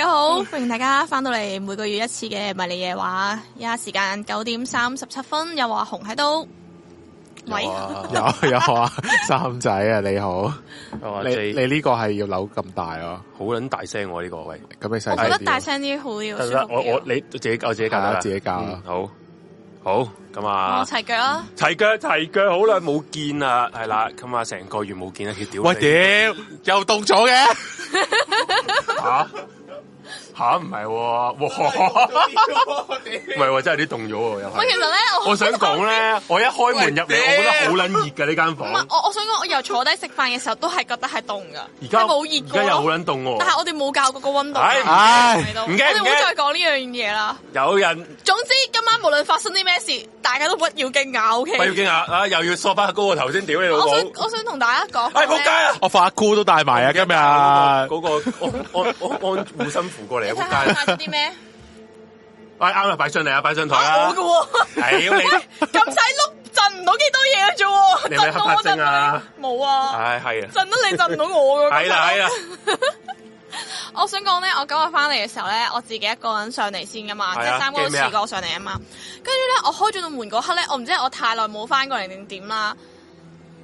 大家好，歡迎大家翻到嚟每個月一次嘅迷離夜話。依家時間九點三十七分，有話紅喺度。喂，有啊 有，有啊，三仔啊，你好，哦、你你呢個係要扭咁大啊，好撚大聲我呢個喂，咁你細，我覺得大聲啲好啲。得我我你自己教自己教自己教、啊嗯、好，好，咁啊，齊腳啊，齊腳齊腳，好耐冇見，啦見 啊，係啦，咁啊，成個月冇見啊，佢屌，喂屌，又凍咗嘅，吓。吓，唔係喎，唔係喎，真係啲凍咗喎又係。其實咧，我想講咧，我一開門入嚟，我覺得好撚熱㗎呢間房。唔係，我我想講，我由坐低食飯嘅時候都係覺得係凍㗎。而家冇熱過，而家又好撚凍喎。但係我哋冇校過個溫度，唔驚唔驚。我哋會再講呢樣嘢啦。有人。總之今晚無論發生啲咩事，大家都不要驚訝。O K。不要驚訝啊！又要梳翻個高個頭先屌你老母。我想我想同大家講。哎冇計啊！我髮箍都戴埋啊今日。嗰個我我我安護身符過嚟。睇下啲咩？ 哎啱啦，擺上嚟啊，擺上台啦。我嘅喎，屌你，咁細碌震唔到幾多嘢嘅啫，震多震啊，冇啊，係係啊，震到你震唔到我嘅。係啦係啦。我想講咧，我九日翻嚟嘅時候咧，我自己一個人上嚟先噶嘛，即係、就是、三哥都試過上嚟啊嘛。跟住咧，我開咗個門嗰刻咧，我唔知我太耐冇翻過嚟定點啦。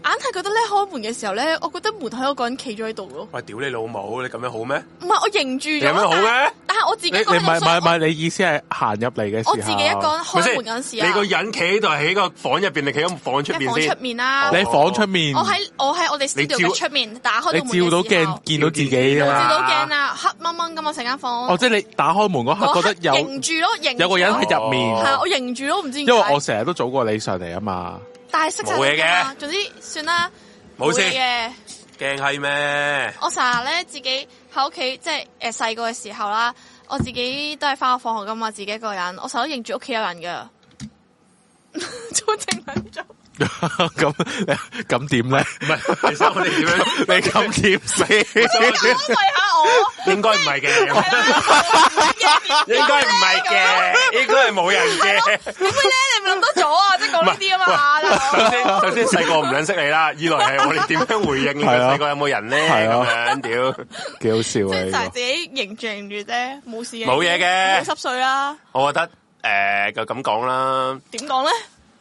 硬係覺得咧，開門嘅時候咧，我覺得門口有一個人企咗喺度咯。喂，屌你老母！你咁樣好咩？唔係我凝住咗，你有咩好嘅？但係我自己一個人，你唔係唔係你意思係行入嚟嘅時候，我自己一個人開門嗰陣時，你個人企喺度，喺個房入邊你企喺房出邊房出面啦、啊，你房出面，、啊哦、面。我喺我喺我哋四條壁出面你，打開門你照到鏡見到自己啦、啊。我照到鏡啊，黑掹掹噶，我成間房。哦，即係你打開門嗰刻覺得有住、那個、有個人喺入面。哦、我認住都唔知。因為我成日都早過你上嚟啊嘛。但係識就識嘅，總之算啦，冇事嘅，驚閪咩？我成日咧自己喺屋企，即係誒細個嘅時候啦，我自己都係返學放學噶嘛，自己一個人，我成日都認住屋企有人噶， 做情人做。咁咁點咧？唔係，其實我哋點樣？你咁點死？安慰下我，應該唔係嘅，應該唔係嘅，應該係冇人嘅。點會咧，你咪諗多咗啊！即係講呢啲啊嘛。首先，首先細個唔認識你啦。二來係我哋點樣回應你？細個有冇人咧？係啊，屌，幾好笑啊！即係自己凝住凝住啫，冇事，冇嘢嘅，濕碎啦。我覺得誒，就咁講啦。點講咧？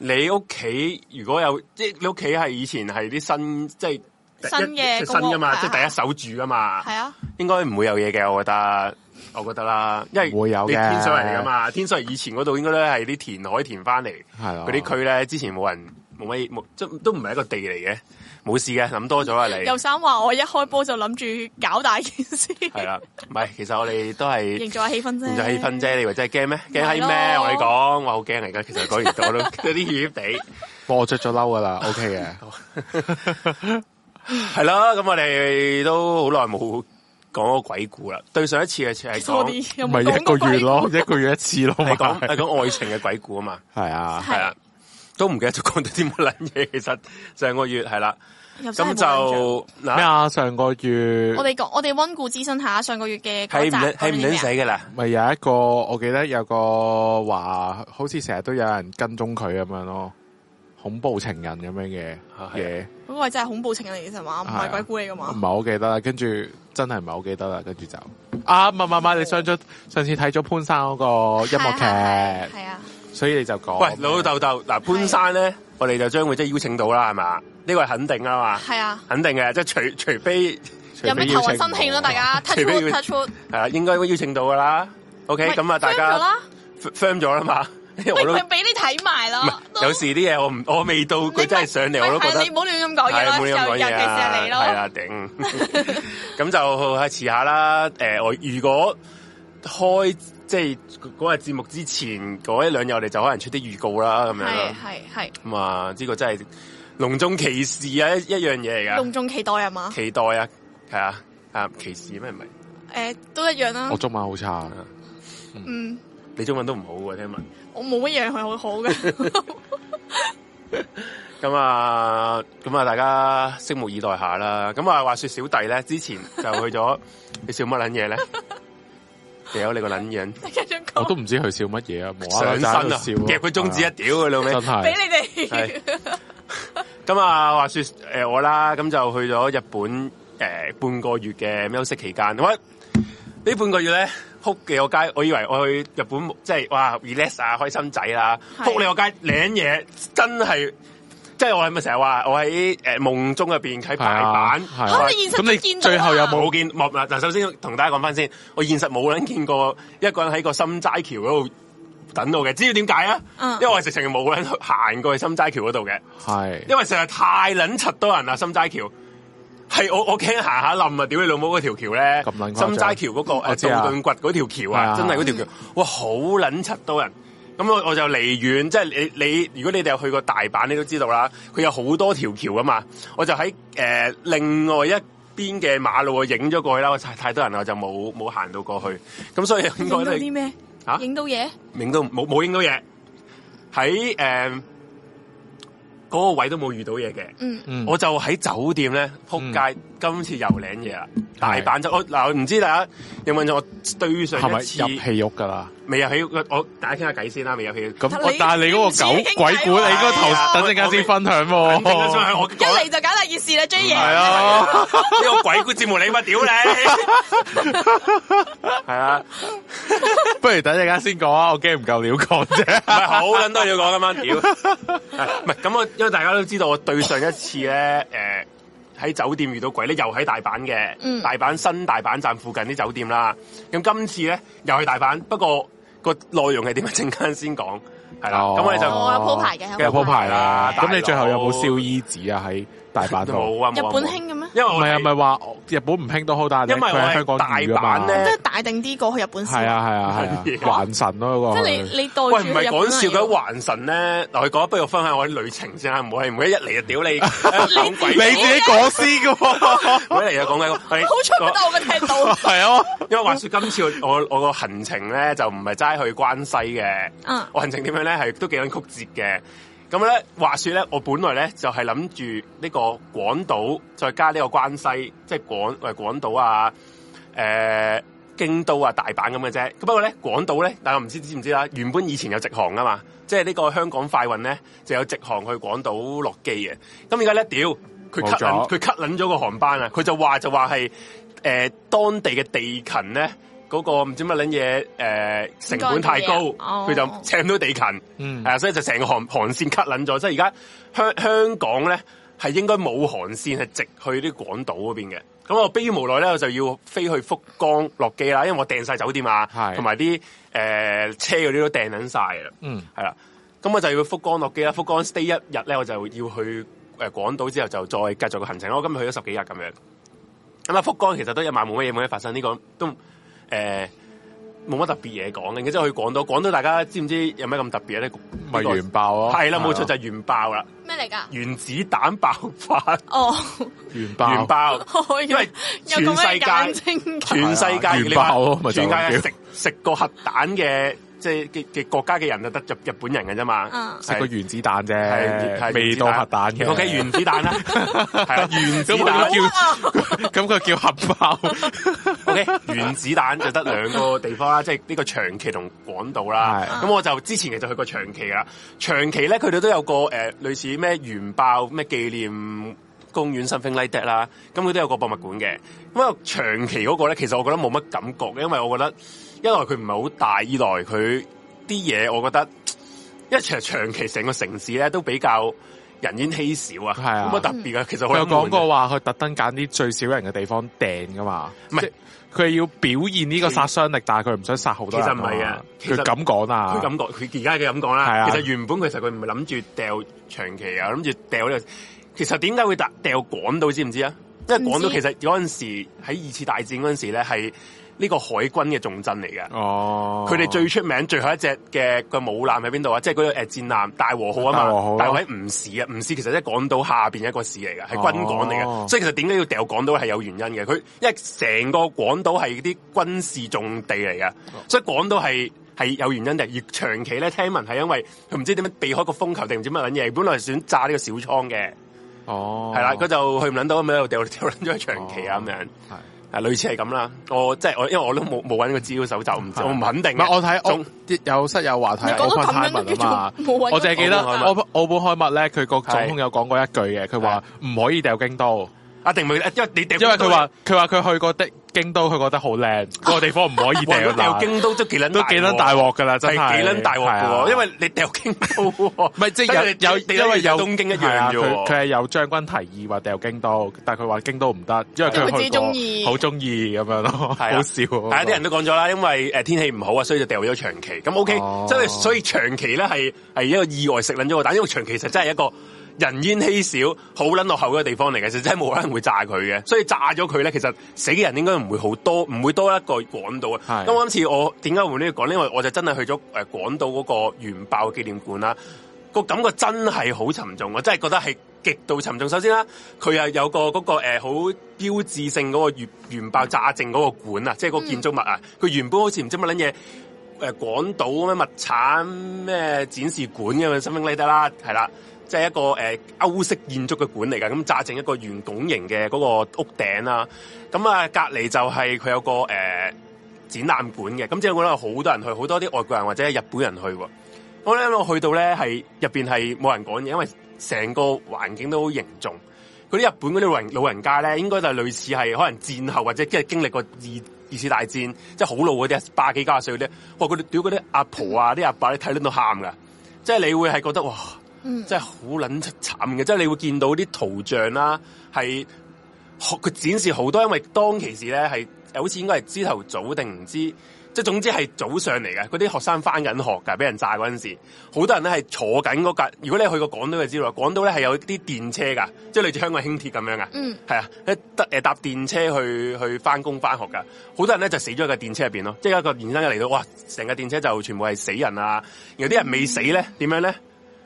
你屋企如果有即係你屋企係以前係啲新即係新嘅，新㗎嘛，是的 即係第一手住㗎嘛，是的 應該唔會有嘢嘅，我覺得，我覺得啦，因為會有嘅天水圍㗎嘛，天水圍以前嗰度應該咧係啲填海填翻嚟，係啦是的，啲區咧之前冇人冇乜，冇即都唔係一個地嚟嘅。冇事嘅，諗多咗啊！你又想話我一開波就諗住搞大件事係啦，唔係，其實我哋都係營造下氣氛啫，營造氣氛啫。你話真係驚咩？驚閪咩？我哋講，我好驚嚟噶。其實講完咗都有啲熱熱地。不、 哦 OK、 過咗嬲噶啦，OK 嘅。係啦，咁我哋都好耐冇講過鬼故啦。對上一次係係講咪一個月咯， 一個月一次咯，咪講講愛情嘅鬼故啊嘛。係啊，係啊，都唔記得咗講到啲乜撚嘢。其實上個月係啦。咁就嗱咩啊？上個月我哋講，我哋溫故知新下上個月嘅係唔係係唔使死嘅啦。咪有一個，我記得有個話好似成日都有人跟蹤佢咁樣咯，恐怖情人咁樣嘅嘢。咁、啊、我、啊、真係恐怖情人嚟嘅，實話唔係鬼故嚟嘅嘛？唔係好記得啦，跟住真係唔係好記得啦，跟住就啊，唔唔唔，你上咗上次睇咗潘生嗰個音樂劇，係啊，啊，啊，所以你就講，喂老豆豆嗱潘生咧。我哋就將會即係邀請到啦，係嘛？呢、這個是肯定是啊嘛，係啊，肯定嘅，即、就、係、是、除除非，除非我有咩頭暈身㷫啦，大家 t o 係啊，除非 除非要 應該邀請到噶啦。OK，咁啊、嗯，大家 firm 咗、啊、 啦嘛，我都俾你睇埋啦。有時啲嘢我唔，我未到佢真係上嚟我都覺得你唔好亂咁講嘢啦，又尤其是你，係啊，頂。咁 就遲下啦。誒，我如果開。即係嗰日節目之前嗰一兩日，我哋就可能出啲預告啦，咁樣係係咁啊，呢、嗯這個真係隆重歧視啊，隆重其事，一一樣嘢嚟噶。隆重期待啊嘛？期待啊，係啊，啊，歧視咩、啊？唔係誒，都一樣啦、啊。我中文好差嗯，嗯，你中文都唔好嘅、啊，聽聞。我冇乜嘢係好好嘅。咁 啊，咁啊，大家拭目以待下啦。咁啊，話說小弟咧，之前就去咗， 你笑乜捻嘢咧？ 屌你個卵樣！我都唔知佢笑乜嘢啊，上身啊，夾佢中指啊，屌佢老味！俾你哋。咁啊，話説誒我啦，咁就去咗日本誒半個月嘅休息期間。喂，呢半個月咧，哭嘅我街，我以為我去日本即係哇 relax 啊，開心仔啊，哭你個街，舐嘢真係。即係我係咪成日話我喺夢中入邊睇排版？咁、啊啊啊啊、你最後有冇見？嗱首先同大家講翻先，我現實冇撚見過一個人喺個心齋橋嗰度等到嘅，知唔知點解啊？因為我直情冇撚行過去心齋橋嗰度嘅，因為實在太撚柒多人啦！心齋橋係我我驚行下冧啊！屌、呃、你老母嗰條橋咧，心齋橋嗰、那個誒道頓堀嗰條橋，啊，橋，條橋啊，真係嗰條橋哇，好撚柒多人！咁我我就離遠，即係你你，你，如果你哋有去過大阪，你都知道啦，佢有好多條橋噶嘛。我就喺誒另外一邊嘅馬路啊，影咗過去啦。太太多人啦，我就冇冇行到過去。咁所以應該你影到啲咩啊？影到嘢？影到冇冇影到嘢？喺誒嗰個位都冇遇到嘢嘅。嗯嗯，我就喺酒店咧撲街。嗯今次又領嘢啦，大阪就我嗱，唔知大家有冇我對上一次係咪入戲肉㗎啦？未入戲肉，我大家傾下偈先啦，未有戲肉。咁但係你嗰個「狗鬼故」，你嗰個頭、啊、等陣間先分享我。一嚟就搞大件事啦，追嘢係啊，呢個「鬼故」節目你乜屌你？係啊， 不如等陣間先講啊，我驚唔夠料講啫。係！ 好捻多料講咁樣屌，係咁我，因為大家都知道我對上一次咧，誒、 欸。喺酒店遇到鬼咧，又喺大阪嘅，大阪、嗯、新大阪站附近啲酒店啦。咁今次咧又係大阪，不過個內容係點樣？陣間先講，係啦。咁、哦、我哋就有鋪牌嘅，有鋪牌啦。咁你最後有冇燒衣紙啊？喺大阪都好、啊。日本興嘅咩？唔係啊，唔係話日本唔興都好，但因為我喺香港的是大阪咧，都係大定啲過去日本。係啊係啊係啊，是啊是啊是啊啊還神咯、啊。即係你你喂，唔係講笑嘅還神咧，嗱，佢講不如分享我啲旅程先啊，唔好唔好一嚟就屌你。 你自己講先、 啊啊 哎、我一嚟就講鬼。好出到我嘅聽到。係啊。因為話說今次我我個行程咧就唔係齋去關西嘅，嗯、啊，我行程點樣咧係都幾咁曲折嘅。咁咧，話說咧，我本來咧就係諗住呢個廣島再加呢個關西，即係廣誒廣島啊，誒、呃、京都啊、大阪咁嘅啫。不過咧，廣島咧，大家唔知知唔知啦。原本以前有直航噶嘛，即係呢個香港快運咧就有直航去廣島落機嘅。咁而家咧，屌佢 cut 撚佢 cut 撚咗個航班啊！佢就話就話係誒當地嘅地勤咧，嗰、那個唔知乜撚嘢，誒、呃、成本太高，佢、oh. 就請唔到地勤，mm. 啊，所以就成個航航線 cut 撚咗。即係而家香香港咧係應該冇航線係直去啲廣島嗰邊嘅。咁我迫於無奈咧，我就要飛去福岡落機啦，因為我訂晒酒店啊，同埋啲誒車嗰啲都訂撚晒。Mm. 啦，啦。咁我就要去福岡落機啦。福岡 stay 一日咧，我就要去誒廣島之後就再繼續個行程啦。我今日去咗十幾日咁樣，咁啊福岡其實都一晚冇乜嘢冇乜發生，呢、這個都。誒、呃，冇乜特別嘢講嘅，即家真係去廣島，廣島大家知唔知有咩咁特別咧？咪、這個、原爆啊？係啦、啊，冇、啊、錯就係、是、原爆啦。咩嚟㗎？原子彈爆發。哦， 原爆，原爆，因為全世界，全世界，原爆啊、全世界食食過核彈嘅。即係嘅嘅國家嘅人就得日日本人嘅啫嘛，食、嗯、個原子彈啫，未到核彈嘅。O K 原子彈啦 是，係 啊原子彈彈笑叫咁佢叫核爆。O K 原子彈就得兩個地方啦，即係呢個長崎同廣島啦。咁 我就之前其實去過長崎啦，長崎咧佢哋都有個誒類似咩原爆咩紀念公園、something like that 啦，咁佢都有個博物館嘅。咁過長崎嗰個咧，其實我覺得冇乜感覺，因為我覺得。一來佢唔係好大，二來佢啲嘢，我覺得一長長期成個城市咧都比較人煙稀少啊，冇乜特別啊。其實佢有講過話，佢特登揀啲最少人嘅地方掟噶嘛，唔係佢係要表現呢個殺傷力，但係佢唔想殺好多人。其實唔係，佢咁講啊，佢咁講啊，佢咁講佢而家佢咁講啦。其實原本其實佢唔係諗住掉長期啊，諗住掉呢個。其實點解會掉廣島，知唔知啊？因為廣島其實嗰陣時喺二次大戰嗰陣時咧係。呢個海軍嘅重鎮嚟嘅，佢哋最出名最後一隻嘅個武艦喺邊度啊？即係嗰個誒戰艦大和號啊嘛，大喺吳市啊，吳市其實即係廣島下邊一個市嚟嘅，係軍港嚟嘅。Oh. 所以其實點解要掉廣島係有原因嘅？佢因為成個廣島係啲軍事重地嚟嘅，oh. 所以廣島係係有原因嘅。而長崎咧？聽聞係因為佢唔知點樣避開個風球定唔知乜嘢，本來係想炸呢個小倉嘅，係啦、oh.，佢就去唔諗到咁樣掉掉咗去長崎啊咁樣。Oh. 係類似係咁啦，我即係我，因為我都冇搵呢個資料搜集，就唔知，我唔肯定。唔係我睇，我，我有室友話題奧本海默啊嘛，我淨係記得奧本海默呢，佢個總統有講過一句嘅，佢話唔可以掉京都。阿定唔因為你因為佢話佢話佢去過的京都，佢覺得好靚，啊那個地方唔可以掉京都都幾撚大，都幾撚大鑊噶啦，真係幾撚大鑊喎、啊！因為你掉京都，唔係即係有有，有，因為有，因為有東京一樣啫。佢係、啊、有將軍提議話掉京都，但係佢話京都唔得，因為佢去好中意，好中意咁樣咯、 啊，好笑、啊。但係啲人都講咗啦，因為誒、呃、天氣唔好啊，所以就掉咗長崎。咁 OK，係、哦、所以長崎咧係係一個意外食撚啫。但因為長崎其實真係一個。人煙稀少、好撚落後嘅地方嚟嘅，實真係冇可能會炸佢嘅，所以炸咗佢咧，其實死嘅人應該唔會好多，唔會多一個廣島啊。咁我今次我點解會呢個講咧？因為我就真係去咗誒廣島嗰個原爆紀念館啦，個感覺真係好沉重，我真係覺得係極度沉重。首先啦，佢啊有個嗰個好標誌性嗰個原爆炸靜嗰個館啊，即係嗰個建築物啊，佢、嗯、原本好似唔知乜撚嘢誒廣島咩物產咩展示館咁樣，新興你得啦，係啦。即係一個誒歐、呃、式建築嘅館嚟噶，咁、嗯、炸成一個圓拱形嘅嗰個屋頂啦。咁啊，隔、嗯、籬、啊、就係、是、佢有個誒、呃、展覽館嘅。咁即係我覺得好多人去，好多啲外國人或者日本人去的。我、嗯、咧、嗯，去到咧，係入邊係冇人講嘢，因為成個環境都好凝重。嗰啲日本嗰啲老人老人家咧，應該就係類似係可能戰後或者即係經歷過二二次大戰，即係好老嗰啲，百幾加歲嗰啲。哇，佢哋屌嗰啲阿婆啊，啲阿伯咧睇到都喊噶。即係你會係覺得哇！嗯，即係好捻慘嘅，即係你會見到啲圖像啦，係學佢展示好多，因為當其時咧係，好似應該係朝頭早定唔知，即係總之係早上嚟嘅，嗰啲學生翻緊學噶，俾人炸嗰陣時，好多人咧係坐緊嗰架。如果你去過廣島就知啦，廣島咧係有啲電車噶，即係類似香港輕鐵咁樣㗎。嗯，係啊，一搭誒搭電車去去翻工翻學噶，好多人咧就死咗喺個電車入邊咯，即係一個電車嚟到，哇，成架電車就全部係死人啊，有啲人未死咧，點樣咧？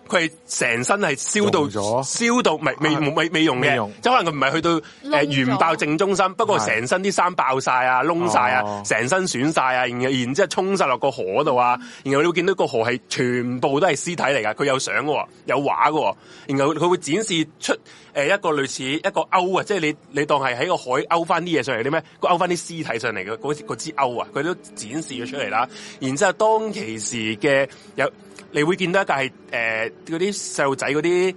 佢係成身係燒到咗，燒到未、啊、未未未用嘅，用即可能佢唔係去到、呃、原爆正中心，不過成身啲衫爆曬啊，窿曬啊，成身損曬啊，然後然之後沖晒落個河度啊，嗯、然後你會見到個河係全部都係屍體嚟㗎，佢有相喎，有畫喎。然後佢會展示出、呃、一個類似一個勾啊，即係你你當係喺個海勾翻啲嘢上嚟啲咩？勾翻啲屍體上嚟嘅嗰個支勾啊，佢都展示咗出嚟啦。然之後當其時嘅有。你會見到一架係，誒、嗰啲細路仔嗰啲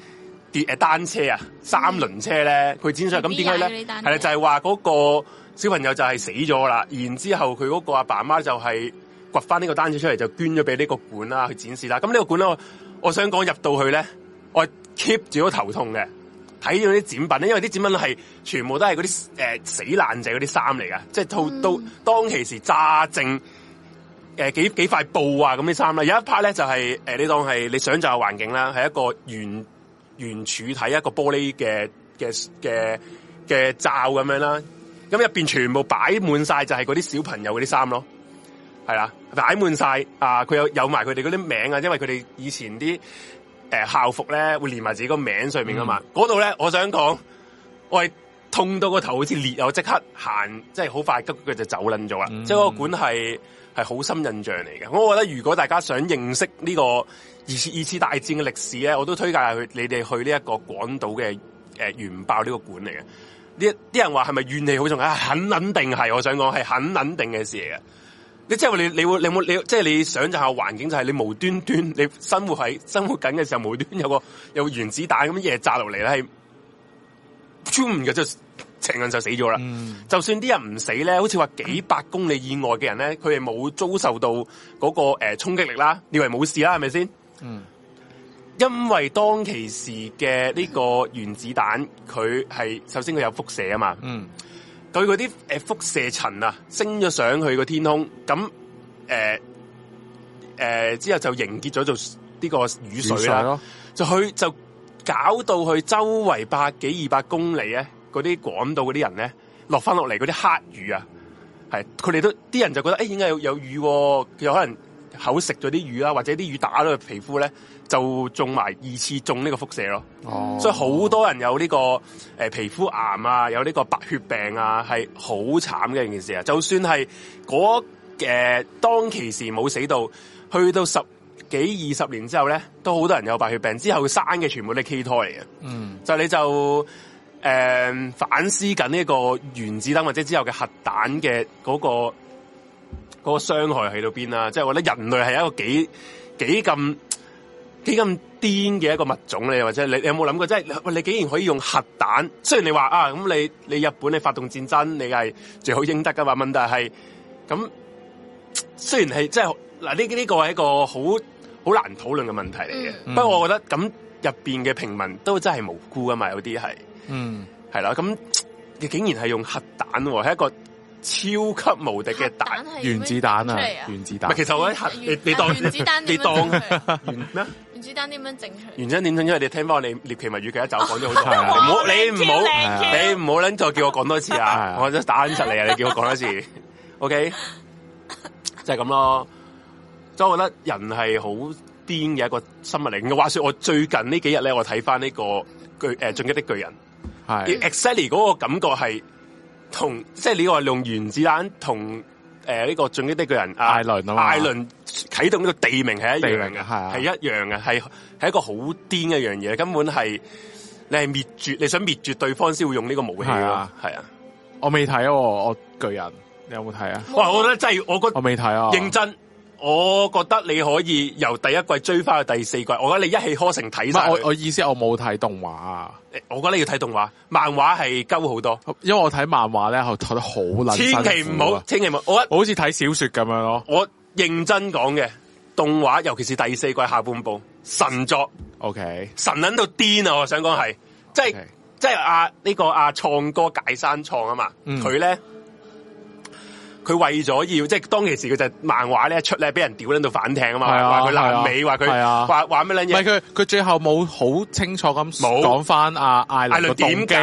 跌誒、單車啊，三輪車咧，佢、mm-hmm. 展示咁點解咧？係啦，就係話嗰個小朋友就係死咗啦，然後之後佢嗰個阿爸阿媽就係掘翻呢個單車出嚟，就捐咗俾呢個館啦去展示啦。咁呢個館咧，我我想講入到去咧，我 keep 住咗頭痛嘅，睇到啲展品咧因為啲展品係全部都係嗰啲誒、死爛仔嗰啲衫嚟噶，即係套到當其時揸正。.誒、呃、幾幾塊布啊，咁啲衫啦，有一 part 咧就係、是、誒、呃、你當係你想象嘅環境啦，係一個圓圓柱體，一個玻璃嘅嘅嘅嘅罩咁樣啦，咁入邊全部擺滿晒就係嗰啲小朋友嗰啲衫咯，係啦擺滿晒啊佢、啊、有有埋佢哋嗰啲名啊，因為佢哋以前啲誒、呃、校服咧會連埋自己個名上面噶嘛，嗰度咧我想講我係痛到個頭好似裂，我即刻行即係好快急佢就走撚咗啦，嗯、即係個管係。.係好深印象嚟嘅，我覺得如果大家想認識呢個二次二次大戰嘅歷史咧，我都推介去你哋去呢一個廣島嘅誒、呃、原爆呢個館嚟嘅。啲啲人話係咪怨氣好重啊？肯定是很肯定係，我想講係很肯定嘅事嚟嘅。你，你，你，你，有有你即係你你會你冇你即係你想象下環境就係你無端端你生活喺生活緊嘅時候無端有個有原子彈咁樣嘢炸落嚟咧係嘅即成人就死咗啦、嗯，就算啲人唔死咧，好似話幾百公里以外嘅人咧，佢哋冇遭受到嗰、嗰個誒衝擊力啦，你以為冇事啦，係咪先？嗯，因為當其時嘅呢個原子彈，佢係首先佢有輻射啊嘛，嗯，佢嗰啲誒輻射塵啊升咗上去個天空，咁誒誒之後就凝結咗做呢個雨水啦，水就去就搞到去周圍百幾二百公里咧。嗰啲廣島嗰啲人咧落翻落嚟嗰啲黑雨啊，係佢哋都啲人就覺得，哎、欸，應該有有雨、啊，有可能口食咗啲雨啊，或者啲雨打到皮膚咧，就中埋二次中呢個輻射咯。哦、oh.，所以好多人有呢、這個、呃、皮膚癌啊，有呢個白血病啊，係好慘嘅一件事啊。就算係嗰誒當其時冇死到，去到十幾二十年之後咧，都好多人有白血病，之後生嘅全部都係畸胎嚟嘅。嗯，就你就。誒、嗯，反思緊呢個個原子彈或者之後嘅核彈嘅嗰個嗰、嗰個傷害喺到邊啦？即、就、係、是、我覺得人類係一個幾幾咁幾咁癲嘅一個物種你或者你，你有冇諗過？即、就、係、是、你，你竟然可以用核彈？雖然你話啊，咁你你日本你發動戰爭，你係最好應得噶嘛？問題係咁，雖然係即係嗱，呢、就、呢、是呢個係一個好好難討論嘅問題嚟嘅、嗯。不過我覺得咁入邊嘅平民都真係無辜噶嘛，有啲係。嗯，係啦，咁你竟然係用核彈，係一個超級無敵嘅彈，原子彈啊，原子彈、啊。其實我覺得核，你當原子彈，你當原咩？原子彈點樣整原子彈點整？因為你聽翻你獵奇物語嘅一集講咗好多，唔、哦、好、啊，你唔好，你唔好諗再叫我講多次啊！啊我真打緊實你啊！你叫我講多次是、啊、，OK， 就係咁咯。所以我覺得人係好癲嘅一個生物嚟。話說我最近幾呢幾日咧，我睇翻呢個巨誒進擊的巨人。exactly 嗰個感覺係同即係你話用原子彈同誒呢個《進擊的巨人》艾倫啊，艾倫啟動呢個地名係一樣嘅，係係、啊、一樣嘅，係係一個好癲嘅一樣嘢，根本係你係滅絕，你想滅絕對方先會用呢個武器係啊，係啊我，我未睇啊我巨人，你有冇睇啊？哇，我覺得真係，我覺得我未睇啊，認真。我覺得你可以由第一季追翻去第四季，我覺得你一氣呵成睇。唔係，我我意思我冇睇動畫啊！我覺得你要睇動畫，漫畫係鳩好多。因為我睇漫畫咧、啊，我睇得好難。千祈唔好，千祈唔好。我好似睇小說咁樣咯、哦。我認真講嘅動畫，尤其是第四季下半部神作。O、okay、K，神捻到癲啊！我想講係，即係、okay、即係啊呢、這個阿、啊、創哥解山創啊嘛，佢、嗯、咧。佢為咗要，即係當其時佢就漫畫咧出咧，俾人屌喺度反艇啊嘛，話佢爛尾，話佢話話咩捻嘢？唔係佢，佢、啊啊、最後冇好清楚咁講翻阿艾倫嘅動機。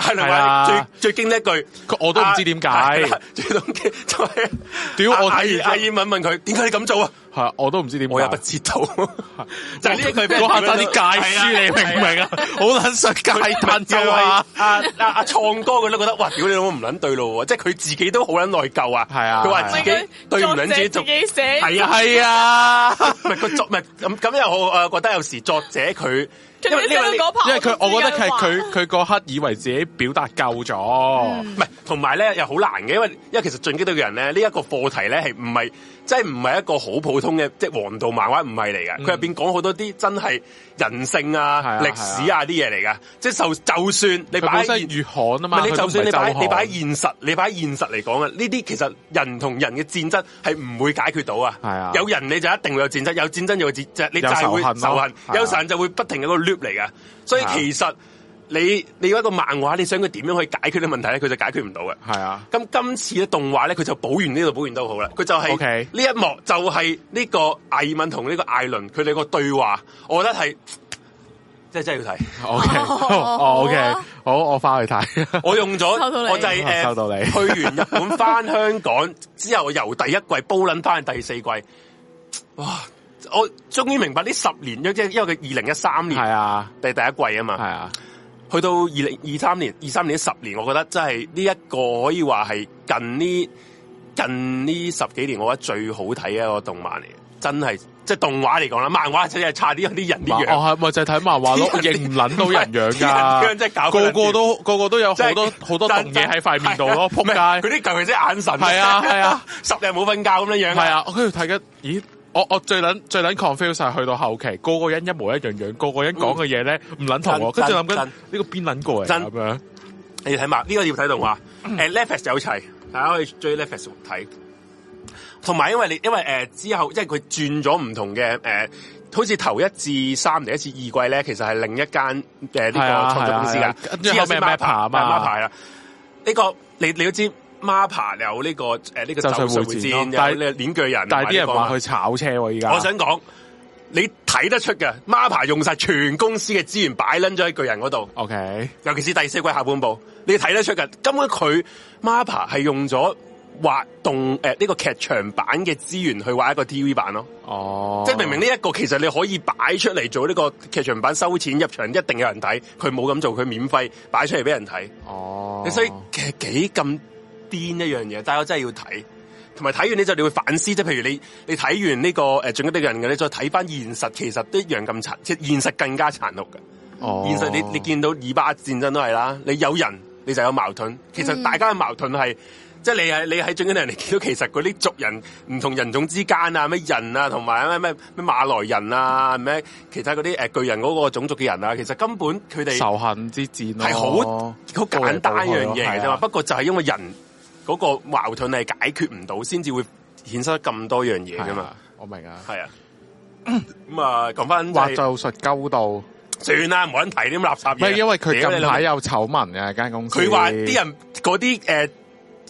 係、啊、最最驚呢一句，我都唔知點解、啊啊。最動機就係、是、屌、 啊、我睇完，完，艾爾文問佢點解你咁做啊？係、啊，我都唔知點解，我也不知道 就是到，就係呢，佢講下多啲介書，你明唔明白啊，啊，啊？好捻想介單就係阿阿阿創哥佢都覺得，哇！屌你老母唔捻對路喎，即係佢自己都好捻內疚啊！係啊，佢話自己、啊、對唔捻自己做，係啊係啊，係個、啊啊啊、 作，係咁咁又誒覺得有時作者佢。因為因為佢，我覺得佢佢嗰刻以為自己表達夠咗、嗯，唔係同埋咧又好難嘅，因為因為其實進擊到嘅人咧，呢一、呢個課題咧係唔係唔係一個好普通嘅即係黃道漫畫唔係嚟嘅，佢、嗯、入面講好多啲真係。人性啊，啊，歷史啊啲嘢嚟噶，即係就就算你擺喺越漢啊嘛，唔係你就算你擺你擺喺現實，你擺喺現實嚟講啊，呢啲其實人同人嘅戰爭係唔會解決到啊，係啊，有人你就一定會有戰爭，有戰爭就會戰、啊，你就會仇恨，啊、有時人就會不停喺度 loop 嚟噶，所以其實。你你一個漫畫，你想佢點樣可以解決啲問題咧？佢就解決唔到嘅。係啊。咁今次嘅動畫咧，佢就補完呢度，補完都好啦。佢就係，okay，呢一幕，就係呢個艾文同呢個艾倫佢哋個對話，我覺得係即係真係要睇。O K O K，好，我翻去睇。我用咗我就係收到你，誒，去完日本翻香港 之後，由第一季煲捻翻第四季。哇！我終於明白呢十年，因即係因為佢二零一三年係啊，第第一季啊嘛係啊。去到二零二三年，二三年十年，我覺得真係呢一個可以話係近呢近呢十幾年，我覺得最好睇嘅一個動漫嚟，真係即係動畫嚟講啦，漫畫就係差啲啲人啲樣。哦，係咪就係、是、睇漫畫咯，認唔撚到人樣㗎？即個，個個都個個都有好多好、就是、多動嘢喺塊面度咯，撲街！佢啲尤其是眼、啊、神，係啊係啊，啊，十日冇瞓覺咁樣樣。係啊，我跟住睇緊，咦？我我最捻最捻 confuse 晒，去到後期個個人一模一樣樣個個人講嘅嘢咧唔捻同我，跟住諗緊呢個邊捻過嚟咁樣？你睇埋呢個要睇動畫，誒 Netflix 有齊，大家可以追 Netflix 睇。同、uh, 埋、uh, uh, 因為你因為誒、呃、之後即係佢轉咗唔同嘅誒、呃，好似頭一至三年一至二季咧，其實係另一間嘅呢個創作公司噶、啊啊，之後咩牌爬嘛馬啊馬爬啦，呢、啊這個你你都知。Marpa 有呢、這個誒呢、呃這個咒術迴戰，但係呢煉巨人，但係啲人話去炒車喎、啊，依家。我想講，你睇得出嘅 Marpa 用晒全公司嘅資源擺捻咗喺巨人嗰度。OK，尤其是第四季下半部，你睇得出嘅。根本佢 Marpa 係用咗畫動誒呢、呃這個劇場版嘅資源去畫一個 TV 版咯。哦，即係明明呢一個其實你可以擺出嚟做呢個劇場版收錢入場一定有人睇，佢冇咁做，佢免費擺出嚟俾人睇。哦，你所以其實幾咁。癲一樣嘢，但係我真係要睇，同埋睇完你就你會反思，即係譬如你你睇完呢、這個誒進擊的人嘅，你再睇翻現實，其實都一樣咁殘，即係現實更加殘酷嘅。哦，現實你你見到以巴戰爭，都係啦，你有人你就有矛盾，其實大家嘅矛盾係、嗯、即係你喺你喺進擊人嚟，見到其實嗰啲族人唔同人種之間啊，咩人啊，同埋咩咩咩馬來人啊，咩其他嗰啲誒巨人嗰個種族嘅人啊，其實根本佢哋仇恨之戰係好好簡單一樣嘢啫嘛，抱歉抱歉，是啊、不過就係因為人。嗰、嗰個矛盾係解決唔到，先至會衍生咁多樣嘢噶嘛、啊。我明白啊，係啊。咁、嗯、啊，講翻話就是、術溝到，算啦，冇人提啲咁垃圾嘢。唔係因為佢近排有醜聞啊間公司，佢話啲人嗰啲誒。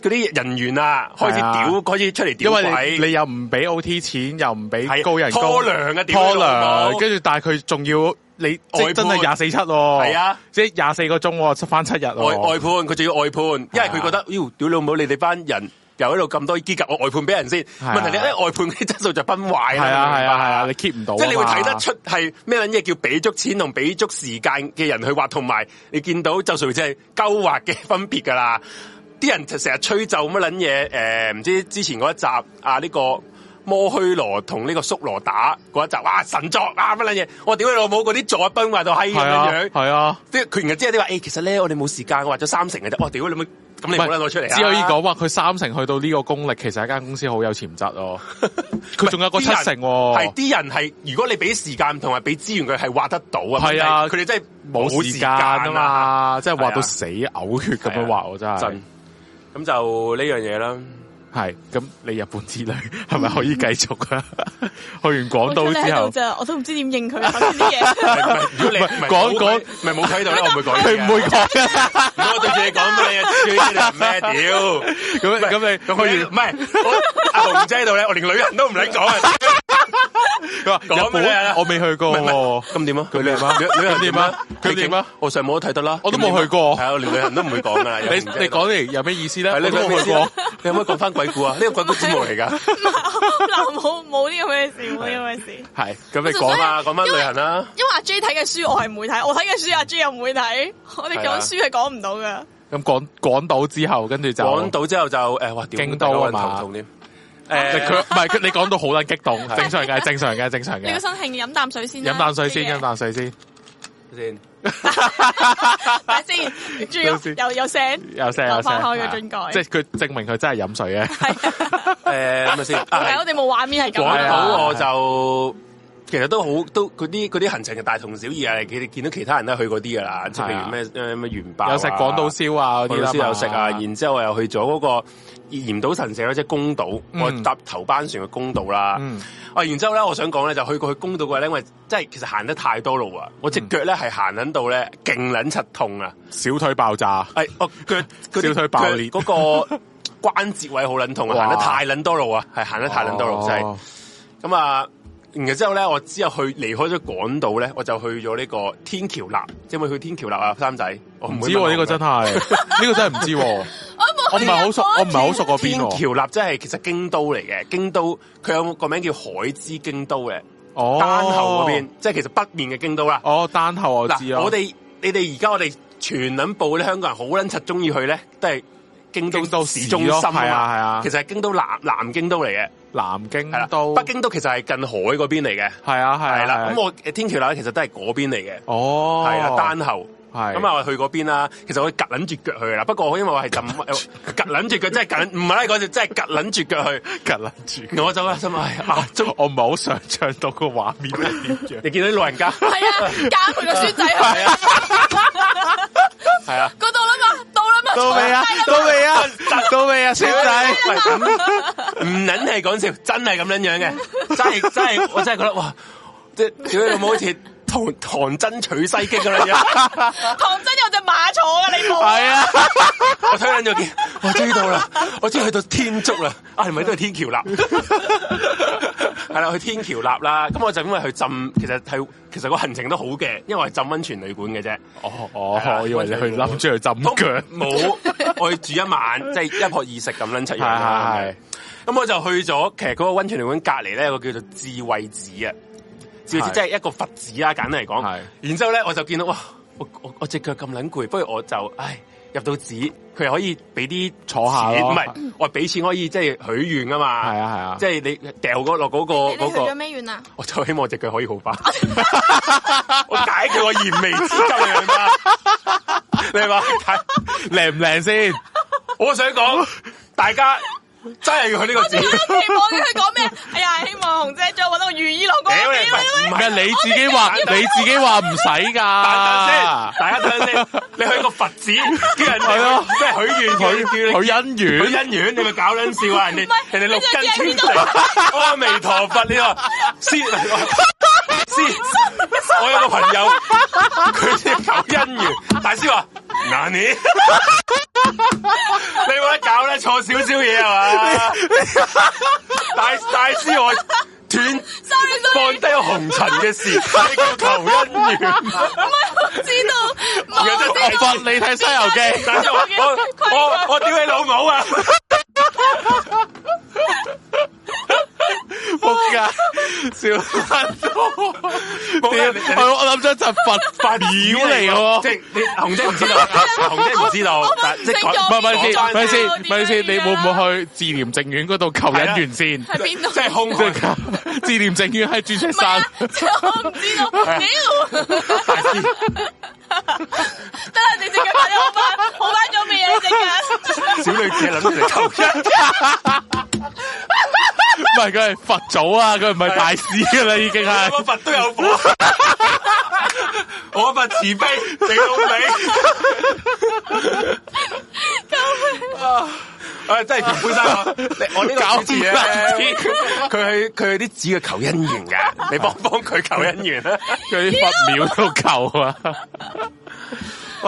嗰啲人員啊，啊開始屌，開始出嚟屌因為你，你又唔俾 OT 錢，又唔俾高人，拖糧啊，拖糧、啊，跟住、啊啊啊、但係佢仲要你，外即係真係廿四七，係啊，即係廿四個鐘、哦，出翻七日、哦，外判，佢仲要外判、啊，因為佢覺得，喲，屌老母，你哋班人又喺度咁多機甲，我外判俾人先、啊，問題你啲外判啲質素就崩壞啊，係啊，係啊，係啊，啊，啊，你 keep 唔到，即、就、係、是、你會睇得出係咩嘢叫俾足錢同俾足時間嘅人去畫，同、啊、埋你見到就純粹係勾畫嘅分別噶啦。啲人就成日吹奏乜撚嘢？誒、欸，唔知之前嗰一集啊，呢、這個摩虛羅同呢個宿羅打嗰一集，哇！神作啊乜撚嘢？我屌你老母，嗰啲再崩壞到閪咁樣樣，係啊！佢原來即係啲話，其實咧，我哋冇時間，我畫咗三成嘅啫。我屌你老母，咁你冇得攞出嚟、啊。只可以講啊，佢三成去到呢個功力，其實一間公司好有潛質哦、啊。佢 仲有個七成喎、啊，係啲、啊、人係如果你俾時間同埋俾資源，佢係畫得到啊。係啊，佢哋真係冇時間啊嘛、啊，即係畫到死、啊、嘔血咁樣畫，我、啊、真係。咁就呢樣嘢啦，係咁你日本之旅係咪可以繼續啊？去完廣島之後，就我都唔知點應佢啊啲嘢。唔係唔係唔係講講，唔係冇睇到咧，我唔會講嘢。唔會講嘅。咁我對住你講咩啊？對住你講咩屌？咁咁你去完唔係？阿紅姐喺度咧，我連女人都唔想講啊。佢話冇咩啊？我未去過，咁點啊？佢點啊？旅行點啊？佢點啊？我上網都睇得啦，我都冇去過。係 啊，連旅行都唔會講噶。你你講嚟有咩意思咧？我冇去過，你可唔可以講翻鬼故啊？呢個鬼故節目嚟噶，冇冇呢啲咁嘅事，冇呢咁嘅事。係，咁你講啊，講翻旅行啦。因為阿 J 睇嘅書，我係唔會睇；我睇嘅書，阿 J 又唔會睇。我哋講書係講唔到噶。咁講講到之後，跟住就講到之後就誒、呃，哇！京都誒，佢唔係佢，你講到好卵激動， 正常嘅，正常嘅，正常嘅。你個心情飲啖水先，飲啖水先，飲啖、 啊、水、 欸、那先，先係先？仲要又聲，聲，聲。聲又聲開個樽蓋，即係佢證明佢真係飲水嘅。係誒，係咪先？係我哋冇畫面係咁啊！講到是、啊 我，哎、我就。其實都好，都嗰啲嗰啲行程就大同小異啊！你見到其他人都去嗰啲啊，即譬如咩誒咩元包、啊，有食廣島燒啊嗰啲有食啊，啊。然之後我又去咗嗰個嚴島神社即係宮島，我、嗯那個、搭頭班船去宮島啦、嗯。啊，然之後咧，我想講咧，就去過去宮島嘅咧，因為即係其實行得太多路啊、嗯，我隻腳咧係行緊到咧，勁撚七痛啊，小腿爆炸。係、哎，我、啊、腳小腿爆裂，嗰個關節位好撚痛啊，行得太撚多路啊，係行得太撚多路西。咁、哦哦哦哦就係嗯、啊～然之後咧，我之後去離開咗港島咧，我就去咗呢個天橋立，即係咪去天橋立啊？三仔，我唔知喎、啊，呢、這個真係呢 個真係唔知喎、啊。 我唔係好熟，我唔係好熟嗰邊、啊。天橋立即係其實京都嚟嘅，京都佢有個名叫海之京都嘅、哦，丹後嗰邊，即係其實北面嘅京都啦。哦，丹後我知啊。我哋你哋而家我哋全諗部啲香港人好捻柒中意去咧，都係京都市中心京都是啊，係啊，係啊。其實係京都南南京都嚟嘅。南京都，北京都其實係近海嗰邊嚟嘅，係啊係啦，咁、啊啊啊、我天橋樓其實都係嗰邊嚟嘅，哦，係啦丹後，係咁啊、嗯、啊我去嗰邊啦，其實我夾捻住腳去啦，不過因為我係咁夾捻住腳，即係緊唔係咧，即係隔捻住腳去，隔捻住我走啦，真、哎、係，我唔係好想象到個畫面點樣，你見到老人家係 啊，夾佢個孫仔去，係啊，嗰度啦嘛。 是啊 是啊 到未啊？到未啊？到未啊？小弟，唔撚係講笑，真係咁樣樣嘅，真係真係，我真係覺得哇，即係點解咁好似唐唐僧取西經咁樣？ 唐僧有隻馬坐㗎、啊！你望係啊！啊 我推捻咗見，我知道啦，我知去到，到天竺啦，係、啊、咪都係天橋啦？ 係啦，去天橋立啦，咁我就因為去浸，其實係其實個行程都好嘅，因為係浸溫泉旅館嘅啫。哦哦、oh, oh, 的，我以為你去諗住去浸腳，冇， 我住一晚，即、就、係、是、一泊二食咁捻出。係係咁我就去咗，其實嗰個溫泉旅館隔籬咧有個叫做智慧寺啊，的智慧寺即係一個佛寺啊。簡單嚟講。的然之後咧，我就見到哇，我我我隻腳咁捻攰，不如我就唉。入到紙，佢又可以俾啲坐下。唔係，我俾錢可以即係許願啊嘛。係啊係啊，即係你掉落嗰個嗰個。你許咗咩願啊？我就希望隻腳可以好翻，我解決我燃眉之急。你話睇靚唔靚先？我想講，大家真係要去呢個。我仲喺度期望佢講咩？哎呀，希望紅姐再揾到如意郎君。唔係你自己話，你自己話唔使㗎。你去個佛寺，叫人家去咯，咩許願，叫許姻緣，姻緣，你咪搞撚笑啊！人哋人哋六根清淨，阿彌陀佛呢個師，我有個朋友，佢 叫搞姻緣，大師話：嗱， 你，你話搞得錯少少嘢係嘛？大大師我。斷放低紅塵嘅事，求姻緣。唔係，我知道。而家真係佛，你睇《西遊記》。我我屌你老母啊！ 佛噶，少佛，點係我諗咗就佛佛妖嚟嘅，即係你紅姐唔知道，紅姐唔知道，唔係，唔係先！唔係先唔係先你會唔會去志蓮淨苑嗰度求姻緣先？係邊度？即係空即係志蓮淨苑喺鑽石山，我唔、啊、知道，屌、啊，得啦你先嘅快我班、啊、我班咗未？你隻腳？小女子諗住嚟求頭。唔係，佢係佛祖啊，佢唔係大師噶啦，已經係我佛都有火， 我佛慈悲，你老味，救命啊！誒、 哎，真係田悲生啊！我呢個主持佢係佢係啲紙嘅求姻緣噶，你幫幫佢求姻緣啊！佢 佛廟都求啊、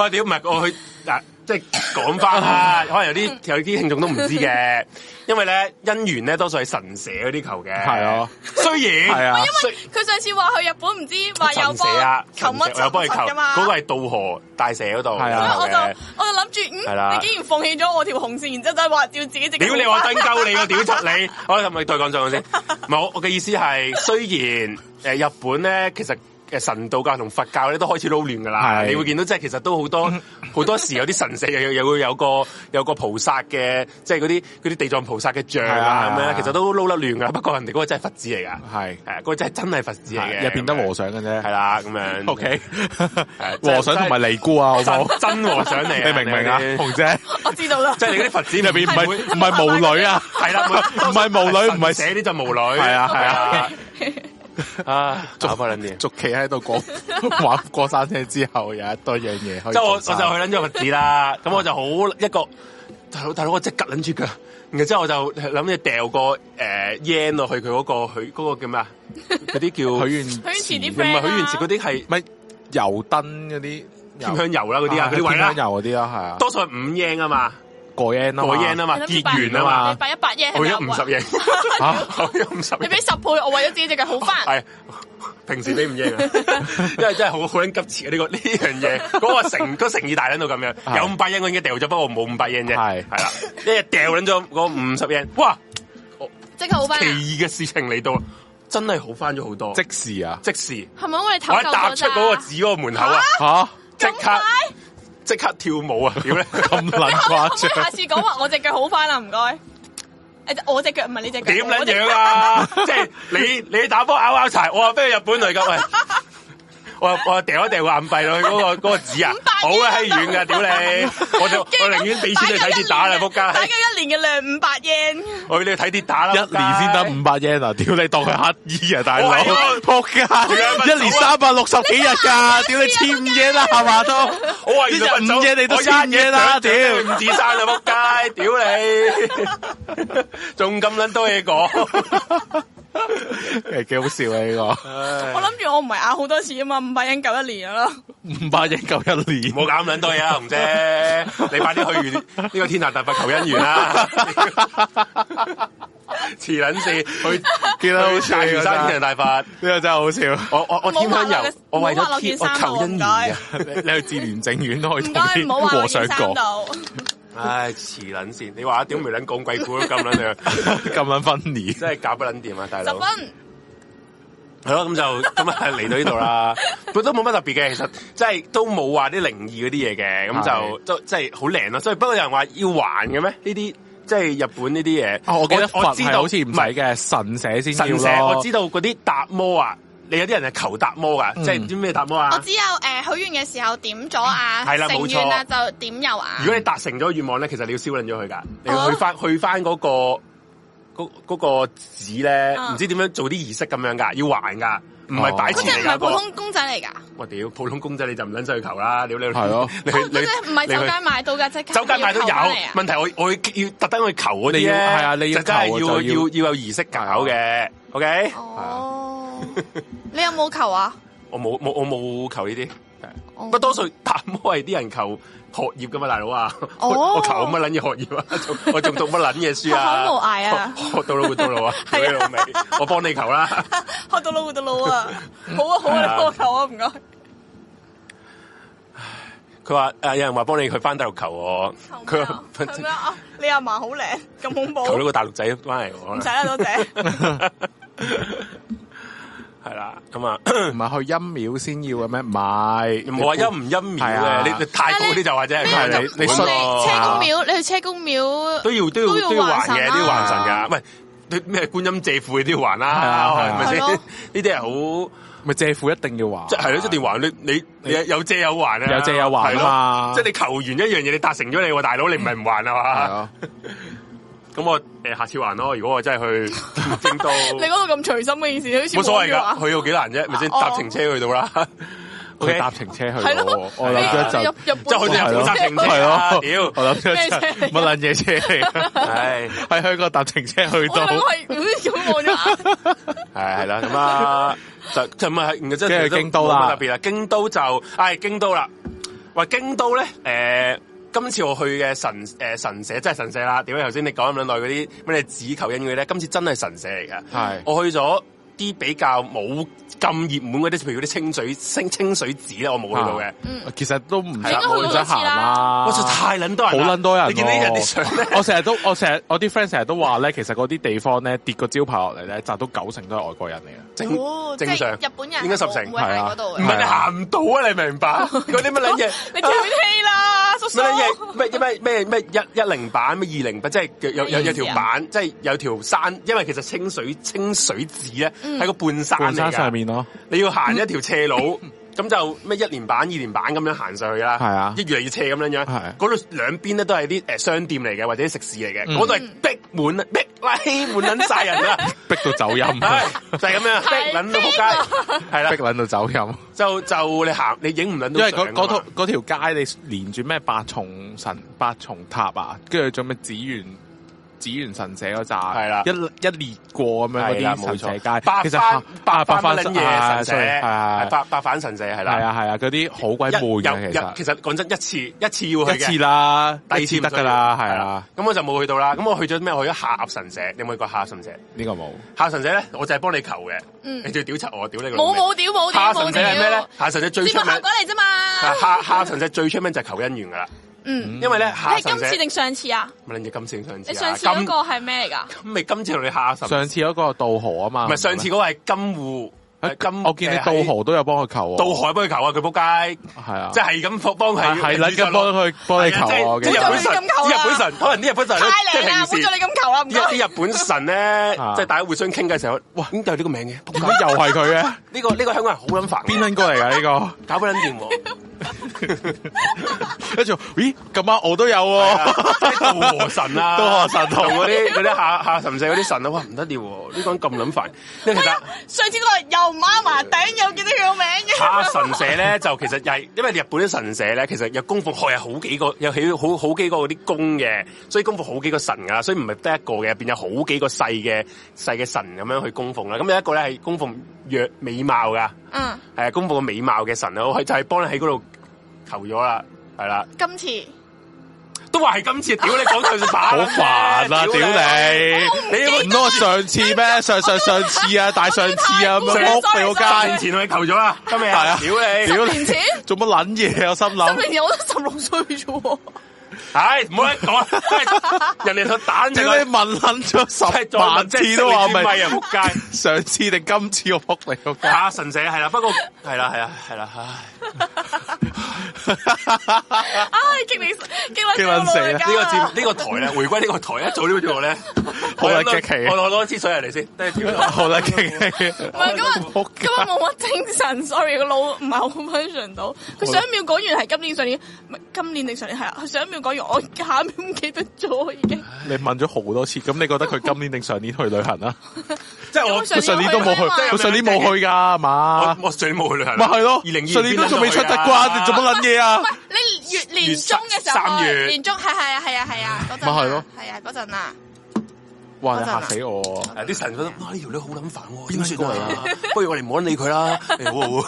哎！我屌，唔係我去嗱。啊即係講翻下， 可能有啲有啲聽眾都唔知嘅，因為咧姻緣咧多數係神社嗰啲求嘅，係 啊雖然， 雖然係啊，因為佢上次話去日本唔知話有幫求乜，啊、有幫佢求噶嘛，嗰個係渡河大蛇嗰度嘅，我就我就諗住，係、嗯、啦，你竟然放棄咗我條紅線，然之後再話要自己直，屌你話登鳩你我屌 出你， 我係咪對講錯咗先？冇，我嘅意思係雖然誒、呃、日本咧其實。神道教同佛教咧都開始撈亂噶啦，啊，你會見到即係其實都好多好多時候有啲神社又又會有，有個有個菩薩嘅，即係嗰啲啲地藏菩薩嘅像啊，咁樣，啊、其實都撈得亂噶。不過人哋嗰個真係佛寺嚟噶，係誒嗰個真係真係佛寺嚟嘅，入邊得和尚嘅啫，係啦咁樣。O、okay. K，啊就是、和尚同埋尼姑啊，好真和尚嚟， 你，你明唔明啊，紅姐？我知道啦，即係你嗰啲佛寺入邊唔係唔係巫女啊，係 啦，唔係巫女，唔係寫呢就巫女，係啊係啊。 啊！捉翻兩年，捉期喺度講玩過山車之後，有一多樣嘢可以。即係我我就去捻咗物資啦，咁 我就好一個大佬大佬，我即係捻住噶。然之後我就諗住掉個誒煙落去佢嗰、嗰個佢個叫咩 啊？嗰啲叫許願許願池啲唔係許願池，嗰啲係咩油燈嗰啲添香油啦嗰啲啊，添香油嗰啲啦係啊，多數係五煙啊嘛。過 yen 啊嘛，結完啊嘛，你擺一百 yen，我已經五十 y 已經五十 yen，你俾十倍，我為咗自己隻腳好翻。係、啊、平時俾五 yen， 因為真係好好急切啊！呢、 這個呢樣嘢，嗰、這個成、這個誠意大捻到咁樣， 有五百 yen 我已經 掉咗，不過冇五百 yen 啫，係係啦，即係掉咗五十 yen，哇，即刻好翻。奇異嘅事情嚟到，真係好翻咗好多。即時啊，即時係咪我哋頭先踏出嗰個紙嗰個門口啊？吓、啊，即刻。 即刻跳舞啊！點咧咁難掛住？ 你可可下次講話我隻腳好翻啦，唔該。我隻腳唔係你隻腳。點樣啊？即係、 就是、你你打波拗拗柴，我飛去日本嚟㗎喂。 我我掉一掉、嗰個硬幣落去，嗰、嗰個嗰個紙啊，好啊，閪遠噶，屌你，我就 我寧願俾錢去睇跌打啦，仆街，大家一年嘅量五百 yen 我俾你睇跌打啦，一年先得五百 yen 啊，屌 你當佢乞兒啊，大佬，仆街，一年三百六十幾日噶、啊，屌你、啊、 你千五嘢啦，阿都！生， 一日五嘢你都賺嘢啦，屌， 唔止賺啦，仆街，屌你，仲咁捻多嘢講。係幾好笑啊！呢個我諗住我唔係押好多次啊嘛，五百英九一年咯，五百英九一年，冇搞咁撚多嘢啊。唔姐，你快啲去完呢個天壇大佛求姻緣啦，遲捻事去見到大嶼山天壇大佛呢個真係好笑，我我我添香油，我為咗求姻緣，你去志蓮淨苑都可以，同和尚講落件衫 唉，遲捻先，你話屌未捻講鬼故咯？咁捻樣，咁捻分裂， 真係搞不捻掂啊！大佬，十分係 咯，咁就咁啊嚟到呢度啦， 佢都冇乜特別嘅，其實即係都冇話啲靈異嗰啲嘢嘅，咁就都即係好靚咯。所以不過有人話要還嘅咩？呢啲即係日本呢啲嘢，我記得我知道好似唔係嘅神社先神社。我知道嗰啲達摩啊。你有啲人係求達摩噶，即係唔知咩達摩啊？我只有誒許願嘅時候點咗啊、嗯，成員啊就點油啊。如果你達成咗願望咧，其實你要燒燬咗佢噶，你要去翻去翻嗰、那個嗰嗰、那個紙咧，唔、啊、知點樣做啲儀式咁樣噶，要還噶，唔係擺錢嚟、啊、噶。啊那個啊那個、普通公仔嚟噶，我、啊、屌普通公仔你就唔想去求啦，你你係咯，你、啊、你唔係走街買到噶啫，走街買都有。問題我我要特登去求嗰哋，咧，係啊，你真係要、就是、要要，要，要，要有儀式搞嘅、啊、，OK、啊。 你有冇求啊？我冇冇，我冇求呢啲，oh. 數不過多數打開啲人求學業噶嘛，大佬、oh. 啊， 啊， 啊，我求乜捻嘢學業啊？我仲讀乜捻嘢書啊？好無涯啊！學到老活到老啊，老味，我幫你求啦，學到老活到老啊，好啊好啊， 你幫我求啊，唔該。佢話誒，有人話幫你去翻大陸求我，佢係咪啊？你阿嫲好靚，咁恐怖，求到個大陸仔翻嚟，唔使啦，多謝、謝。 係啦，咁啊，唔係去陰廟先要嘅咩？唔係，唔係話陰唔陰廟你你太高啲就話啫。你音音你信啊？你你你你車公廟，你去車公廟都要都要都要還嘅，都要還神噶、啊啊啊。咪，咩觀音借庫都要還啦，係咪先？呢啲係好，咪借庫一定要還。即係咧，一定要還。你你，你有借有還啊？有借有還，還啊嘛。即係你求完一樣嘢，你達成咗你，大佬你唔係唔還啊嘛？咁我誒下次還咯，如果我真係去京都， 你嗰度咁隨心嘅意思，冇所謂噶，去、啊啊、去到幾難啫，咪先搭程車去到啦，我搭程車，車去，係咯，我諗一陣就係負責停車咯，屌，我諗一陣乜捻嘢車嚟，係係去香港搭程車去到，我係咁望咗，係係啦，咁啊就咪啊，即係京都啦，特別啦，京都就係、哎、京都啦，喂，京都咧，誒、欸。今次我去嘅神誒、呃、神社真係神社啦，點解頭先你講咁耐嗰啲咩嘢紙求姻緣咧？今次真係神社嚟嘅，嗯、係我去咗。啲比較冇咁熱門嗰啲，譬如嗰啲清水、清清水寺咧，我冇去到嘅、嗯。其實都唔係啦，冇行啦。太撚多人，好撚多人。你見啲人啲相咧，我成日都，我成日我啲 friend 成日都話咧，其實嗰啲地方咧，跌個招牌落嚟咧，砸到九成都係外國人嚟嘅。正正常日本人應該十成係啊？唔係你，你行唔到啊！你明白？嗰啲乜嘢？你調氣啦，叔、啊、叔。乜嘢？咩咩咩咩一一,一零版咩二零版？即、就、係、是、有有有條板，即係有條山。因為其實清水清水寺咧。喺個半山，的半山上面咯、哦，你要行一條斜路，咁 就咩一年坂、二年坂咁樣行上去啦。係啊，越嚟越斜咁樣樣。係嗰度兩邊咧都係啲誒商店嚟嘅，或者食肆嚟嘅，嗰度係逼滿、嗯、逼拉滿撚晒人啦 走、 就是，逼到走音。係就係咁樣，逼撚到撲街，係啦，逼撚到走音。就就你行，你影唔撚到。因為嗰嗰套嗰條街你連住咩八重神八重塔啊，跟住仲咩紫園？紫元神社嗰扎。係啦，一一列過咁樣嗰啲神社街，其實八八八番神社，係八八番神社係啦，係啊，係啊，嗰啲好鬼悶其實。其實講真，一次一次要去，一次啦，第二次唔得噶啦，係啊，咁我就冇去到啦，咁我去咗咩？我去咗下鴨神社，你有冇去過下鴨神社？呢、這個冇，下鴨神社咧，我就係幫你求嘅、嗯，你就屌柒我，屌你個，冇冇屌冇屌冇屌，下鴨神社係咩咧？下鴨神社最出名嚟啫嘛，下下神社最出名就係求姻緣噶啦。嗯，因為咧下神社你係今次定上次啊？咪你今次定上次、啊？你上次嗰個係咩嚟噶？咁咪今次同你下神上，上次嗰個渡河啊嘛？唔係上次嗰個係金戶，啊、金。我見你渡河都有幫佢求，道河有幫他求啊，渡海幫佢求啊，佢扑街。係啊，即係咁幫，係係諗緊幫佢幫你求是啊。就是、本求啊是日，日本神，本啊、可能啲日，日，就是啊就是、日，日本神咧，即係平時你咁求啊，一啲日，日本神咧，即、啊、係大家互相傾嘅時候，哇，點解有呢個名嘅？咁又係佢嘅？呢、 這個呢、這個香港人好撚煩。邊撚個嚟噶呢個？搞鬼撚住。一做咦？今晚我都有和神啊，和神同嗰啲嗰啲下下神社嗰啲神啊，哇唔得掂呢個咁諗法。上次嗰日又抹麻頂，又見到佢個名嘅。下神社咧就其實係因為日本啲神社咧，其實有供奉係好幾個，有起好好幾個嗰啲供嘅，所以供奉好幾個神噶，所以唔係得一個嘅，入邊有好幾個細嘅細嘅神咁樣去供奉啦。咁有一個咧係供奉約美貌噶，嗯，係供奉美貌嘅神啊，我係就係幫你喺嗰度。求咗啦，係啦，今次都話係今次，屌你講上次好煩啊！屌你，屌你唔通上次咩？上上上次啊，大上次啊，咁成屋俾我加錢去求咗啦，今日係啊，屌你，屌年前做乜撚嘢？ 我心諗年前 我都十六歲咗。唉，唔好喺講人哋台打住你問撚咗十萬次都話唔係人仆街，上次定今次嘅仆你仆街？啊，神社係啦、啊，不過係啦，係啊，係啦、啊，唉、啊，唉、 啊，極力極力，神社啊、呢個！呢個節目呢個台咧，回歸呢個台一早呢個咧、嗯，好啦，激氣，我攞一支水嚟先，跳下啊、得條，好啦，激氣。唔係今日，今日冇乜精神，sorry，個腦唔係好 function 到。佢上一秒講完係今年上年，唔係今年定上年係啊？上一秒講完。我下邊唔記得咗，已經。你問咗好多次，咁你覺得佢今年定上年去旅行啦？ 即係我上年都冇去，我上年冇去噶嘛？我我上年冇去旅行。咪係咯，二零二上年都仲未出得關，你做乜捻嘢啊？你越、啊、年中嘅時候，月三月年中，係係啊係啊係啊，嗰陣咪係咯，係啊嗰陣啊，是啊，是啊，是啊 那。哇！你吓死我，啲、啊、神覺得哇呢條女好捻煩，點算啊？不如我哋唔好理佢啦。誒，我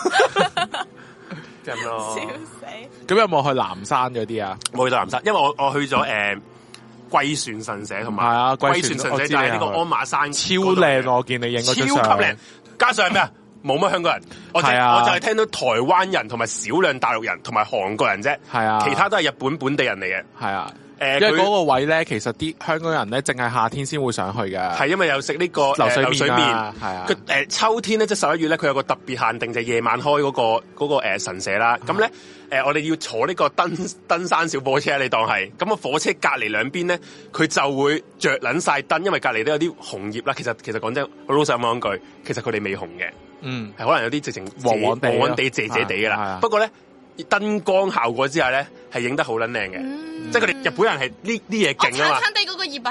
咁咯，笑死！咁有冇去南山嗰啲啊？冇去到南山，因為我我去咗誒、呃、龜船神社同埋，係、嗯、啊，貴船神社就係呢個鞍馬山，超靚、那個、我見你影超級靚，加上咩啊？冇 乜香港人，我啊，我就係聽到台灣人同埋少量大陸人同埋韓國人啫，係啊，其他都係日本本地人嚟嘅，係啊。因為嗰個位咧，其實啲香港人咧，淨係夏天先會上去嘅。係因為有食呢個流水麵啊，係啊。佢誒秋天咧，即係十一月咧，佢有個特別限定，就係夜晚開嗰個嗰個誒神社啦。咁咧，誒我哋要坐呢個登登山小火車，你當係咁啊，火車隔籬兩邊咧，佢就會着捻晒燈，因為隔籬都有啲紅葉啦。其實其實講真，我老實咁講句，其實佢哋未紅嘅，嗯，係可能有啲直情黃黃地、黃黃地、謝謝哋噶啦。啊啊啊、不過咧。燈光效果之下咧，係影得好撚靚嘅，即係佢哋日本人係呢啲嘢勁啊嘛。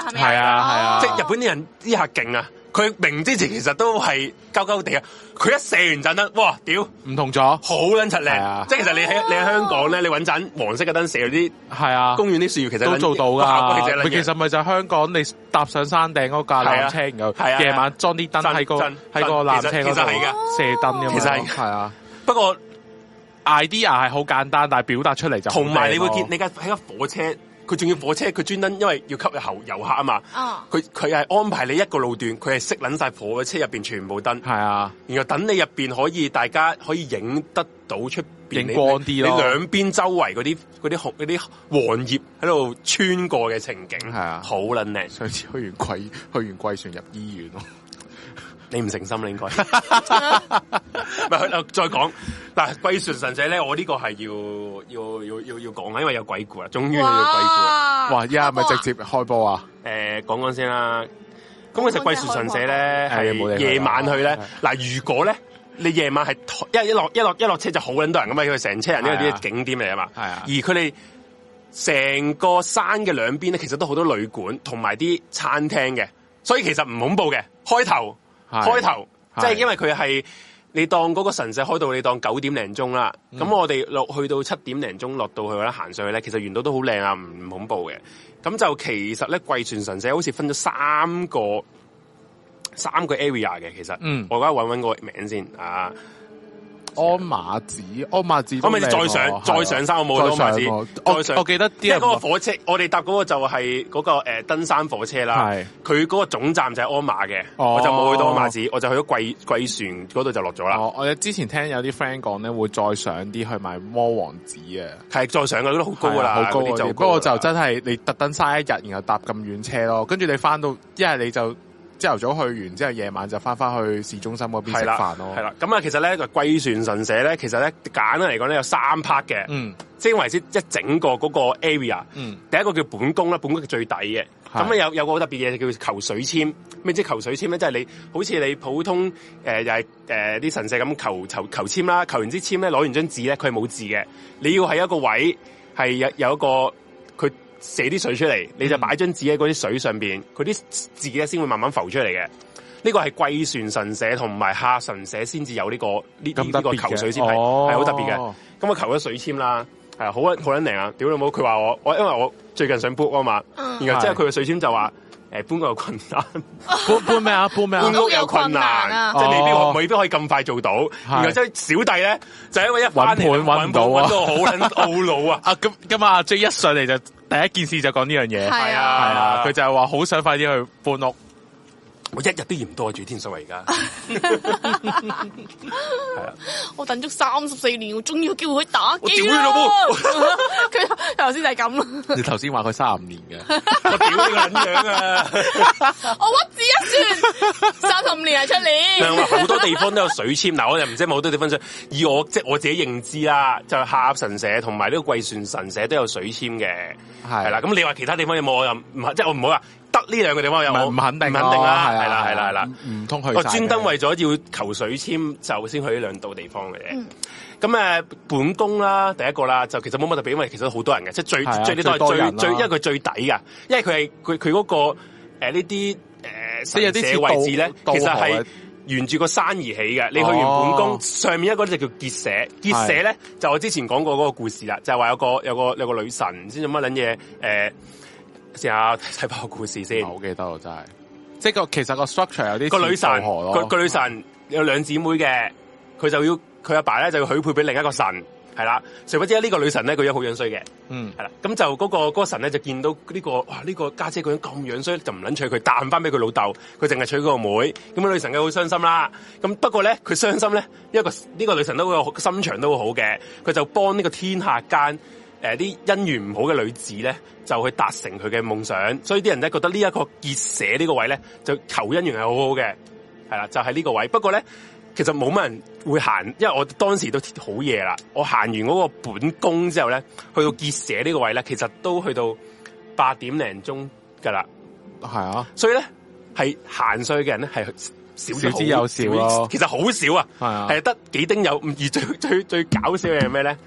係啊係啊，哦、即係日本啲人呢下勁啊！佢明知其實都係鳩鳩地啊，佢一射完盞燈，哇，屌，唔同咗，好撚出靚。即係其實你喺你喺香港咧，你揾盞黃色嘅燈射啲，係啊，公園啲樹其實都做到噶。佢其實咪就係香港你搭上山頂嗰架纜車，然後夜晚裝啲燈喺個喺個纜車嗰度射燈噶嘛。係啊，不過。idea 係好簡單，但係表達出嚟就同埋，你會見你架喺架火車，佢仲要火車，佢專登因為要吸引遊遊客啊嘛。佢佢係安排你一個路段，佢係熄捻晒火車入邊全部燈。係啊，然後等你入邊可以大家可以影得到出邊光啲你兩邊周圍嗰啲嗰啲紅啲黃葉喺度穿過嘅情景，係啊，好捻靚。上次去完貴，去完貴船入醫院。你唔誠心啦，應該咪？再講嗱，貴船神社咧，我呢個係要要要要要講啊，因為有鬼故啊，終於係有，有鬼故。哇、啊！依家咪直接開波啊？誒、欸，講講先啦。咁其實貴船神社咧係夜晚去咧嗱、啊，如果咧你夜晚係一一落一落一落車就好撚多人咁嘛人、啊，因為成車人，呢啲啲景點嚟啊嘛。係啊。而佢哋成個山嘅兩邊咧，其實都好多旅館同埋啲餐廳嘅，所以其實唔恐怖嘅。開頭。開頭即係因為佢係你當嗰個神社開到你當九點零鐘啦，咁、嗯、我哋落去到七點零鐘落到去啦，行上去咧，其實沿途都好靚啊，唔恐怖嘅。咁就其實咧貴船神社好似分咗三個三個 area 嘅，其實、嗯、我而家搵搵個名先啊。鞍馬寺，鞍馬寺，我咪再上再上山，我冇去到鞍馬寺，我我記得，即係嗰個火車，我哋搭嗰個就係嗰個誒登山火車啦，係佢嗰個總站就係鞍馬嘅，我就冇去到鞍馬寺，我就去咗貴貴船嗰度就落咗啦。我之前聽有啲 friend 講咧，會再上啲去埋魔王子啊，係再上噶，都好高噶啦，好高。不過就真係你特登嘥一日，然後搭咁遠車咯，跟住你翻到一係你就。朝頭早去完，之後夜晚就翻翻去市中心嗰邊食飯咯。係啦，咁啊，其實咧，貴船神社咧，其實咧簡單嚟講咧有三 part 嘅，嗯，即係話先一整個嗰個 area，嗯，第一個叫本宮啦，本宮最底嘅，咁啊有有個好特別嘢叫求水簽，咩即係求水簽咧，即係你好似你普通誒又係誒啲神社咁求求求簽啦，求完支簽咧攞完張紙咧佢係冇字嘅，你要喺一個位係有有一個。射啲水出嚟，你就擺張紙喺嗰啲水上邊，佢啲字咧先會慢慢浮出嚟嘅。呢個係貴船神社同埋下神社先至有呢、這個呢呢、這個求水先係係好特別嘅。咁我求咗水簽啦，係好啊好撚靚啊！屌老母，佢話我我因為我最近想 book 啊嘛，然後即係佢嘅水簽就話。誒，搬、啊搬啊、屋有困難，搬搬咩啊？搬咩？搬屋有困難啊！即係未必，我未必可以咁快做到。原來即係小弟咧，就因為一翻嚟揾到啊，到好懊惱啊！啊咁咁啊，即係、啊、一上嚟就 第一件事就講呢樣嘢係啊！係啊！佢就係話好想快啲去搬屋。我一日都嫌多住天水圍而家，係 啊！ 我等咗三十四年，我終於有機會去打機。我老佢佢頭先就係咁。你頭先話佢三五年嘅，我屌你個卵樣啊！我屈指一算，三十五年啊，出 年。好多地方都有水簽，嗱， 我又唔知冇好多地方水。以我即、就是、我自己認知啦，就係、下鴨神社同埋呢個貴船神社都有水簽嘅，係啦。咁你話其他地方有冇？我又唔即係我唔好話。得呢兩個地方有冇唔肯定，唔肯定啦，係、哦、啦，係啦，係啦，啊，唔通、啊啊啊啊，去？我專登為咗要求水簽就先去呢兩度地方嘅。咁、嗯、誒，本宮啦，第一個啦，就其實冇乜特別，因為其實好多人嘅，即係最、啊、最你都係最最，啊，因為佢最底噶，因為佢係佢佢嗰個誒呢啲誒神社位置咧，其實係沿住個山而起嘅，哦。你去完本宮上面一個就叫結社，結社咧就我之前講過嗰個故事啦，就係、是、話有個有個有個，有個女神先做乜撚嘢誒。試下睇睇個故事先、哦。我記記得咯，真係。即係個其實個 structure 有啲個女神個，個女神有兩姊妹嘅，佢就要佢阿爸咧就要許配俾另一個神，係啦。誰不知呢個女神咧，佢樣好樣衰嘅。嗯的，係啦、那個。咁就嗰個神咧就見到呢、這個哇呢、這個家姐個樣咁樣衰，就唔捻娶佢，彈翻俾佢老豆。佢淨係娶佢個妹。咁女神嘅好傷心啦。咁不過咧，佢傷心咧，因為、這個呢、這個女神都有心腸都好嘅，佢就幫呢個天下間。誒、呃，啲姻緣唔好嘅女子咧，就去達成佢嘅夢想，所以啲人咧覺得呢一個結社呢個位咧，就求姻緣係好好嘅，係啦，就係、是、呢個位。不過咧，其實冇乜人會行，因為我當時都好夜啦，我行完嗰個本宮之後咧，去到結社呢個位咧，其實都去到八點零鐘噶啦，係啊，所以咧係行衰嘅人咧係少之又少，其實好少啊，係啊，係得幾丁友，而最最最搞笑嘅係咩咧？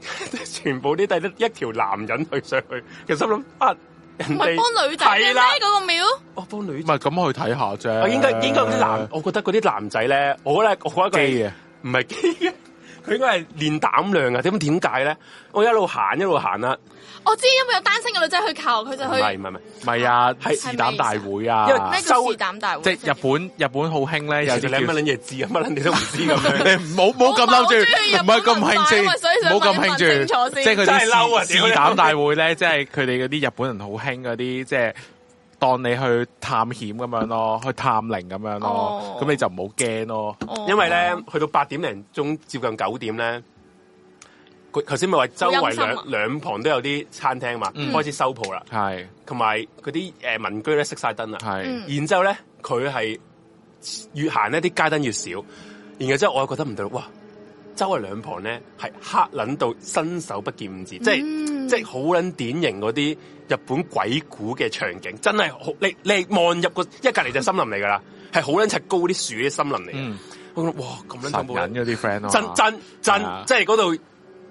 全部啲第一條男人去上去，其實心諗啊，唔係幫女仔係啦，嗰個廟我幫女，唔係咁去睇下啫。應該應該啲男，我男，我覺得嗰啲男仔咧，我咧，我講一句，唔係基嘅。佢應該係練膽量啊。點點解咧？我一路行一路行啦。我知，因為有單身嘅女仔去求，佢就去。唔係唔係唔係啊，係試膽大會啊，就試膽大會。即係日本日本好興咧，有啲你乜撚嘢知，乜撚你都唔知咁。你唔好唔好咁嬲住，唔係咁興，唔好咁興住。即係佢啲試膽大會咧，即係佢哋嗰啲日本人好興嗰啲即係。當你去探險咁樣咯，去探靈咁樣咯，咁、哦、你就唔好驚咯、哦，因為咧，去到八點零鐘，接近九點咧，佢頭先咪話周圍兩兩旁都有啲餐廳嘛，嗯、開始收鋪啦，係，同埋嗰啲誒民居咧熄晒燈啦，係，然之後咧佢係越行呢啲街燈越少，然後之後我又覺得唔對，哇，周圍兩旁咧係黑撚到伸手不見五指，嗯、即係即係好撚典型嗰啲。日本鬼故嘅場景真係好，你你望入個，一隔籬就森林嚟噶啦，係好捻尺高啲樹嘅森林嚟。嗯，哇咁捻恐怖！吸引嗰啲 friend 咯，真真真，即係嗰度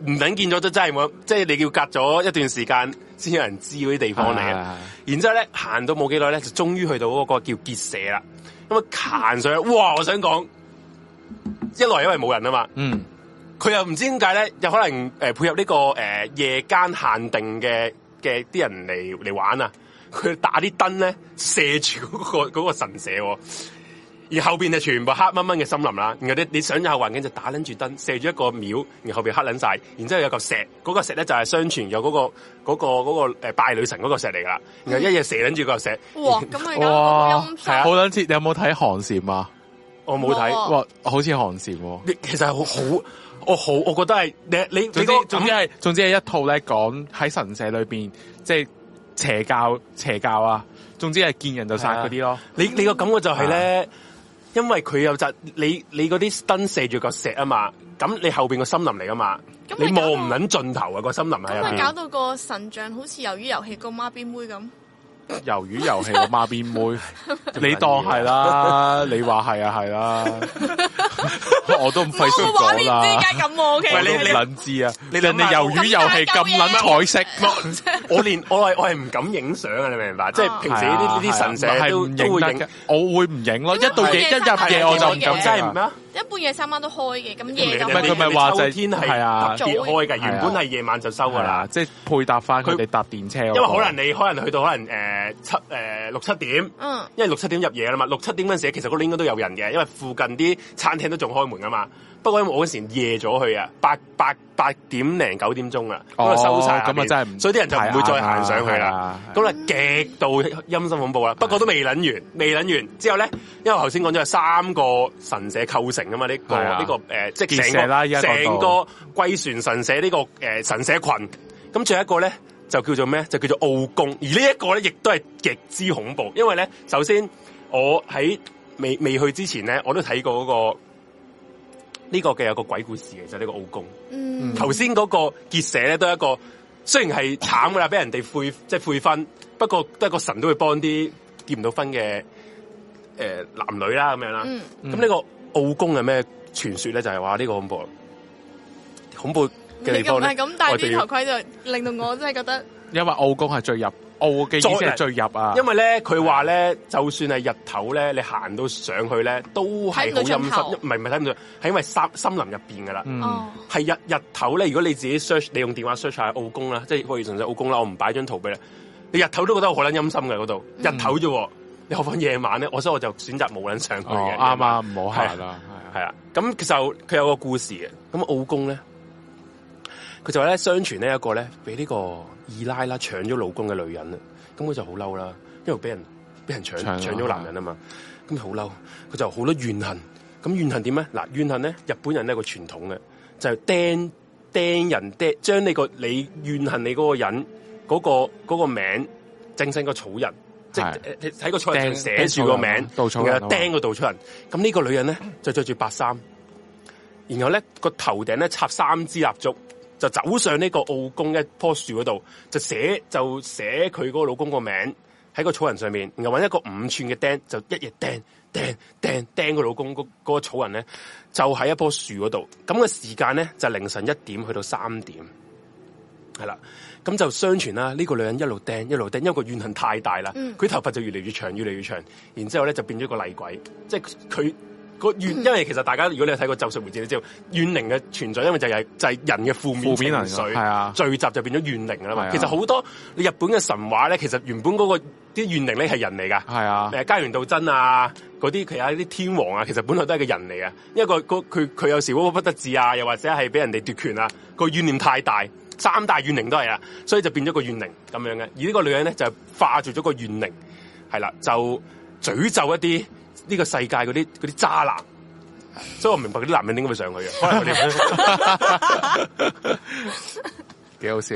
唔等見咗都真係冇。即係你要隔咗一段時間先有人知嗰啲地方嚟、嗯。然之後咧行到冇幾耐咧，就終於去到嗰個叫結社啦。咁啊行上去，哇！我想講，一來因為冇人啊嘛，嗯，佢又唔知點解咧，又可能誒配合呢、這個誒、呃、夜間限定嘅。嘅啲人嚟嚟玩啊，佢打啲燈咧射住嗰、嗰個、嗰個神社，而後邊就全部黑掹掹嘅森林啦。然後你你想下環境就打捻住燈射住一個廟，然後後邊黑捻晒，然之後有嚿石，嗰、嗰個石咧就係相傳有嗰、嗰個、嗰個、嗰個誒、嗰個、拜女神嗰個石嚟噶啦。然後一日射捻住嚿石，哇咁啊，咁好捻似。你有冇睇寒蟬啊？我冇睇，哇，好似寒蟬、啊。你其實好好。很我、哦、好，我覺得係你你你，總之係係總之係、嗯、一套咧，講喺神社裏邊，即、就、係、是、邪教邪教啊，總之係見人就殺佢啲咯。啊、你你個感覺就係咧、嗯，因為佢有集你你嗰啲燈射住個石啊嘛，咁你後邊、啊那個森林嚟啊嘛，你望唔捻盡頭啊個森林係咪？搞到個神像好似《魷魚遊戲》個孖邊妹咁。魷魚遊戲我媽邊妹，你當係啦，你話係啊係啦，我都唔費事講啦。咁我其實你你諗知啊？你人哋魷魚遊戲咁捻彩色，我連我係我係唔敢影相啊！你明唔明白？即係平時呢啲呢啲神社都都會影，我會唔影咯？一到夜一入夜我就唔敢影。真係唔咩？一般夜三晚都開嘅，咁夜開就特、是、別秋天係特別開嘅、啊，原本係夜晚就收㗎啦，即係、啊就是、配搭返佢哋搭電車。因為可能你可能去到可能誒、呃、七、呃、六七點，因為六七點入夜啦嘛，六七點嗰陣時候其實嗰度應該都有人嘅，因為附近啲餐廳都仲開門㗎嘛。不過因為我嗰時夜咗去啊，八八八點零九點鐘啊，咁、哦、就收晒，所以啲人就唔會再行上去啦。咁啊，極、啊啊、度陰森恐怖啦。不過都未捻完，未捻完之後咧，因為頭先講咗係三個神社構成㗎嘛，呢、這個呢、啊這個誒、呃，即係成個成、這個龜船神社呢、這個誒、呃、神社群。咁仲有一個咧，就叫做咩？就叫做奧宮。而呢一個咧，亦都係極之恐怖，因為咧，首先我喺未未去之前咧，我都睇過嗰、那個。呢、這個嘅有個鬼故事嘅，就呢、是、個奧宮。頭先嗰個結社咧，都係一個雖然係慘啦，俾人哋悔即係、就是、悔婚，不過都係個神都會幫啲結唔到婚嘅誒男女啦咁樣啦。咁、嗯、呢個奧宮係咩傳說咧？就係話呢個恐怖，恐怖嘅我哋。你咁係咁戴啲頭盔，就令到我真係覺得，因為奧宮係最入。奧嘅，再入入啊！因為咧，佢話咧，就算係日頭咧，你行到上去咧，都係好陰森，唔係唔係睇唔到，係因為森森林入邊噶啦，係、嗯、日日頭咧。如果你自己 search，你用電話 search 下奧宮啦，即係可以純粹奧宮啦，我唔擺張圖俾你。你日頭都覺得好撚陰森嘅嗰度，嗯、日頭啫，你何況夜晚咧？我所以我就選擇冇撚上去嘅。啱啱唔好係啦，係啊，咁其實佢有個故事嘅。咁奧宮咧，佢就咧相傳呢一個咧俾呢、這個。二奶啦，搶咗老公嘅女人啦，咁佢就好嬲啦，因為俾人俾人搶搶咗男人啊嘛，咁好嬲，佢就好多怨恨。咁怨恨點咧？嗱，怨恨咧，日本人咧個傳統嘅就係釘、釘人釘，將你個你怨恨你嗰個人嗰、嗰個嗰、嗰個名整成個草人，即係喺個草人上寫住個名稻草，然後釘個稻草人。咁呢個女人咧就着住白衫，然後咧個頭頂咧插三支蠟燭。就走上呢個澳公一棵樹嗰度，就寫就寫佢嗰個老公個名喺個草人上面，然後搵一個五寸嘅釘，就一日釘釘釘釘佢老公嗰、嗰個草人咧，就喺一棵樹嗰度。咁嘅時間咧就凌晨一點去到三點，係啦。咁就相傳啦、啊，呢、呢個女人一路釘一路釘，因為個怨恨太大啦。佢頭髮就越嚟越長，越嚟越長，然之後咧就變咗個厲鬼，即係佢。個怨，因為其實大家如果你睇過《咒術回戰》，你知道怨靈嘅存在，因為就係就係人嘅負面情緒，係啊，聚集就變咗怨靈啦嘛。其實好多日本嘅神話咧，其實原本嗰個啲怨靈咧係人嚟噶，係啊，誒加完道真啊嗰啲，其他啲天皇啊，其實本來都係一個人嚟啊。因為個佢佢有時鬱鬱不得志啊，又或者係俾人哋奪權啊，個怨念太大，三大怨靈都係啊，所以就變咗個怨靈咁樣嘅。而呢個女人咧就化做咗個怨靈，係啦、就是，就詛咒一啲。呢、這個世界嗰啲啲渣男，所以我唔明白嗰啲男人點解會上去嘅，幾 好笑，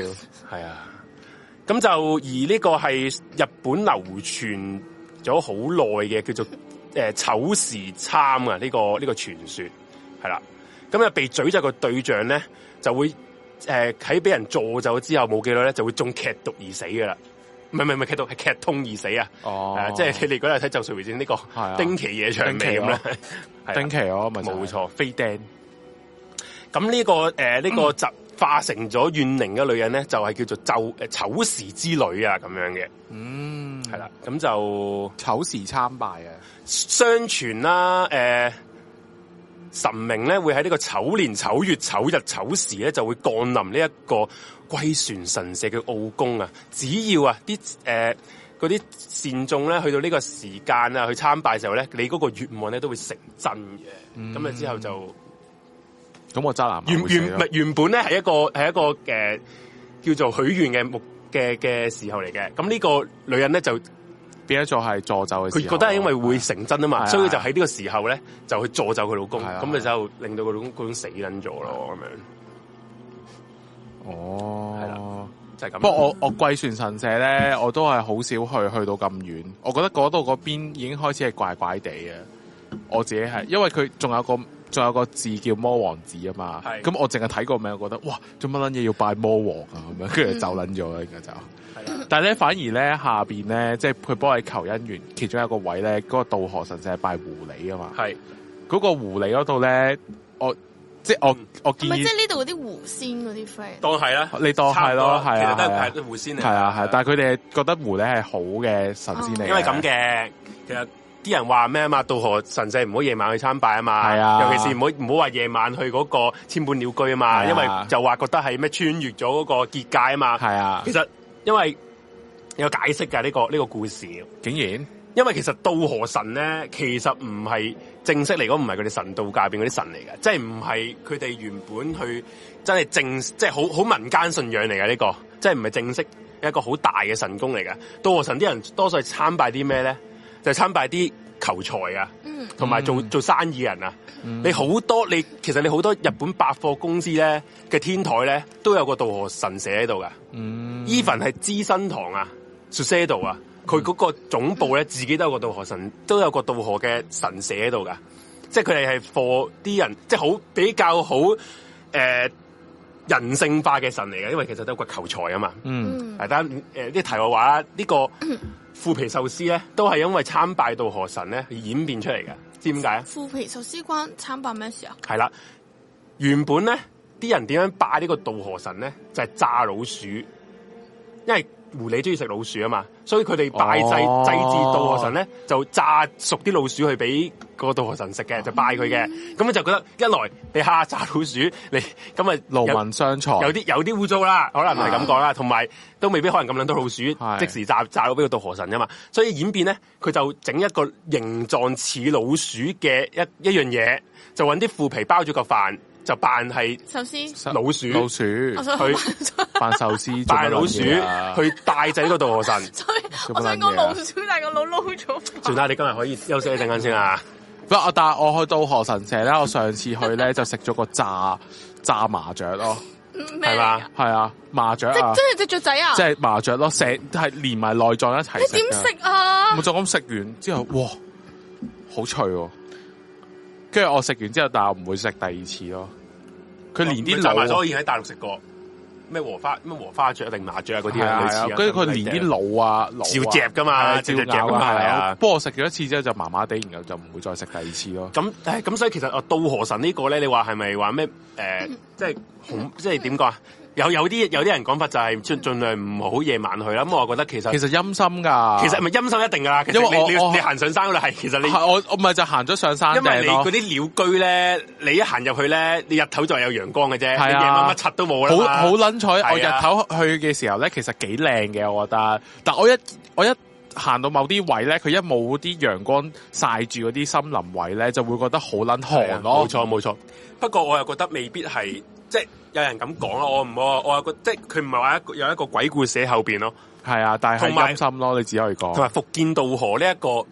係啊。咁就而呢個係日本流傳咗好耐嘅，叫做誒、呃、丑時參啊呢、這個呢、這個傳說係啦。咁啊、嗯、被詛咒嘅對象咧，就會誒喺俾人做咗之後冇幾耐咧，沒就會中劇毒而死噶啦。唔係，唔係，唔係劇毒係劇痛而死啊！Oh. 啊即係你哋嗰日睇《咒術迴戰》呢個丁奇嘢長眉咁咧，丁奇我冇、 啊就是、錯非釘。咁呢、呢個呢、呃呢個就化成咗怨靈嘅女人呢，mm. 就係叫做醜誒、呃、丑時之女啊，咁樣嘅。嗯、mm. 啊，係啦，咁就丑時參拜啊，相傳啦、啊，呃神明咧會喺呢個丑年丑月丑日丑時咧就會降臨呢一個貴船神社嘅奧宮啊！只要啊啲誒嗰啲善眾咧去到呢個時間啊去參拜嘅時候咧，你嗰個願望咧都會成真嘅。咁啊之後就，咁我揸難，原原原本咧係一個係一個誒叫做許願嘅目嘅嘅時候嚟嘅。咁呢個女人咧就。變咗做係助咒嘅，佢覺得係因為會成真啊嘛的，所以佢就喺呢個時候咧就去助咒佢老公，咁咪就令到佢老公嗰種嗰種死撚咗咯咁樣。哦，係啦，就係咁。不過我我貴船神社咧，我都係好少去，去到咁遠。我覺得嗰度嗰邊已經開始係怪怪地嘅。我自己係因為佢仲有一個仲有一個字叫魔王子啊嘛，咁我淨係睇個名，我覺得哇做乜捻嘢要拜魔王啊咁樣，跟住就捻咗啦而家就。 但係咧，反而咧下邊咧，即係佢幫你求姻緣，其中一個位咧，嗰、那個渡河神社拜狐狸啊嘛，係嗰、那個狐狸嗰度咧，我即係我我見，即係呢度嗰啲狐仙嗰啲 friend，當係啦，你當係咯，係其實都係狐仙嚟。係啊係啊，啊，啊，啊，啊，啊，但係佢哋覺得狐狸係好嘅神之嚟、啊，因為咁嘅，其實啲人話咩啊嘛，渡河神社唔好夜晚去參拜啊嘛，係啊，尤其是唔好唔好話夜晚去嗰個千本鳥居嘛啊嘛，因為就話覺得係咩穿越咗嗰個結界啊嘛，係啊，其實。因為有解釋噶呢、這個呢、這個故事，竟然因為其實稻荷神咧，其實唔係正式嚟講，唔係佢哋神道教入邊嗰啲神嚟嘅，即係唔係佢哋原本去真係正，即係好好民間信仰嚟㗎。呢、這個，即係唔係正式一個好大嘅神功嚟㗎。稻荷神啲人多數係參拜啲咩咧，就係參拜啲。求財啊，同埋做做生意人啊，嗯、你好多你其實你好多日本百貨公司咧嘅天台咧都有個稻荷神社喺度噶，even 係資生堂啊、Shiseido 啊，佢嗰個總部咧、嗯、自己都有個稻荷神，都有個稻荷嘅神社喺度噶，即係佢哋係貨啲人，即係好比較好誒、呃、人性化嘅神嚟噶，因為其實都係個求財啊嘛。嗯，係得誒啲題外話，呢、這個。嗯腐皮壽司咧，都係因為參拜道河神咧而演變出嚟嘅，知唔解啊？腐皮壽司關參拜咩事啊？係啦，原本咧，啲人點樣拜呢個道河神咧，就係、是、炸老鼠，因為。狐狸中意食老鼠啊嘛，所以佢哋拜祭祭祀渡河神咧，哦、就炸熟啲老鼠去俾個渡河神食嘅，就拜佢嘅。咁、嗯、咧就覺得一來你吓吓炸老鼠，你咁啊勞民傷財，有啲有啲污糟啦，可能唔係咁講啦。同、啊、埋都未必可能咁樣多老鼠，即時炸炸到俾個渡河神噶嘛。所以演變咧，佢就整一個形狀似老鼠嘅一一樣嘢，就揾啲腐皮包住個飯。就扮係壽司老鼠，老鼠，老鼠去扮壽司，扮老鼠去大仔嗰度河神。所以我想講老鼠大個佬撈咗。算啦， 你今日可以休息一陣間先啊。不，我但係我去到河神社咧，我上次去咧就食咗個炸炸麻雀咯，係 嘛是嗎，係 啊，麻雀啊，即係隻雀仔啊，即、就、係、是、麻雀咯，成係連埋內臟一齊食啊。冇就咁食完之後，哇，好脆喎、啊。跟住我食完之後，但係我唔會食第二次咯。佢連啲卤、啊，所以我喺大陸食過咩禾花咩禾花雀定麻雀嗰啲啊。跟住佢連啲卤啊，啊，照嚼噶嘛，照嚼啊。不過、啊、我食咗一次之後就麻麻地，然後就唔會再食第二次咯。咁誒，咁所以其實啊，稻荷神個呢個咧，你話係咪話咩誒？即係紅，即係點講啊？有有啲有啲人講法就係盡量唔好夜晚去啦，咁我覺得其實其實陰森噶，其實咪陰森一定噶，其實你你你行上山嗰度係其實你我我唔係就行咗上山，因為你嗰啲鳥居咧，你一行入去咧，你日頭就係有陽光嘅啫、啊，你夜晚乜柒都冇啦。好好撚彩，我日頭去嘅時候咧，其實幾靚嘅，我覺得。但我一我一行到某啲位咧，佢一冇啲陽光晒住嗰啲森林位咧，就會覺得好撚寒咯。冇、啊、錯冇、嗯、錯，不過我又覺得未必係。即係有人咁講啦，我唔我我有個即佢唔係話有一個鬼故事後邊咯，係啊，但係好擔心咯，你只可以講。同埋伏見稻荷呢一個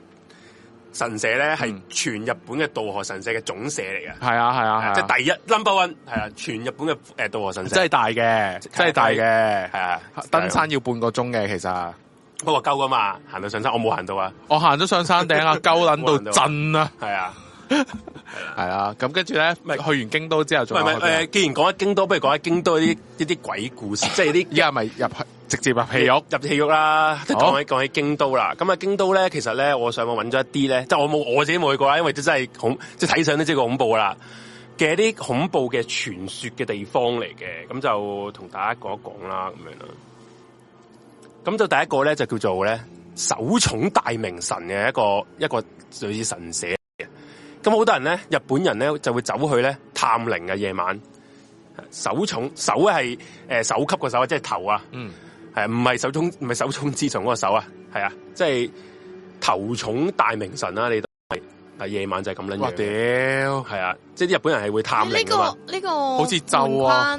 神社咧，係、嗯、全日本嘅稻荷神社嘅總社嚟嘅，係啊係啊，是啊，是啊。即係第一是、啊、number one 係啊，全日本嘅誒稻荷神社，真係大嘅，真係大嘅，係啊，登山、啊啊啊、要半個鐘嘅其實，不過夠㗎嘛，行到上山我冇行到啊，我行咗上山頂 啊，夠撚到震啊，係啊。 是啊 係啊，咁跟住咧，咪去完京都之後再。講。係誒、呃，既然講緊京都，不如講緊京都一啲一啲鬼故事，啊、即係啲，依家咪入去直接入戲肉，入戲肉啦，即係講起講起京都啦。咁啊，京都咧，其實咧，我上網揾咗一啲咧，即係我冇，我自己冇去過啦，因為真係恐，即係睇相都知個個恐怖啦嘅啲恐怖嘅傳說嘅地方嚟嘅，咁就同大家講一講啦，咁樣啦。咁就第一個咧就叫做咧首塚大明神嘅一個一個類似神社。咁好多人咧，日本人咧就會走去咧探靈啊，夜晚手重手係、呃、手首級個手啊，即係頭啊，係唔係手重唔係手重之重嗰個手啊，係啊，即、就、係、是、頭重大明神啊。你都但夜晚就係咁撚嘅。屌！係啊，啊，啊，即係啲日本人係會探靈啊呢、欸呢個、呢個、好似咒啊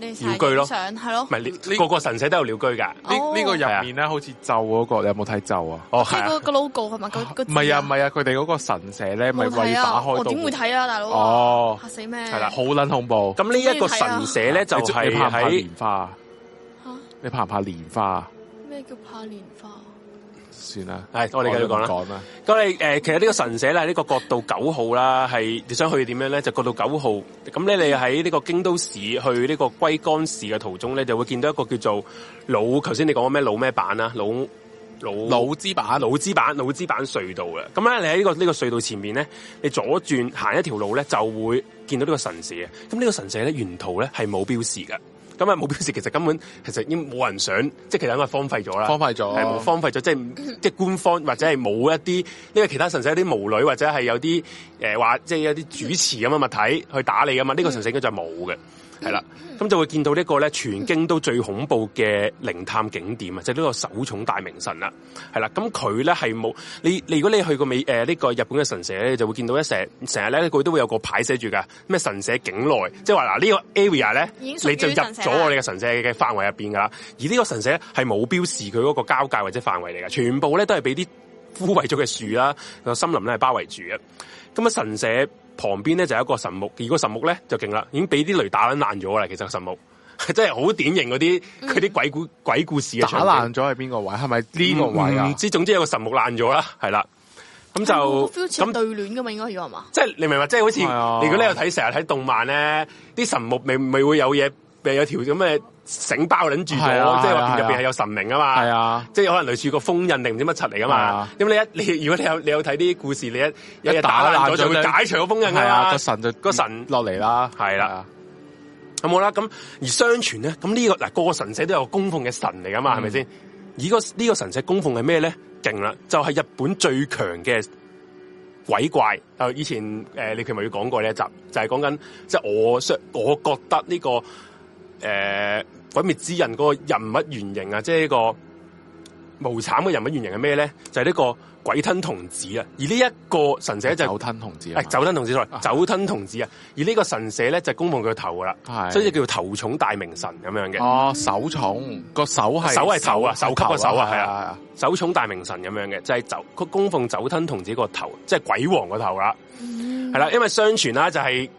鳥居咯，係、嗯、咯，咪呢個個神社都有鳥居噶，呢、哦、呢、這個入面咧、啊，好似咒嗰、那個，你有冇睇咒啊？哦，係啊，個 logo 係咪？唔係啊，唔係啊，佢哋嗰個神社咧，咪為打開？我、哦、點、哦、會睇啊，大佬！哦，嚇死咩？係啦、啊，好撚恐怖。咁呢一個神社咧、就是，就係喺蓮花。吓？你怕唔怕蓮、啊、花？咩叫怕蓮花？算啦，係、哎、我哋繼續講啦。啦，咁你誒，其實呢個神社咧，呢個國道九號啦，係你想去點樣咧，就國道九號。咁咧，你喺呢個京都市去呢個龜岡市嘅途中咧，你就會見到一個叫做老。頭先你講咩老咩坂啊？老板老老之坂、老之坂、老之坂隧道啊。咁咧，你喺呢個呢個隧道前面咧，你左轉行一條路咧，就會見到呢個神社。咁呢個神社咧，沿途咧係冇標示噶。咁啊冇表示，其實根本其實已經冇人想，即係其實應該荒廢咗啦，荒廢咗，係冇。荒廢咗，即係即係官方或者係冇一啲，因為其他神社有啲巫女或者係有啲誒話，即係有啲主持咁嘅物體去打理㗎嘛，呢個神社應該就冇嘅。嗯。係啦，咁就會見到呢個咧，全京都最恐怖嘅靈探景點啊，即係呢個首重大明神啦。係啦，咁佢咧係冇你你如果你去過美誒呢，呃呢個日本嘅神社咧，就會見到一成成日咧佢都會有個牌寫住噶咩神社境內，嗯，即係話嗱呢個 area 咧，你就入咗我哋嘅神社嘅範圍入邊噶啦。而呢個神社係冇標示佢嗰個交界或者範圍嚟噶，全部咧都係俾啲枯萎咗嘅樹啦個森林咧係包圍住嘅。咁，嗯，啊神社。旁邊咧就有一個神木，而個神木咧就勁啦，已經俾啲雷打爛咗啦。其實神木係 真係好典型嗰啲佢啲鬼故鬼故事嘅。打爛咗係邊個位？係咪呢個位啊？唔、嗯、知、嗯，總之有個神木爛咗啦，係啦。咁、嗯、就咁對聯噶嘛，應該係嘛？即係你明唔明？即係好似如果你有睇成日睇動漫咧，啲神木未未會有嘢。咪有條咁嘅繩包緊住咗，即係入邊係有神明啊嘛，啊即係可能類似個封印定唔知乜柒嚟噶嘛。咁、啊、你一你如果你，你有你有睇啲故事，你一一打爛咗就會解除個封印噶、啊那個、啦，個神就個神落嚟啦，係啦、啊。咁、啊啊啊、好啦，咁而相傳咧，咁呢、這個嗱個神社都有供奉嘅神嚟噶嘛，係咪先？而、這個呢、這個神社供奉係咩咧？勁啦，就係、是、日本最強嘅鬼怪。以前誒、呃，你佢咪要講過呢一集，就係講緊即係我覺我覺得呢、這個。誒、呃，鬼滅之刃嗰個人物原型啊，即係呢個無慘嘅人物原型係咩咧？就係、是、呢個鬼吞童子啊！而呢一個神社就鬼、是吞，哎、吞童子，啊, sorry, 啊。酒吞童子，酒吞童子啊！而呢個神社咧就供奉佢個頭噶啦，所以叫做頭寵大明神咁樣嘅。哦，寵嗯、手寵個手係手係手，手啊，啊，首級個首啊，係啊，手寵大明神咁樣嘅，就係、是、供奉酒吞童子個頭，即、就、係、是、鬼王個頭啦。係、嗯、啦、啊，因為相傳啦、啊、就係、是。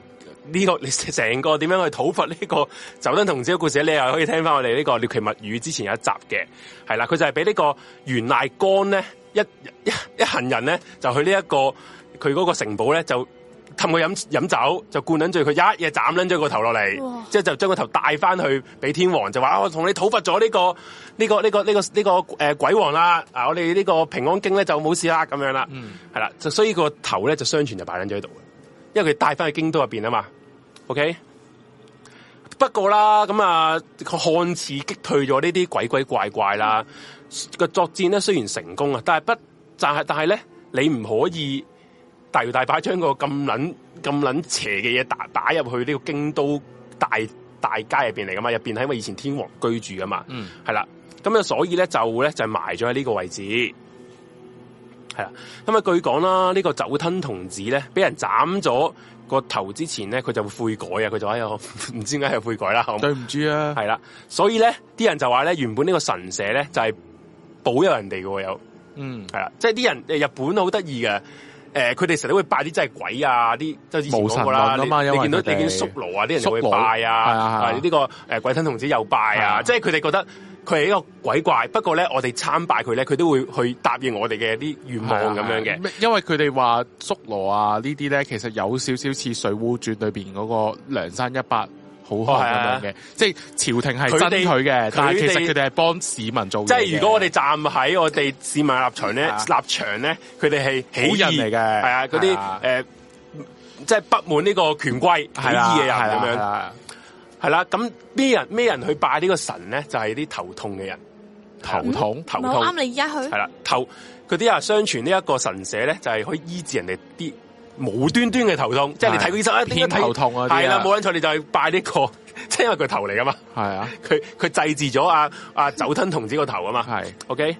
呢、這個你成個點樣去討伐呢個酒吞童子嘅故事呢，你又可以聽翻我哋呢個《聊奇物語》之前有一集嘅。係啦，佢就係俾呢個元賴干咧一一一行人咧就去呢、這、一個佢嗰個城堡咧就氹佢飲飲酒就灌緊醉佢一嘢斬拎咗個頭落嚟，即係就將個頭帶翻去俾天王就話我同你討伐咗呢個呢個呢個呢個呢個誒鬼王啦啊，我哋呢、啊、個平安京咧就冇事啦咁樣啦，嗯係啦，就所以個頭咧就相傳就擺緊咗喺度。因為佢帶翻去京都入邊啊嘛，OK？不過啦，咁啊，看似擊退咗呢啲鬼鬼怪怪啦，個、嗯、作戰咧雖然成功啊，但係不，就是、但係但係咧，你唔可以大搖大擺將個咁捻咁捻邪嘅嘢打打入去呢個京都大大街入邊嚟噶嘛？入邊係因為以前天皇居住噶嘛，嗯，係啦，咁啊，所以咧就咧就埋咗喺呢個位置。咁啊，據講啦，呢個酒吞童子咧，俾人斬咗個頭之前咧，佢就會悔改，佢就悔改啊！佢就喺度唔知點解係悔改啦。對唔住啊，係啦，所以咧，啲人就話咧，原本呢個神社咧就係保佑人哋嘅，又嗯係啦，即係啲人日本好得意嘅，誒，佢哋成日都會拜啲真係鬼啊，啲即係之前講嘅啦，你，你見到你見叔奴啊，啲人就會拜啊，係啊係啊，呢個誒鬼吞童子又拜啊，即係佢哋覺得。佢係一個鬼怪，不過咧，我哋參拜佢咧，佢都會去答應我哋嘅啲願望咁、啊、樣嘅。因為佢哋話縮羅啊呢啲咧，其實有少少似水滸傳裏邊嗰個梁山一百好漢咁、啊、樣嘅。即係朝廷係憎佢嘅，但係其實佢哋係幫市民做嘢。即係如果我哋站喺我哋市民立場咧、啊，立場咧，佢哋係好人嚟嘅，係啊，嗰啲誒，即係不滿呢個權貴、啊、起義嘅人係咁樣。係啦，咁咩人咩人去拜呢個神咧？就係、是、啲頭痛嘅人、嗯，頭痛頭痛。啱你而家去。係啦，頭啲啊，相傳呢一個神社咧，就係、是、可以醫治人哋啲無端端嘅頭痛，即係你睇個醫生一偏頭痛啊？係啦，冇撚錯，你就係拜呢、這個，即係因為佢頭嚟噶嘛。係 啊，佢佢祭祀咗啊啊酒吞童子個頭啊嘛。係 ，OK。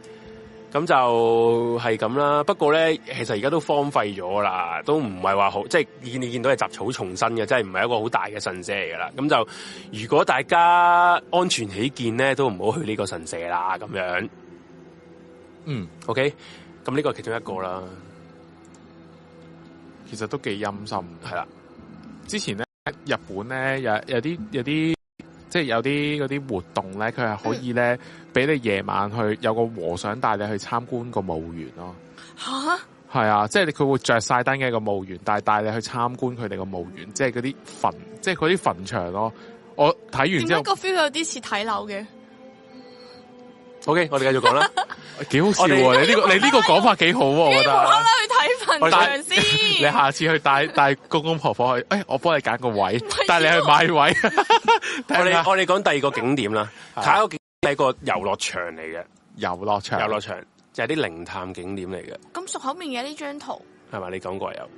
咁就係咁啦，不過咧，其實而家都荒廢咗啦，都唔係話好，即係見你見到係雜草叢生嘅，即係唔係一個好大嘅神社嚟噶啦。咁就如果大家安全起見咧，都唔好去呢個神社啦。咁樣，嗯，OK，咁呢個係其中一個啦。其實都幾陰森，係啦。之前咧，日本咧有有啲有啲。即係有啲嗰啲活動咧，佢係可以咧俾，嗯、你夜晚去有個和尚帶你去參觀個墓園咯。吓，係啊，即係佢會着晒燈嘅個墓園，但係帶你去參觀佢哋嘅墓園，嗯，即係嗰啲墳，即係嗰啲墳場咯。我睇完之後，個 feel 有啲似睇樓嘅。OK，我哋繼續講啦。幾好笑你呢、這個你呢個講法幾好看看，我覺得啦。去睇墳場先看一看一看。先看看 你下次去帶帶公公婆婆去，誒、哎，我幫你揀個位，帶你去買位。我哋我哋講第二個景點啦。下一個景係個遊樂場嚟嘅，遊樂場遊樂場就係啲靈探景點嚟嘅。咁熟口面嘅呢張圖係咪？你講過有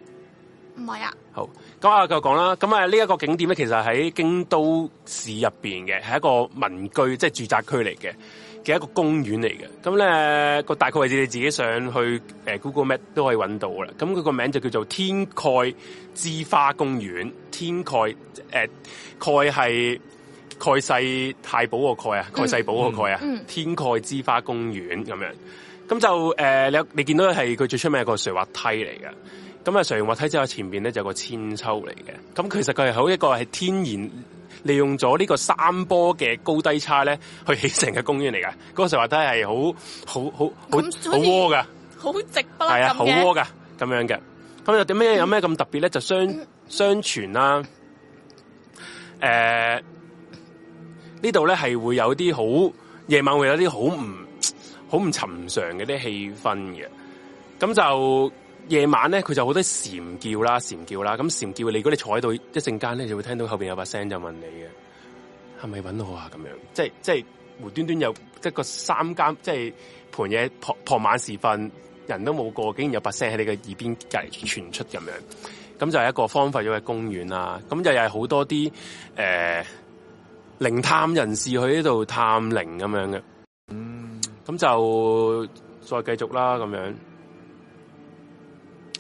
唔係啊？好咁啊，繼續講啦。咁啊，呢一個景點咧，啊就是點啊、點其實喺京都市入邊嘅，係一個民居即係、就是、住宅區嚟嘅。嗯嘅一個公園嚟嘅，咁咧個大概位置你自己上去、呃、Google Map 都可以揾到噶啦。咁佢個名就叫做天蓋芝花公園，天蓋誒、呃，蓋係蓋世太保個蓋啊、嗯，蓋世寶個蓋啊、嗯。天蓋芝花公園咁樣，咁就誒你、呃、你見到係佢最出名一個垂滑梯嚟嘅，咁啊垂滑梯之後前面咧就有個千秋嚟嘅，咁其實佢係好一個係天然。利用咗呢個山坡嘅高低差咧，去起成個公園嚟㗎。嗰、那個、時話都係好好好好好窩㗎，好直啦，係啊，好窩㗎咁樣嘅。咁又點咩？有咩咁特別咧？就相相傳啦、啊。呢度咧係會有啲好夜晚，會有啲好唔好唔尋常嘅啲氣氛嘅。咁就。夜晚咧，佢就好多蟬叫啦，蟬叫啦。咁蟬叫，你如果你坐喺度一陣間咧，就會聽到後邊有把聲就問你嘅，係咪揾我啊？咁樣，即係即係無端端有，一個三更，即係盤嘢傍晚時分，人都冇過，竟然有把聲喺你嘅耳邊隔籬傳出咁樣。咁就係一個荒廢咗嘅公園啦。咁又係好多啲誒靈探人士去呢度探靈咁樣嘅。嗯，咁就再繼續啦，咁樣。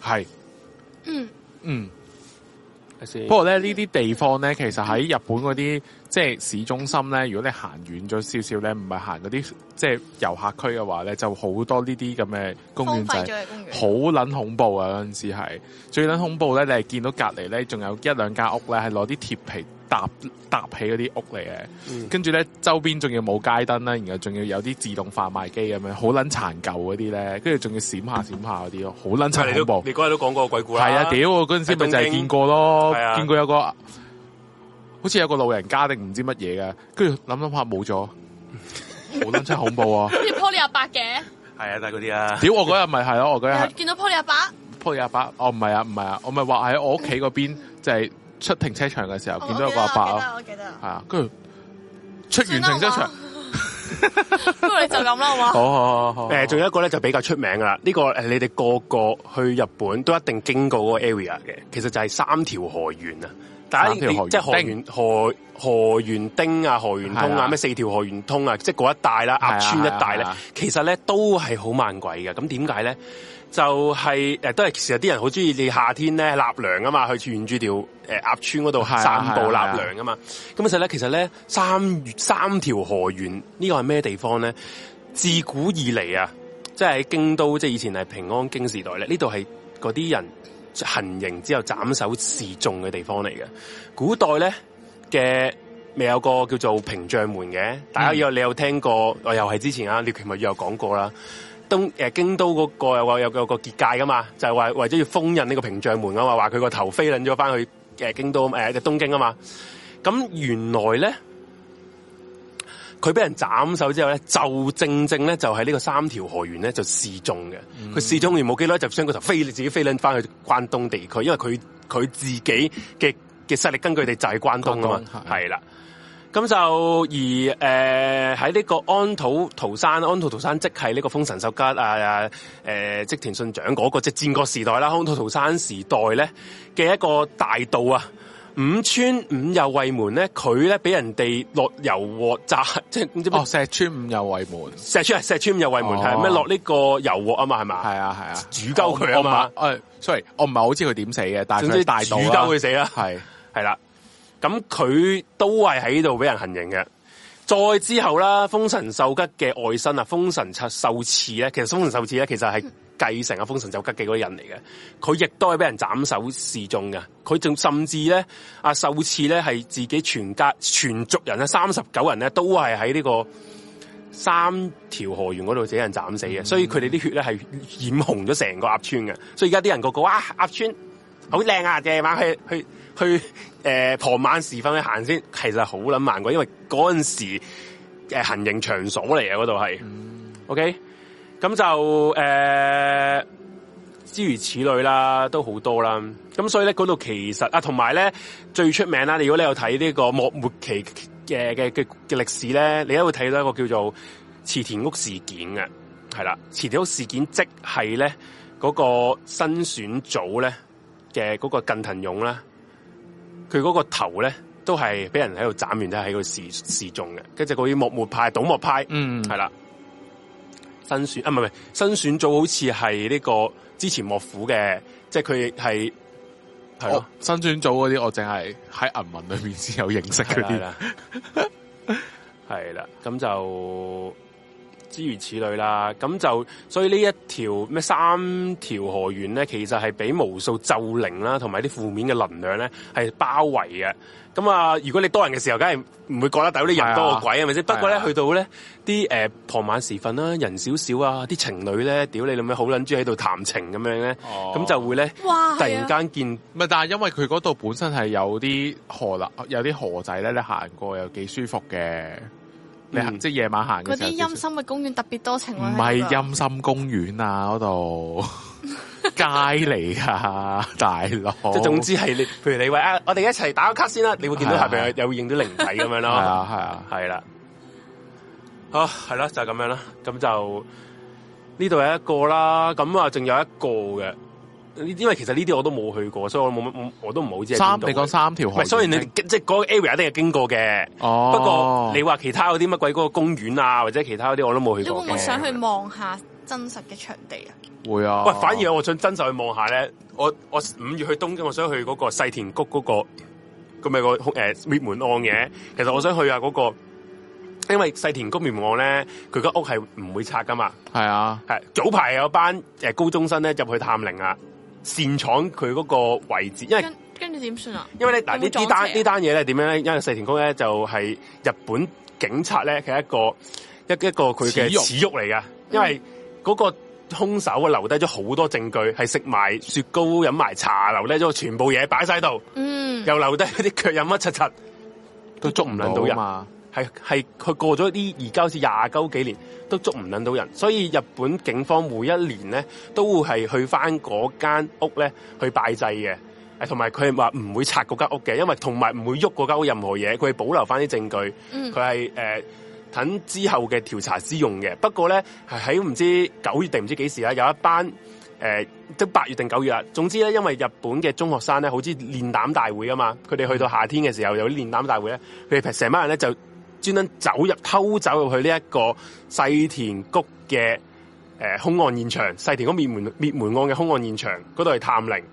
係，嗯嗯，不過咧，呢啲地方咧，其實喺日本嗰啲即係市中心咧，如果你行遠咗少少咧，唔係行嗰啲即係遊客區嘅話咧，就好多呢啲咁嘅公園仔，好撚恐怖啊！嗰陣時係最撚恐怖咧，你係見到隔籬咧，仲有一兩間屋咧係攞啲鐵皮。搭搭起嗰啲屋嚟嘅，跟住咧周邊仲要冇街燈啦，然後仲要有啲自動販賣機咁樣，好捻殘舊嗰啲咧，跟住仲要閃下閃下嗰啲咯，好捻柒恐怖。你嗰日都講過鬼故事，啊，係啊屌嗰陣時咪就係，就是，見過咯，啊、見過有個好似有個老人家定唔知乜嘢嘅。跟住諗諗下冇咗，好捻柒恐怖啊！啲玻璃阿伯嘅，係啊都係嗰啲啊，屌我嗰日咪係咯，我嗰日、啊啊、見到玻璃阿伯，玻璃阿伯，哦唔係啊唔係啊，啊 我咪話喺我屋企嗰邊就係，是。出停車場嘅時候見到一個阿伯，係啊，跟住出完停車場，咁 你就咁啦嘛。好好好，好，其、呃、仲有一個咧就比較出名噶啦，呢、這個誒你哋個個去日本都一定經過嗰個 area 嘅，其實就係三條河原啊，三條河原，即係河原河河原町啊，河原通啊，咩、啊、四條河原通啊，即係嗰一帶啦，鴨川一帶咧、啊啊，其實咧都係好猛鬼嘅，咁點解咧？就係、是、誒，都係其實啲人好中意你夏天咧，納涼啊嘛，去沿住條誒鴨川嗰度散步納涼啊嘛。咁其實咧，其實咧，三月三條河原呢個係咩地方咧？自古以嚟啊，即係喺京都，即係以前係平安京時代咧，呢度係嗰啲人行刑之後斬首示眾嘅地方嚟嘅。古代咧嘅未有個叫做平將門嘅，大家有、嗯、你有聽過？我又係之前啊，李權牧有講過啦。京都嗰個又有個結界噶嘛，就係、話、為為咗要封印呢個屏障門啊嘛，話佢個頭飛撚咗翻去京都嘅、欸、東京啊嘛，咁原來咧佢俾人斬手之後咧，就正正咧就係呢個三條河原咧就示眾嘅，佢、嗯、示眾完冇幾耐就將個頭飛自己飛撚翻去關東地區，因為佢佢自己嘅嘅勢力根據地就係關東啊嘛，係啦。咁就而誒喺呢個安土桃山，安土桃山即係呢個豐臣秀吉啊！誒、呃，即織田信長嗰、嗰個即戰國時代啦，安土桃山時代咧嘅一個大盜啊，五川五右衛門咧，佢咧俾人哋落油鑊炸，即係唔知咩、哦、石川五右衛門，石川石川五右衛門係咩落呢個油鑊啊嘛，係咪？係啊係啊，煮鳩佢啊嘛，sorry 我唔係好知佢點死嘅，但係佢大盜，道煮鳩會死啦，係係啦。咁佢都係喺度俾人行刑嘅。再之後啦，豐臣秀吉嘅外甥啊，豐臣秀次咧，其實豐臣秀次咧，其實係繼承阿豐臣秀吉嘅嗰啲人嚟嘅。佢亦都係俾人斬首示眾嘅。佢仲甚至咧，阿、啊、秀次咧係自己全家全族人 ,39 人呢，三十九人咧都係喺呢個三條河原嗰度俾人斬死嘅。所以佢哋啲血咧係染紅咗成個鴨川嘅。所以而家啲人個個話鴨川好靚啊，夜晚去去。去誒、呃、傍晚時分去行先，其實好撚慢，嘅，因為嗰陣時誒、呃、行刑場所嚟啊，嗰度係 OK。咁就誒諸如此類啦，都好多啦。咁所以咧，嗰度其實啊，同埋咧最出名啦。如果你有睇呢個幕末、末期嘅嘅嘅嘅歷史咧，你都會睇到一個叫做池田屋事件嘅，係啦。池田屋事件即係咧嗰個新選組咧嘅嗰個近藤勇啦。佢嗰個頭咧，都係俾人喺度斬完，都喺度示示眾嘅。跟住嗰啲幕末派、倒幕派，嗯，係啦。新選啊，唔係唔係，新選組好似係呢個之前幕府嘅，即係佢係。係。係咯，新選組嗰啲我淨係喺銀文裏面先有認識佢啲。係啦，咁 就。諸如此類啦，咁就所以呢一條咩三條河源咧，其實係俾無數咒靈啦、啊，同埋啲負面嘅能量咧係包圍嘅。咁啊，如果你多人嘅時候，梗係唔會覺得，屌啲人多過鬼啊，係咪先？不過咧、啊，去到咧啲誒傍晚時分啦、啊，人少少啊，啲情侶咧，屌你咁樣好撚住喺度談情咁樣咧，咁、哦、就會咧，突然間見咪、啊？但係因為佢嗰度本身係有啲河啦，有啲河仔咧，你行過又幾舒服嘅。嗯、你行即夜、就是、晚行嗰啲陰森嘅公園特別多情。唔係陰森公園啊，嗰度 街嚟噶大佬。即 係總之係你，譬如你話啊，我哋一齊打個卡先啦，你會見到下邊有影 到靈體咁樣咯。係 啊係啊係啦。 是啊、 好係啦、啊，就係、是、咁樣啦、啊。咁就呢度有一個啦，咁啊，仲有一個嘅。因為其實呢啲我都冇去過，所以我冇乜，我都唔好知喺邊度。三你講三條河，雖然你即係嗰個 area 一定係經過嘅。哦、oh.，不過你話其他嗰啲乜鬼嗰個公園啊，或者其他嗰啲我都冇去過。你會唔會想去望下真實嘅場地啊？會啊！喂，反而我想真實去望下咧。我我五月去東京，我想去嗰個細田谷嗰、那個咁咪、那個誒滅門案嘅。其實我想去啊、那、嗰、個那個，因為細田谷滅門案咧，佢、那個屋係唔會拆噶嘛。係啊，係早排有班誒高中生咧入去探靈啊。擅闖佢嗰個位置，因為跟住點算啊？因為咧嗱，呢呢單呢單嘢咧點樣咧？因為世田谷咧就係日本警察咧係一個一一個佢嘅恥辱嚟噶，因為嗰個兇手啊留低咗好多證據，係食埋雪糕飲埋茶，留呢咗全部嘢擺晒度，嗯，又留低啲腳印乜柒柒，都捉唔捻到人。係係佢過咗啲而家好似廿鳩幾年，多年都捉唔撚到人，所以日本警方每一年咧都會係去翻嗰間屋咧去拜祭嘅，誒同埋佢係話唔會拆嗰間屋嘅，因為同埋唔會喐嗰間屋任何嘢，佢係保留翻啲證據，佢係誒等之後嘅調查之用嘅。不過咧喺唔知九月定唔知幾時啦，有一班誒、呃、即八月定九月啊，總之咧因為日本嘅中學生咧好似練膽大會啊嘛，佢哋去到夏天嘅時候有啲練膽大會咧，佢哋成班人咧就。專登走入，偷走入去呢一個細田谷嘅、誒、呃、兇案現場，細田谷滅門滅門案嘅兇案現場嗰度去探靈，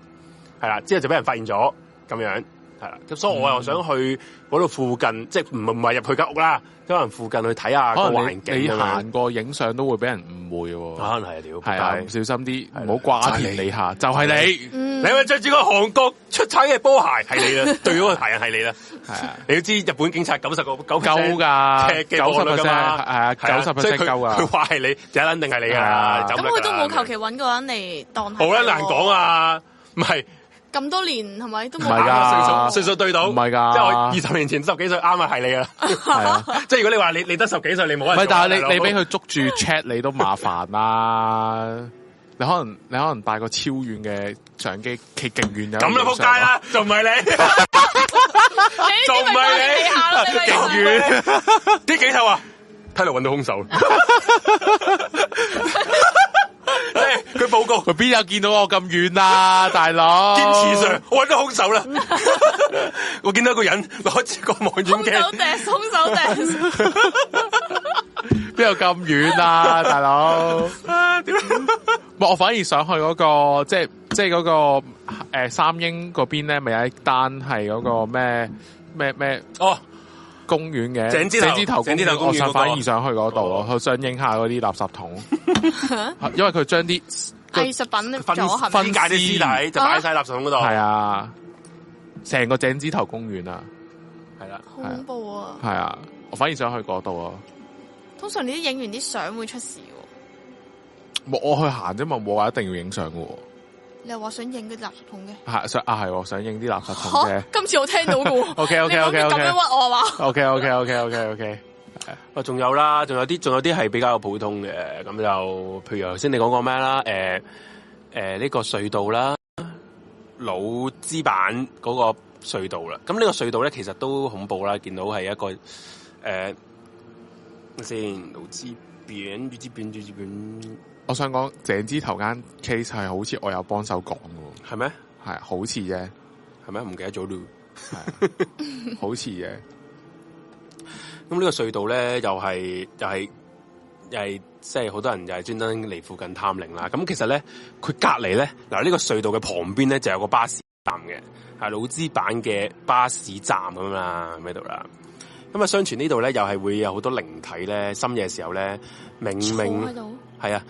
係啦，之後就俾人發現咗，咁樣。係啦，咁所以我又想去嗰度附近，即係唔唔係入佢間屋啦，可能附近去睇下個環境。你行過影相都會俾人誤會喎，可能係、就是 okay. 嗯、了，係小心啲，唔好掛住你下，就係你，你咪着住個韓國出產嘅波鞋，係你啦，對嗰個鞋係你啦，係你要知日本警察九十個九九噶，九十 percent 誒，九十個 percent 夠㗎，佢話係你，第一肯定係你噶，咁佢都冇求其搵個人嚟當，好難講啊，唔係。咁多年係咪都唔係噶，歲數歲對到唔係噶，即係我二十年前 十幾歲啱 是啊係 你啊，即係如果你話你你得十幾歲你冇人，唔係，但係你你俾佢捉住 check 你都麻煩啦，你可能你可能帶個超遠嘅相機企勁遠咁你仆街啦，就唔係你，就唔係你勁遠啲幾頭啊，睇嚟搵到凶手.。 誒、哎，佢報告佢邊有見到我咁遠啊，大佬！堅持上，我搵到凶手啦！我見到一個人攞住個望遠鏡，空手定凶手邊 有咁遠啊，大佬？點 、嗯？我反而想去嗰、那個，即係即係、那、嗰個誒、呃、三英嗰邊咧，咪有一單係嗰個咩咩咩？哦！公園嘅井之頭，井之頭公園，我想反而上去嗰度、嗰個啊、想去嗰度咯，我想影下嗰啲垃圾桶， 因為佢將啲藝術品分分解啲屍體就擺晒垃圾桶嗰度，係啊，成個井之頭公園啊，係啦、啊，恐怖啊，係啊，我反而想去嗰度啊。通常你啲影完啲相會出事嘅、啊，我去行啫嘛，冇話一定要影相嘅。你又話想影啲垃圾桶嘅，啊，想啊係，想影啲垃圾桶嘅。今次我聽到㗎。O K O K O K O K。咁樣屈我係嘛？O K O K O K O K O K。仲有啦，仲有啲，仲有啲係比較有普通嘅，咁就譬如頭先你講過咩啦？誒、呃、誒，呢、呃這個隧道啦，老枝板嗰個隧道啦。咁呢個隧道咧，其實都恐怖啦，見到係一個誒先老枝扁老枝變，老枝變。我想講鄭之頭間 case 係好似我有幫手講喎，係咩？係好似啫，係咩？唔記得咗咯，係、啊、 好似嘅而。咁 呢個隧道咧，又係又係又係，即係好多人又係專登嚟附近探靈啦。咁其實咧，佢隔籬咧，嗱、這、呢個隧道嘅旁邊咧就有個巴士站嘅，係老資版嘅巴士站咁啊喺度啦。咁啊，相傳呢度咧又係會有好多靈體咧，深夜時候咧，明明。係啊，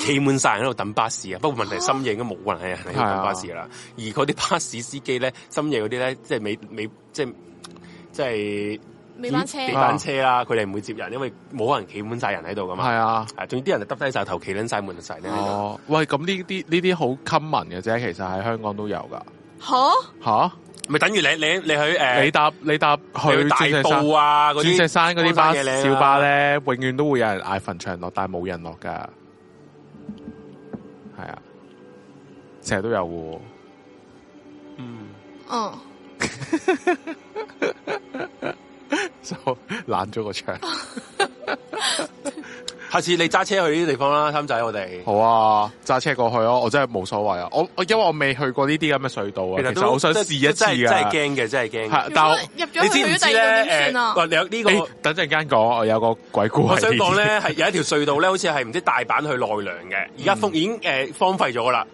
企滿晒人喺度等巴士啊！不過問題，深夜應該冇人喺嚟等巴士啦、啊。而嗰啲巴士司機咧，深夜嗰啲咧，即係未未即係即係尾班車，尾班車啦、啊！佢哋唔會接人，因為冇可能企滿晒人喺度噶嘛。係啊，總之啲人就耷低晒頭，企捻晒門晒喺度。哦、啊這個啊，喂，咁呢啲呢啲好 common 嘅啫，其實喺香港都有噶。吓吓。咪等於你你你去誒、呃，你搭你搭去，你去大埔啊，鑽石山嗰啲、啊、巴小、啊、巴咧，永遠都會有人嗌墳場落，但係冇人落㗎，係啊，成日都有喎。嗯，哦、oh. 個，就懶咗個場。下次你揸車去呢啲地方啦，三仔我哋。好啊，揸車過去咯，我真係冇所謂啊！我我因為我未去過呢啲咁嘅隧道啊，其實我想試一次㗎。真係驚嘅，真係驚。但係入咗去嗰啲隧道點算呢？呢、呃這個、欸、等陣間講，我有個鬼故。我想講咧，係 有一條隧道咧，好似係唔知大阪去奈良嘅，而家已經誒荒廢咗啦。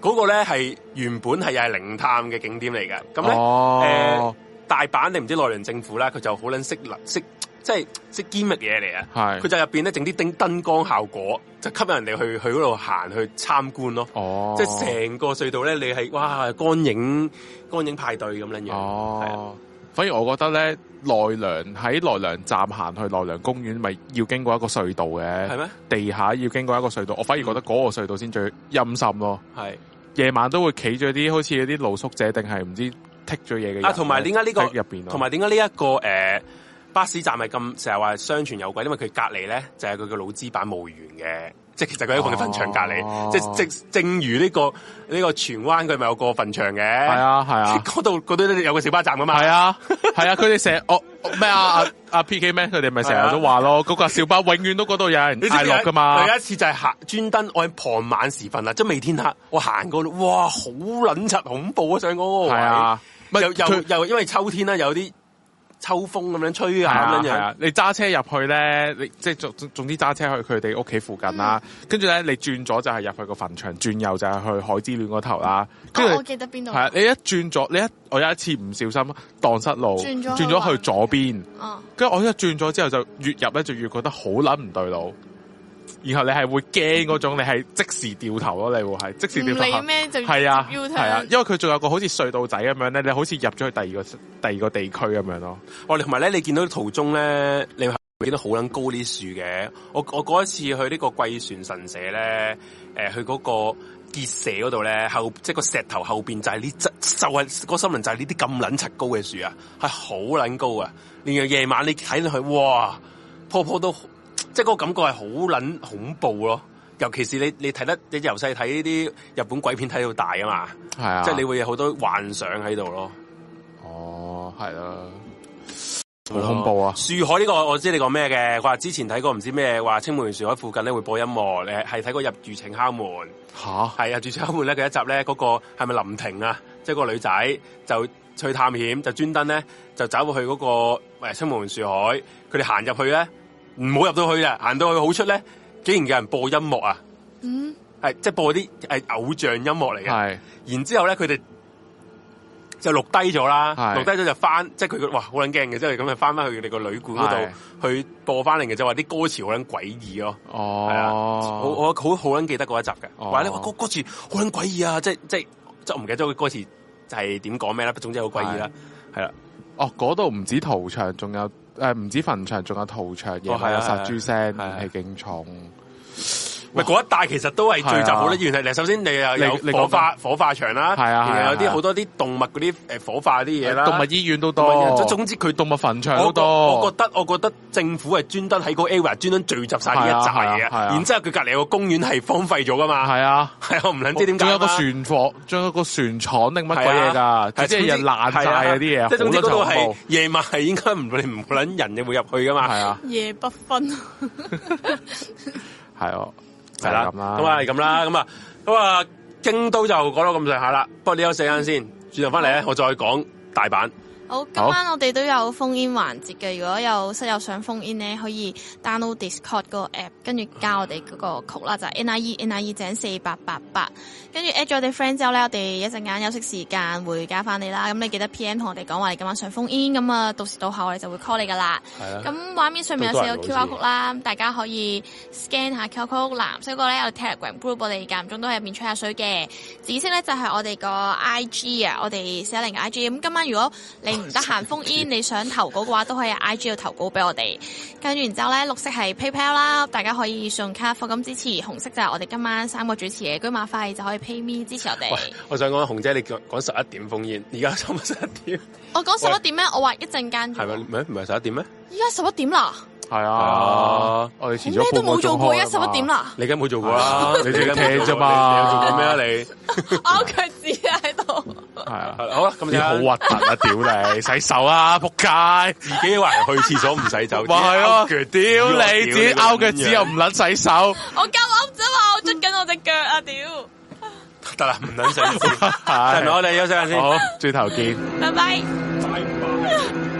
嗰、嗯那個咧係原本係又係靈探嘅景點嚟嘅。咁咧，誒、哦呃、大阪你唔知奈良政府咧，佢就好撚識識。即係即係密嘢嚟啊！係佢就入邊咧整啲燈燈光效果，就吸引人哋去去嗰度行去參觀咯。哦，即係成個隧道咧，你係哇光影光影派對咁樣樣。哦、啊，反而我覺得咧，奈良喺奈良站行去奈良公園，咪要經過一個隧道嘅。係咩？地下要經過一個隧道，我反而覺得嗰個隧道先最陰森咯。係、嗯、夜晚都會企住啲好似啲露宿者，定係唔知剔咗嘢嘅人。啊，同埋點解呢、呢個入邊？同埋點解呢一個誒？巴士站係咁成日話相傳有鬼，因為佢隔籬咧就係佢個老資版墓園嘅，即係其實佢喺個墳場隔籬、啊，即係正正如呢、這個呢、這個荃灣佢咪有個墳場嘅，係啊係啊，嗰度嗰度有個小巴站噶嘛，係啊係啊，佢哋成日哦咩啊阿阿 P K 咩，佢哋咪成日都話咯，嗰、啊那個小巴 永遠都嗰度有人快樂噶嘛，第一次就係行專登我喺傍晚時分啊，即未天黑，我行過，哇好撚柒恐怖啊！啊上講嗰個位、啊，又又又因為秋天啦，有啲。秋風咁樣吹咁樣係啊，你揸車入去咧，你即係總總之揸車去佢哋屋企附近啦，跟住咧你轉左就係入去個墳場，轉右就係去海之戀個頭啦。跟住哦，我記得邊度係啊，你一轉左，你一我有一次唔小心蕩失路，轉左轉左去左邊，跟、嗯、住我一轉咗之後就越入咧就越覺得好捻唔對路。然後你係會驚嗰種，你係即時掉頭咯，你會係即時掉頭。唔理咩就係啊，因為佢仲有一個好似隧道仔咁樣咧，你好似入咗去第二個第二個地區咁樣咯。我哋同埋咧，你見到途中咧，你見到好撚高啲樹嘅。我我嗰一次去呢個貴船神社咧，誒、呃，去嗰個結社嗰度咧，後即係個石頭後邊就係呢，就係、是那個森林就係呢啲咁撚高嘅樹啊，係好撚高啊。連夜晚你睇落去，哇，棵棵都～即係個感覺係好捻恐怖咯，尤其是你你睇得你由細睇呢啲日本鬼片睇到大啊嘛，係啊即係你會有好多幻想喺度咯。哦，係啦、啊，好恐怖啊！樹海呢個我知你講咩嘅，話之前睇過唔知咩，話青梅樹海附近咧會播音樂，你係睇過入情、啊《入住請敲門》吓，係啊，《住敲門》咧佢一集咧嗰、嗰個係咪林婷啊，即、就、係、是、個女仔就去探險，就專登咧就走去嗰個誒青梅樹海，佢哋行入去咧。唔好入到去啊！行到去好出咧，竟然有人播音樂啊！嗯，係即係播啲係偶像音樂嚟嘅。係，然之後咧，佢哋就錄低咗啦。錄低咗就翻，即係佢個哇好撚驚嘅，即係咁就翻翻去佢哋個旅館嗰度去播翻嚟嘅，就話啲歌詞好撚詭異咯。哦，啊，我好好撚記得嗰一集嘅，話、哦、呢，話歌歌詞好撚詭異啊！即係即係，即唔記得佢個歌詞係點講咩啦？不總之好詭異啦。係啦、啊，哦，嗰度唔止逃場，仲有。誒，唔止墳場，仲、哦、有屠場，亦係、啊、有殺豬聲，啊、寒氣勁重。嗰一帶其實都係聚集好多醫院係，首先你有火化火化場啦，係啊，啊有啲好、啊啊、多啲動物嗰啲火化啲嘢啦，動物醫院都多院。總之佢動物墳場好多。我覺得我覺得，我覺得政府係專登喺個 area 專登聚集曬呢一紮嘢、啊啊啊，然之後佢隔離個公園係荒廢咗㗎嘛，係啊，係、嗯、我唔撚知點解。仲有，一個，船有一個船廠，仲有個船廠定乜鬼嘢㗎？係即係爛曬嗰啲嘢，總之都係夜晚係應該唔會唔撚人嘅會入去㗎嘛，係啊，夜不分，係哦、啊。係啦、啊，咁啊係咁啦，咁啊，咁啊，京都就講到咁上下啦。不過呢休息一陣，先轉頭翻嚟，咧，我再講大阪。好，今晚我哋都有 phone in 環節嘅，如果有室友想 phone in 咧，可以 download Discord 嗰個 app，跟住加我哋嗰個曲啦 NIE，就係 NIE NIE 整四八八八。跟住 add 咗我哋 friend 之後咧， 我哋一陣間休息時間會加翻你啦。咁 你記得 PM 同我哋講話你今晚上封煙咁啊， 到時到後我哋就會 call 你噶啦。咁 畫面上面有四個 QR code 啦， 大家可以 scan 下 QR code。 藍色個咧有 Telegram group，我哋間唔中都喺入面吹下水嘅。紫色咧就係、是、我哋個 IG 啊，我哋四一零 IG。咁今晚如果你唔得閒封煙， 你想投稿嘅話，都可以有 IG 度投稿俾我哋。跟住然之後咧，綠色係 PayPal 啦，大家可以信用卡課金支持。紅色就係我哋今晚三個主持嘅車馬費就可以。Pay me 支持我哋。我想講紅姐，你講十一點烽煙，而家差唔多十一點。我講十一點咩？我話一陣間。係咪？唔係唔係十一點咩？而家十一點啦。係啊，我哋遲咗。咩都冇做過啊！十一點啦，你而家冇做過啦，你做緊咩啫嘛？做緊咩啊？你拗腳趾喺度。係啊，好啦，咁你好核突啊！屌你，洗手啊，仆街！自己話去廁所唔洗手。咪係咯，腳屌你，自己拗腳趾又唔撚洗手。我勾鈎啫嘛，我捽緊我隻腳啊！屌。得啦，唔等卵想上一次，係 咪我哋休息下先？好，轉頭見，拜拜。拜拜。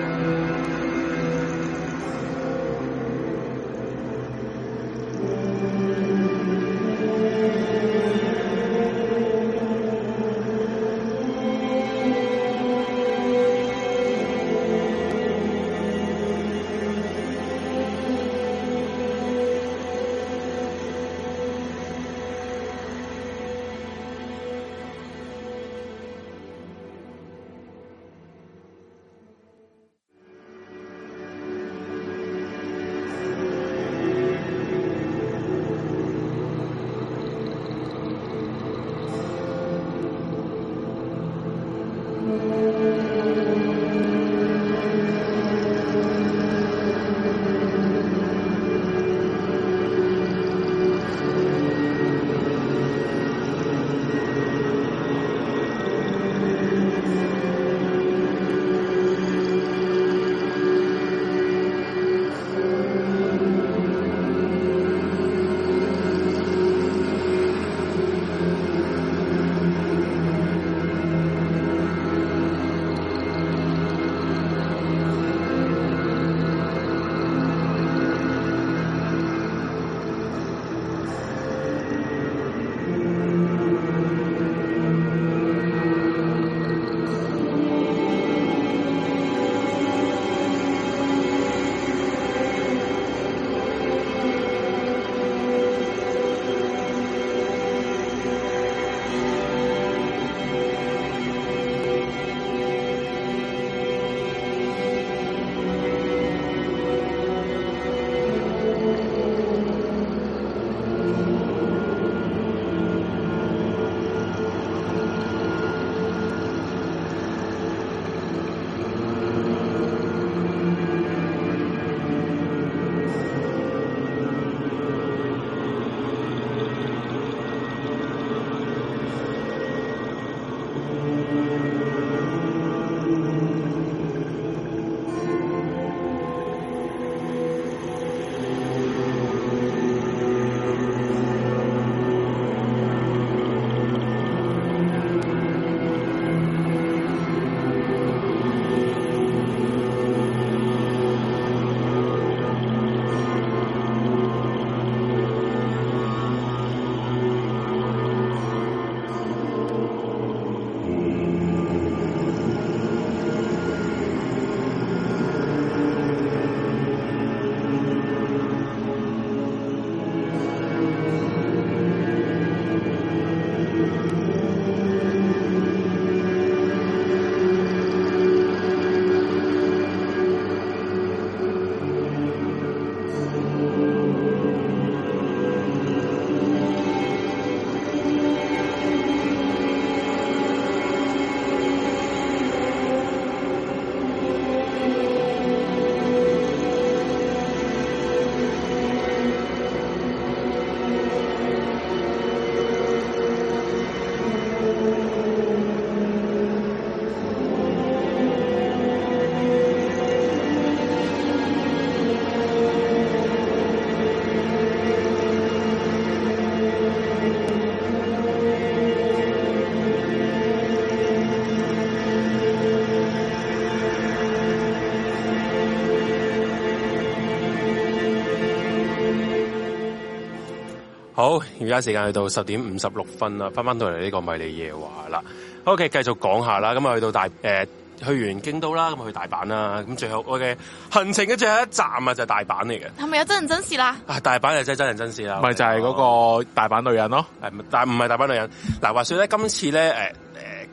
而家時間去到十點五十六分啦，翻翻到嚟呢個迷離夜話啦，OK 繼續講下啦，咁啊去到大誒、呃、去完京都啦，咁去大阪啦，咁最後 OK 行程嘅最後一站啊就係大阪嚟嘅，係咪有真人真事啦？啊，大阪就真係真人真事啦，咪就係嗰個大阪女人咯，啊、但唔係大阪女人嗱、 啊，話說咧今次咧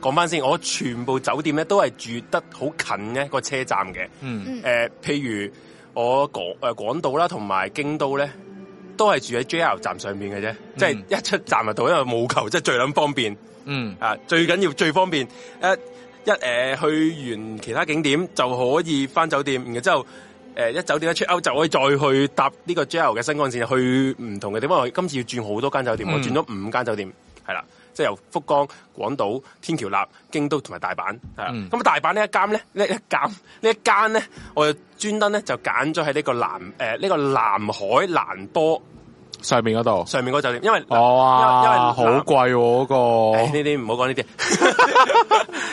誒誒講翻先，我全部酒店咧都係住得好近嘅個車站嘅，嗯誒、呃，譬如我廣誒廣島啦，同、呃、埋京都咧。都係住喺 JR 站上面嘅啫，即、嗯、係一出站入到了，因為冇球，即、就、係、是、最撚方便。嗯啊，最緊要最方便，一一誒、呃、去完其他景點就可以翻酒店，然之後誒、呃、一酒店一出歐就可以再去搭呢個 JR 嘅新幹線去唔同嘅地方。我今次要轉好多間酒店，嗯、我轉咗五間酒店，係啦。即係由福岡、廣島、天橋立、京都同埋大阪，係啊。咁、嗯、啊，大阪呢一呢一間咧，一一呢一間呢一間咧，我專登咧就揀咗喺呢個南誒，呢、呃呢個南海難波。上面嗰度，上面嗰酒店，因為哦、啊，因為好貴嗰個，呢啲唔好講呢啲，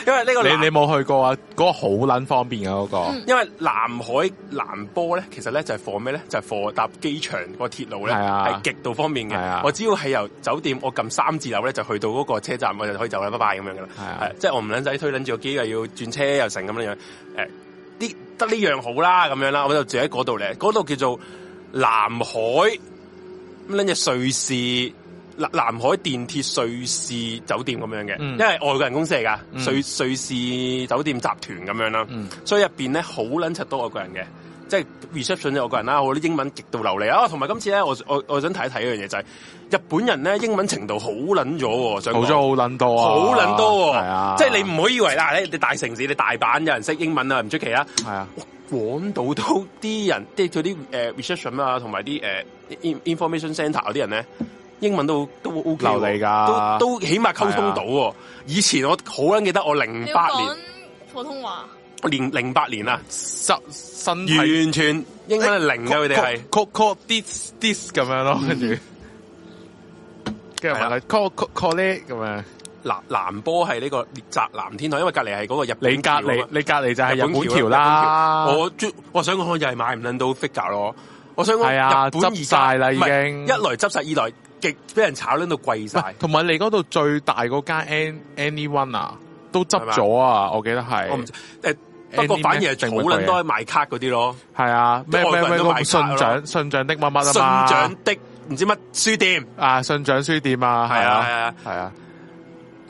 因為呢、啊那個，哎、 呢個你你冇去過啊，嗰、那個好撚方便啊嗰、那個，因為南海南波咧，其實咧就係坐咩咧，就係坐搭機場個鐵路咧，係啊，係極度方便嘅、啊，我只要係由酒店我撳三字樓咧，就去到嗰個車站，我就可以走啦，拜拜咁樣噶啦，係即係我唔撚仔推撚住個機又要轉車又成咁樣樣，誒、哎，啲得呢樣好啦，咁樣啦，我就住喺嗰度咧，嗰度叫做南海。咁撚嘅瑞士南海電鐵瑞士酒店咁樣嘅、嗯，因為外國人公司嚟噶、嗯，瑞瑞士酒店集團咁樣啦、嗯，所以入邊咧好撚柒多外國人嘅，即係 reception 就外國人啦，我啲英文極度流利啊，同埋今次咧，我我我想睇一睇一樣嘢就係日本人咧英文程度好撚咗，好咗好撚多啊，好撚多，即係你唔可以以為啦、啊，你大城市你大阪有人識英文啊，唔出奇啊，係啊。廣島都啲人，即係做啲 research 啊，同、呃、埋啲、呃、information centre 啲人咧，英文都都 O K 喎，都、OK、都，都起碼溝通到喎、啊。以前我好撚記得我零八年，普通話，年零八年啊，新新，完全英文零、欸嗯、啊，佢哋係 call call this this 咁樣咯，跟住，跟住問佢 call call call it 咁樣。南南坡係呢個獵宅南天台，因為隔籬係嗰個日。你隔籬，你隔籬就係日本橋啦，啦。我我想講就係買唔撚到 figure 咯。我想講、啊、日本晒家已經，一來執晒，二來極俾人炒貴，捻到貴晒。同埋你嗰度最大嗰間 anyone 啊，都執咗啊，我記得係。誒、呃， 不過反而係好捻多買卡嗰啲咯。係啊，咩咩咩嗰個信長信長的乜乜、啊、信長的唔知乜書店啊？信長書店啊？係啊係啊係啊！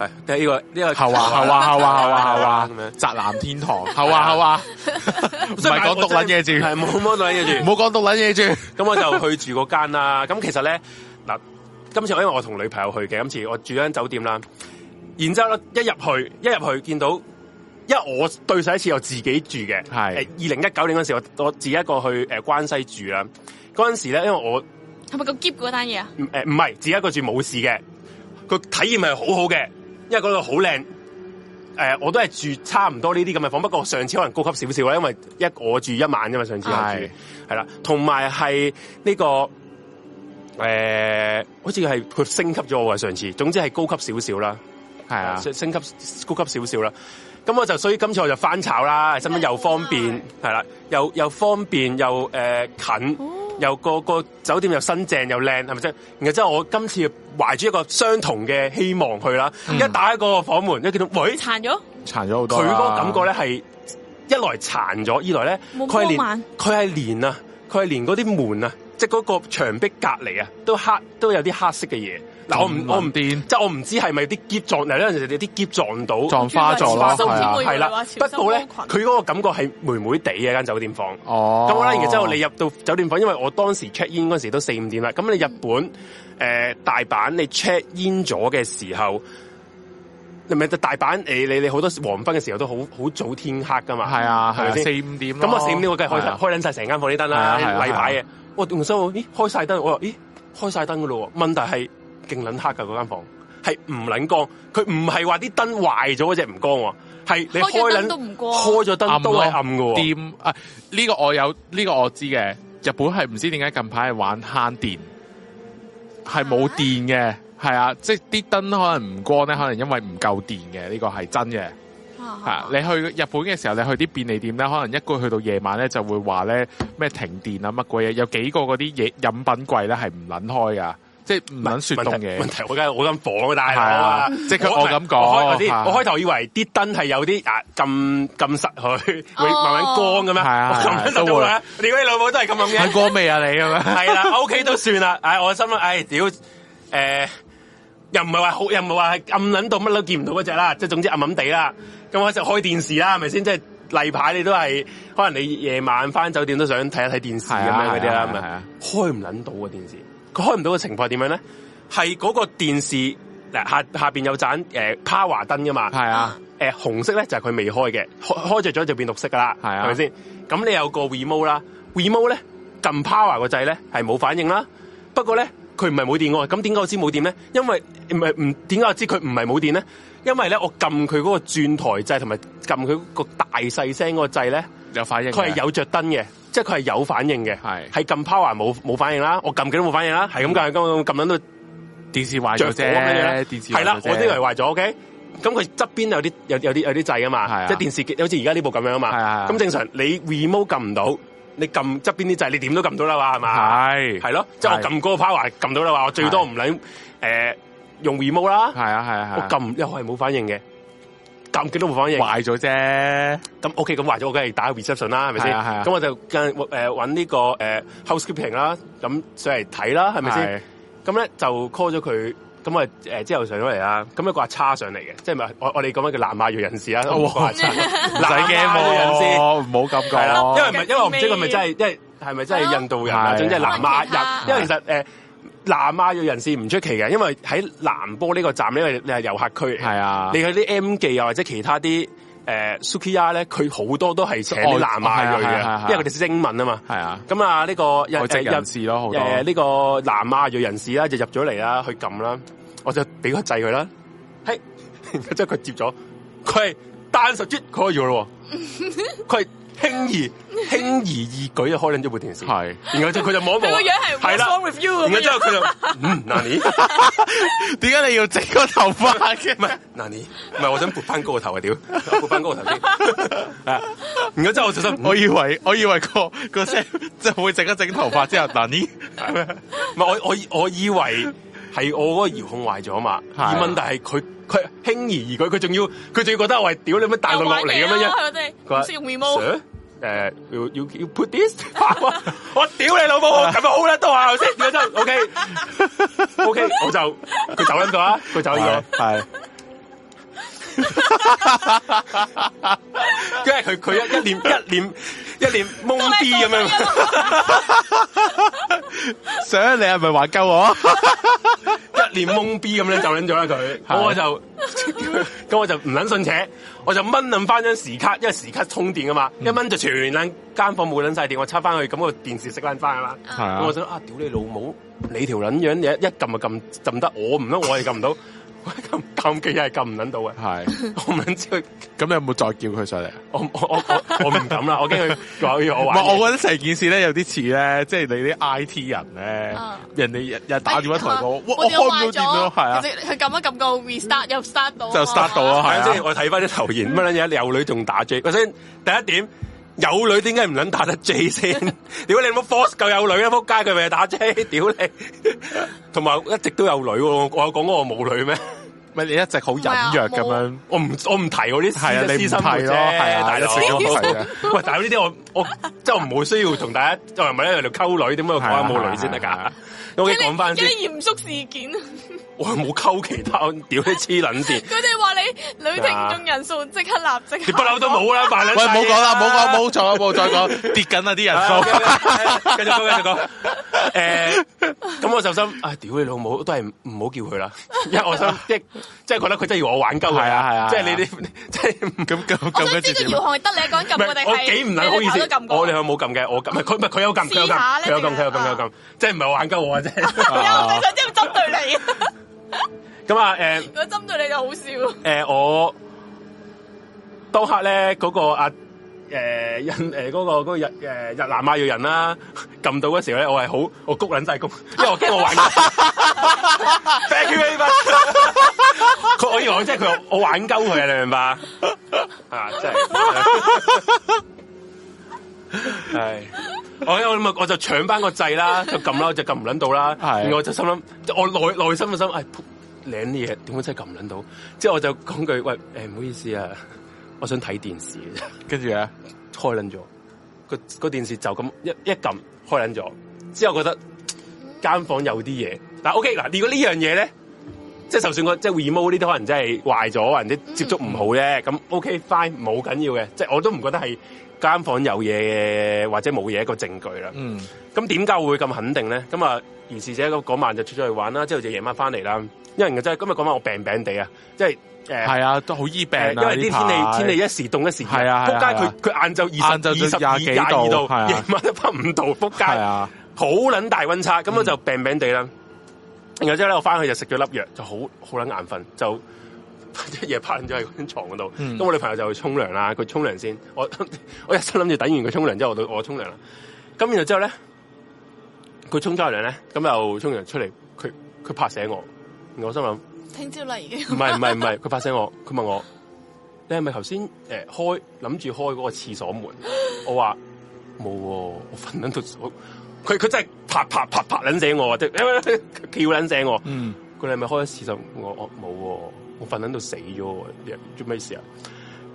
係第一個呢、這個豪華豪華豪華豪華咁樣宅男天堂豪華豪華，唔係講獨撚嘢住，係冇冇獨撚嘢住， 唔好講獨撚嘢住。咁、嗯、我就去住嗰間啦。咁、嗯、 其實咧嗱，今、這個、次我因為我同女朋友去嘅，今次我住咗間酒店啦。然之後咧一入去一入去見到，因為我對上一次我自己住嘅係二零一九年嗰陣時，我我自己一個去誒關西住啦。嗰陣時咧，因為我係咪咁 keep 單嘢啊？誒唔係，自己一個住冇事嘅，個體驗係好好嘅。因為嗰度好靚，誒、呃，我都係住差唔多呢啲咁嘅房，不過上次可能高級少少啦，因為一我住一晚啫嘛。上次係係啦，同埋係呢個誒、呃，好似係佢升級咗喎。上次，總之係高級少少啦，係啊，升級高級少少啦。咁我就所以今次我就翻炒啦，咁樣又方便，係啦，又又方便又誒、呃、近，又個個酒店又新淨又靚，係咪先？然後即係我今次。懷住一個相同嘅希望去啦、嗯，一打開個房門，一見到喂，殘咗，殘咗好多、啊。佢嗰個感覺咧係一來殘咗，二來咧佢係連佢係連啊，佢係連嗰啲門啊，即係嗰個牆壁隔籬啊，都黑都有啲黑色嘅嘢。嗱，我唔我唔掂，即、就、係、是、我唔知係咪啲喼撞嚟咧，定係啲喼撞到撞花撞花，係啦，不過咧，佢嗰個感覺係霉霉地嘅間酒店房。哦，咁咧，然之後你入到酒店房，因為我當時 check in 嗰陣時都四五點啦，咁你日本。嗯誒、呃，大阪你 check in 咗嘅時候，唔係就大阪你，你你你好多黃昏嘅時候都好好早天黑噶嘛，係啊，係咪先？四五點，咁啊四五點我梗係開、啊、開捻晒成間房啲燈啦，例牌嘅。我仲想咦開晒燈，我話咦開晒燈噶咯，問題係勁捻黑噶嗰間房，係唔捻光，佢唔係話啲燈壞咗，只唔光，係你開撚都唔光，開咗燈都係暗噶，掂，啊呢、呢個我有呢、呢個我知嘅，日本係唔知點解近排係玩慳電。係冇電嘅，係啊，即係啲燈可能唔光咧，可能因為唔夠電嘅，呢個係真嘅、啊。你去日本嘅時候，你去啲便利店咧，可能一過去到夜晚咧，就會話咧咩停電啊乜鬼嘢，有幾個嗰啲嘢飲品櫃咧係唔撚開噶。即係唔肯雪凍嘅問題，問題我梗係好心火嘅，但係我啊，即係我咁講，我開頭、哦啊、以為啲燈係有啲啊暗暗實去，會慢慢光咁、哦、樣，我咁樣實到嘅，你老母都係咁樣嘅。光 未啊你咁樣？係啦，OK 都算啦。唉，我心諗唉，屌、哎、誒、呃，又唔係話好，又唔係話係暗捻到乜都見唔到嗰隻啦。即係總之暗暗地啦。咁我就開，開電視啦，係咪先？即係例牌，你都係可能你夜晚翻酒店都想睇一睇電視咁樣嗰啲啦，係啊，啊，啊，啊，啊，開唔捻到嘅電視。開唔到嘅情況係點樣咧？係嗰個電視嗱，下下邊有盞誒 power 燈噶嘛？係啊、呃。誒紅色咧就係佢未開嘅，開開着咗就變綠色噶啦。係啊，係咪先？咁你有個 remote 啦，remote 咧撳 power 個掣咧係冇反應啦。不過咧佢唔係冇電啊。咁點解我知冇電咧？因為唔係唔，點解我知佢唔係冇電咧？因為咧我撳佢嗰個轉台掣同埋撳佢個大細聲嗰個掣咧有反應，佢係有着燈嘅。即係佢係有反應嘅，係，係撳 power 冇冇反應啦，我撳幾都冇反應啦，係咁噶。咁撳緊都電視壞咗啫，係啦，我呢個係壞咗，OK，咁佢側邊有啲有有啲有啲掣啊嘛，即係電視機，好似而家呢部咁樣啊嘛，咁正常你 remote 撳唔到，你撳側邊啲掣，你點都撳唔到啦嘛，係嘛？係，係咯，即係我撳嗰個 power 撳到啦話，我最多唔理誒用 remote 啦，係啊係啊係，我撳又係冇反應嘅。咁佢都冇反應，壞咗啫。咁 OK，咁壞咗我梗係打個 reception 啦，係咪先？咁、啊啊、我就跟誒揾呢個誒 housekeeping 啦，咁、呃啊、上嚟睇啦，係咪先？咁咧就 call 咗佢，咁我誒、呃、之後上咗嚟啦。咁一個阿叉上嚟嘅，即係咪？我我哋講緊叫南亞裔人士啦，都、哦、話叉，唔使驚冇人先，我唔好咁講。因為唔因為唔知佢咪真係，因為係咪真係、哦、印度人啊？總之係南亞人，因為其實、呃南亞裔人士唔出奇嘅，因為喺南波呢個站，因為你係遊客區，係啊，你去啲 M 記啊，或者其他啲誒 Sukiya 咧，佢、呃、好多都係請啲南亞裔嘅、啊啊啊啊，因為佢哋識英文啊嘛，係啊，咁啊呢個、呃、人士咯、呃，好多誒呢個南亞裔人士啦，就、呃、入咗嚟啦，去撳啦，我就俾個掣佢啦，係、欸，然之後佢接咗，佢係單手接佢個嘢咯，佢。輕而輕而易舉就開捻咗部電視，係，然後就佢就摸部，個樣係，係啦然後之後佢就，嗯，娜妮，點解你要整個頭髮嘅？唔係，娜妮，唔係，我想撥翻高個頭啊！屌，撥翻高個頭先，然後之後我就想，我以為我以為個個聲即係會整一整頭髮之後，娜妮，唔係，我我我以為係我嗰個遙控壞咗嘛，而問題係佢佢輕而易舉，佢仲、 嗯、哪 要佢仲 要、， 嗯、要，要覺得我話屌你乜大陸落嚟咁樣，佢話面膜。 誒要要要 put this，我屌你老母，我咁就 hold 得到啊先？點解真 OK OK，我就佢走音咗啊，佢走音啦，係。因為佢佢一一臉一臉一臉懵逼咁樣，想你係咪話鳩我？一臉懵逼咁樣就捻咗啦佢，我就咁我就唔捻信邪，我就掹捻翻張時卡，因為時卡充電㗎嘛，嗯、一掹就全間房冇捻晒電，我插翻去咁個電視熄翻翻啦。係啊，我想啊，屌你老母，你條捻樣嘢一撳就撳撳得，我唔得我係撳唔到。 咁撳機又係撳唔捻到嘅，係 我唔捻知。咁你有冇再叫佢上嚟？ 我我我我唔敢啦，我驚佢搞我壞。唔我，我， 我覺得成件事咧有啲似咧，即係你啲 I T 人咧，啊、人哋日日打住一台機，哎，我開唔到電腦，係啊，佢撳一撳個 restart 又 start 到，就 start 到啊，啊即，係啊，我睇翻啲留言乜捻嘢，有女仲打機。首先第一點。有女點解唔捻打得 J 先？屌你冇 force 夠有女啊！仆街佢咪打 J？屌你！同 埋一直都有女，我有講過我冇女咩？咪你一直好隱約咁樣，我唔我唔提嗰啲係啊，私生活係係大家食咗好。嘅。喂、啊，但係呢啲我、啊、 我，我，我即係我唔會需要同大家，啊、為我又唔係喺度溝女，點解講冇女先得噶？OK，講翻先。一嚴肅事件。我冇溝其他，屌你黐撚線！佢哋話你女聽眾人數即刻立即，立即，你不嬲都冇啦，萬兩。喂，唔好講啦，唔好講，唔好再講，跌緊啊啲人數，繼續講，繼續講。誒，咁、 欸、我就心，啊、哎，屌你老母，都係唔好叫佢啦，因為我心即即係覺得佢真係以為我玩鳩，係啊係啊，即係、啊啊就是、你啲即係咁咁咁嘅意思。我，我，、啊、 我， 我想知個遙控係得你一個人撳嘅定係我幾唔捻頭都撳我哋係冇撳嘅，我撳，佢佢有撳，佢有撳，佢有撳，佢有撳，即係唔係玩鳩我啫。我想知佢針對你 咁啊，誒、欸，我針對你就好笑。誒、欸，我當刻咧嗰、那個啊，誒印誒嗰個嗰、那個日誒、啊、日南亞裔人啦、啊，撳到嗰時候咧，我係好我谷捻晒谷，因為我驚、啊、我玩佢、啊、 謝你 我以為我即係佢我玩鳩佢啊，你明唔明白 啊？真係。啊 係， 我我就搶翻個掣啦，就撳啦，就撳唔捻到啦。我就心諗，我內內 心嘅心，心，唉領啲嘢點解真係撳唔捻到？之後我就講句喂，誒、欸、唔好意思啊，我想睇電視。跟住咧開撚咗，個個電視就咁一一撳開咗。之後覺得間房間有啲嘢，但 OK 嗱。如果樣呢樣嘢咧，即、就、係、是、就算我即係 remote 嗰啲，就是、可能真係壞咗，或者接觸唔好呢，咁、嗯、OK fine，冇緊要嘅，即、就、係、是、我都唔覺得係。間房有嘢嘅，或者冇嘢一個證據啦。嗯，咁點解會咁肯定咧？咁啊，疑事者嗰晚就出咗去玩啦，之後就夜晚翻嚟。啦因為真係今日講翻我病病地啊，即係誒係啊，都好易病。因為啲天氣天氣一時凍一時係啊，扑街、啊！佢佢晏晝二十二十二度，夜晚都百唔到。扑街！好撚、啊啊、大温差，咁我就病病地啦。嗯、然後之後咧我翻去就食咗粒藥，就好好撚眼瞓就。一 夜拍喺咗喺張床嗰度，咁、嗯、我女朋友就去沖涼啦。佢沖涼先，我 我一心諗住等完佢沖涼之後，我到我沖涼啦。咁然後之後咧，佢沖咗涼咧，咁又沖完涼出嚟，佢佢拍醒我，我心諗，聽朝嚟嘅，唔係唔係唔係，佢 拍醒我，佢問我，你係咪頭先誒開諗住開嗰個廁所門？ 我話冇、哦，我瞓喺度，佢佢真係拍拍拍拍醒我，即叫跳醒我，佢、 嗯、你係咪開咗廁所？我我冇。我瞓喺度死咗，做咩事啊？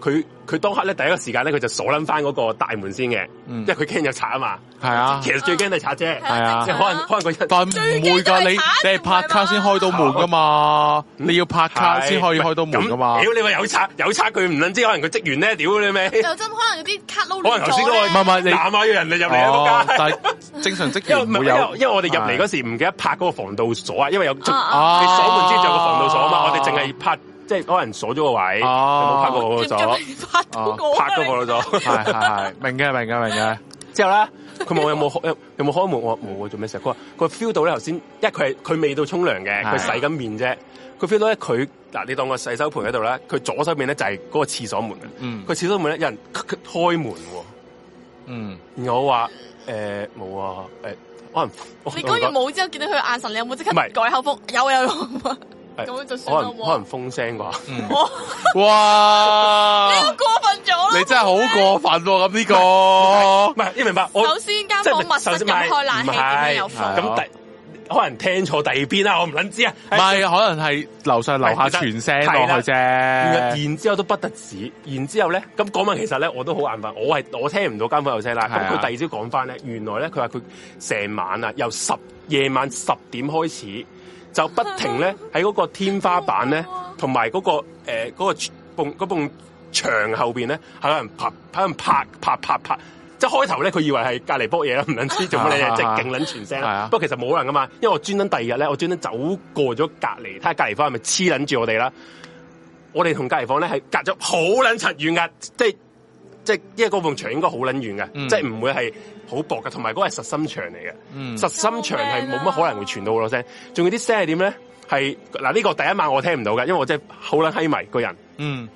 佢佢當刻咧，第一個時間咧，佢就鎖撚翻嗰個大門先嘅，因為佢驚有賊啊嘛。係啊，其實最驚係賊啫。係啊，即係可能可能佢但唔會噶，你你係拍卡先開到門噶嘛。你要拍卡先可以開到門噶嘛。屌你話有賊有賊，佢唔論知可能佢職員咧，屌你咩？就真可能啲卡可能頭先嗰個唔係唔係你攬下個人嚟入嚟啊？但正常職員因為我哋入嚟嗰時唔記得拍嗰個防盜鎖啊，因為有你鎖門之仲有個防盜鎖啊嘛，我哋淨係拍。即係可能鎖咗個位，你、哦、冇拍過個咗、哦。拍咗個咗係係明嘅明嘅明嘅。之後咧，佢冇有冇 有冇開門？我冇啊，做咩事？佢話佢 feel 到咧，頭先，因為佢係佢未到沖涼嘅，佢洗緊面啫。佢 feel 到咧，佢嗱，你當個洗手盆喺度咧，佢左手面咧就係、是、嗰個廁所門佢廁、嗯、所門咧有人咄咄咄開門，嗯，我話誒冇啊，誒、欸、可能、哦、你講完冇之後，見到佢眼神，你有冇即刻改口風？有有。有有 咁樣就算啦。可能可能風聲啩。哇！呢個、嗯、 過分咗。你真係好過分喎、啊！咁呢個唔係，你明白？首先，間房密室隔開冷氣，咁有風。咁、啊、可能聽錯第二邊啦，我唔撚知啊。唔係，可能係樓上樓下傳聲落去啫。然後，然後都不得已，然後呢？咁講問其實呢，我都好眼瞓，我係我聽唔到間房有聲啦。咁佢、啊、第二朝講返呢，原來呢，佢話佢成晚啊，由十夜晚十點開始。就不停咧喺嗰個天花板咧、嗰個，同埋嗰個誒嗰、嗰個縫嗰縫牆後面咧，係有人拍，係有人拍拍拍拍。即係開頭咧，佢以為係隔離煲嘢啦，唔捻知做乜嘢， 即係勁捻傳聲啦。 不過其實冇人噶嘛，因為我專登第二日咧，我專登走過咗隔離，睇下隔離房係咪黐捻住我哋啦。我哋同隔離房咧係隔咗好捻層遠壓，即係。即係，因為嗰埲牆應該好撚遠嘅，嗯、即係唔會係好薄嘅，同埋嗰係實心牆嚟嘅，嗯、實心牆係冇乜可能會傳到個聲。仲、啊、有啲聲係點咧？係嗱呢個第一晚我聽唔到嘅，因為我真係好撚閪迷個人。嗯，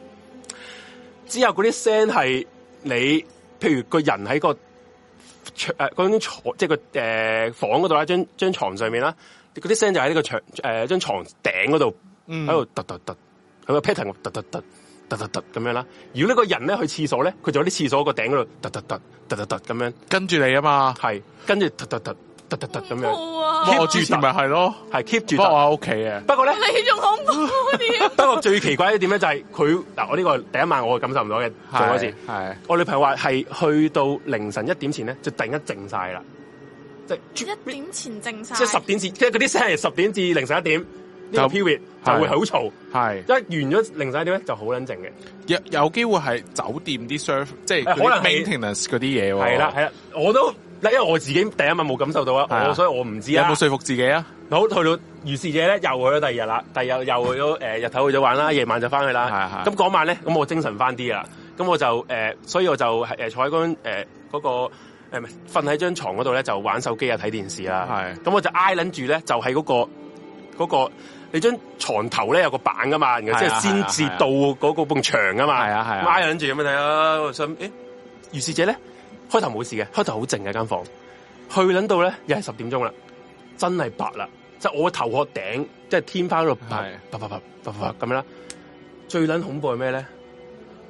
之後嗰啲聲係你，譬如個人喺、個誒、個、即係、個誒、呃、房嗰度啦，張張床上面啦，嗰啲聲就喺個牆誒張床頂嗰度，喺度突突突，喺個 pattern 突突突。突突突咁樣啦，如果呢個人咧去廁所咧，佢就喺啲廁所個頂嗰度，突突突突突突咁樣跟住你啊嘛，係跟住突突突突突突咁樣 keep 住咪係咯，係 keep 住。我屋企啊，不過咧你仲恐怖啲 不過最奇怪一點咧就係佢嗱，我呢、這個第一晚我感受唔到嘅，最開始係我女朋友話係去到凌晨一點前咧就突然間靜晒啦，即係一點前靜晒，即係十點至即係嗰啲聲係十點至凌晨一點。就、呢個、period 就會好嘈，啊，係一完咗零散啲咧就好冷靜嘅，有有機會係酒店啲 service，即係 maintenance 嗰啲嘢喎。係啦、啊，係啦、啊啊，我都因為我自己第一晚冇感受到啊，所以我唔知啊。有冇說服自己啊？好去到如是者咧，又去咗第二日啦，第二日又去咗、 呃、日頭去咗玩啦，夜晚就翻去啦。咁嗰、啊啊、晚咧，咁我精神翻啲啦，咁我就誒、呃，所以我就係、呃、坐喺嗰、呃嗰個嗰個瞓喺張床嗰度咧，就玩手機啊，睇電視啦。咁我就挨撚住咧，就喺嗰個嗰個。那個你張床頭咧有個板噶嘛，然後即係先至到嗰個埲牆噶嘛，呀，緊住咁樣睇啊？想、啊，誒、啊，於是者咧，開頭冇事嘅，開頭好靜嘅間房，去捻到咧又係十點鐘啦，真係白啦，即、就、係、是、我頭殼頂即係天花板度白，白白白咁樣啦。最捻恐怖係咩咧？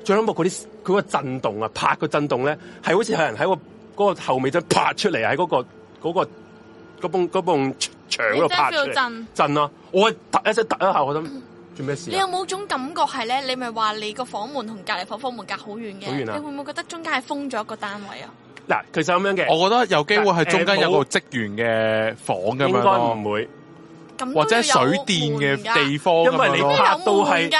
最恐怖嗰啲，佢、那個震動啊，拍個震動咧，係好似係人喺、那個嗰、那個後尾墩拍出嚟，喺嗰、那個嗰、那個嗰埲、那個牆嗰度拍出嚟震震咯、啊，我一突一聲突一下，我諗做咩事、啊？你有冇種感覺係咧？你咪話你個房門同隔籬房房門隔好遠嘅，好遠啊！你會唔會覺得中間係封咗一個單位啊？嗱，其實咁樣嘅，我覺得有機會係中間有個職員嘅房咁樣，唔、呃、會，或者水電嘅地方，因為你拍都係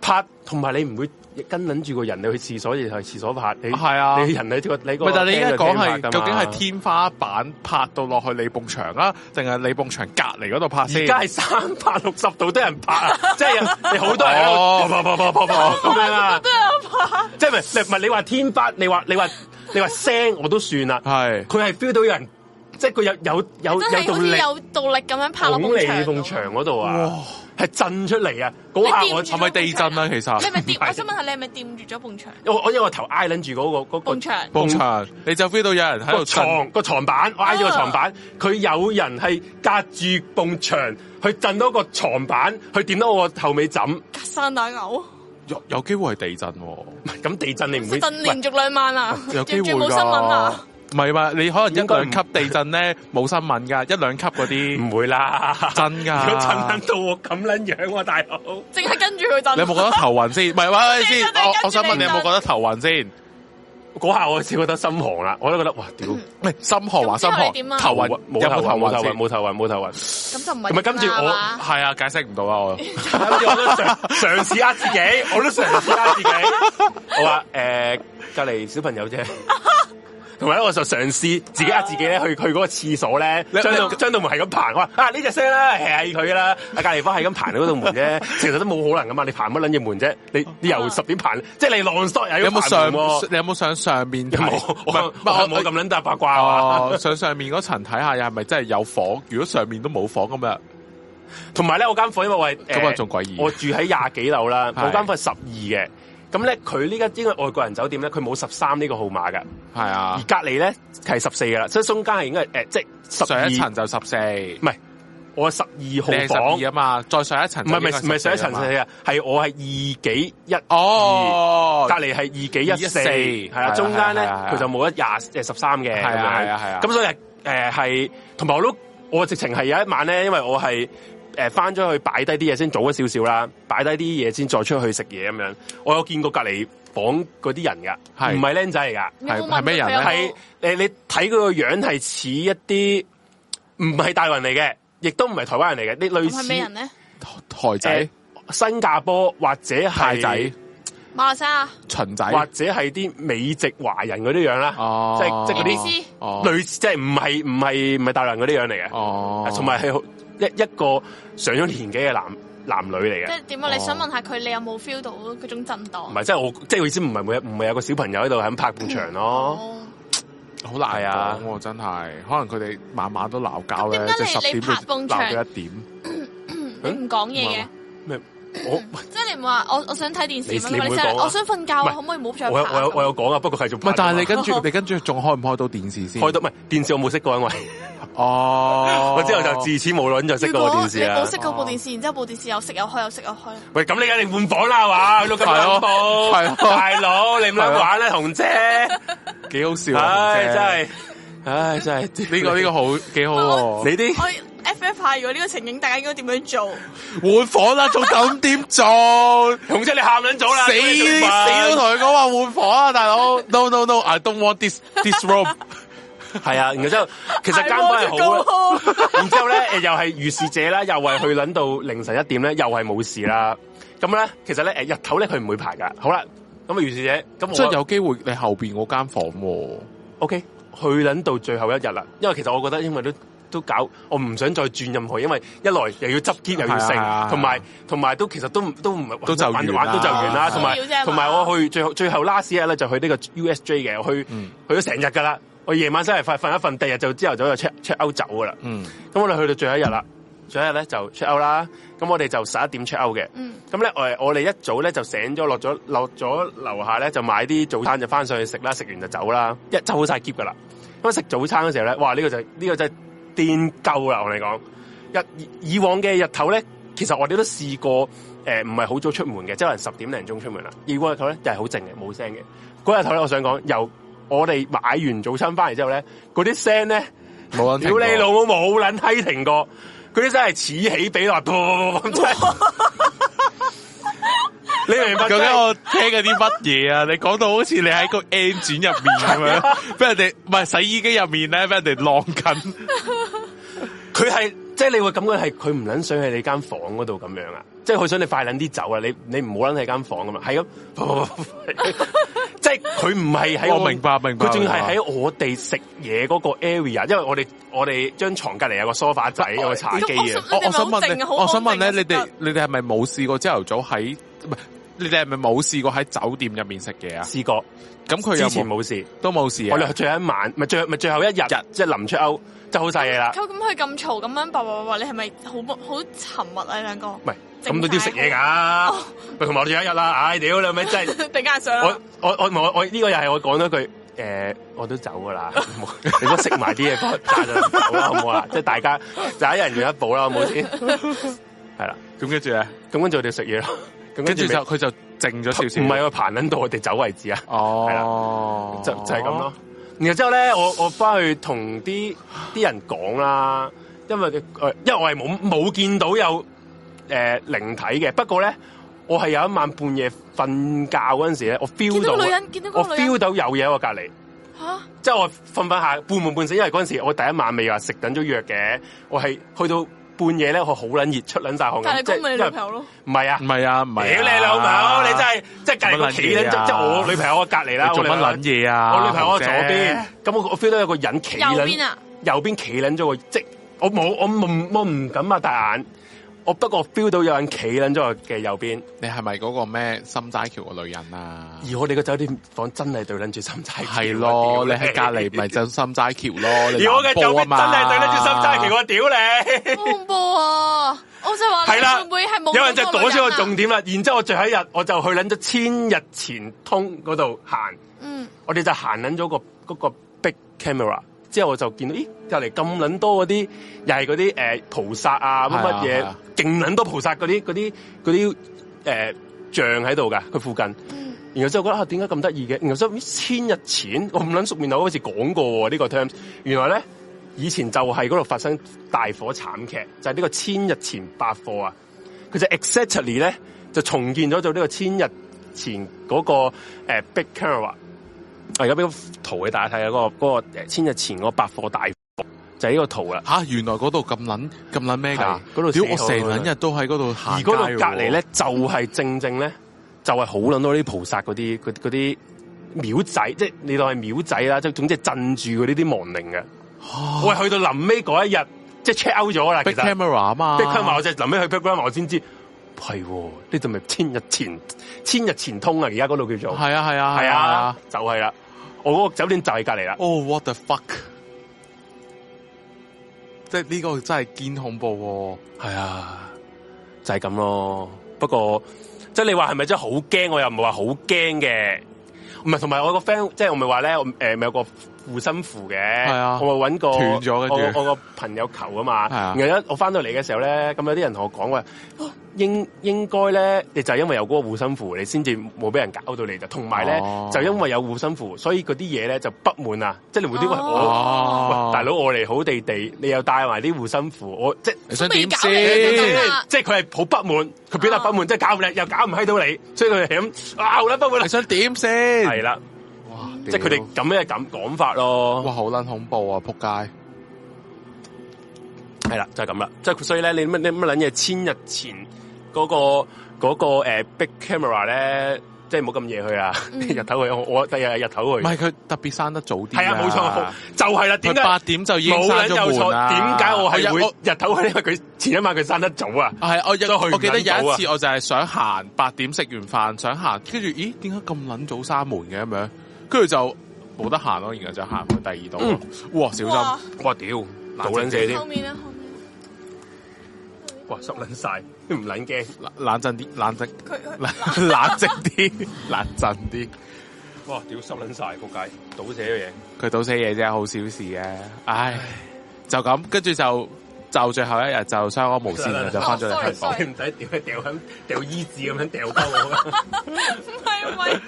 拍，同埋你唔會。跟跟住個人，你去廁所亦去廁所拍你係你人你個你個但你應該講係究竟係天花板拍到落去呢埲牆啊，定係呢埲牆隔離嗰度拍先？而家係三百六十度都有人拍，即、就、係、是、你好多人有、 哦哦哦哦、都咁樣啦。都有拍，即係唔係你話天花板？你話你話聲我都算啦。係佢係 feel 到有人，即係佢有有有有動力道，有動力咁樣拍落墻。呢埲牆嗰度啊？係震出嚟啊！嗰下我係咪地震啊？其實你係咪掂 我想問下你係咪掂住咗埲牆？ 我我因為我頭挨撚住嗰、嗰個、嗰個埲牆牆，你就 feel 到有人喺度。床、個床板我挨住個床板，佢、啊、有人係隔住埲牆去震到個床板，去掂到我個後尾枕。隔山打牛有有機會係地震、啊，喎！咁地震你唔會震連續兩晚啊，啊？有冇新聞啊？啊唔係話，你可能一兩級地震咧冇新聞噶，一兩級嗰啲唔會啦，真噶。如果震到我咁捻樣、啊，大佬淨係跟住佢震。你有冇覺得頭暈先？唔係嘛，你先你我。我想問你有冇覺得頭暈先？嗰 下我先覺得心寒啦，我都覺得哇屌，唔、嗯、係心寒還、嗯、心寒、嗯，頭暈冇頭暈冇頭暈冇頭暈，咁 就唔係。唔係跟住我，係啊，解釋唔到啊，我 我都嘗試呃自己，我都嘗試呃自己。好 啊， 誒，隔籬小朋友啫。 同埋咧，我就嘗試自己呃自己咧去去嗰個廁所咧，將張道門係咁爬，我話啊呢隻聲咧係佢啦，隔籬房係咁爬你嗰道門啫，其實都冇可能噶嘛，你爬乜撚嘢門啫？你你由十點爬，即係你晾縮有冇上？你有冇上上面？我唔咁撚搭八卦啊！上上面嗰層睇下又係咪真係有房？如果上面都冇房咁啊？同埋咧，我間房因為我咁啊仲詭異，異我住喺廿幾樓啦， 我間房係十二嘅。咁咧，佢呢家應該外國人酒店咧，佢冇十三呢個號碼嘅，係啊，而隔離咧係十四嘅啦，所以中間係應該誒，即、呃、係、就係、上一層就十四，唔係我係十二號房啊嘛，再上一層唔係唔係唔係上一層四啊，係我係二幾一哦，2, 隔離係二幾一四，係啊，中間咧佢就冇得廿誒十三嘅，係啊係啊，啊。咁、啊啊啊啊啊、所以誒係，同、呃、埋我都我直情係有一晚咧，因為我係。誒，翻咗去擺低啲嘢先早咗少少啦，擺低啲嘢先再出去食嘢咁樣。我有見過隔籬房嗰啲人噶，係唔係僆仔嚟噶？係咩人咧？係誒，你睇佢個樣係似一啲唔係大陸人嚟嘅，亦都唔係台灣人嚟嘅，你類似咩人咧？台、呃、仔、新加坡或者係泰仔、馬來西亞、巡仔，或者係啲美籍華人嗰啲樣啦。哦，即係即係嗰啲類似，即係唔係唔係唔係大陸人嗰啲樣嚟嘅。哦，同埋係。一一個上咗年紀嘅男男女嚟嘅，即係點啊？你想問下佢，你有冇 feel 到嗰種震盪？唔、哦、係，即係我，即係意思唔係冇，唔係有個小朋友喺度喺拍半場咯、哦哦啊，好賴 啊！我真係，可能佢哋晚晚都鬧交咧。跟住你你拍半場一點？你唔講嘢嘅咩？我即係你唔話我，我想睇電視，你你唔會講啊？我想瞓覺啊，可唔可以唔好再拍？我有我有講啊，不過繼續拍但係你跟住你跟住仲開唔開到電視先？開到唔係電視，我冇識過因為。 哦，我之後就自此無論就熄部電視你冇熄嗰部電視，oh. 然之後部電視又熄又開又熄又開。喂，咁你一定換房啦，係 嘛、哦？老吉、哦哦、 大佬，係大佬，你唔好玩啦、哦，紅姐， 幾好笑啊 紅姐、 哎！真係，唉、 哎，真係呢、哎哎這個呢、這個這個這個好幾好。你啲 FF 派，如果呢個情景，大家應該點樣做？換房啦，仲咁點做？ 紅姐你喊卵早啦，死死都同佢講話換房啊，大佬！No no no，I don't want this this room。係啊，然之後其實 房間房係好啦， 然之後咧誒又係如是者啦，又係去捻到凌晨一點咧，又係冇事啦。咁 咧其實咧誒日頭咧佢唔會排噶。好啦，咁如是者咁即係有機會你後邊嗰間房、啊。O、okay, K，去捻到最後一日啦，因為其實我覺得因為都都搞，我唔想再轉任何，因為一來又要執堅又要剩，同埋同埋都其實都唔都唔玩玩都就完啦。同埋同埋我去最後最後 last day 咧就是、去呢個 U S J 嘅，去、嗯、去咗成日噶啦。我夜晚真係瞓瞓一瞓，第二日就朝頭早就 check check out 走噶啦。咁、嗯、我哋去到最後一日啦，最後一日咧就 check out 啦。咁我哋就十一點 check out 嘅。咁、嗯、咧，我我哋一早咧就醒咗，落咗落咗樓下咧就買啲早餐就翻上去食啦，食完就走啦，一抽好曬 gap 噶啦。咁食早餐嘅時候咧，哇！呢、呢個就呢、呢個就癲鳩啦，我哋講日以往嘅日頭咧，其實我哋都試過誒，唔係好早出門嘅，即係可能十點零鐘出門啦。以往日頭咧就係好靜嘅，冇聲嘅。嗰、嗰個、日頭咧，我想講又。我哋買完早餐翻嚟之後咧，嗰啲聲咧，屌你老母冇撚閪停過，嗰啲真係此起彼落，咁嘈 你明白、就是、究竟我聽嗰啲乜嘢啊？你講到好似你喺個 M 展入面咁樣，俾、 啊、人哋唔係洗衣機入面咧，俾人哋晾緊。佢係。即係你會感覺係佢唔捻想喺你間房嗰度咁樣啊！即係佢想你快捻啲走啊！你你唔好捻喺間房噶嘛，係咁。 即係佢唔係喺我明白明白，佢仲係喺我哋食嘢嗰個 area，因為我哋我哋張床隔籬有個梳化仔有個茶几啊。我想問你，我想問咧，你哋你哋係咪冇試過朝頭早喺唔係？你哋係咪冇試過喺酒店入面食嘢啊？試過。咁佢有冇冇事？都冇事。我哋最後一晚，係最係最後一日，即係臨出歐。就好晒嘢啦！佢咁佢咁嘈咁樣，爸爸話你係咪好好沉默啊？兩兩個唔係咁都都要食嘢噶。同、哦、埋我哋有一日啦，唉、哎、屌你咪真係定上相。我我我我我呢、這個又係我講咗句誒、呃，我都走噶啦。 你都食埋啲嘢，拍咗走啦，好唔好啦？即係大家就一人走一步啦，好唔好先？係 啦，咁跟住呢，咁跟住我哋食嘢咯。咁跟住就佢就靜咗少少，唔係啊，爬捻到我哋走為止啊。哦，嗯、就就係咁咯。然後之後咧，我我翻去同啲啲人講啦，因為誒，因為我係冇冇見到有誒、呃、靈體嘅，不過咧，我係有一晚半夜瞓覺嗰陣時咧，我 feel 到，見到女人見到女人我 feel 到有嘢喺我隔籬，吓、啊，即係我瞓瞓下半夢半醒，因為嗰陣時我第一晚未話食緊咗藥嘅，我係去到。半夜咧，我好捻熱，出捻曬汗。但係佢咪女朋友咯？唔係啊，唔係啊，唔係。屌你老母，你真係即係隔住個企撚，即即我女朋友我隔離啦，做乜撚嘢啊？我女朋友喺我左邊，咁我我 feel 到有個人企撚，右邊啊，右邊企撚咗個，即我冇我唔我唔敢擘大眼。我不過 feel 到有人企撚咗我嘅右邊，你係咪嗰個咩心齋橋嘅女人啊？而我哋個酒店房真係對撚住心齋橋。係咯，你喺隔籬咪就心齋橋咯。而我嘅酒店真係對得住心齋橋，我屌你！恐怖啊！我想話係啦，會唔會係冇？有人就躲出，個重點啦，然之後我最後一日我就去撚咗千日前通嗰度行，嗯、我哋就行撚咗個、嗰個 big camera。之後我就見到，咦，隔嚟咁撚多嗰啲，又係嗰啲誒菩薩啊乜乜嘢，勁撚、啊啊、多菩薩嗰啲嗰啲嗰啲誒像喺度㗎，佢附近。然後之後覺得啊，點解咁得意嘅？然後所以千日前，我唔撚熟面友好似講過喎呢、這個 terms。原來咧，以前就係嗰度發生大火慘劇，就係、是、呢個千日前百貨啊。佢就 exactly 咧就重建咗做呢個千日前嗰、那個、呃、big car 係而家俾個圖你，大家睇下、嗰個嗰、嗰個千日前嗰百貨大貨，就係、是、呢個圖啦。吓、啊，原來嗰度咁捻咁捻咩噶？嗰度，屌我成日都喺嗰度行。而嗰度隔籬咧，就係、是、正正咧，就係好捻多啲菩薩嗰啲、嗰啲廟仔，即係你當係廟仔啦、哦。即係總之係鎮住佢呢啲亡靈嘅。我係去到臨尾嗰一日，即係 check out 咗啦。即係 camera 啊嘛，即係 camera，我即係臨尾去 program，我先知。係、啊，呢度咪千日前，千日前通啊！而家嗰度叫做係啊，係啊，係啊，啊，就係、是、啦。我嗰個酒店就係隔籬啦。Oh what the fuck！即係呢個真係幾恐怖，啊。係啊，就係咁咯。不過即係、就是、你話係咪真係好驚？我又唔係話好驚嘅。唔係同埋我個 friend，即係我咪話咧，誒，咪有個。就是護身符嘅、啊，我咪揾個我個朋友求，求嘛啊嘛。然後我翻到嚟嘅時候咧，咁有啲人同我講話，應應該咧，你就係因為有嗰個護身符，你先至冇俾人搞到你。就同埋咧，哦、就因為有護身符，所以嗰啲嘢咧就不滿啊！即、就、係、是、你會點、哦哦？我大佬我嚟好地地，你又帶埋啲護身符，我即係想點先？即係佢係好不滿，佢表達不滿，哦、即係搞唔你，又搞唔閪到你，所以佢就咁啊，好啦，不滿，你想點先？係啦。即係佢哋咁樣嘅咁講法咯。哇，好捻恐怖啊！扑街係啦，就係咁啦。即係所以咧，你乜你乜捻嘢？千日前嗰、嗰個嗰、嗰個誒、呃、，Big Camera 咧，即係冇咁夜去啊！日頭去，我第日日頭去。唔係佢特別生得早啲。係啊，冇錯，就係、是、啦。點解八點就已經？冇捻有錯？點解我係日日頭？去？因為佢前一晚佢生得早啊。係我日頭去。我記得有一次，我就係想行八 點食完飯想行，跟住咦，點解咁捻早閂門嘅咁樣？跟住就冇得行咯，然後就行去第二度。咯、嗯。哇，小心！哇屌，倒捻瀉添！哇，濕捻晒，唔捻驚，冷靜啲，冷靜，冷靜啲， 冷靜啲。哇，屌，濕捻晒，仆街倒瀉嘢。佢倒瀉嘢真係好小事啊！唉，就咁，跟住就。就最後一日就相安無事，就翻咗嚟，所以唔使掉去掉響掉衣紙咁樣掉翻我。唔係唔係，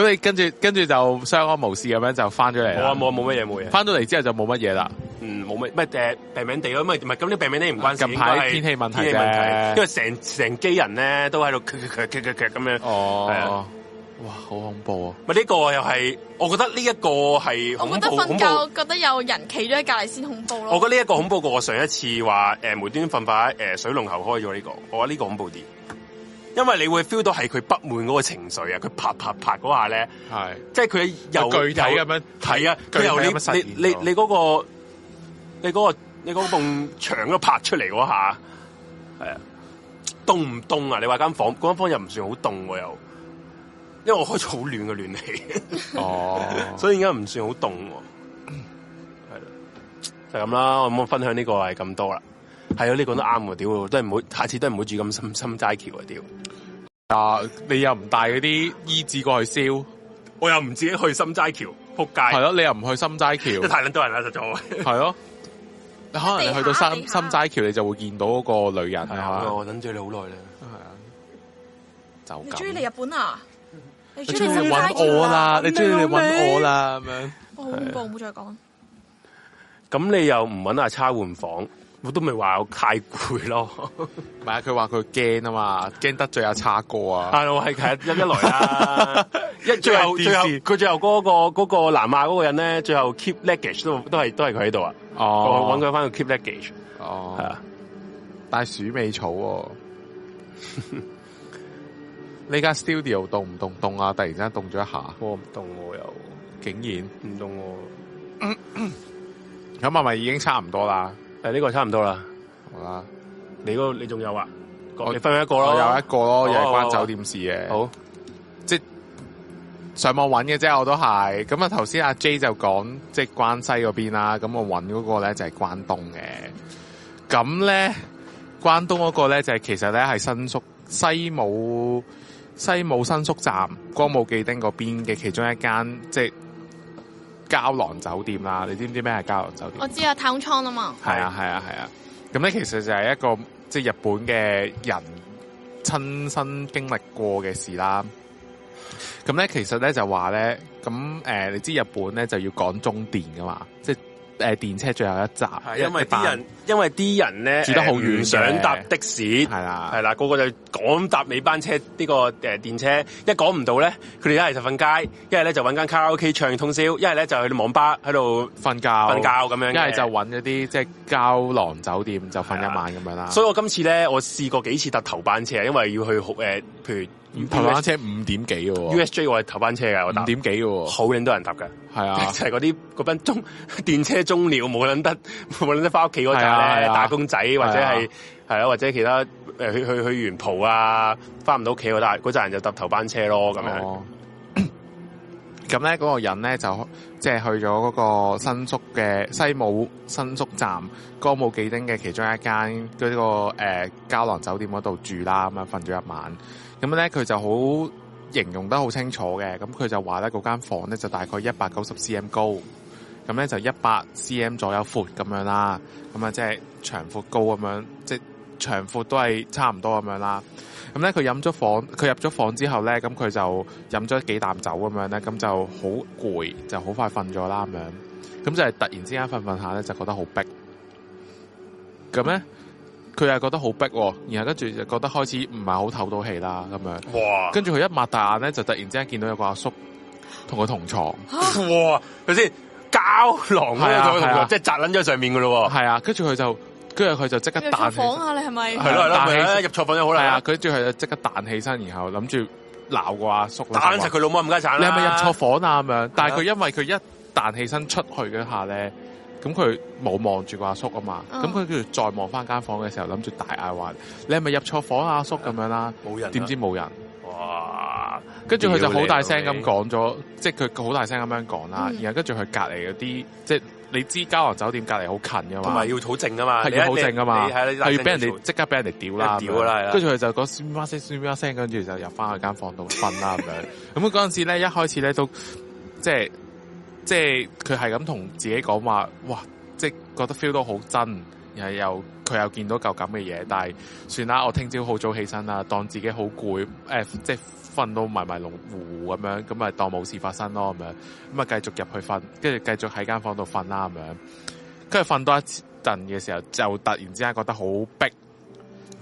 咁 你跟住跟住就相安無事咁樣就翻咗嚟。冇啊冇冇乜嘢冇嘢，翻到嚟之後就冇乜嘢啦。嗯，冇乜咩病名地咯，咁咪咁啲病名地唔關事，近排係天氣問題啫。因為成成機人咧，都喺度咁樣。哦。哇，好恐怖啊！咪、這、呢個又係，我覺得呢一個係好恐、恐怖。覺得有人企咗喺隔籬先恐怖咯、啊。我覺得呢一個恐怖過我上一次話誒、呃、無端瞓埋喺誒水龍頭開咗呢、這個，我覺得呢個恐怖啲。因為你會 feel 到係佢不滿嗰個情緒啊，佢拍拍拍嗰下咧，係即係佢有具體咁樣。係啊，佢有你你你嗰個你嗰個你嗰棟牆都拍出嚟嗰下，係啊凍唔凍啊？你話間房嗰間房又唔算好凍、啊、又。因為我開咗好暖嘅暖氣，哦，所以而家唔算好凍，啊，係 啦，就咁啦，我咁樣分享呢個係咁多啦。係啊，你講得啱喎，屌、mm-hmm.，都係唔好，下次都係唔好住咁心心齋橋啊，屌！啊，你又唔帶嗰啲衣紙過去燒，我又唔自己去心齋橋，扑街係咯，你又唔去心齋橋， 太捻多人啦，實在係咯。 你可能你去到心心齋橋，你就會見到嗰個女人啊，我等住你好耐啦，係啊，就。你中意嚟日本啊？你中意你搵我啦，你中意你搵我啦咁樣。我唔好，唔好、哦啊、再講。咁你又唔搵阿差換房，我都未話我太攰咯。 咪係佢話佢驚啊嘛，驚得罪阿差哥啊。係我係一一來啦，一最後最後佢最後嗰、那個嗰、那個南亞嗰個人咧，最後 keep luggage 都都係都係佢喺度啊。哦，搵佢翻個 keep luggage。哦，係啊，帶鼠尾草、哦。 呢間 studio 凍唔凍凍啊！突然之間凍咗一下，我唔凍，又，動又竟然唔凍。咁係咪已經差唔多啦？誒，呢個差唔多啦。好啦，你嗰、這個、你仲有啊？我你分一個咯，我有一個咯、哦，又係關、哦、酒店的事嘅、哦哦哦。好，即係上網揾嘅啫，我都係。咁啊，頭先阿 J 就講即係關西嗰邊啦。咁我揾嗰個咧就係、是、關東嘅。咁咧，關東嗰個咧就係、是、其實咧係新宿西武。西武新宿站歌舞伎町嗰邊嘅其中一間即係膠囊酒店啦，你知唔知咩係膠囊酒店？我知啊，太空艙啊嘛。係啊係啊係啊，咁咧、啊啊、其實就係一個即係日本嘅人親身經歷過嘅事啦。咁咧其實咧就話咧，咁誒你知日本咧就要講終電噶嘛，即係。誒，電車最後一集，係因為啲人，因為啲人咧住得好遠，呃、想搭的士，係啦，係啦，個個就趕搭尾班車呢、這個誒、呃、電車，一趕唔到咧，佢哋一係就瞓街，一係咧就揾間卡拉 OK 唱通宵，一係咧就去啲網吧喺度瞓覺瞓覺咁樣，一係就揾一啲即係膠囊酒店就瞓一晚咁樣啦。所以我今次咧，我試過幾次搭頭班車，因為要去誒、呃，譬如。頭班車五點幾喎 USJ 我係頭班車㗎。我五點幾喎，好多人搭㗎。係啊，就係嗰啲嗰班中電車終了，冇諗得冇諗得翻屋企嗰陣咧打工仔或者係係啊，啊或者其他誒去去去完蒲啊，翻唔到屋企嗰陣，嗰陣人就搭頭班車咯咁樣。咁咧嗰個人咧就即係、就是、去咗嗰個新宿嘅西武新宿站歌舞伎町嘅其中一間嗰、嗰個誒膠、呃、囊酒店嗰度住啦，咁啊瞓咗一晚。咁咧佢就好形容得好清楚嘅，咁佢就話咧嗰間房咧就大概一百九十 cm 高，咁咧就一百 cm 左右闊咁樣啦，咁啊即係長闊高咁樣，即係長闊、就是、都係差唔多咁樣啦。咁咧佢飲咗房，佢入咗房之後咧，咁佢就飲咗幾啖酒咁樣咧，咁就好攰，就好快瞓咗啦咁樣，咁就係突然之間瞓瞓下咧就覺得好逼，咁咧。佢係覺得好逼，然後跟住就覺得開始唔係好透到氣啦咁樣。哇！跟住佢一擘大眼咧，就突然之間見到有個阿叔同佢同床。啊、哇！佢先膠囊咁樣同佢同床，啊、即係扎捻咗上面噶咯。係啊，跟住佢就，跟住佢就即刻彈。錯房啊？你係咪？係咯係咯，入錯房都好啦。係啊，佢跟住佢就即刻彈起身，然後諗住鬧個阿叔，叔。打翻實佢老母咁鬼慘，你係咪入錯房啊？咁樣、啊。但係佢因為佢一彈起身出去嗰下咧。咁佢冇望住個阿叔啊嘛，咁佢跟住再望翻間房嘅時候，諗住大嗌話：你係咪入錯房阿叔咁樣啦？點知冇人。哇！跟住佢就好大聲咁講咗，即係佢好大聲咁樣講啦。然後跟住佢隔離嗰啲，即係你知交和酒店隔離好近嘅嘛？唔係要好靜啊嘛，係要好靜啊嘛，係要俾人哋即刻俾人哋屌啦。啦，係跟住佢就講 s 跟住就入翻去間房度瞓啦咁樣。咁嗰陣時咧，一開始咧都即係。即係佢係咁同自己講話，哇！即係覺得 feel 到好真，然後又佢又見到嚿咁嘅嘢，但係算啦，我聽朝好早起身啦，當自己好攰，誒、呃，即係瞓到迷迷龍糊糊咁樣，咁啊當冇事發生咯咁樣就繼，咁啊繼續入去瞓，跟住繼續喺間房度瞓啦咁樣，跟住瞓多一陣嘅時候，就突然之間覺得好逼，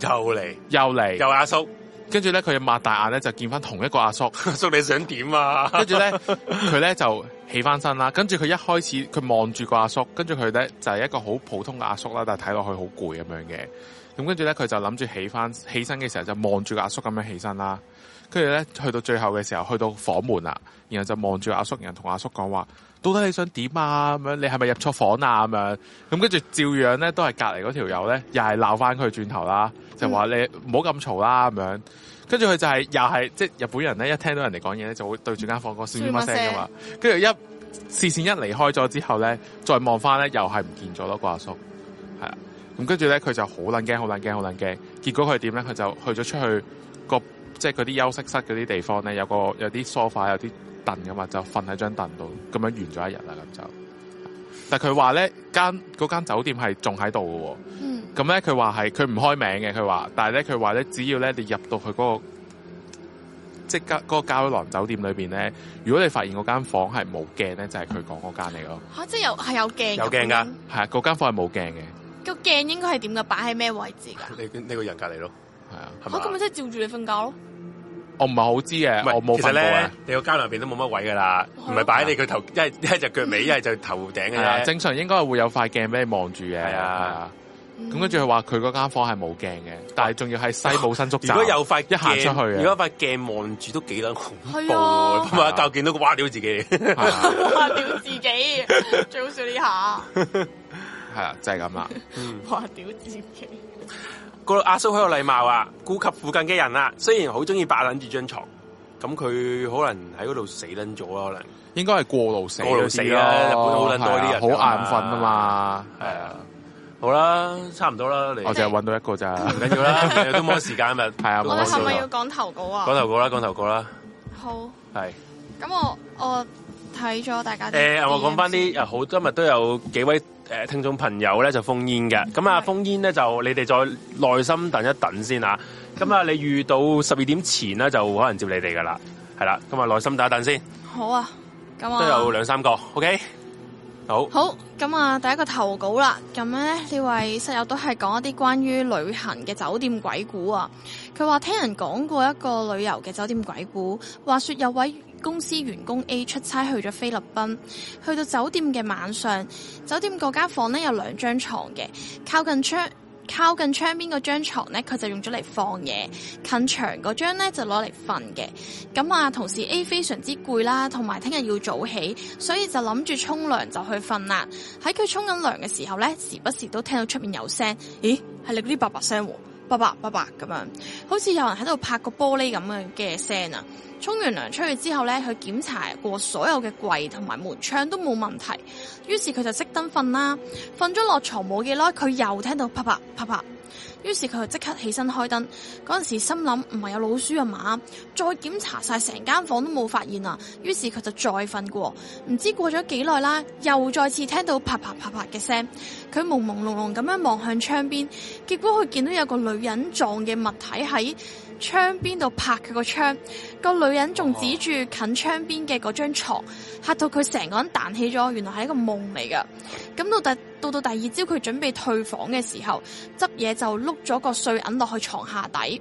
又嚟又嚟又，又阿叔，跟住咧佢擘大眼咧就見翻同一個阿叔，叔 你想點啊？跟住咧佢咧就。起翻身啦，跟住佢一開始佢望住個阿叔，叔，跟住佢咧就係、係、一個好普通嘅阿叔啦，但係睇落去好攰咁樣嘅。咁跟住咧佢就諗住起翻起身嘅時候就望住個阿叔咁樣起身啦。跟住咧去到最後嘅時候，去到房門啦，然後就望住阿叔，然後同阿叔講話：到底你想點啊？咁、嗯、樣你係咪入錯房啊？咁、嗯、樣咁跟住照樣咧都係隔離嗰條友咧，又係鬧翻佢轉頭啦，就話你唔好咁嘈啦咁樣。跟住佢就係、是、又係即係日本人咧，一聽到人哋講嘢咧，就會對住間房歌笑乜聲㗎嘛。跟住一視線一離開咗之後咧，再望翻咧，又係唔見咗咯、個阿叔，叔。係啊，咁跟住咧，佢就好撚驚，好撚驚，好撚驚。結果佢點咧？佢就去咗出去個即係佢啲休息室嗰啲地方咧，有個有啲梳化、有啲凳㗎嘛，就瞓喺張凳度咁樣完咗一日啦咁就。但佢話咧，間嗰間酒店係仲喺度嘅喎。嗯咁咧，佢話係佢唔開名嘅。佢話，但係咧，佢話咧，只要咧，你入到去，膠，嗰個，即係嗰，膠個膠囊酒店裏邊咧，如果你發現嗰間房係冇鏡咧，就係佢講嗰間嚟咯。吓，即係有係有鏡，有鏡噶？係啊，嗰間房係冇鏡嘅。個鏡應該係點嘅？擺喺咩位置噶？呢呢個人隔籬咯，係啊。咁咪即係照住你瞓覺咯？我唔係好知嘅，我冇。其實你個膠囊邊都冇乜位噶啦，唔係擺你佢頭，一係一就腳尾，一係就頭頂。正常應該會有塊鏡俾你望住嘅。咁跟住佢話佢嗰間房係冇鏡嘅，但係仲要係西部新宿，如果有塊鏡一下出去，如果塊鏡望住都幾捻恐怖，唔係又見到佢挖屌自己，啊、挖屌自己， 最好笑呢下，係 啊，就係咁啦，挖屌自己。那個阿叔好有禮貌啊，顧及附近嘅人啊。雖然好中意霸撚住張床，咁佢可能喺嗰度死撚咗可能應該係過路死，過勞死啦、啊啊，日本好撚多啲人、啊啊，好眼瞓啊嘛，係啊。好啦，差唔多啦，你我淨係搵到一個咋，唔緊要啦，都冇時間咪係啊。我哋係咪要講投稿啊？講投稿啦，講投稿啦。好。係。咁我我睇咗大家誒、欸，我講翻啲誒，好今日都有幾位誒聽眾朋友咧，就封煙嘅，咁啊封煙咧就你哋再耐心等一等先啊。咁啊，你遇到十二點前咧就可能接你哋噶啦，係啦。咁啊，耐心等一等先。好啊。咁啊。都有兩三個，OK。好，咁啊，第一個投稿啦，咁咧呢位室友都係講一啲關於旅行嘅酒店鬼故啊。佢話聽人講過一個旅遊嘅酒店鬼故，話說有位公司員工 A 出差去咗菲律賓，去到酒店嘅晚上，酒店嗰間房呢有兩張床嘅，靠近窗。靠近窗邊嗰張床咧，佢就用咗嚟放嘢；近牆嗰張咧就攞嚟瞓嘅。咁啊，同事 A 非常之攰啦，同埋聽日要早起，所以就諗住沖涼就去瞓啦。喺佢沖緊涼嘅時候咧，時不時都聽到出面有聲，咦，係你嗰啲啪啪聲，啪啪啪啪咁樣，好似有人喺度拍個玻璃咁樣嘅聲啊！沖完涼出去之後咧，佢檢查過所有嘅櫃同埋門窗都冇問題，於是佢就熄燈瞓啦。瞓咗落床冇幾耐，佢又聽到啪啪啪啪，於是佢就即刻起身開燈。嗰陣時心諗唔係有老鼠啊嘛，再檢查晒成間房都冇發現啊，於是佢就再瞓過。唔知過咗幾耐啦，又再次聽到啪啪啪啪嘅聲，佢朦朦朧朧咁樣望向窗邊，結果佢見到有個女人狀嘅物體喺。窗邊度拍佢個窗，個女人仲指住近窗邊嘅嗰張床，嚇到佢成個人彈起咗。原來係一個夢嚟噶。咁到第到到第二朝，佢準備退房嘅時候，執嘢就碌咗個碎銀落去床下底。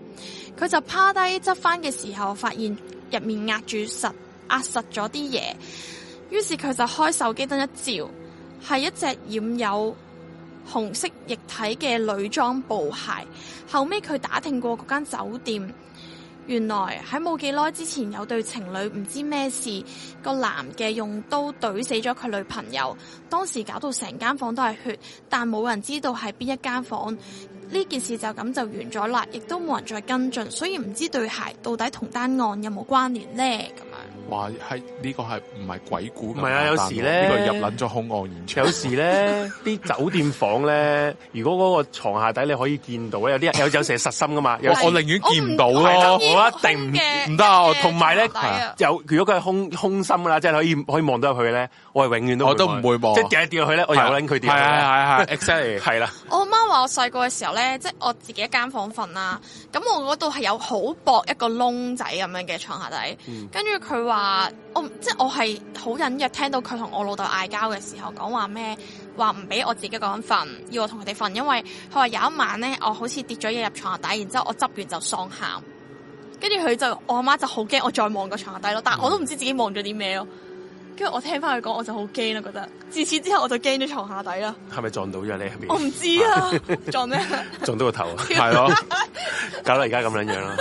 佢就趴低執翻嘅時候，發現入面壓住實壓實咗啲嘢。於是佢就開手機燈一照，係一隻染有。紅色液體嘅女裝布鞋，後尾，佢打聽過嗰間酒店，原來喺冇幾耐之前有對情侶唔知咩事，個男嘅用刀懟死咗佢女朋友，當時搞到成間房都係血，但冇人知道係邊一間房。呢件事就咁就完咗啦，亦都冇人再跟進，所以唔知對鞋到底同單案有冇關聯呢？咁樣。話係呢個係唔係鬼故？唔係啊！有時咧呢個入咗空卧然有時咧啲 酒店房咧，如果嗰個床下底你可以見到咧，有啲人有有時實心噶嘛，我寧願見唔到咯，我一定唔得，同埋咧，有如果佢係空空心啦，即係可以可以望得入去咧，我係永遠都我都唔會望，即係跌跌入去咧，我又捻佢跌。係 exactly 啦。我媽話我細個嘅時候咧，即係我自己一間房瞓啦，咁我嗰度係有好薄一個窿仔咁樣嘅床下底，跟住佢話。.啊、uh，即我即係我係好隱約聽到佢同我老豆嗌交嘅時候，講話咩？話唔俾我自己講瞓，要我同佢哋瞓。因為佢話有一晚咧，我好似跌咗嘢入床下底，然之後我執完就喪喊，跟住佢就我阿媽就好驚我再望個床下底咯。但係我都唔知自己望咗啲咩咯。因為我聽翻佢講，我就好驚啦，覺得自此之後我就驚咗床下底啦。係咪撞到咗你入邊？我唔知啊，撞咩？ 撞到個頭啊，係咯，搞到而家咁樣樣啦。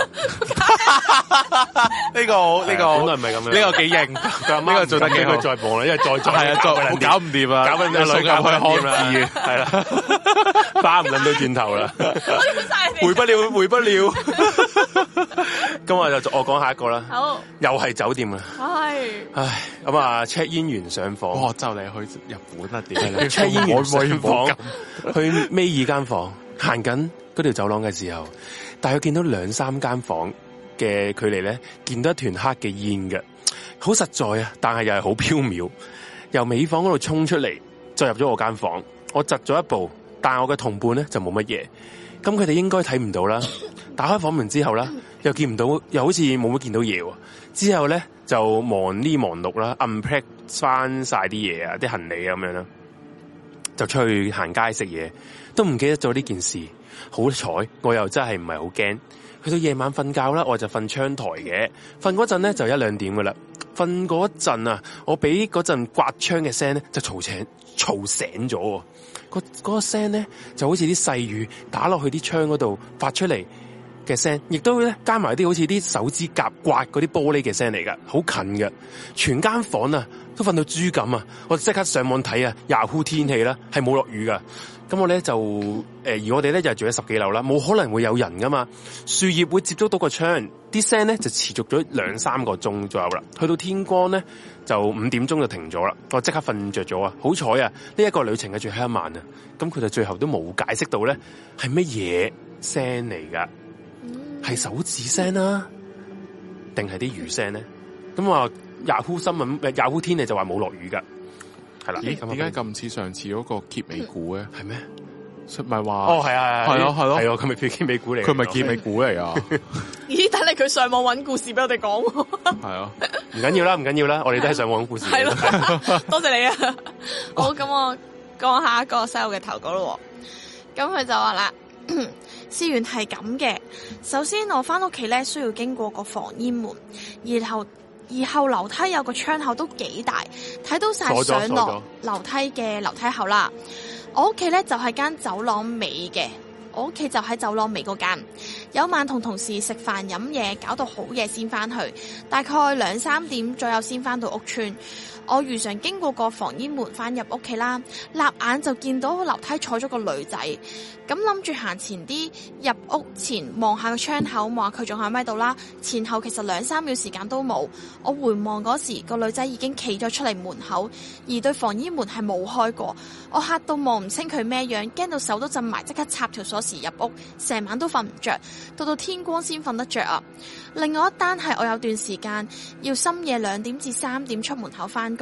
呢個呢個好，啊這個、本來唔係咁樣這，呢個幾型，呢、這個做得幾佢再搏啦，因為再、啊、再係啊，做，做，再做，做，做搞唔掂啊，搞到啲女嘅開開二，係啦，翻唔到轉頭啦，回不了，回不了。咁我就我講下一個啦，好，又係酒店啊，係，唉，咁啊。check 煙上房，我就、哦、嚟去日本啦，點啊？check 煙上房，去尾二間房，行緊嗰條走廊嘅時候，大約見到兩三間房嘅距離咧，見到一團黑嘅煙嘅，好實在啊！但係又係好飄渺。由尾房嗰度衝出嚟，再入咗我間房，我窒咗一步，但係我嘅同伴咧就冇乜嘢，咁佢哋應該睇唔到啦。打開房門之後啦。又見唔到，又好似冇乜見到嘢喎。之後咧就忙呢忙碌啦，unpack 翻曬啲嘢啊，啲行李咁樣啦，就出去行街食嘢，都唔記得咗呢件事。好彩我又真係唔係好驚。去到夜晚瞓覺啦，我就瞓窗台嘅。瞓嗰陣咧就一兩點噶啦。瞓嗰陣啊，我俾嗰陣刮窗嘅聲咧就嘈醒，嘈醒咗。喎。嗰、嗰個聲咧就好似啲細雨打落去啲窗嗰度發出嚟。嘅聲，亦都咧加埋啲好似啲手指甲刮嗰啲玻璃嘅聲嚟噶，好近嘅，全間房啊都瞓到豬咁啊！我即刻上網睇啊，Yahoo 天氣啦，係冇落雨噶。咁我咧就誒、呃，而我哋咧就住喺十幾樓啦，冇可能會有人噶嘛。樹葉會接觸到個窗，啲聲咧就持續咗兩三個鐘左右啦。去到天光咧就五點鐘就停咗啦。我即刻瞓着咗啊！好彩啊，呢一個旅程嘅最後一晚啊，咁佢就最後都冇解釋到咧係乜嘢聲嚟噶。係手指聲啦、啊，定係啲魚聲咧？咁 Yahoo 新聞 Yahoo 天你就話冇落雨噶，係啦？咦？點解咁似上次嗰個揭尾股咧？係咩？咪話哦，係啊，係咯，係咯，係啊！佢咪叫揭尾股嚟，佢咪揭尾股嚟啊？ 咦？睇嚟佢上網揾故事俾我哋講喎。係啊，唔緊要啦，唔緊要啦，我哋都係上網揾故事。係咯，多謝你啊！好，咁、哦、我講下一個 sell 嘅投稿啦。咁佢就話啦。 事源係咁嘅，首先我翻屋企咧，需要經過個防煙門，然後然後樓梯有個窗口都幾大，睇到晒上落樓梯嘅樓梯口啦。我屋企咧就係間走廊尾嘅，我屋企就喺走廊尾嗰間。有晚同同事吃飯飲食飯飲嘢，搞到好夜先翻去，大概兩三點左右先翻到屋村。我如常經過個防煙門返入屋企啦，立眼就見到樓梯坐咗個女仔，咁諗住行前啲入屋前望下個窗口，望下佢仲喺咪度啦。前後其實兩三秒時間都冇，我回望嗰時個女仔已經企咗出嚟門口，而對防煙門係冇開過，我嚇到望唔清佢咩樣，驚到手都震埋，即刻插條鎖匙入屋，成晚都瞓唔着，到到天光先瞓得着啊！另外一單係我有段時間要深夜兩點至三點出門口返。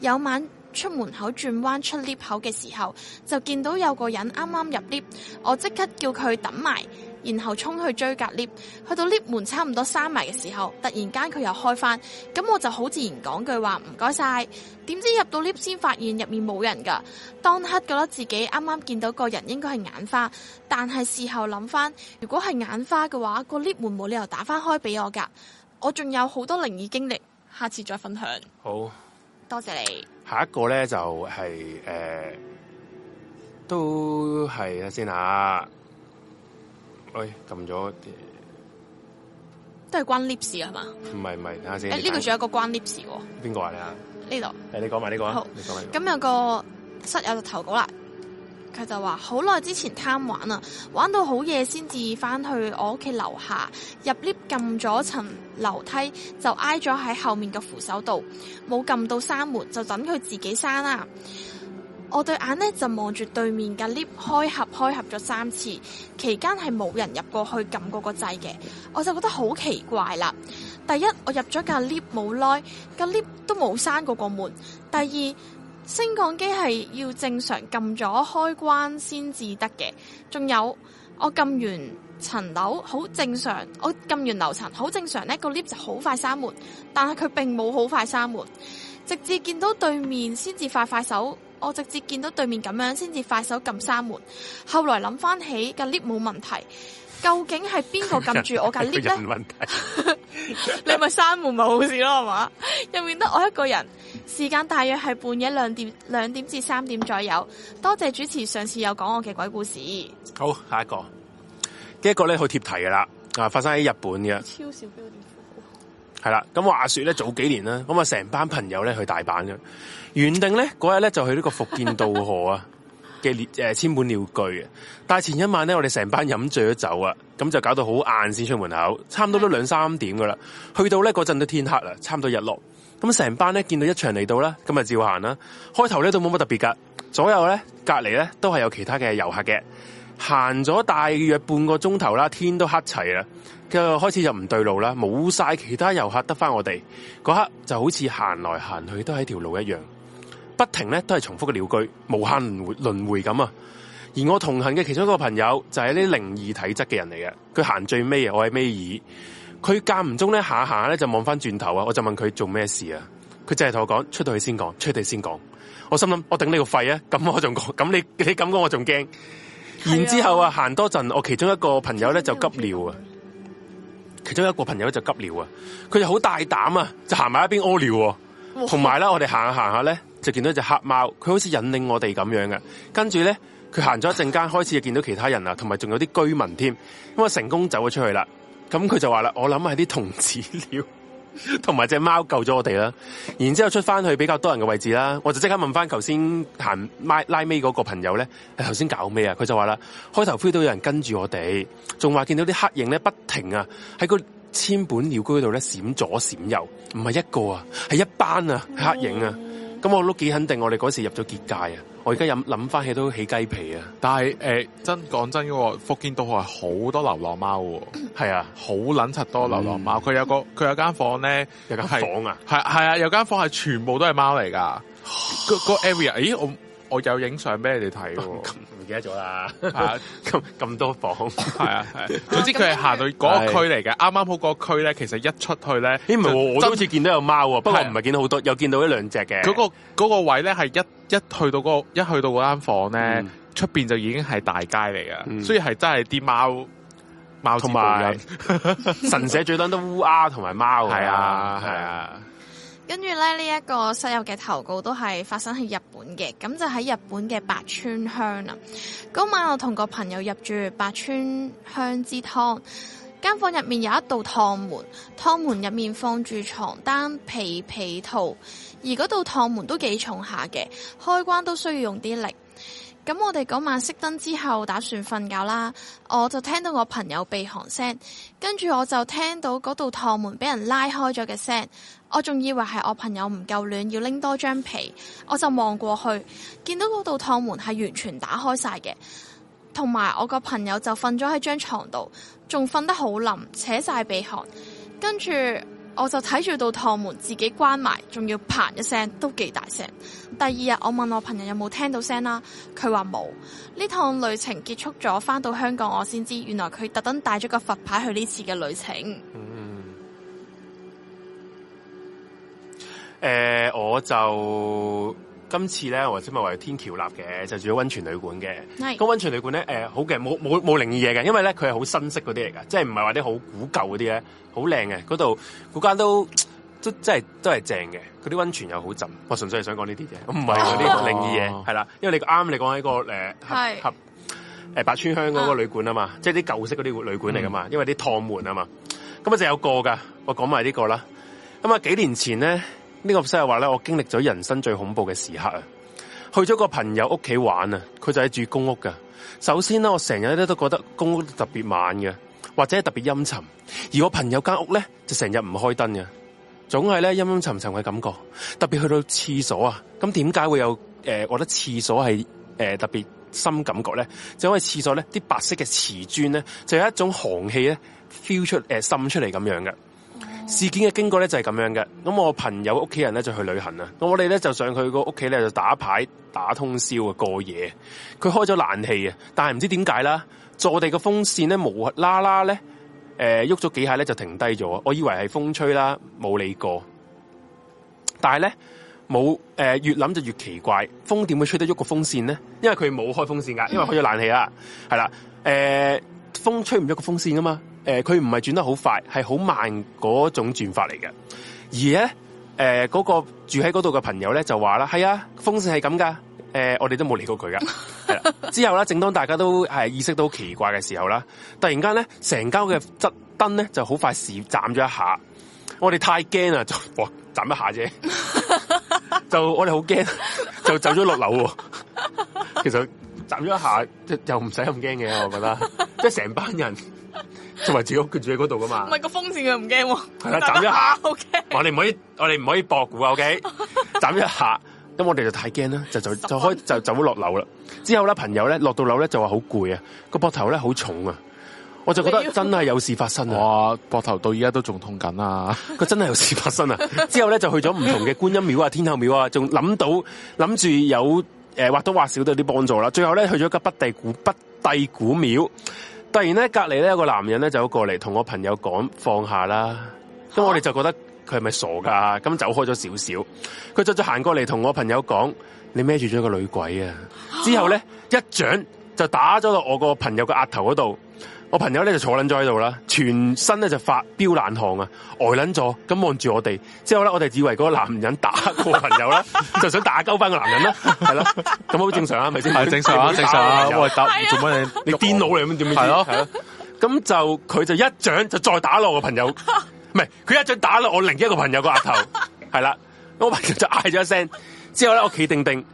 有晚出門口轉彎出 lift 口嘅時候，就見到有個人啱啱入 lift，我即刻叫佢等埋，然後衝去追隔 lift，去到 lift 門差唔多閂埋嘅時候，突然間佢又開翻，咁我就好自然講句話唔該晒，點知入到 lift 先發現入面冇人噶。當刻覺得自己啱啱見到個人應該係眼花，但係事後諗翻，如果係眼花嘅話，個 lift 門冇理由打翻開俾我噶。我仲有好多靈異經歷，下次再分享。好。多謝，謝你。下一個咧就係、是、誒、呃，都係啊先吓。喂，撳咗、哎，都係關 lift 啊係嘛？唔係唔係，等下先。誒、欸、呢、這個仲有一個關 lift 事。邊個啊？你啊？呢度。誒、這個，你講埋呢個啊？好，你講埋。咁有個室友就投稿啦。佢就話好耐之前貪玩呀，玩到好夜先至翻去我屋企樓下入 lift 撳咗層樓梯，就挨咗喺後面嘅扶手度，冇撳到閂門，就等佢自己閂啦。我對眼呢就望住對面嘅 lift 開合開合咗三次，期間係冇人入過去撳過嗰個掣嘅，我就覺得好奇怪啦。第一，我入咗架 lift 冇耐，架 lift 都冇閂過嗰個門；第二。升降機係要正常撳咗開關先至得嘅。仲有我撳完層樓，好正常。我撳完樓層，好正常，呢個 lift 就好快閂門。但係佢並冇好快閂門，直至見到對面先至快快手。我直接見到對面咁樣先至快手撳閂門。後來諗翻起個 lift 冇問題，究竟係邊個撳住我個 lift 咧？ 人問題笑你咪閂門咪好事咯，係 嘛？入面得我一個人。時間大約係半夜兩點兩點至三點左右，多謝主持上次有講我嘅鬼故事。好，下一個，這個、呢一個咧好貼題噶啦，啊發生喺日本嘅。超少標我係係啦，咁話說咧早幾年啦，咁啊成班朋友咧去大阪嘅，原定咧嗰日咧就去呢個伏見稻荷啊嘅誒、 呃、千本鳥居嘅，但係前一晚咧我哋成班飲醉咗酒啊，咁就搞到好晏先出門口，差唔多都兩三點噶啦，去到咧嗰陣都天黑啦，差唔多日落。咁成班咧見到一場嚟到啦，咁咪照行啦。開頭咧都冇乜特別噶，左右咧隔籬咧都係有其他嘅遊客嘅。行咗大約半個鐘頭啦，天都黑齊啦，跟住就開始就唔對路啦，冇晒其他遊客得翻我哋。嗰刻就好似行來行去都係條路一樣，不停咧都係重複嘅鳥居，無限輪迴咁啊！而我同行嘅其中一個朋友就係啲靈異體質嘅人嚟嘅，佢行最尾啊，我係尾二。佢間唔中咧行下行下咧就望翻轉頭啊！我就問佢做咩事啊？佢淨係同我講出到去先講，出到去先講。我心諗我頂你個肺啊！咁我仲講咁你你咁講我仲驚。然之後啊行、嗯、多陣，我其中一個朋友咧就急尿啊、嗯嗯嗯，其中一個朋友就急尿啊，佢就好大膽啊，就行埋一邊屙尿。同埋咧，我哋行下行下咧就見到一隻黑貓，佢好似引領我哋咁樣嘅。跟住咧，佢行咗一陣間開始就見到其他人啊，同埋仲有啲居民添，咁啊成功走咗出去啦。咁佢就話啦，我諗係啲童子鳥、同埋隻貓救咗我哋啦。然之後出翻去比較多人嘅位置啦，我就即刻問翻頭先行拉拉尾嗰個朋友咧，頭先搞咩啊？佢就話啦，開頭 feel 到有人跟住我哋，仲話見到啲黑影咧，不停啊喺個千本鳥居度咧閃左閃右，唔係一個啊，係一班啊黑影啊。嗯咁我都幾肯定我，我哋嗰時入咗結界啊！我而家諗諗翻起都起雞皮啊！但係誒、呃、真講真嘅喎，福建都係好多流浪貓喎，係啊，好撚柒多流浪貓。佢、 啊有，嗯、有個佢有間房咧，有間房啊，係係啊，有間房係全部都係貓嚟㗎， 嗰個 area 咦？我。我有影相俾你睇喎，哦，唔記得咗啦。咁 咁、啊、多房，係 啊係、啊。總之佢係行到嗰個區嚟嘅，啱啱好嗰個區咧，其實一出去咧，咦唔係我我好似見到有貓喎，哦啊，不過唔係見到好多，啊，有見到一兩隻嘅。嗰，那個、那個位咧係一一去到嗰，那個一去到間房咧，出，嗯、邊就已經係大街嚟噶，嗯，所以係真係啲貓貓同埋神社最多都烏鴉同埋貓，係啊係啊。跟住咧，呢、這、一個室友嘅投稿都係發生喺日本嘅，咁就喺日本嘅白川鄉啦。嗰晚我同個朋友入住白川鄉之湯，間房入面有一道趟門，趟門入面放住床單、被被套，而嗰道趟門都幾重下嘅，開關都需要用啲力。咁我哋嗰晚熄燈之後打算瞓覺啦，我就聽到我朋友鼻鼾聲，跟住我就聽到嗰道趟門俾人拉開咗嘅聲。我仲以為係我朋友唔夠暖，要拎多張被，我就望過去，見到嗰道趟門係完全打開晒嘅，同埋我個朋友就瞓咗喺張床度，仲瞓得好冧，扯晒鼻鼾，跟住我就睇住道趟門自己關埋，仲要啪一聲，都幾大聲。第二日我問我朋友有冇聽到聲啦，啊，佢話冇。呢趟旅程結束咗，返到香港我先知，原來佢特登帶咗個佛牌去呢次嘅旅程。嗯誒、呃，我就今次咧，我先咪喺天橋立嘅，就住咗溫泉旅館嘅。係。咁溫泉旅館咧，誒、呃，好嘅，冇冇冇靈異嘢嘅，因為咧佢係好新式嗰啲嚟噶，即係唔係話啲好古舊嗰啲咧，好靚嘅嗰度嗰間都都真係都係正嘅，嗰啲溫泉又好浸。我純粹係想講呢啲嘢，唔係嗰啲靈異嘢係啦。因為你啱你講喺個誒合合白川鄉嗰個旅館啊嘛，即係啲舊式嗰啲旅館嚟噶嘛、嗯，因為啲趟門啊嘛。咁啊，就有個㗎，我講埋呢個啦。咁啊，幾年前咧。呢、這個 message 話咧，我經歷咗人生最恐怖嘅時刻啊！去咗個朋友屋企玩啊，佢就係住公屋噶。首先咧，我成日咧都覺得公屋特別晚嘅，或者特別陰沉。而我朋友間屋咧就成日唔開燈嘅，總係咧陰陰沉沉嘅感覺。特別去到廁所啊，咁點解會有誒、呃？我覺得廁所係誒、呃、特別深感覺咧，就因為廁所咧啲白色嘅瓷磚咧就有一種寒氣咧 feel、呃、出誒滲出嚟咁樣嘅。事件嘅經過咧就係咁樣嘅，咁我朋友屋企人咧就去旅行啦，咁我哋咧就上佢個屋企咧就打牌打通宵啊過夜，佢開咗冷氣啊，但係唔知點解啦，座地嘅風扇咧無啦啦咧，誒喐咗幾下咧就停低咗，我以為係風吹啦冇理過，但係咧冇誒越諗就越奇怪，風點會吹得喐個風扇咧？因為佢冇開風扇噶，因為開咗冷氣啊，係啦，誒、 呃、風吹唔喐個風扇噶嘛。誒、呃，佢唔係轉得好快，係好慢嗰種轉法嚟嘅。而咧，誒、呃，嗰、嗰個住喺嗰度嘅朋友咧就話啦，係啊，風扇係咁噶。誒、呃，我哋都冇理過佢噶。 之後咧，正當大家都係意識到奇怪嘅時候啦，突然間咧，成間嘅側燈咧就好快閃，閃咗一下。我哋太驚啦，就哇，閃一下啫， 就我哋好驚， 就走咗落樓。 其實閃咗一下，又唔使咁驚嘅，我覺得，即係成班人。同埋自己屋企住喺嗰度噶嘛？唔係個風扇佢唔驚喎。係啦，斬一下。O、okay、K，我哋唔可以，我哋唔可以搏估啊。O K，斬一下，咁我哋就太驚啦，就走就開就就會落樓啦。之後咧，朋友咧落到樓咧就話好攰啊，個膊頭咧好重啊，我就覺得真係有事發生、 哦、啊！哇，膊頭到而家都仲痛緊啊！佢真係有事發生啊！ 之後咧就去咗唔同嘅觀音廟啊、天后廟啊，仲諗到諗住有誒或多或少都有啲幫助啦、啊。最後咧去咗個北帝古北帝古廟。突然咧，隔籬咧有個男人咧就過嚟同我朋友講放下啦。咁、啊、我哋就覺得佢係咪傻噶？咁 走開咗少少，佢再再行過嚟同我朋友講你孭住咗個女鬼啊！ 之後咧一掌就打咗落我個朋友嘅額頭嗰度。我朋友咧就坐捻咗喺度啦，全身咧就發飆冷汗啊，呆捻咗咁望住我哋，之後咧我哋以為嗰個男人打個朋友啦，就想打交翻個男人啦，係咯，咁好正常啊，係咪先？係正常啊，正常，啊正常啊，我哋打做乜嘢你你癲佬嚟咁點？係咯，咁就佢就一掌就再打落我個朋友，唔係佢一掌打落我另一個朋友個額頭，係啦，我朋友就嗌咗一聲，之後咧我企定定。.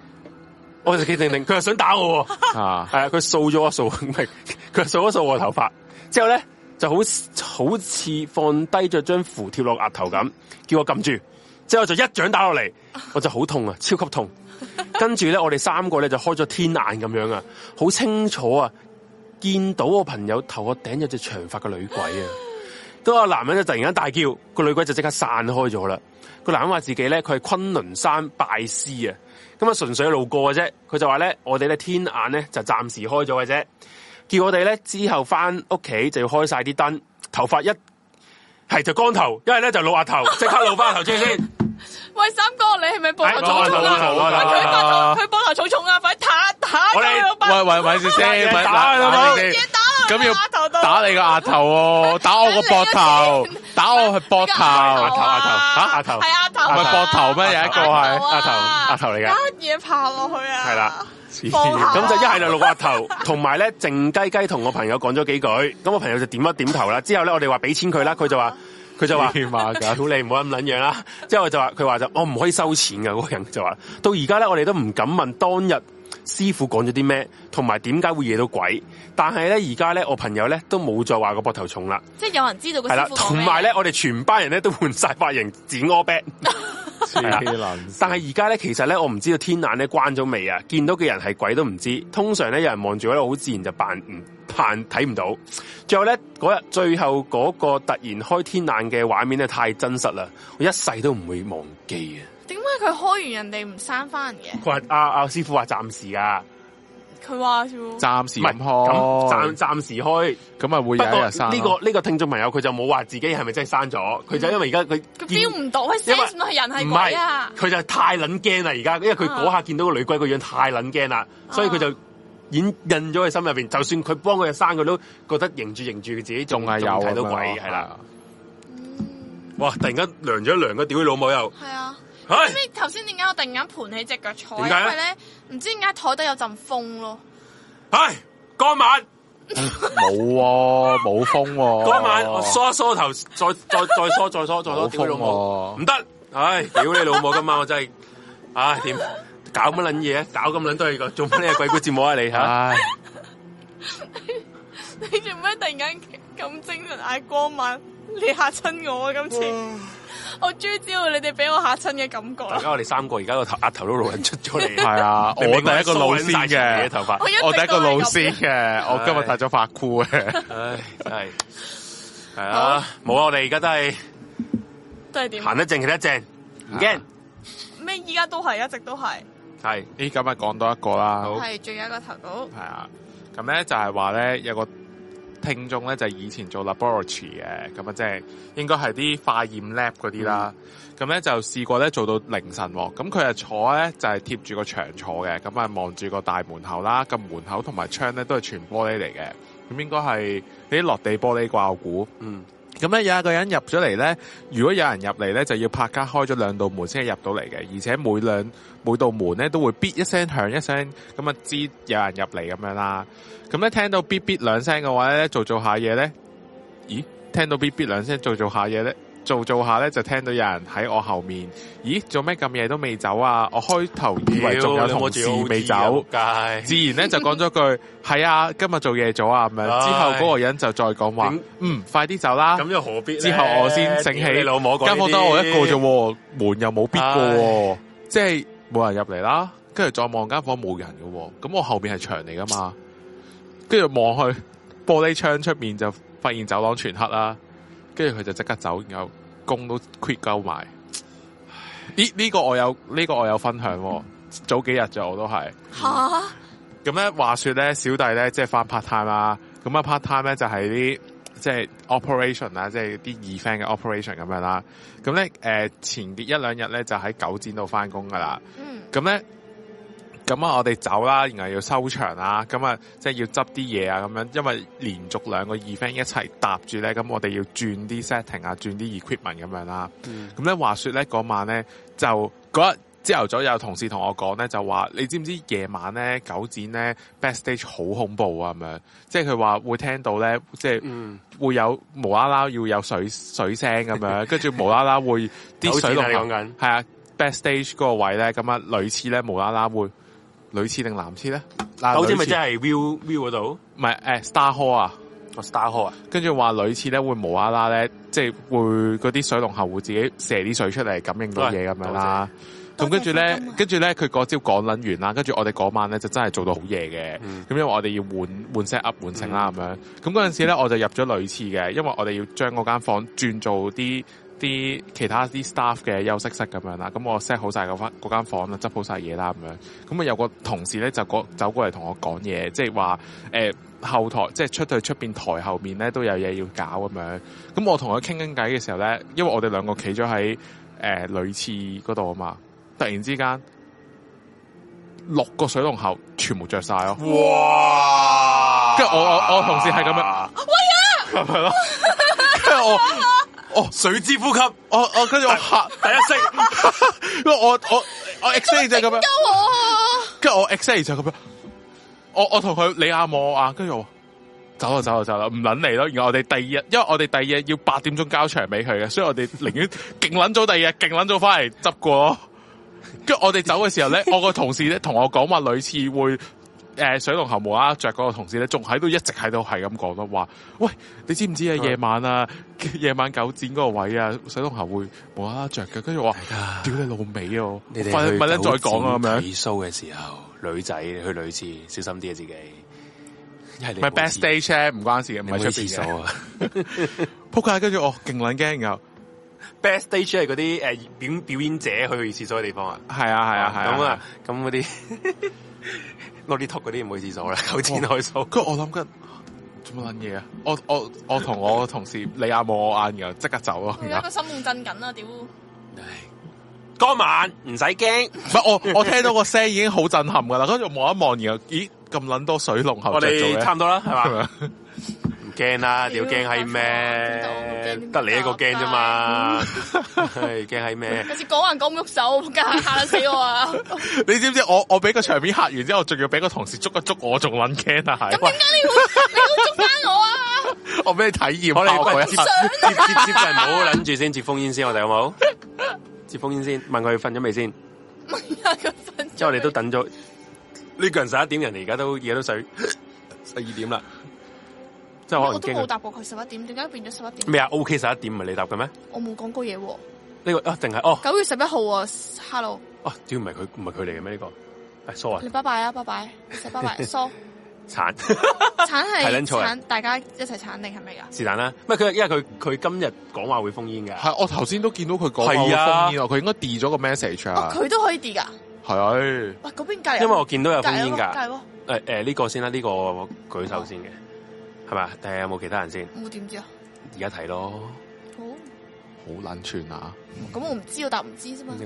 我就企定定，佢又想打我，係 啊，佢掃咗我掃，唔係佢掃咗掃我，掃我頭髮，之後咧就好好似放低咗張符貼落額頭咁，叫我撳住，之後就一掌打落嚟，我就好痛啊，超級痛。跟住咧，我哋三個咧就開咗天眼咁樣啊，好清楚啊，見到我朋友頭個頂有隻長髮嘅女鬼啊，嗰個男人就突然間大叫，個女鬼就即刻散開咗啦。個男人話自己咧佢係崑崙山拜師啊。咁啊，純粹路過嘅啫。佢就話咧，我哋咧天眼咧就暫時開咗嘅啫，叫我哋咧之後翻屋企就要開曬啲燈，頭髮一係就光頭，一係咧就露下頭，即刻露翻頭 先老頭。 喂，三哥，你係咪幫下草叢啊？去幫下草叢啊！快彈彈佢，喂喂喂，先生，打啦，咁要打你個額頭，打你個額頭，打我個膊頭，打我係膊頭，頭頭，打額頭，唔係膊頭咩？有一個係額頭，額頭嚟嘅，啲嘢爬落去啊！係啦，咁就一係就六個額頭，同埋咧靜雞雞同我朋友講咗幾句，咁我朋友就點一點頭啦。之後咧我哋話俾錢佢啦，佢就話。佢就話，好你唔好咁卵樣啦。之 後我就話，佢話就我唔可以收錢噶。嗰、那個人就話，到而家咧，我哋都唔敢問當日師傅講咗啲咩，同埋點解會惹到鬼。但係咧，而家咧，我朋友咧都冇再話個膊頭重啦。即係有人知道個師傅講咩？同埋咧，我哋全班人咧都換晒髮型，剪窩鼻。 但係而家咧，其實咧，我唔知道天眼咧關咗未啊！見到嘅人係鬼都唔知，通常咧有人望住我咧，好自然就扮唔扮睇唔到。最後咧嗰日最後嗰個突然開天眼嘅畫面咧，太真實啦！我一世都唔會忘記啊！點解佢開完人哋唔刪翻嘅？佢話、阿阿師傅話、啊、暫時啊。佢話，暫時唔開，咁暫暫時開，咁啊會有一日生。不過呢個呢個聽眾朋友佢就冇話自己係咪真係生咗，佢就因為而家佢見唔到，佢寫算係人係鬼啊！佢就太撚驚啦，而家，因為佢嗰下見到個女鬼個樣太撚驚啦，啊、所以佢就演印咗喺心入面。就算佢幫佢生，佢都覺得認住認住，佢自己仲係有睇、啊、到鬼，係啦。嗯、哇！突然間涼咗涼，個屌佢老母又。啊。頭先點解我突然間盤起隻腳坐？因為咧唔知點解台底有陣風咯、哎。唉，光猛，冇 喎、啊，冇風喎、啊。光猛，我梳一梳頭，再再再梳，再梳，再梳，屌老母，唔得！唉、啊，屌、哎、你老母，今晚我真係唉點搞乜撚嘢？搞咁撚都係個做乜嘢鬼鬼節目啊？你、哎、吓？你做咩突然間咁精神光？嗌，光猛，你嚇親我啊！今次。哎我終於知道，你哋俾我吓親嘅感覺。大家我哋三個而家個頭額頭都露人出咗嚟，係 是啊 我我！我第一個露先嘅頭髮、 哎啊，我第一個露先嘅，我今日戴咗發箍嘅。唉，真係係啊！冇啊！我哋而家都係都係點行得正行得正，唔驚咩？依家都係，一直都係係。咦，今日講多一個啦，係最後一個頭部。係啊，咁咧就係話咧有個。聽眾咧就係、以前做 laboratory 嘅，咁啊即係應該係啲化驗 lab 嗰啲啦。咁、嗯、咧就試過咧做到凌晨喎。咁佢啊坐咧就係、係、貼住個牆坐嘅，咁啊望住個大門口啦。個門口同埋窗咧都係全玻璃嚟嘅。咁應該係呢啲落地玻璃㗎啩，嗯。咁咧有一個人入咗嚟咧，如果有人入嚟咧，就要拍卡開咗兩道門係先入到嚟嘅，而且每兩每道門咧都會嗶一聲響一聲，咁啊知有人入嚟咁樣啦。咁咧聽到嗶嗶兩聲嘅話咧，做做下嘢咧，咦？聽到嗶嗶兩聲做做下嘢咧？做一做一下咧，就聽到有人喺我後面。咦，做咩咁夜都未走啊？我開頭以為仲有同事未走，自然咧就講咗句：係 啊，今日做夜咗啊。咁樣、哎、之後嗰個人就再講話、嗯嗯：嗯，快啲走啦。咁又何必？之後我先醒起，間房得我一個啫、哎，門又冇閉喎，即係冇人入嚟啦。跟住再望間房冇人喎。咁我後邊係牆嚟噶嘛。跟住望去玻璃窗出面，就發現走廊全黑啦。跟住佢就即刻走，然後工都 quit 夠埋。呢呢、呢個我有呢、呢個我有分享、哦。早、嗯、幾日就我都係。咁、啊、咧、嗯，話說咧，小弟咧即係返 part time 啦、啊。咁啊，part time 咧就係啲即係 operation 啦、啊，即係啲 event 嘅 operation 咁樣啦、啊。咁咧，誒、呃、前一兩日咧就喺九展度返工噶啦。嗯。咁、嗯、咧。咁啊，我哋走啦，然後要收場啦、啊，咁啊，即係要執啲嘢啊，咁樣、啊，因為連續兩個 event 一齊搭住咧，咁我哋要轉啲 setting 啊，轉啲 equipment 咁樣啦、啊。咁、嗯、咧、啊、話說咧，嗰晚咧就嗰日朝頭早有同事同我講咧，就話你知唔知夜晚咧九展咧 backstage 好恐怖啊，咁樣、啊，即係佢話會聽到咧、嗯，即係會有無啦啦要有水水聲咁樣，跟 住無啦啦會啲水龍係 啊，啊，backstage 嗰個位咧，咁啊類似咧無啦啦會。女廁定男廁咧？嗰招咪真係 view view 嗰度？唔係誒，Star Hall 啊、oh，Star Hall 啊。跟住話女廁咧會無啦啦咧，即係會嗰啲水龍喉會自己射啲水出嚟，感應到嘢咁樣啦。咁跟住咧，跟住咧，佢嗰朝講撚完啦。跟住我哋嗰晚咧就真係做到好夜嘅。咁因為我哋要換換 set up 換成啦咁樣。咁嗰陣時咧我就入咗女廁嘅，因為我哋要將嗰間房轉做啲，啲其他啲 staff 嘅休息室咁樣啦，咁我 set 好晒嗰間房啦，執好晒嘢啦咁樣，咁啊有個同事咧就過走過嚟同我講嘢，即係話誒後台即係、就是、出到去出邊台後面咧都有嘢要搞咁樣，咁我同佢傾傾偈嘅時候咧，因為我哋兩個企咗喺誒女廁嗰度啊嘛，突然之間六個水龍頭全部着晒咯，哇！跟住我我，我同事係咁樣，係咯， 哦，水之呼吸，我我，我， 我，我，我，我、啊、我，我跟住我吓、啊，我啊啊啊、我第一聲，因為我我我 ex 聲就咁樣，跟住我 ex 聲就咁樣，我我同佢你亞我啊，跟住走喇走喇走啦，唔捻嚟咯，然後我哋第二日，因為我哋第二日要八點鐘交場俾佢嘅，所以我哋寧願勁捻早第二日，勁捻早翻嚟執過，跟住我哋走嘅時候咧，我個同事咧同我講話類似會。誒，水龍喉無啦着嗰個同事咧，仲喺度一直喺度係咁講咯，話，喂，你知唔知啊？夜晚啊、嗯，夜晚九展嗰個位啊，水龍喉會無啦着嘅，跟住話，屌你老味啊！你哋去去睇 show 嘅時候，女仔去女廁小心啲啊，自己。唔係 best Day stage 唔關事嘅，唔係出廁所啊！ 仆、哦、街，跟住我勁撚驚，然後 best Day stage 係嗰啲誒表表演者去廁所嘅地方啊！係啊係啊係啊，咁啊咁嗰啲。哦 攞啲拖嗰啲唔去廁所啦，九千開數，跟住我諗緊做乜捻嘢啊！我我我同我同事 你眼、啊、望我眼，然後即刻走咯。而家個心仲震緊啊！屌，嗰晚唔使驚，我我聽到個聲已經好震撼噶啦，跟住望一望，然後咦咁捻多水龍喉，我哋差唔多啦，係嘛。驚啦，啊，屌，啊、要驚係咩？得你一個驚啫嘛，驚係咩？嗰次講完咁喐手，驚吓死我啊！ 你知唔知我我俾個場面吓完之後，仲要俾個同事捉一捉我，我仲搵驚啊！點解你會 你會捉翻我啊？我俾你體驗，啊。我哋唔係接接接就係唔好諗住先，接封煙先，我哋好冇？ 接封煙先，問佢瞓咗未先？未佢瞓。之後你都等咗呢個人十一點，人哋而家都夜都睡。十 二點啦。我都冇答過佢十一點，點解變咗十一點？咩啊？OK，十一點唔係你答嘅咩？我冇講過嘢喎、啊哦。呢個、哦、啊，定係哦？九月十一號啊，Hello。啊，呢個唔係佢，唔係佢嚟嘅咩？呢個？誒，Sorry。你拜拜啊，拜拜，你拜拜，Sorry、啊。鏟，鏟係。係大家一齊鏟定係咩噶？是但啦，係佢，因為佢佢今日講話會封煙嘅、啊。係我頭先都見到佢講封煙啊、哦，佢應該遞咗個 message 啊。佢都可以遞噶。係。喂，嗰邊隔？因為我見到有封煙噶。誒誒、呢、欸呃這個先啦，呢、這個我舉手先嘅。係嘛？睇下有冇其他人先？我點知啊？而家睇咯。好，好冷串啊！咁、嗯、我唔知道，我答唔知啫嘛。呢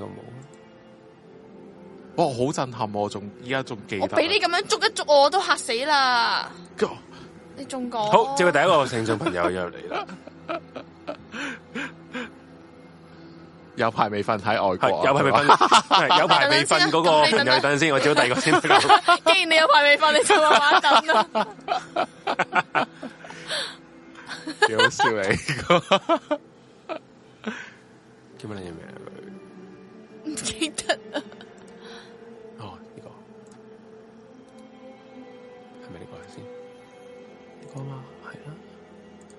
個冇。哦，好震撼！我仲依家仲記得。我俾你咁樣捉一捉我，我都吓死啦。Go. 你仲講？好，接下第一個聽眾朋友入嚟啦。 有排未瞓喺外國，有排未瞓，有排未瞓嗰個朋友，等陣先，我招第二個先。既然你有排未瞓，你就慢慢等啦。幾好笑嚟？叫乜嘢名啊？唔記得啊！ 哦，呢個？係咪呢個先？呢個？呢個啊？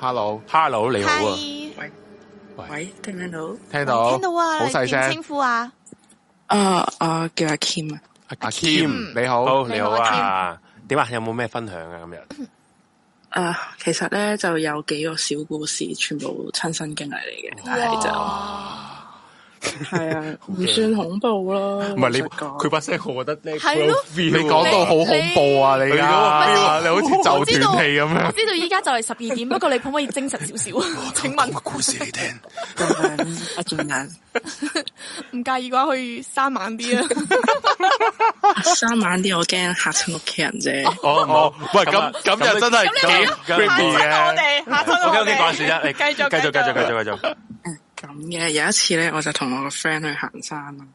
Hello，Hello，Hello，你，、啊啊 uh, A- 你，oh, 你，你好啊！喂喂，聽唔聽到？聽到，聽到啊！好細聲，稱呼啊！啊啊，叫阿 Kim 啊！阿 Kim，你好，你好啊！點啊？有冇咩分享啊？今日？啊，其實咧就有幾個小故事，全部親身經歷嚟嘅，但係就。係 啊，唔算恐怖咯。唔係你佢把聲，我覺得你係咯，你講到好恐怖啊！你，你啊，你好似就斷氣咁樣。我知道依家就係十二點， 不過你可唔可以精神少少啊？請問故事你聽。阿俊眼，唔介意嘅話可以三晚啲啦。三晚啲，我驚嚇親屋企人啫、哦。哦好。 喂，咁咁就真係咁，happy 嘅。 我哋 我 ，OK o、okay, 你繼續。掛線啦，嚟繼續繼續繼續繼續繼續。咁嘅有一次咧，我就同我個 friend 去行山啦。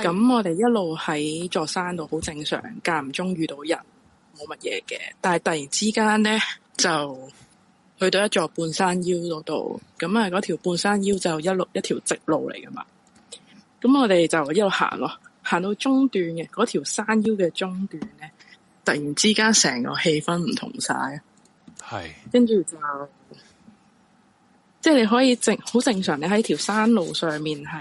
咁我哋一路喺座山度好正常，間唔中遇到人，冇乜嘢嘅。但係突然之間咧，就去到一座半山腰嗰度。咁啊，嗰條半山腰就一路一條直路嚟噶嘛。咁我哋就一路行咯，行到中段嘅嗰條山腰嘅中段咧，突然之間成個氣氛唔同晒。係，跟住就。即係你可以正好正常，你喺條山路上面係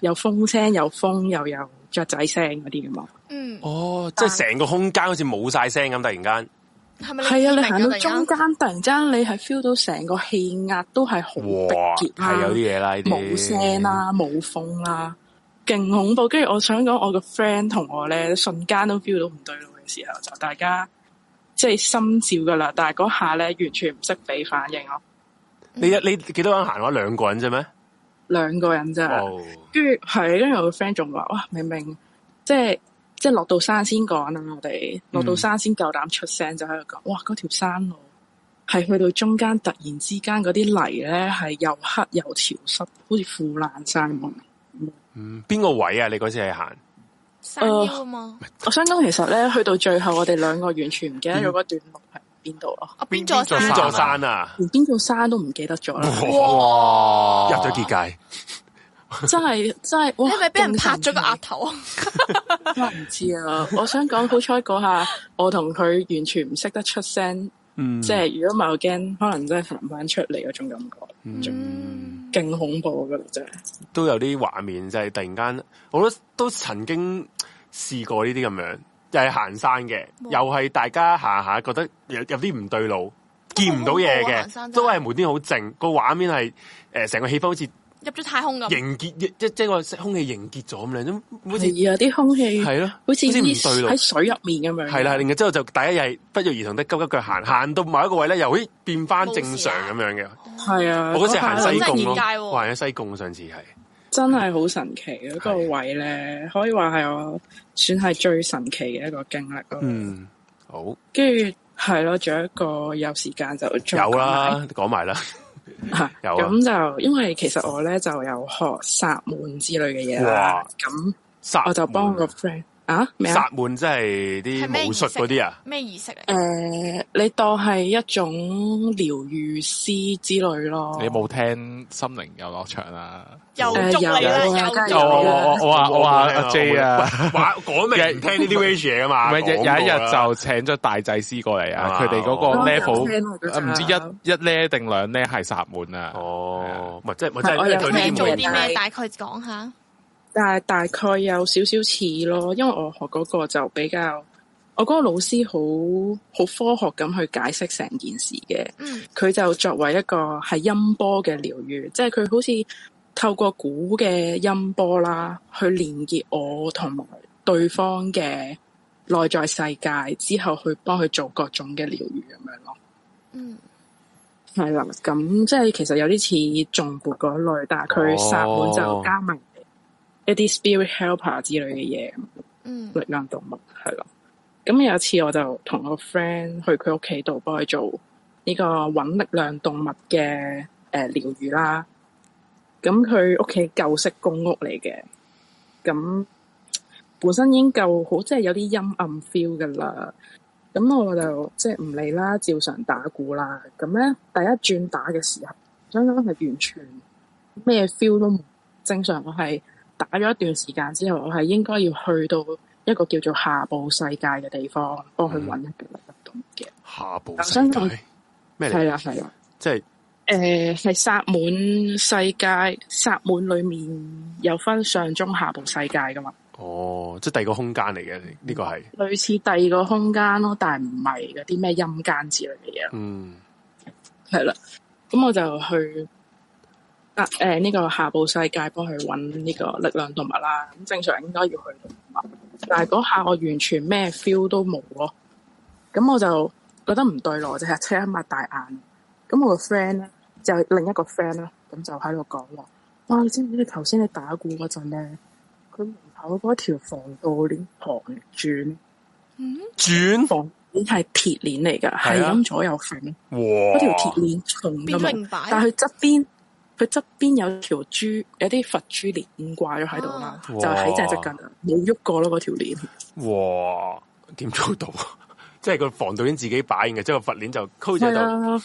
有風聲、有風，又有雀仔聲嗰啲噶嘛？嗯。哦，即係成個空間好似冇晒聲咁，突然間係咪？係啊，你行到中間突然間，你係 feel 到成個氣壓都係好密集，係有啲嘢啦，冇聲啦，冇、嗯、風啦，勁恐怖。跟住我想講，我個 friend 同我咧瞬間都 feel 到唔對路嘅時候，就大家即係心照噶啦。但係嗰下咧完全唔識俾反應咯。你一你幾多人行咗、啊、兩兩個人啫咩？兩個人啫、oh.，跟住係，跟住我個 friend 仲話，哇，明明即係即係落到山先講啊！我哋落到山先夠膽出聲，mm-hmm. 就喺度講，哇！嗰條山路係去到中間，突然之間嗰啲泥咧係又黑又潮濕，好似腐爛山咁。Mm-hmm. 嗯，邊個位啊？你嗰次係行山腰嘛？我山腰其實咧去到最後，我哋兩個完全唔記得咗嗰段路、mm-hmm. 邊度咯？邊座山啊？連邊座山都唔記得咗哇！入咗結界，真係真係，係咪俾人拍咗個額頭？我唔知啊！我想講好彩嗰下，我同佢完全唔識得出聲。即係如果唔係，我驚可能真係行翻出嚟，嗰種感覺，仲勁恐怖真啫。都有啲畫面，就係突然間，我都都曾經試過呢啲咁樣。又係行山嘅、哦，又係大家行下覺得有有啲唔對路、哦，見唔到嘢嘅，都係門啲好靜、啊，好靜畫呃、個畫面係誒成個氣氛好似入咗太空咁，凝結即即個空氣凝結咗咁樣，好似有啲空氣係咯，好似啲唔對路喺水入面咁樣。係啦、啊，然後之後就大家又係不約而同地急急腳行，行到某一個位咧，又咦變翻正常咁樣嘅。係啊，我嗰時行西貢咯，哦、我行咗西貢、啊、上次係。真係好神奇，嗰、那個位咧可以話係我算係最神奇嘅一個經歷咯、那個。嗯，好。跟住係咯，仲有一個有時間就做有啦，講埋啦。有 咁、 嗯、就因為其實我咧就有學薩滿之類嘅嘢。哇，咁薩滿我就幫個 friend 啊。咩薩滿即係啲巫術嗰啲啊？咩儀式？誒，uh, 你當係一種療愈師之類咯。你冇聽心靈遊樂場啊？又我我話我話阿 J 啊，講、哦啊、明 聽呢啲 r e s e 嘛， 有一日就請咗大祭司過嚟啊，佢哋嗰個 level 唔知一一呢定兩呢係塞滿啊。哦，唔係、啊嗯、即係做啲咩？做啲咩？大概講下，但係大概有少少似咯，因為我學嗰個就比較，我嗰個老師好好科學咁去解釋成件事嘅。佢、嗯、就作為一個係音波嘅療愈，即係佢好似。透過鼓嘅音波啦，去連結我同埋對方嘅內在世界，之後去幫佢做各種嘅療癒咁樣咯。嗯，係啦，咁即係其實有啲似重卜嗰類，但係佢薩滿就加埋一啲 spirit helper 之類嘅嘢，嗯。力量動物係咯。咁有一次我就同個 friend 去佢屋企度幫佢做呢個搵力量動物嘅誒療癒啦。呃咁佢屋企舊式公屋嚟嘅，咁本身已經夠好，即係有啲陰暗 feel 噶啦。咁我就即係唔理啦，照常打鼓啦。咁咧第一轉打嘅時候，相當係完全咩 feel 都冇。正常我係打咗一段時間之後，我係應該要去到一個叫做下部世界嘅地方，幫佢搵一個運動嘅、嗯、下部世界。咩？係啦，係啦，即係。誒、呃，係薩滿世界，薩滿裏面有分上、中、下部世界噶嘛？哦，即係第二個空間嚟嘅，呢、這個係類似第二個空間咯，但係唔係嗰啲咩陰間之類嘅嘢。嗯，係啦，咁我就去啊、誒、呃、呢、這個下部世界幫佢揾呢個力量動物啦。咁正常應該要去動物。但係嗰下我完全咩 feel 都冇咯。咁我就覺得唔對路，就係車一擘大眼。咁我個 friend 咧。就係另一個 friend 啦，咁就喺度講啦。哇，你知唔知你頭先你打鼓嗰陣咧，佢門口嗰條防盜鏈旁轉，嗯，轉防盜鏈係鐵鏈嚟噶，係咁、啊、左右晃。哇！嗰條鐵鏈重噶嘛？但係佢側邊佢側邊有條珠有啲佛珠鏈掛咗喺度啦，啊、就喺正即近。冇喐過咯嗰條鏈。哇！點做到？ 即係個防盜鏈自己擺嘅，即係個佛鏈就箍住度。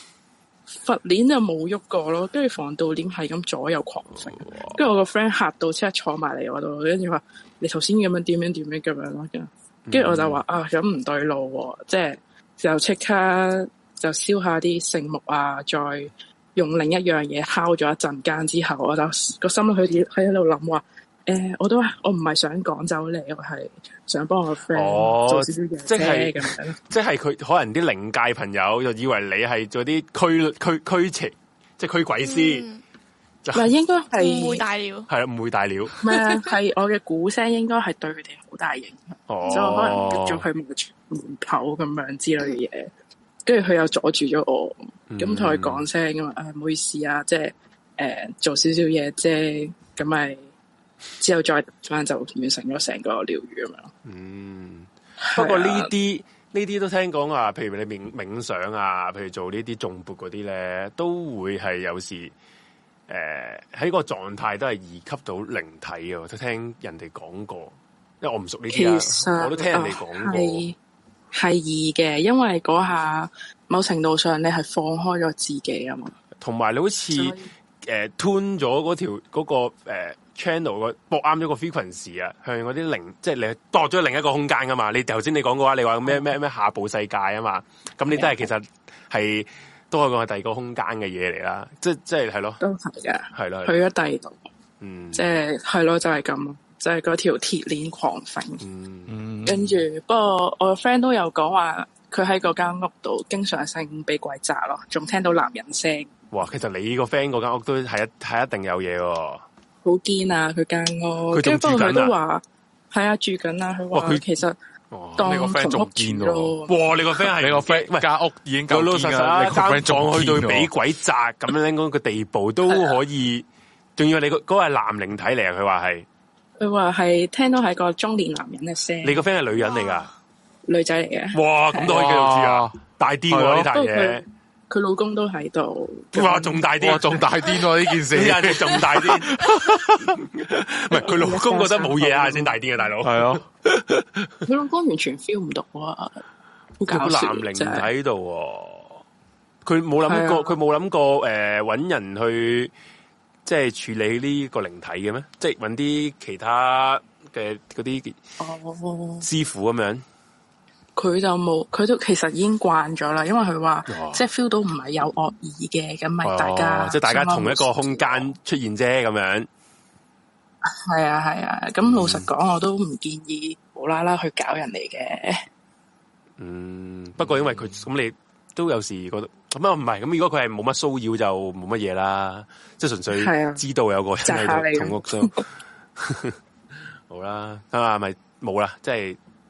佛鏈就冇喐過咯，跟住防盜鏈係咁左右狂甩，跟住、哦哦、我個 friend 嚇到即刻坐埋嚟我度，跟住話你頭先咁樣點樣點樣咁樣，嗯嗯、啊、樣咯，跟住我就話啊咁唔對路，即係就即刻就燒下啲聖木啊，再用另一樣嘢敲咗一陣間之後，我就個心喺度喺喺度諗話。誒、呃，我都我唔係想趕走你，我係想幫我個 friend 做少少嘢啫，咁、哦、樣即係佢可能啲靈界朋友就以為你係做啲驅驅驅邪，即係驅鬼師。嗱、嗯，應該係唔會大料，係啦，唔會大料。係、嗯、 我嘅鼓聲，應該係對佢哋好大影響，所以我可能捉佢門門口咁樣之類嘅嘢、嗯，跟住佢又阻住咗我，咁同佢講聲咁嘛，唔好意思啊，即係誒做少少嘢啫，咁咪。之後再翻就完成咗成個療愈咁樣咯。嗯，不過呢啲呢啲都聽講啊，譬如你冥冥想啊，譬如做這些撥那些呢啲重撥嗰啲咧，都會係有時誒喺、呃、個狀態都係易吸到靈體嘅，我都聽人哋講過。因為我唔熟呢啲、啊、我都聽人哋講過，係易嘅，因為嗰下某程度上你係放開咗自己啊嘛。同埋你好似誒、呃，吞咗嗰條嗰個誒。呃 channel 個搏啱咗個 frequency 啊，向嗰啲零，即係你度咗另一個空間噶嘛？你頭先你講嘅話，你話咩咩咩下部世界啊嘛？咁你都係其實係都係講係第二個空間嘅嘢嚟啦，即係即係係咯，都係嘅，係咯去咗第二度，嗯，即係係咯，就係咁咯，就係、是、嗰條鐵鏈狂揈，跟、嗯、住不過我個 friend 都有講話，佢喺嗰間屋度經常性俾鬼砸咯，仲聽到男人聲。哇，其實你個 friend 嗰間屋都係一係一定有嘢。好堅啊，佢間屋，即係不過佢都話係啊，啊住緊啦，佢話佢其實當同屋住咯。哇，你個 friend 係你個 friend，間屋已經夠堅啦，攤田俾鬼砸咁 樣嗰個地步都可以。仲要你個嗰個男靈體嚟啊，佢話係，佢話係聽到係個中年男人嘅聲。你個 friend 係女人嚟噶、啊，女仔嚟嘅。哇，咁都、啊、可以繼續住啊，大啲喎呢壇嘢。佢老公都喺度，哇，仲大啲、啊，仲大啲咯呢件事，依家仲大啲，唔係佢老公覺得冇嘢啊，先 大啲嘅大佬，係啊，佢、哦、 老公完全 feel 唔到啊，好搞笑、啊男靈體啊就是呃，即係男靈體喺度，佢冇諗過，佢冇諗過誒，揾人去即係處理呢個靈體嘅咩？即係揾啲其他嘅嗰啲師傅咁樣。佢就冇，佢都其實已經慣咗啦，因為佢話、哦、即係 feel 到唔係有惡意嘅，咁咪大家、哦、即係大家同一個空間出現啫，咁樣係啊係啊，咁老實講，我都唔建議無啦啦去搞人哋嘅。嗯，不過因為佢咁，你都有時覺得咁、嗯、啊，唔係咁，如果佢係冇乜騷擾就冇乜嘢啦，即係純粹、啊、知道有個人喺度同屋、就是、 好啦，啊咪冇啦，即係。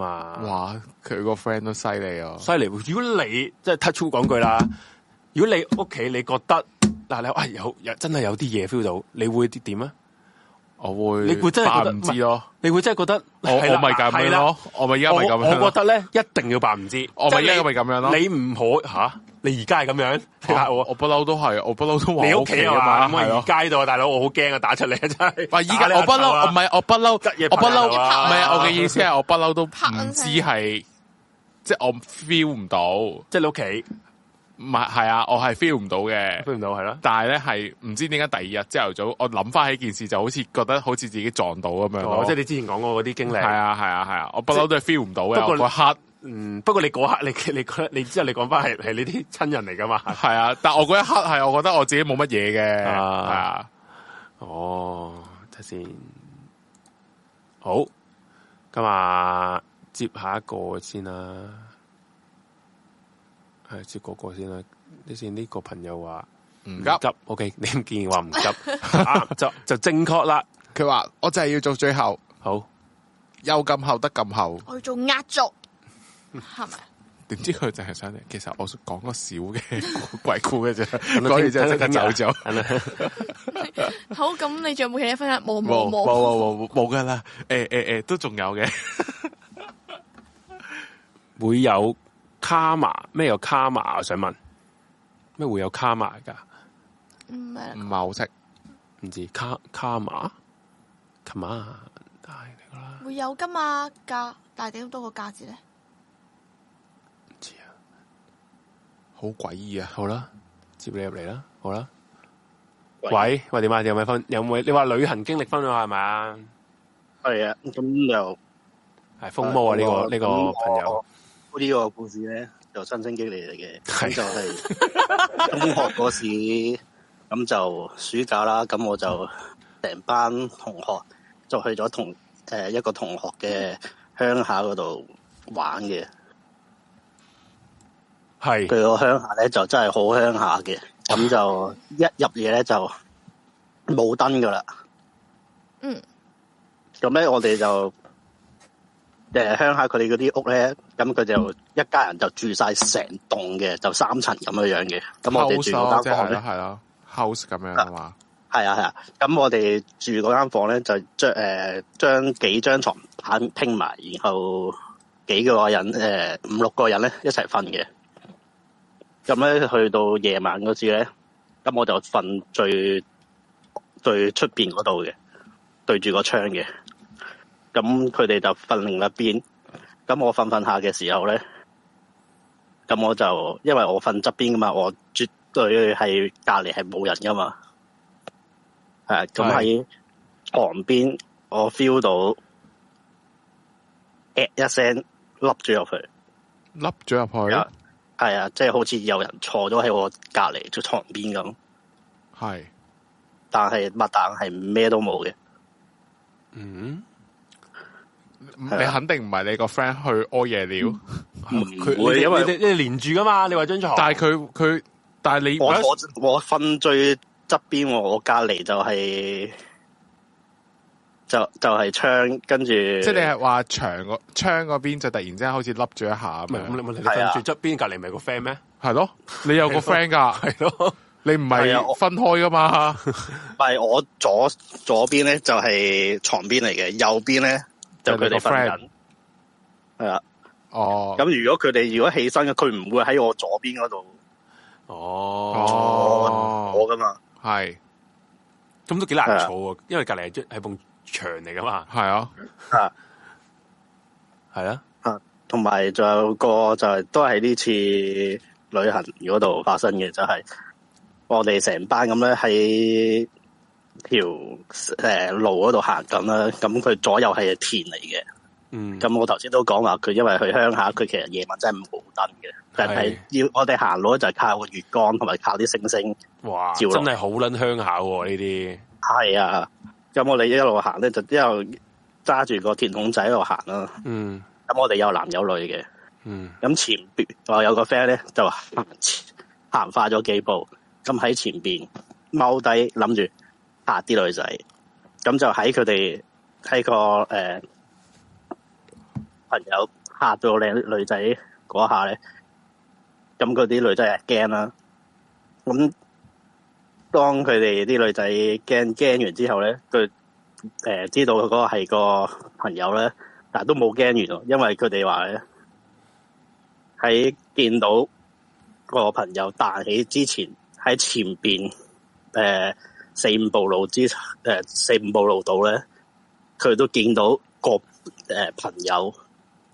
噶哇！佢個 friend 都犀利哦，犀利、啊。如果你即係 touch 粗講句啦，如果你屋企你覺得嗱、啊、你，哇、哎、有有真係有啲嘢 feel 到，你會啲點啊？我會你會真係覺得唔知咯，你會真係覺得我我咪咁樣咯，我咪而家咪咁樣我。我覺得咧一定要扮唔知，我咪而家咪咁樣咯。你唔好，吓，你而家係咁樣係、啊，我不嬲都係，我不嬲都話你屋企啊、okay、嘛，咁而家呢度，大佬我好驚啊，打出嚟真係。唔係、啊啊啊啊而家，我不嬲，唔係我不嬲，我不嬲，我不嬲，唔係我嘅意思係我不嬲都唔知係，即係我 feel 唔到，即係你屋企。唔係係啊，我係 feel 唔到嘅，feel 唔到係咯、啊。但係咧係唔知點解第二日朝頭早，我諗翻起件事就好似覺得好似自己撞到咁樣子、oh, 即係你之前講過嗰啲經歷。係啊係啊係啊，啊，我不嬲都係 feel 唔到嘅。不過嗰刻嗯，不過你嗰刻你你覺得你之後你講翻係係你啲親人嚟噶嘛？係啊，但我嗰一刻係，我覺得我自己冇乜嘢嘅。係 啊，啊，哦，睇先。好，今日接下一個先啦。係接個先啦，啲先呢個朋友話唔、嗯、急，OK，你唔建議話唔急，就 就正確確啦。佢 話我就係要做最後，好又咁厚得咁厚，我要做壓軸，係 咪？點知佢就係想，其實我講個少嘅鬼故嘅啫，講 完就即刻走咗。啊啊、 好，咁你仲有冇其他分享？冇冇冇冇冇冇冇冇冇冇冇冇冇都仲有嘅，會有。 卡瑪咩有卡瑪啊？我想問咩會有卡瑪噶？唔係唔係好識唔知卡卡瑪？卡瑪帶嚟噶啦。會有噶嘛價？但係點多個價值咧？唔知啊，好詭異啊！好啦，接你入嚟啦，好啦。喂喂，點啊？有冇分？有冇你話旅行經歷分享係咪啊？係啊，咁又係風魔啊、呢個、嗯嗯嗯呢個、呢個朋友、嗯。嗯呢、這個故事咧就親身經歷嚟嘅，咁就係中學嗰時，咁 就暑假啦，咁我就成班同學就去咗同誒、呃、一個同學嘅鄉下嗰度玩嘅。係佢個鄉下咧就真係好鄉下嘅，咁就一入夜咧就冇燈噶啦。嗯，咁咧我哋就誒鄉下佢哋嗰啲屋咧。咁佢就一家人就住晒成棟嘅，就三層咁樣 House, 我哋住係係 House 樣嘅。咁我哋住嗰間房咧，係啊，House 咁樣係嘛？係啊係啊。咁、啊啊、我哋住嗰間房咧，就將誒將幾張床板拼埋，然後幾個人誒、呃、五六個人咧一齊瞓嘅。咁咧去到夜晚嗰時咧，咁我就瞓最最出邊嗰度嘅，對住個窗嘅。咁佢哋就瞓另一邊。咁我瞓瞓下嘅時候咧，咁我就因為我瞓側邊噶嘛，我絕對係隔籬係冇人噶嘛，係咁喺旁邊我 feel 到一聲凹咗入去，凹咗入去，係啊，即係、即係、好似有人坐咗喺我隔離即床邊咁，係，但係麥蛋係咩都冇嘅，嗯。是啊、你肯定唔係你個 friend 去屙夜尿佢你因為你你，你，你連住噶嘛？你話張床但，但係佢佢，但係你我我，我瞓最側邊，我隔籬就係、是、就就係、是、窗，跟住即係你係話牆個窗嗰邊就突然之間好似凹住一下，唔係咁你你你瞓住側邊隔籬咪個 friend 咩？係咯，你有個 friend 噶，係咯，你唔係分開噶嘛？唔係 我左左邊咧就係床邊嚟嘅，右邊咧。就佢哋瞓緊，係啦、啊。哦，咁如果佢哋如果起身嘅，佢唔會喺我左邊嗰度。哦哦，我噶嘛。係、啊，咁都幾難坐啊，啊，因為隔籬係系埲牆嚟噶嘛。係啊，吓，係啊，吓、啊，同埋仲有個就係、是、都係呢次旅行嗰度發生嘅，就係、是、我哋成班咁咧喺。條誒路嗰度行緊啦，咁佢左右係田嚟嘅。嗯，咁我頭先都講話佢因為去鄉下，佢其實夜晚真係冇燈嘅，但係要我哋行路咧就係靠個月光同埋靠啲星星。哇！真係好捻鄉下喎呢啲。係啊，咁、啊、我哋一路行咧就之後揸住個鐵桶仔喺度行啦。嗯，咁我哋有男有女嘅。嗯，咁前邊我有個 friend 咧就行行快咗幾步，咁喺前邊踎低諗住。嚇啲女仔，咁就喺佢哋喺個誒、呃、朋友嚇到靚女仔嗰下咧，咁嗰啲女仔驚啦。咁當佢哋啲女仔驚驚完之後咧，佢誒、呃、知道嗰個係個朋友咧，但係都冇驚完咯，因為佢哋話咧，喺見到個朋友彈起之前，喺前邊誒。呃四五步路之誒、呃，四五步路度咧，佢都見到個誒、呃、朋友，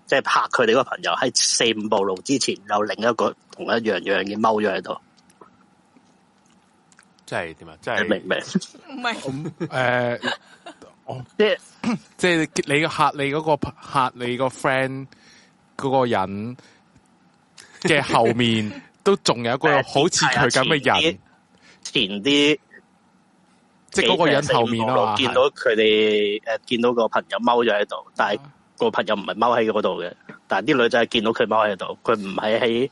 即、就、係、是、拍佢哋個朋友喺四五步路之前有另一個同一樣樣嘅踎咗喺度。即係點啊？即係明明唔係？誒， 嗯呃、 我 即係 你，客你、嗰個客，你嗰個客，你個 friend 嗰個人嘅後面都 仲有一個好似佢咁嘅人前啲。前即係嗰個人後面咯，見到佢哋誒，見到個朋友踎咗喺度，但係個朋友唔係踎喺嗰度嘅，但係啲女仔見到佢踎喺度，佢唔係喺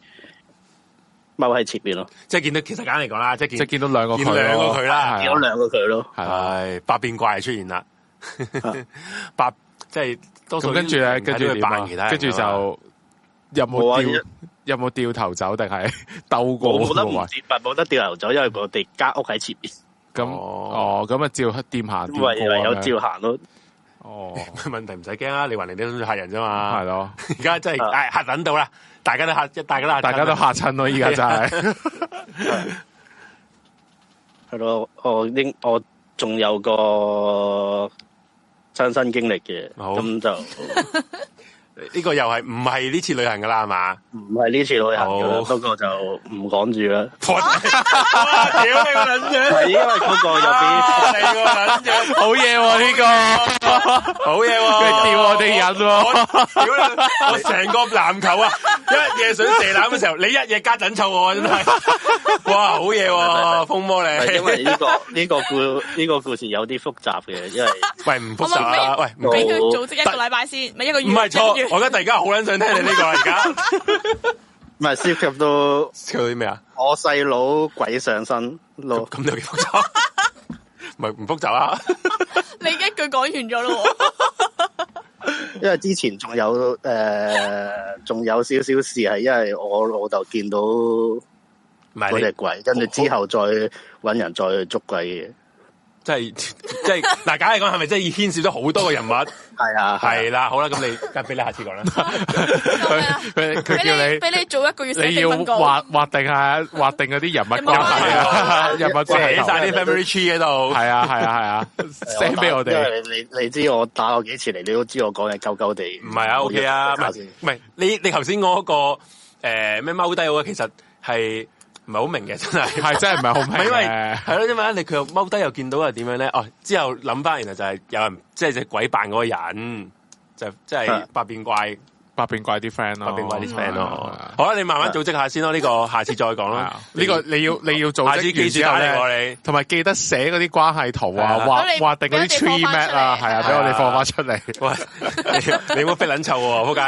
踎喺前面咯。即係見到，其實簡單嚟講啦，即係即係見到兩個佢咯，見到兩個佢啦、啊，見到兩個佢咯。係百變怪出現啦，百 即係多數跟住咧，跟住扮其他，跟住就有冇掉有冇掉頭走定係鬥過咯？冇得唔掉，冇得掉頭走，因為我哋間屋喺前面咁哦，咁啊照店行，以為有照行咯。哦，哦啊呃呃、問題唔使驚啊，你話你都諗住嚇人啫嘛，係咯。而家真係唉嚇緊到啦，大家都嚇，大家都嚇，大家都嚇親咯，依家真係。係咯， 我應我仲有個親身經歷嘅，咁就。 呢、這個又係唔係呢次旅行噶啦，係嘛？唔係呢次旅行的，oh. 就不過就唔講住啦。滾！ 屌你個卵樣！ 因為嗰個有邊，死、 啊、個卵好嘢喎呢個， 好嘢喎害、哦！ 佢吊我哋人喎、哦，屌 你！我成個籃球啊，一夜想射籃嘅時候， 你一夜加緊湊我真係。哇，好嘢喎、哦， 風魔你。因為呢、這個呢、這個故呢、這個故事有啲複雜嘅，因為 喂唔複雜啊？喂，俾佢組織一個禮拜先，咪一個月唔係錯。我覺得大家好捻想聽你呢個而家， 唔係涉及到涉及啲咩啊？我細佬鬼上身，老咁有幾複雜？唔係唔複雜啊！你一句講完咗咯，因為之前仲有誒，仲，呃、有少少事係，因為我老豆見到唔係嗰隻鬼，跟住之後再揾人再捉鬼嘅。即係即係，嗱，假係講，係咪真係牽涉咗好多個人物？係 啊，係啦、啊，好啦，咁你，梗係俾你下次講啦。佢 佢、啊啊、叫你俾你做一個月。你要畫畫定下，畫定嗰啲人物、嗯、人物寫晒啲 family tree 喺度。係 啊係啊係啊，send 俾、啊、 我哋。你你知我打我幾次嚟，你都知我講嘅，夠夠地。唔係啊，O K 啊，唔、okay、係、啊、你你頭先嗰個誒咩踎低啊，其實係。唔係好明嘅，真係係 真係唔係好明，係咯，因為咧你佢又踎低又見到又點樣咧？哦，之後諗返，原來就係有人即係隻鬼扮嗰個人，就即係百變怪。百變怪啲 friend 咯，百變怪啲 friend 咯。好啦，你慢慢組織下先咯，呢個下次再講啦。呢個你要你要組織完之後咧，同埋記得寫嗰啲關係圖啊，畫定嗰啲 tree map 啊，係啊，俾我哋放翻出嚟。喂，你冇飛卵臭喎，仆街！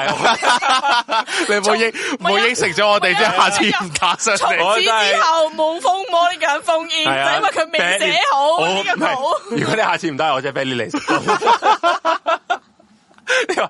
你冇應冇應承咗我哋，即係下次唔打相。從此以後冇封魔呢種封印，係啊，因為佢未寫好呢個圖。如果你下次唔得，我即係俾你嚟。 你話？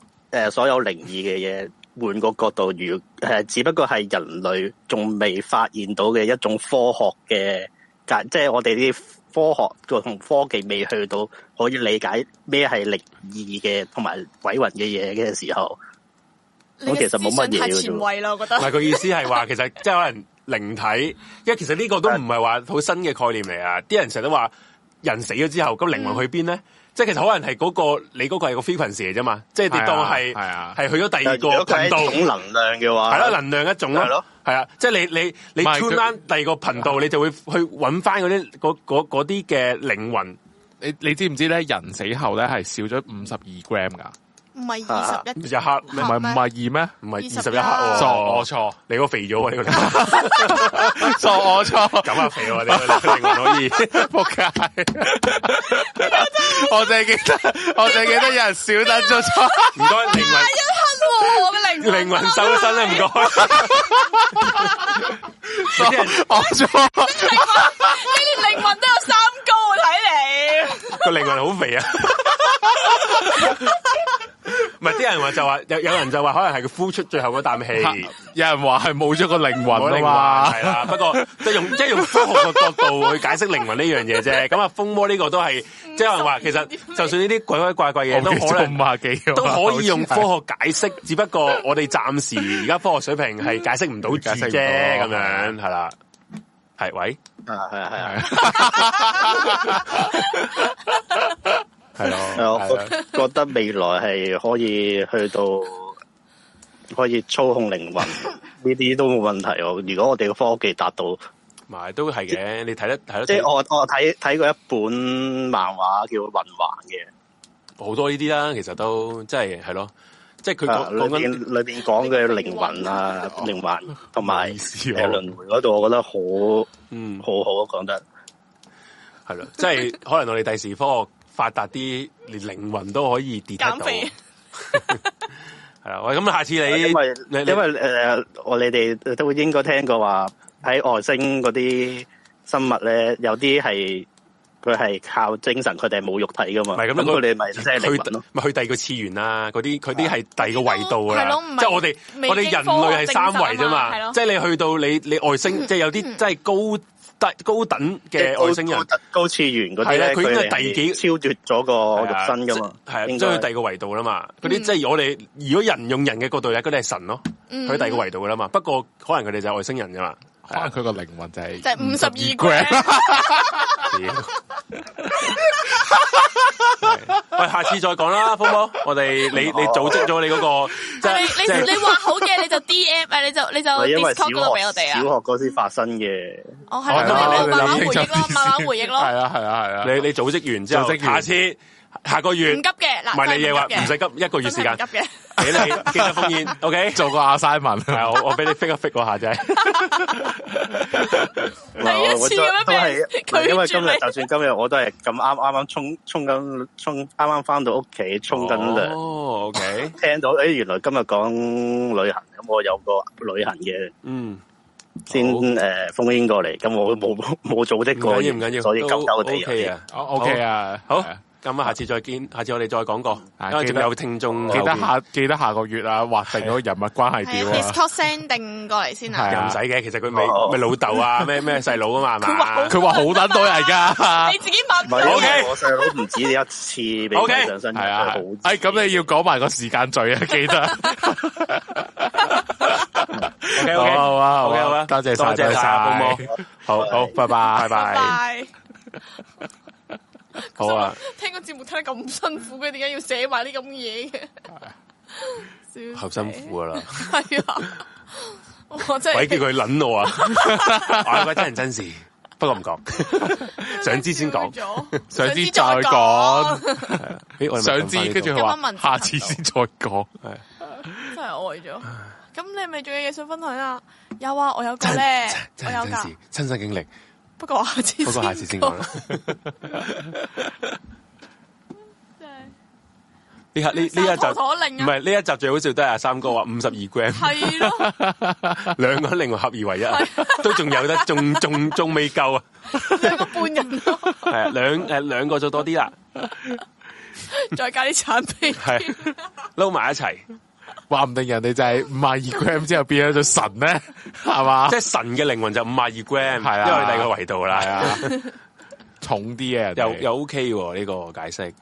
誒，所有靈異嘅嘢，換個角度，如誒，只不過係人類仲未發現到嘅一種科學嘅，即係我哋啲科學同科技未去到可以理解咩係靈異嘅，同埋鬼魂嘅嘢嘅時候，我其實冇乜嘢嘅。太前衛咯，我覺得。唔係，佢意思係話，其實即係可能靈體，因為其實呢個都唔係話好新嘅概念嚟啊！啲人成日都話，人，人死咗之後，咁靈魂去邊咧？嗯即係其實可能係、嗰個你嗰個係個 frequency 嚟啫嘛，即係跌到係係啊，係、啊、去咗第二個頻道。如果係一種能量嘅話，係啦、啊，能量一種咯，係、就、咯、是，係啊，即係、啊、你你你 turn 翻第二個頻道，啊、你就會去揾翻嗰啲嗰嗰啲嘅靈魂。你你知唔知咧？人死後咧係少咗五十二 gram 噶。唔係二十一，一克唔係唔係二咩？唔係二十一克喎，錯，我錯，你、這個肥咗喎，你個錯 我錯，咁啊肥喎，你個靈魂可以仆街，我淨係記得，我淨係記得有人少得咗 靈 錯，唔該靈魂一克喎，我嘅靈靈魂收咗身都唔該，我錯，你連靈魂都有三高，睇你個靈 魂好肥啊！ 唔係啲人話就話有有人就話可能係佢呼出最後嗰啖氣， 有人話係冇咗個靈魂啊嘛靈魂，係啦。 不過即係用即係，就是、用科學嘅角度去解釋靈魂呢樣嘢啫。咁啊，風魔呢個都係即係話其實就算呢啲鬼鬼怪怪嘢都可能都可以用科學解釋，只不過我哋暫時而家科學水平係解釋唔到住啫，咁，嗯啊，樣係啦。係喂，啊係啊係啊。係啊 係咯，係我覺得未來係可以去到可以操控靈魂，呢啲都冇問題。我如果我哋嘅科技達到，咪都係嘅。你睇得睇，即係我我睇睇過一本漫畫叫《雲環》嘅，好多呢啲啦。其實都即係係咯，即係佢裏邊裏邊講嘅靈魂啊，靈魂同埋誒輪回嗰度，啊、我覺得好嗯好好嗯好好講得係咯，即係 可能我哋第時科學。發達啲，連靈魂都可以跌得到。係 咁下次你因為你你因為誒，我、呃、你哋都應該聽過話喺外星嗰啲生物咧，有啲係佢係靠精神，佢哋係冇肉體㗎嘛。係、就、咁、是、樣，佢咪即係去去第二個次元啦，啊。嗰啲佢啲係第二個維度啊，即係我哋我哋人類係三維啫嘛。即係你去到你你外星，嗯、即係有啲真係高。高等嘅外星人，高，高，高次元嗰啲咧，佢應該係第幾個超脱咗個肉身噶嘛？係啊，即係、就係、第二個維度啦嘛。嗰啲即係我哋，如果人用人嘅角度睇，嗰啲係神咯，佢第二個維度噶啦嘛。不過可能佢哋就係外星人噶嘛。可能佢個靈魂就係就五十二 gram。喂，下次再講啦，方 方，我哋你你組織咗你嗰、那個，即、就、係、是、 你你話好嘅，你就 D M，咪你就你就，因為小學嗰度俾我哋啊，小學嗰時發生嘅、oh,。哦，係啦，慢慢回憶咯，慢慢回憶咯。 係啊，係啊，係啊，你、嗯、你組織完之後，下次。下個月唔急嘅，嗱，唔係你嘢話，唔使急，一個月時間，唔急嘅，俾你兼個烽煙，OK，做個阿 Simon，我我俾你飛一飛過下啫。嗱，我我都都係，嗱，因為今日就算今日我都係咁啱啱沖沖緊沖啱啱翻到屋企沖緊涼，哦，OK，聽到誒，原來今日講旅行，咁我有個旅行嘅，嗯，先誒，烽煙過嚟，咁我冇冇組織過，唔緊要，所以九州地啊，哦，OK 啊，好。咁下次再見，下次我哋再講個，啊、因為記得有聽眾，記得下，記得下個月啊，劃定嗰人物關係表，Discord send 定過嚟先啊，唔使嘅，其實佢未咩老豆啊，咩咩細佬啊嘛，係嘛，佢話好得多人噶，啊，你自己問，啊 okay, 我細佬唔止你一次俾佢，okay, 上身，係啊，咁，哎，你要講埋個時間序啊，記得好 okay，好啊多謝晒，多謝晒，好，好，拜，okay, 拜，拜，okay, 拜。Okay, 好好多謝多謝好啊，聽個節目聽得咁辛苦嘅，點解要寫埋啲咁嘢嘅？ 好辛苦噶啦，係啊！我真係鬼叫佢捻我啊！ 我係咪真人真事？不過唔講，上知先講，上知再講。誒， 再 我想知跟住話，下次先再講。係真係呆咗。咁 你係咪仲有嘢想分享啊？有啊，我有個咧？我有個親身經歷。不過下次，下次 下妥妥、啊，不過下次先講啦。呢一呢呢一集唔係呢一集最好笑都係阿三哥話五十二 gram 係咯，兩個另外合二為一，的都仲有得，仲仲仲未夠啊，個半人咯。 係啊，兩誒兩個就多啲啦，再加啲產品，係撈埋一齊。話唔定人哋就係五廿二 gram 之後變咗做神咧，係嘛？ 即係神嘅靈魂就五廿二 gram，係啊，因為第二個維度啦，重啲啊，又又 OK 喎呢、啊這個解釋。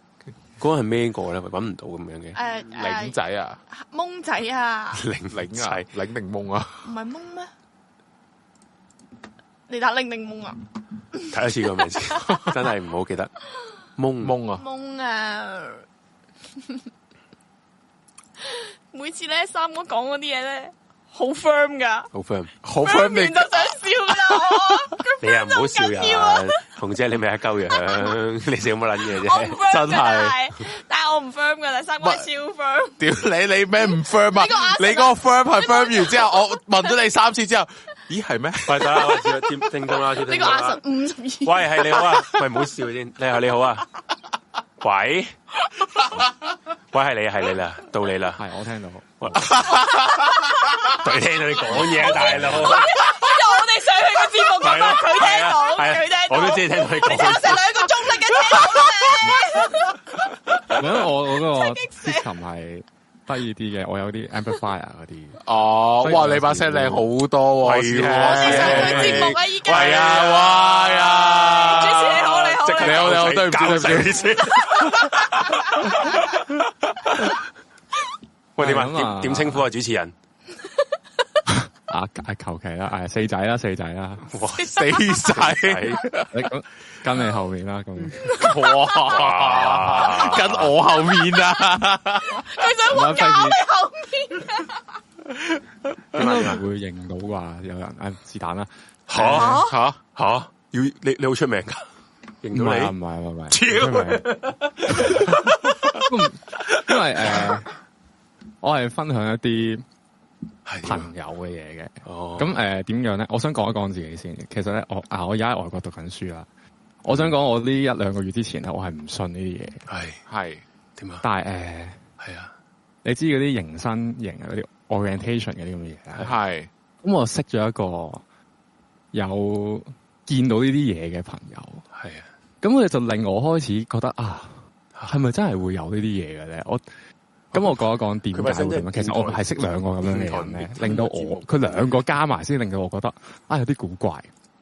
嗰個係咩個咧？搵唔到咁樣嘅。誒、uh, uh,，仔啊，檬仔啊，檸檸啊，檸檸檬啊，唔係檬咩？你打檸檸檬啊？睇一次個名字 真係唔好記得。檬檬啊！檬啊！ 每次咧，三哥講嗰啲嘢咧，好 firm 噶，好 firm，firm 好 firm 完就想笑啦、啊啊啊啊啊。你又唔好笑人啦、啊，紅姐你咩溝樣？啊、你做乜卵嘢啫？真係，但係我唔 firm 噶啦， 三哥超 firm。屌你你咩唔 firm 啊？這個、啊你嗰個 firm 係 firm 完之後，我問咗你三次之後， 咦係咩？快是啲， 我轉正定啦，呢個眼神五喂，係你好啊，喂，唔好笑先， 你好你好啊。 鬼，鬼 係你係你啦，到你啦，係我聽到，我聽到， 我聽到你講嘢大佬。我哋上去嘅節目，係佢聽到。佢聽，我都只係聽到你講。你兩、 我哋兩個中力嘅嘉賓。我個 system 係。低啲嘅，我有啲 amplifier 嗰啲。哦我，哇！你把聲靚好多喎，啊，我哋上佢節目啊依家。係啊，哇呀、啊啊啊啊啊啊啊！主持人好你好，你好，你好，你好，對唔住，主持人。喂，點問啊？點稱呼啊？主持人？啊！求其啦，四仔啦，四仔啦，哇！四仔，你跟 跟你後面啦，咁哇，哇，跟我後面啊！佢、啊、 想玩我喺後面啊！點解唔會認到啩，有人？哎、啊是但啦，吓吓吓，要你你好出名噶、啊，認到你唔係唔係唔係，因為誒、呃，我係分享一啲。朋友嘅嘢嘅，咁誒點樣咧？我想講一講自己先。其實咧，我啊，我而家喺外國讀緊書啦。我想講我呢一兩個月之前咧，我係唔信呢啲嘢。係係點樣？但係誒，係、呃、啊，你知嗰啲形身型、oh. 啊，嗰啲 orientation 嘅啲咁嘅嘢係，係。咁我識咗一個有見到呢啲嘢嘅朋友，係啊。咁佢就令我開始覺得啊，係咪真係會有呢啲嘢嘅咧？我咁、嗯、我講一講點解點樣。其實我係識兩個咁樣嘅人咧，令到我佢兩個加埋先令到我覺得啊有啲古怪。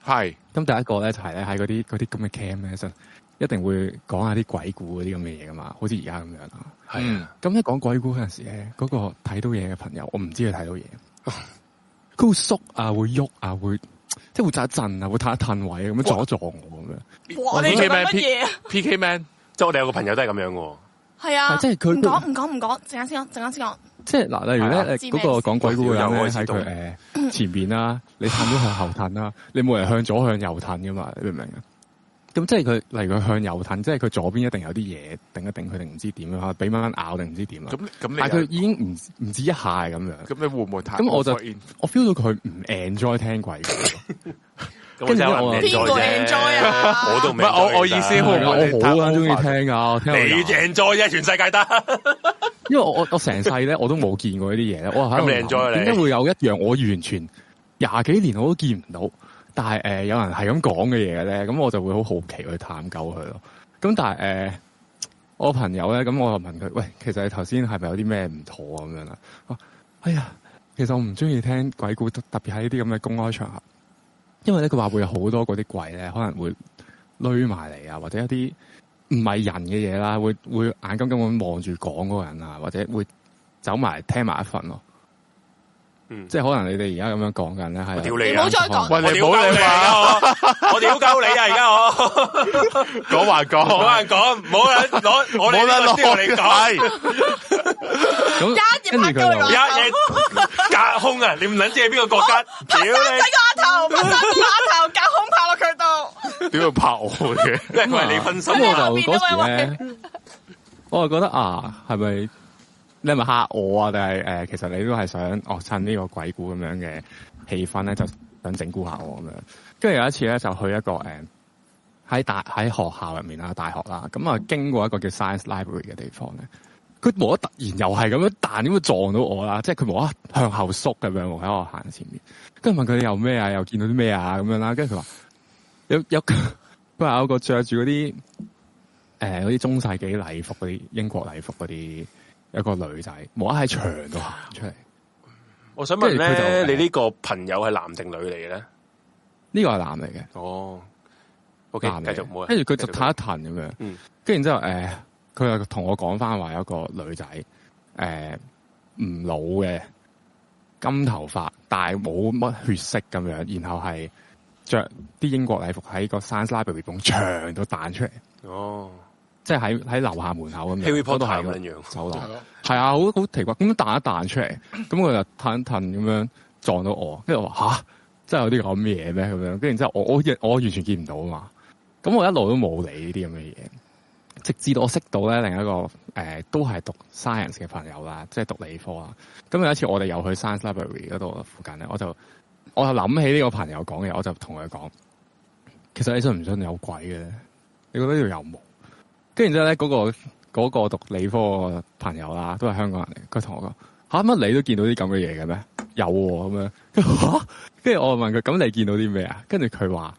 係咁、嗯、第一個咧就係咧喺嗰啲嗰啲咁嘅 camp 咧，就是，一定會講下啲鬼故嗰啲咁嘅嘢噶嘛，好似而家咁樣啊。係咁、嗯、一講鬼故嗰陣時咧，嗰、嗰個睇到嘢嘅朋友，我唔知佢睇到嘢，佢 會縮啊，會喐啊，會即係、就是、會扎一震啊，會褪一褪位咁樣阻阻我咁樣。哇！呢啲乜嘢？p, p, p, p K man， 即係我哋有個朋友都係咁樣係啊，即係佢唔講唔講唔講，陣間先講，陣間先講。即係嗱，例如咧，嗰、啊那個講鬼故事嘅喺佢誒前面啦、啊 啊，你探咗向後褪啦，你冇人向左向右褪噶嘛？你明唔明啊？咁即係佢例如佢向右褪，即係佢左邊一定有啲嘢頂一頂佢，定唔知點啊？俾蚊咬定唔知點啊？咁、嗯、咁，但係佢已經唔唔、嗯、止一下咁、啊、樣。咁、嗯、你會唔會褪？咁我就我 feel 到佢唔 enjoy 聽鬼故。 跟住我偏過 enjoy 啊！我都唔係我我意思，我好中意聽噶。你 enjoy 啫，全世界得， 因為我我成世咧我都冇見過啲嘢咧。哇，咁靚仔嚟，點解會有一樣我完全廿幾年我都見唔到，但係誒有人係咁講嘅嘢嘅咧？咁我就會好好奇去探究佢咯。咁但係誒，我朋友咧咁，我就問佢：喂，其實你頭先係咪有啲咩唔妥咁樣啦？哎呀，其實我唔中意聽鬼故，特別喺呢啲咁嘅公開場合。因為咧，佢話會有好多嗰啲鬼咧，可能會擂埋嚟，啊，或者一啲唔係人嘅嘢啦，會會眼金金咁望住講嗰個人啊，或者會走埋聽埋一份咯。嗯，即係可能你哋而家咁樣講緊咧，係。我屌你！唔好再講。喂，你唔好你話我， 我，我，我屌鳩你啊！ 而家我講還講，講還講，唔好啦，攞我哋攞我嚟講。一碟拍你一嘢隔空啊！你唔捻知係邊個國家？我拍山仔個碼頭，拍山仔碼頭隔空拍落佢度。屌你拍我嘅，因為你分心我頭先咩？我係覺得啊，係咪？你係咪嚇我啊？定係、呃、其實你都係想哦，趁呢個鬼故咁樣嘅氣氛咧，就想整蠱下我咁樣。跟住有一次咧，就去一個喺、欸、大喺學校入面啦，大學啦，咁、嗯、啊，經過一個叫 Science Library 嘅地方咧，佢無得突然又係咁樣彈點樣撞到我啦，即係佢無得向後縮咁樣係喺、嗯、我行前面。跟住問佢哋：又咩啊？又見到啲咩啊？咁樣啦。跟住佢話：有有，佢 話有個著住嗰啲誒嗰啲中世紀禮服嗰啲英國禮服嗰啲。有一個女仔，無啦喺牆度行出嚟。我想問咧，你呢個朋友係男定女嚟咧？呢、欸這個係男嚟嘅。哦，okay, 男嚟。跟住佢就彈一彈咁樣。然欸、跟然之後，誒，佢又同我講翻話，有個個女仔，誒、欸，唔老嘅金頭髮，但係冇乜血色咁樣，然後係着啲英國禮服喺個山山入邊，從牆度彈出嚟。哦。即係喺喺樓下門口咁樣，report 都係咁樣走廊，係 啊，好好奇怪咁彈一彈出嚟，咁佢就彈一彈咁樣撞到我，跟住我話吓，真係有啲咁嘅嘢咩？咁樣，跟住然之後我我，我完全見唔到啊嘛。咁我一路都冇理呢啲咁嘅嘢，直至到我識到咧另一個誒、呃，都係讀 science 嘅朋友啦，即係讀理科啦，咁有一次我哋又去 science library 嗰度附近咧，我就我就諗起呢個朋友講嘅，我就同佢講，其實你信唔信有鬼嘅？你覺得呢度有冇？跟住之後咧，嗰、嗰個嗰、嗰個讀理科嘅朋友啦，都係香港人嚟。佢同我講：吓、啊、乜你都見到啲咁嘅嘢嘅咩？有咁、啊、樣。跟、啊、住 我就問佢：咁你見到啲咩啊？跟住佢話，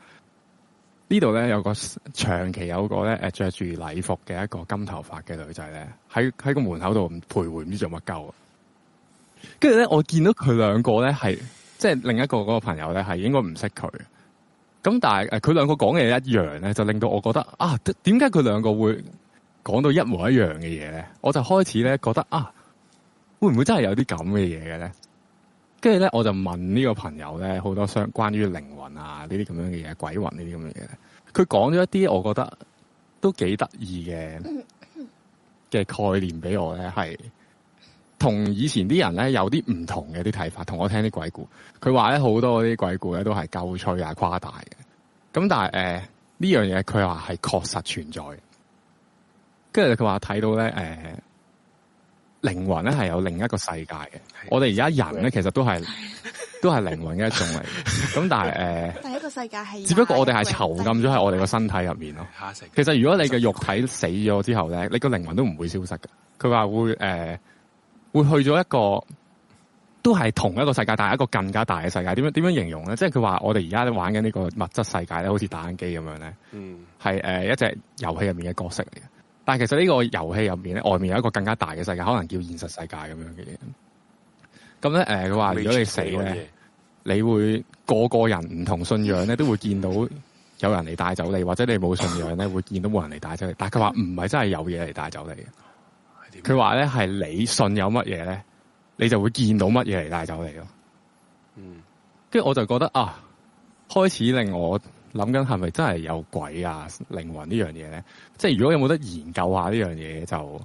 呢度咧有個長期有個咧誒，着住禮服嘅一個金頭髮嘅女仔咧，喺喺個門口度徘徊，唔知做乜鳩。跟住咧，我見到佢兩個咧係即係另一個嗰個朋友咧係應該唔識佢。咁但係誒，佢兩個講嘅嘢一樣咧，就令到我覺得啊，點解佢兩個會講到一模一樣嘅嘢咧？我就開始咧覺得啊，會唔會真係有啲咁嘅嘢嘅咧？跟住咧，我就問呢個朋友咧，好多相關於靈魂啊呢啲咁樣嘅嘢，鬼魂呢啲咁嘅嘢咧，佢講咗一啲，我覺得都幾得意嘅嘅概念俾我咧，係。同以前啲人咧有啲唔同嘅啲睇法，同我聽啲鬼故，佢話咧好多嗰啲鬼故咧都係夠趣啊誇大嘅，咁但係誒呢樣嘢佢話係確實存在嘅，跟住佢話睇到咧誒靈魂咧係有另一個世界嘅，我哋而家人咧其實都係都係靈魂嘅一種嚟嘅，咁 但係誒、呃、第一個世界係只不過我哋係囚禁咗喺我哋個身體入面咯，其實如果你嘅肉體死咗之後咧，你個靈魂都唔會消失嘅，佢話會誒。呃會去咗一個，都係同一個世界，但係一個更加大嘅世界。點樣點樣形容咧？即係佢話我哋而家都玩緊呢個物質世界咧，好似打機咁樣咧。嗯，係誒、呃、一隻遊戲入面嘅角色嚟嘅。但係其實呢個遊戲入面咧，外面有一個更加大嘅世界，可能叫現實世界咁樣嘅嘢。咁咧誒，佢、呃、話如果你死咧，你會個個人唔同信仰咧，都會見到有人嚟帶走你，或者你冇信仰咧，會見到冇人嚟帶走你。但係佢話唔係真係有嘢嚟帶走你嘅。佢話咧，係你信有乜嘢咧，你就會見到乜嘢嚟帶走你咯。嗯，跟住，我就覺得啊，開始令我諗緊係咪真係有鬼啊，靈魂呢樣嘢咧？即係如果有冇得研究下呢樣嘢就。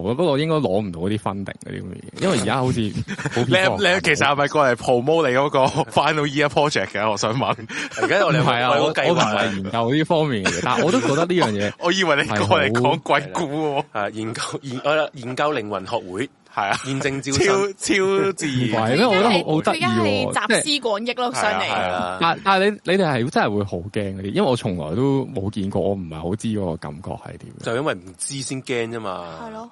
該不過應該攞唔到嗰啲分 u 嗰啲咁嘅嘢，因為而家好似 其實係咪過嚟 promote 你嗰個 f i n a l y Ear Project 嘅？我想問，而 家我哋係啊，我唔係研究呢方面嘅， 但係我都覺得呢樣嘢，我以為你過嚟講鬼故，啊，係研究研，研究靈魂學會，係啊驗證招超超自然，因 為我覺得好得意，而集思廣益咯，上嚟。但但係你你哋係真係會好驚嗰啲，因為我從來都冇見過，我唔係好知嗰個感覺係點，就因為唔知先驚啫嘛，係咯。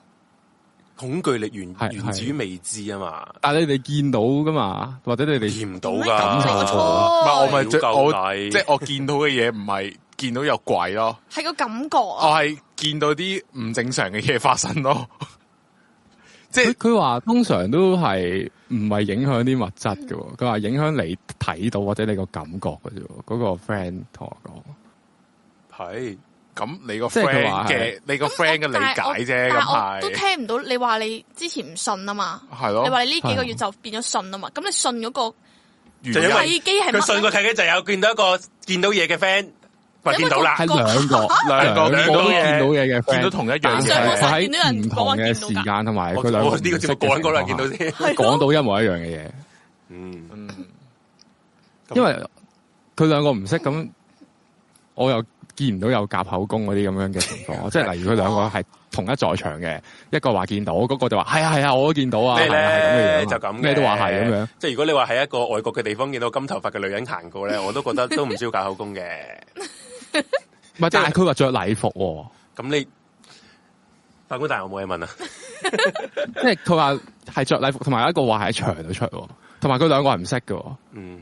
恐懼力源源自於未知啊嘛，但係你哋見到噶嘛，或者你哋見唔到噶？唔係、啊啊、我咪即係我，即係我， 我見到嘅嘢唔係見到有鬼咯，係個感覺啊！我係見到啲唔正常嘅嘢發生咯，即係佢話通常都係唔係影響啲物質喎，佢、嗯、話影響你睇到或者你個感覺嘅啫，嗰、嗰個 friend 同我講係。咁你個 friend 嘅，你個 friend 嘅理解啫。但係我都聽唔到你話你之前唔信啊嘛。係咯，你話你呢幾個月就變咗信啊嘛。咁你信嗰個契機係乜？佢信個契嘅就有見到一個見到嘢嘅 friend，係見到啦。兩個、兩個，見到嘢嘅，見到同一樣嘢。人唔同嘅時間同埋佢兩個呢個節目講過見到講到一模一樣嘅嘢，嗯 嗯。嗯，因為佢兩個唔識，咁、嗯、我又。見唔到有夾口供嗰啲咁樣嘅情況， 即係例如佢兩個係同一在場嘅， 一個話見到，嗰、嗰個就話係啊係啊，我都見到啊，係咁嘅嘢，就咁，咩都話係咁樣。即係如果你話喺一個外國嘅地方見到金頭髮嘅女人行過咧， 我都覺得都唔需要夾口供嘅。唔 係， 但係佢話着禮服、啊，咁 你法官大人有冇嘢問啊？ 即係佢話係着禮服，同埋一個話係喺場度出，同埋佢兩個係唔識嘅。嗯，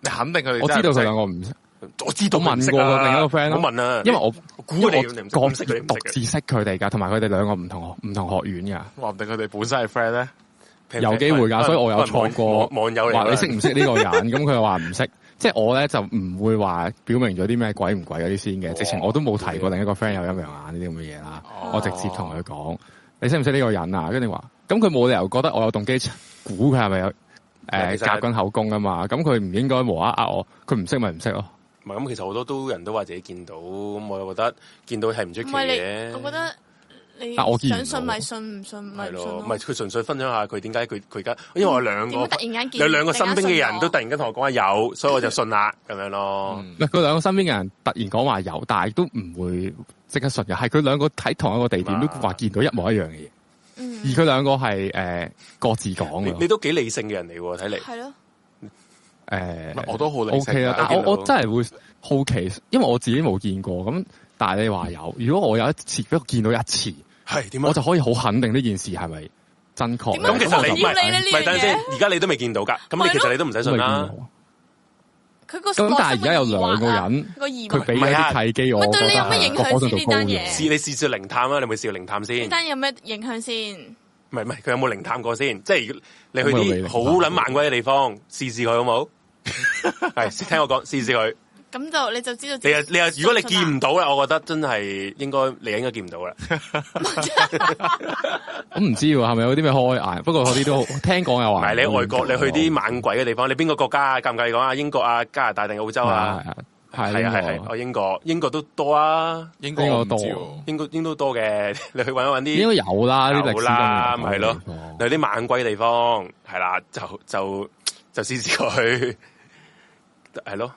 你肯定佢哋我知道佢兩個唔識。 我知道問過問、啊、另一個 friend 啊，啊，因為我估我哋唔識佢，獨自識佢哋噶，同埋佢哋兩個唔同學唔同學院噶。話唔定佢哋本身係 friend 咧，有機會噶，所以我有錯過網，說網，網友話你識唔識呢個人？咁佢又話唔識，即 係我咧就唔會話表明咗啲咩鬼唔鬼嗰啲先嘅。直情我都冇提過另一個 friend 有陰陽眼呢啲咁嘅嘢啦。我直接同佢講，你識唔識呢個人啊？跟住話，咁佢冇理由覺得我有動機估佢係咪有誒夾緊口供啊嘛？咁佢唔應該無啦呃我，佢唔識咪唔識咯。咁，其實好多都人都話自己見到，咁我又覺得見到係唔出奇嘅。我覺得你我想信咪信，唔信，唔信，唔信，唔信、啊，唔信咪咯。唔係佢純粹分享下佢點解佢佢而家，因為我兩個、嗯、突然間見有兩個身邊嘅人都突然間同我講話有，所以我就信啦咁樣咯。佢、嗯、兩個身邊嘅人突然講話有，但係都唔會即刻信嘅。係佢兩個喺同一個地點都話見到一模一樣嘅嘢、嗯，而佢兩個係誒各自講嘅。你都幾理性嘅人嚟喎，睇嚟。係咯。誒、欸，我都好 O K 但我我真係會好奇，因為我自己冇見過，咁但係你話有，如果我有一次，如果見到一次，係、哎、點、啊、我就可以好肯定呢件事係咪真確？咁、啊嗯、其實你唔係，等先，而家你都未見到噶，咁其實你都唔使信啦、啊。佢個咁但係而家有兩個人，佢俾個契機、啊啊、我，對你啲咩影響先？呢單嘢，你試試靈試探啦，你會試做靈探先。呢單有咩影響先？唔係佢有冇靈探過先？即係你去啲好捻猛鬼嘅地方，試試佢好冇？好？係 聽我講，試試佢。咁就你就知道你。你又你又，如果你見唔到咧，我覺得真係應該你應該見唔到啦。 我唔知係咪有啲咩開眼，不過嗰啲都聽講又話。唔 係你外國，你去啲猛鬼嘅地方， 你邊個國家啊？介唔介意講啊？英國啊，加拿大定澳洲啊？ 係係係，我英國英國都多啊，英國多，啊，英國應該多嘅，你去搵一搵啲，應該有啦，啲歷史啦，咪係咯，有啲猛鬼地方，係啦，就就就試試佢，係咯，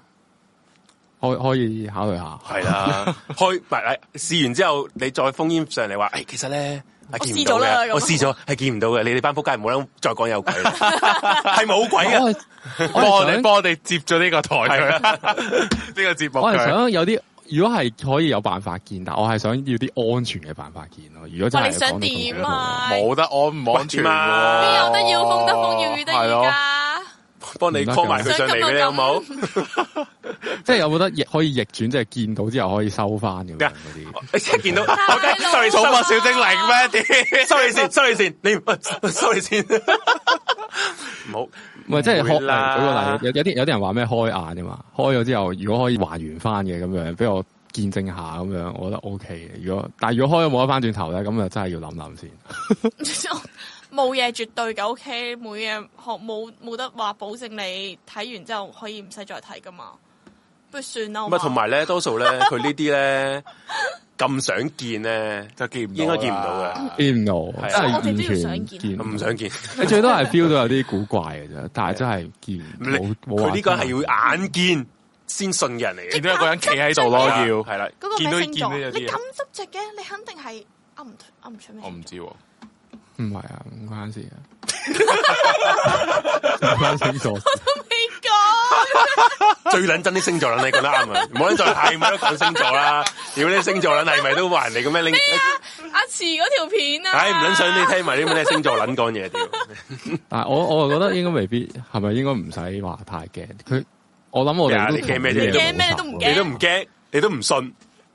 可以可以考慮下，係啦，開咪試完之後你再封煙上嚟話，誒、哎，其實咧。試咗啦，我試咗，係見唔到嘅。你哋班仆街唔好再講有鬼，係冇鬼噶。幫我哋，幫我哋接咗呢個台呢 個節目，我係想有啲，如果係可以有辦法見，但我係想要啲安全嘅辦法見咯。如果真係講呢個冇得安唔安全？邊有得要風得風，要雨得雨噶？幫你拖埋佢上嚟嘅，你，有冇？ 即係有冇得逆可以逆轉，即係見到之後可以收翻嘅嗰啲。 你即係見到收你收你寵物小精靈咩？點 收 Sorry, sorry, 你先不？收你先？你唔收你先？唔好唔係即係學嗰個有有啲有啲人話咩開眼啊嘛？開咗之後如果可以還原翻嘅咁樣，俾我見證下咁樣，我覺得 OK 嘅。如果但係如果開咗冇得翻轉頭咧，咁啊真係要諗諗先。 冇嘢絕對嘅，OK。每嘢學冇冇得話保證你睇完之後可以唔使再睇噶嘛？不如算啦。咪同埋咧，多數咧，佢呢啲咧咁想見咧，就見唔 應該見唔到嘅，見唔到，我真係完全唔想見。 最多係 feel 到有啲古怪嘅啫，但係真係見唔到。佢 呢個係要眼見 先信人嚟嘅，就是嗯那個，見到一個人企喺度咯，要係啦。嗰個咩星座？你咁執着嘅，你肯定係啱唔噏唔出咩？我唔知。啊唔係啊，唔關事啊。星座我都未講，最撚憎啲星座撚你嘅啦，係咪？唔好再係，唔好講星座啦。屌啲星座撚係咪都話人哋嘅咩？咩啊？阿慈嗰條片啊？唉，唔撚想你聽埋啲咩星座撚講嘢屌！但係我我又覺得應該未必，係咪應該唔使話太驚？佢我諗我哋都驚咩？驚咩？你都唔驚，你都唔驚，你都唔信，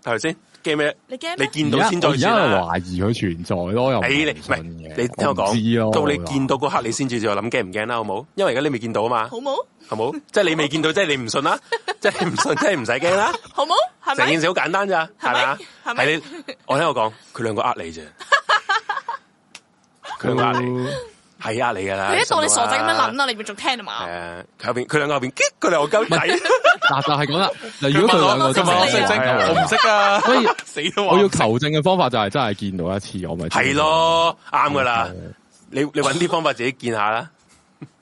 係咪先？驚咩？你驚？你見到先再知啦。懷疑佢存在咯，又唔信嘅。你聽我講，到你見到嗰刻，你先至再諗驚唔驚啦，好冇？因為而家你未見到啊嘛。好冇？好冇？即係你未見到，即係你唔信啦。即係你唔信，即係唔使驚啦。好冇？成件事好簡單咋，係咪？係你，我聽我講，佢兩個呃你啫。佢兩個呃你。係啊，的你噶啦，你一當你傻仔咁樣諗啦，你唔會仲聽啊嘛？誒，佢入邊，佢兩個入邊，佢哋又鳩仔，嗱就係咁啦。嗱，如果佢兩個唔識，他他我唔識啊。 不懂啊、 所以死我要求證嘅方法就係真係見到一次，我咪係咯，啱噶啦。你你揾啲方法自己見下啦。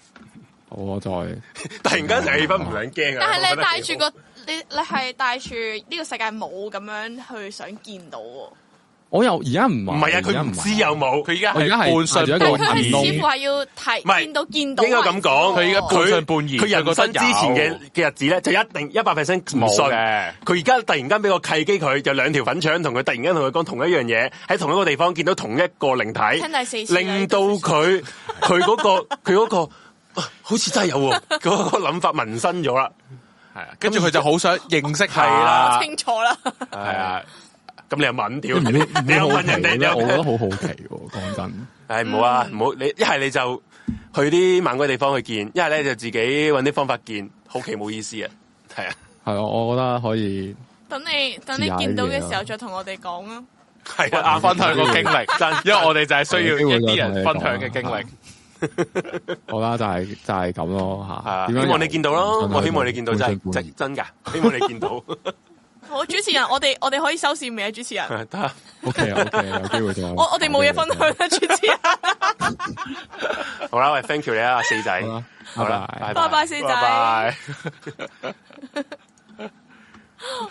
我再 突然間就起唔想驚啊！ 但係你帶住個 你，你係帶住呢個世界冇咁樣去想見到。我又而家唔唔係啊！佢唔知有冇，佢而家係半信半疑。佢似乎話要提，見到見到應該咁講。佢而家佢半信半疑，新之前嘅嘅日子咧，就一定一百 percent 唔信。佢而家突然間俾個契機，佢就兩條粉腸同佢突然間同佢講同一樣嘢，喺同一個地方見到同一個靈體，令到佢佢嗰個佢嗰、嗰個、 嗰個、好似真係有喎，嗰、嗰個諗法萌生咗啦。係啊，跟住佢就好想認識下，啊、我清楚啦，係啊。咁你又問屌、欸？你又問人哋？我覺得好好奇喎，講真。唉，唔好啊，唔 好、哎啊、你一係你就去啲猛鬼地方去見，一係咧就自己搵啲方法見，好奇冇意思啊。係啊，係啊，我覺得可以。等你等你見到嘅時候，再同我哋講啊。係啊，嗯、分享個經歷、嗯、真，因為我哋就係需要一啲人分享嘅經歷。啊、 我啦就係、是、就係、是、咁咯吓、啊，希望你見到咯。我希望你見到真真真噶，希望你見到。 好，主持人，我哋我哋可以收線未啊？主持人。得，OK，OK，有機會我。我哋冇嘢分享啦，okay, okay. 主持人。 好啦，喂，thank you 你啊，四仔，好啦，拜拜，拜拜，四仔，拜拜。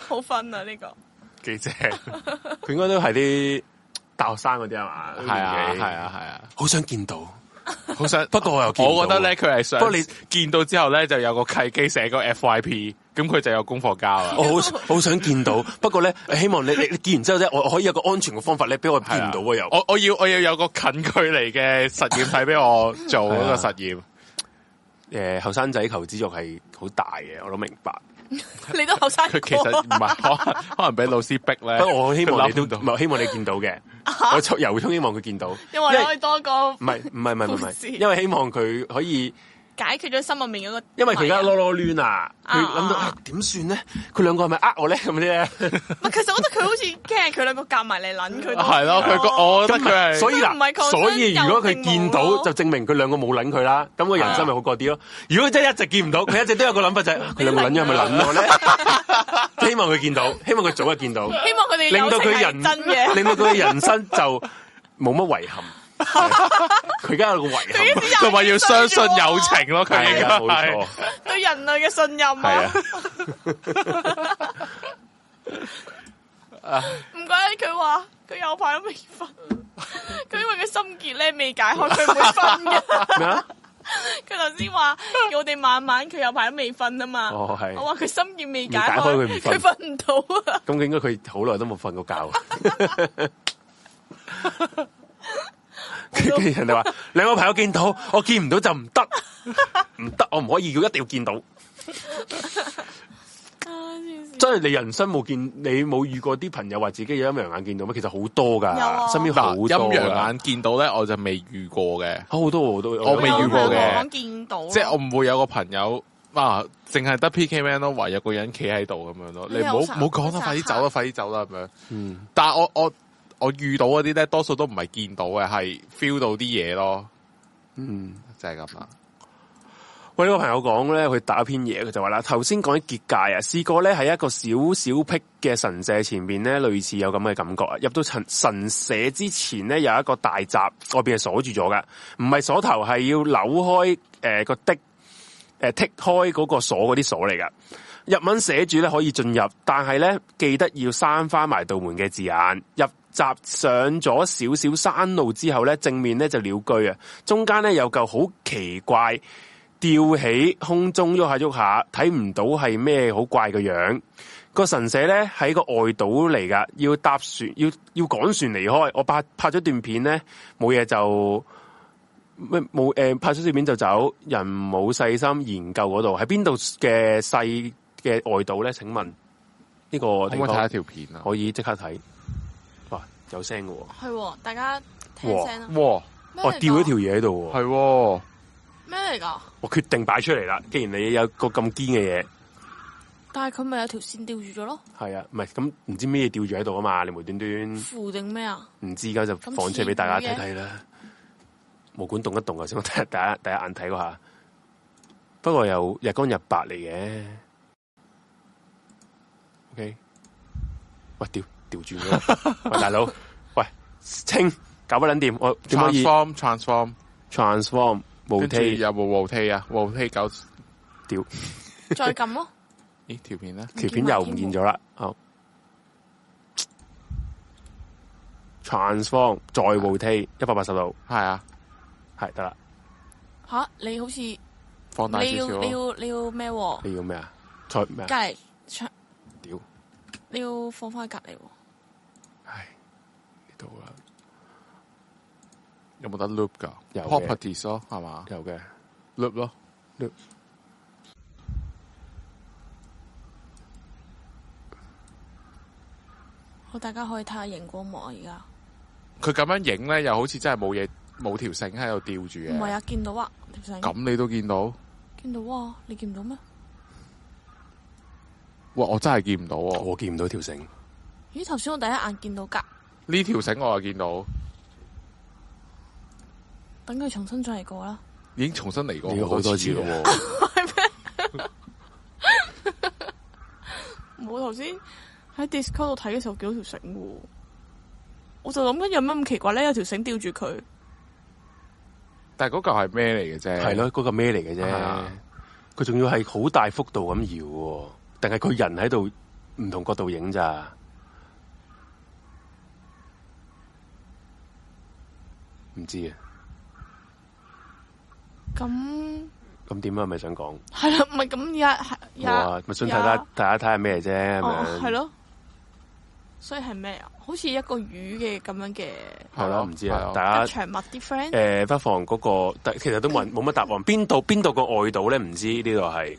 好瞓 啊，呢、這個幾正，佢應該都係啲大學生嗰啲啊嘛，係 啊，係啊，係啊，好想見到，好想, 想，不過我又見，我覺得咧，佢係想，不過你見到之後咧，就有個契機寫個 FYP。咁佢就有功課交啦， 我好好想見到，不過咧希望你你,你見完之後咧，我可以有個安全嘅方法咧，俾我見到又、啊，我我要我要有個近距離嘅實驗睇俾我做嗰、啊那個實驗。誒、呃，後生仔求知欲係好大嘅，我都明白。 你都後生。佢其實唔係，可能俾老師逼咧。不 過我希望你都到，唔係希望你見到嘅、啊，我由衷希望佢見到，因為你可以多個唔係唔係唔係唔係，因為, 因為希望佢可以。解決咗心入面嗰個，因為佢而家囉囉攣啊，佢諗到點算咧？佢、啊、兩、哎、個係咪呃我咧咁啲咧？啊、 其實我覺得佢好似驚佢兩個夾埋嚟捻佢，係、啊、咯，佢個我，所我覺得他，所以所以如果佢見到，就證明佢兩個冇捻佢啦。咁、啊、個人生咪好過啲咯、啊？如果真係一直見唔到，佢一直都有個諗法就係佢兩個捻咗係咪捻我咧？ 希望佢見到，希望佢早日見到，希望佢哋令到佢人生， 令到佢嘅人生就冇乜遺憾。佢而家有個遺佢話要相信友情咯，係啊，啊，對人類嘅信任啊。唔、啊 啊、怪得佢話佢有排都未瞓，佢 因為佢心結咧未解開，佢 唔會瞓嘅。佢頭先話叫我哋晚晚佢有排都未瞓啊嘛。哦、我話佢心結未解開，佢瞓唔到。咁佢、啊、 應該佢好耐都冇瞓過覺。 人哋話兩個朋友見到我見唔到就唔得，唔 得我唔可以要一定要見到。 真係你人生冇見，你冇遇過啲朋友話自己有陰陽眼見到咩？其實好多噶，有啊、身邊好多陰陽眼見到咧，我就未遇過嘅。好多好多，我未遇過嘅。見到，即、就、係、是、我唔會有個朋友哇淨係得 P K Man 咯，啊、有 PK Man, 唯有一個人企喺度咁樣咯。 你唔好唔好講得快啲走啦，快啲走啦，咁樣。嗯，但係我我。我我遇到嗰啲咧，多數都唔係見到嘅，係 feel 到啲嘢咯。嗯，就係咁啦。喂，呢、這個朋友講咧，佢打篇嘢，佢就話啦，頭先講啲結界啊，試過咧喺一個小小僻嘅神社前面咧，類似有咁嘅感覺啊。入到神神社之前咧，有一個大閘，外邊係鎖住咗噶，唔係鎖頭，係要扭開誒個、呃、的誒、呃、剔開嗰個鎖嗰啲鎖嚟噶。日文寫住咧可以進入，但係咧記得要閂翻埋道門嘅字眼。入閘上咗少少山路之後咧，正面咧就鳥居啊，中間咧有嚿好奇怪吊起空中喐下喐下，睇唔到係咩好怪嘅樣。個神社咧喺個外島嚟噶，要搭船要要趕船離開。我拍拍咗段片咧，冇嘢就咩冇誒，拍咗段片就走，人冇細心研究嗰度喺邊度嘅細。嘅外度咧，請問呢個點解睇一條片啊？可以即刻睇，哇有聲嘅喎，係、哦、大家聽聲啦，哇哇，我、哦、吊咗條嘢喺度，係咩嚟噶？我決定擺出嚟啦，既然你有個咁堅嘅嘢，但係佢咪有條線吊住咗咯？係啊，唔係咁唔知咩吊住喺度啊嘛？你無端端符定咩啊？唔知噶就放出嚟俾大家睇睇啦。冇管動一動啊，先睇大家第一眼睇下。不過又日光日白嚟嘅。Okay. 喂，調調轉啦！ 喂，大佬，喂，清搞不捻掂？我點可以？t r a n s f o r m t r a n s f o r m t r a n s f o r m 無 T 有冇無 T 啊？無 T 搞屌！ 再撳咯？咦，條片咧？條片又唔見咗啦！好 t r a n s f o r m 再無 T 一百八十度，係啊，係得啦。吓，你好似放大少少你要你要你要咩？你要咩啊？出咩？啊？隔籬出。你要放翻喺隔籬？唉，呢度啦，有冇得 loop 噶？有嘅，properties 咯，係嘛？有嘅，loop 咯，loop。好，大家可以睇下熒光幕啊！而家佢咁樣影咧，又好似真係冇嘢，冇條繩喺度吊住嘅。唔係啊，見到啊，條繩。咁你都見到？見到啊，你見唔到咩？哇！我真係見唔到，啊，我見唔到條繩。咦？頭先我第一眼見到噶呢條繩，我又見到 。等佢重新再嚟過啦。已經重新嚟過好多次咯。係咩？我頭先喺 Discord 度睇嘅時候見到條繩喎。我就諗緊有乜咁奇怪咧？有條繩吊住佢。但係嗰嚿係咩嚟嘅啫？係咯，嗰個咩嚟嘅啫？佢仲要係好大幅度咁搖。定係佢人喺度唔同角度影咋？唔知啊。咁咁點樣啊？咪想講係啦，唔係咁日日有。咪想睇下大家睇下咩啫？哦，係咯。所以係咩啊？好似一個魚嘅咁樣嘅。係咯，唔知啊、嗯。大家長物啲 friend。誒、呃，不妨嗰、那個，其實都冇冇乜答案。邊度邊度個外島咧？唔知呢度係。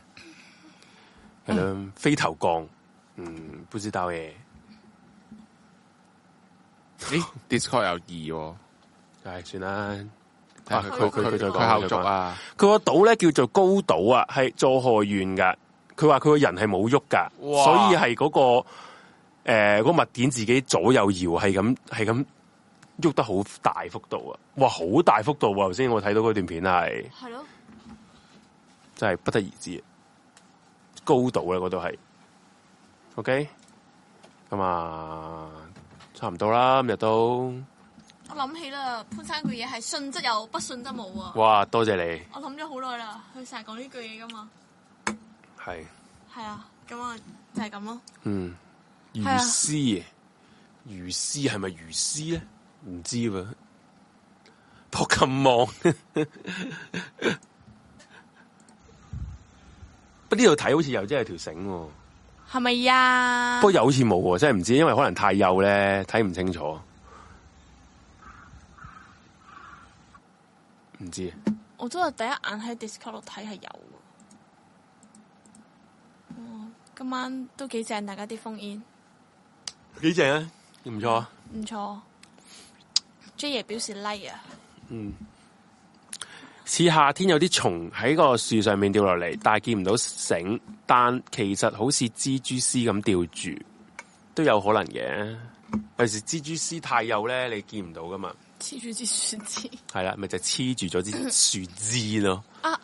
係咯、嗯，飛頭降，嗯，不知道誒、欸。咦，d i s c o 有二、哦，但係算啦。啊，佢佢佢再講後續啊，佢個島咧叫做高島啊，係佐賀縣噶。佢話佢個人係冇喐噶，所以係嗰、那個誒個、呃、物件自己左右搖，係咁係咁喐得好大幅度啊！哇，好大幅度喎、啊！頭先我睇到嗰段片係，係咯，真係不得而知。高度啊，嗰度係，OK，咁啊，差唔多啦，咁日都。我諗起啦，潘生句嘢係信則有，不信則冇啊。哇，多謝你。我諗咗好耐啦，佢成日講呢句嘢噶嘛。係。係啊，咁啊，就係咁咯。嗯，魚絲、啊，魚絲係咪魚絲咧？唔知喎，撲咁望。 呢度睇好似又即係條繩，係咪啊？不過又好似冇喎，真係唔知，因為可能太幼咧，睇唔清楚。唔知。我都係第一眼喺 Discord 度睇係有。哦，今晚都幾正的，大家啲封煙。幾正啊！唔錯。唔錯。J 爺表示 like 啊。嗯。似夏天有啲蟲喺個樹上面掉落嚟，但係見唔到繩，但其實好似蜘蛛絲咁吊住，都有可能嘅。有時蜘蛛絲太幼咧，你見唔到噶嘛？黐住啲樹枝，係、嗯、啦，咪就黐住咗啲樹枝咯。啊，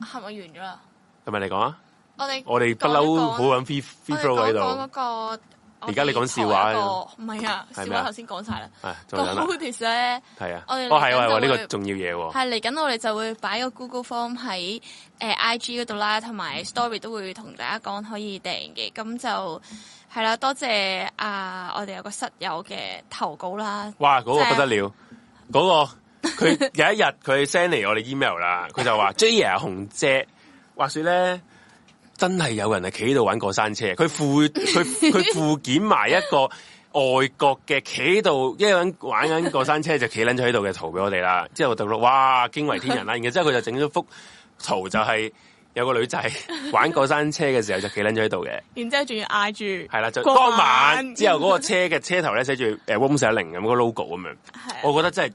係咪完咗啦？係咪你講啊？我哋我哋不嬲好揾 f free flow 喺度。而家你講笑話咧，唔係啊是，笑話頭先講晒啦。Google 提示咧，係啊，我哦係啊，呢、這個重要嘢喎、哦。係嚟緊，我哋就會擺個 Google Form 喺誒、呃、IG 嗰度啦，同埋 Story 都會同大家講可以訂嘅。咁就係啦、嗯嗯，多謝啊、呃，我哋有個室友嘅投稿啦。哇，嗰、那個不得了，嗰、就是那個佢有一日佢 send 嚟我哋 email 啦， 佢就話 Junior 紅姐，話說咧。真係有人係企喺度玩過山車，佢附佢佢附件埋一個外國嘅企喺度， 一個人玩玩緊過山車就企撚咗喺度嘅圖俾我哋啦。之後我讀到，哇，驚為天人啦！然之後佢就整咗幅圖，就係有個女仔玩過山車嘅時候就企撚咗喺度嘅。 然之後仲要嗌住，係啦，就當晚 之後嗰個車嘅車頭咧寫住誒 Room 410咁個 logo 咁樣，我覺得真係。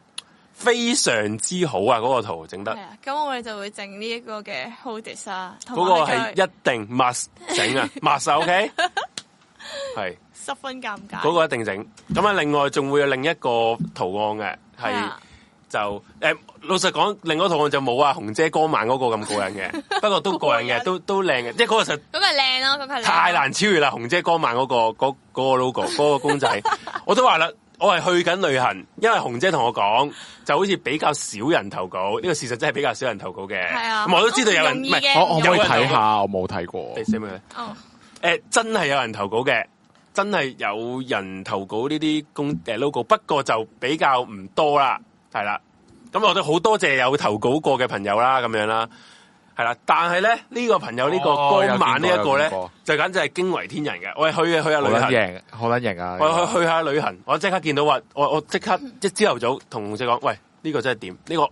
非常之好啊！嗰、那個圖整得、啊，咁我哋就會整呢一個嘅 hoodie 嗰個係一定 must 整 啊，must OK，係 十分尷尬。嗰個一定整。咁啊，另外仲會有另一個圖案嘅，係、啊、就誒、呃，老實講，另一個圖案就冇啊，紅姐光漫嗰個咁過癮嘅， 不過都過癮嘅，都都靚嘅，即係嗰個實、啊。嗰、那個靚咯、啊，嗰個太難超越啦！紅姐光漫嗰、那個，那個 logo，嗰個公仔， 我都話啦。我係去緊旅行，因為紅姐同我講，就好似比較少人投稿，呢、呢個事實真係比較少人投稿嘅。係啊，嗯、我都知道有人唔係，我我睇下，我冇睇過。第真係有人投稿嘅、哦欸，真係有人投稿呢啲公誒 logo，不過就比較唔多啦，係啦。咁、嗯、我哋好多謝有投稿過嘅朋友啦，咁樣啦。係啦，但係咧呢、這個朋友、這個哦、光個呢個當晚呢一個咧，就簡直係驚為天人嘅。我去啊去下旅行，好撚贏，啊！我去去下旅行，我即刻見到話，我、啊、我，我，刻我，我，刻 我刻即刻即朝頭早同 J 講，喂呢、這個真係點？呢、這個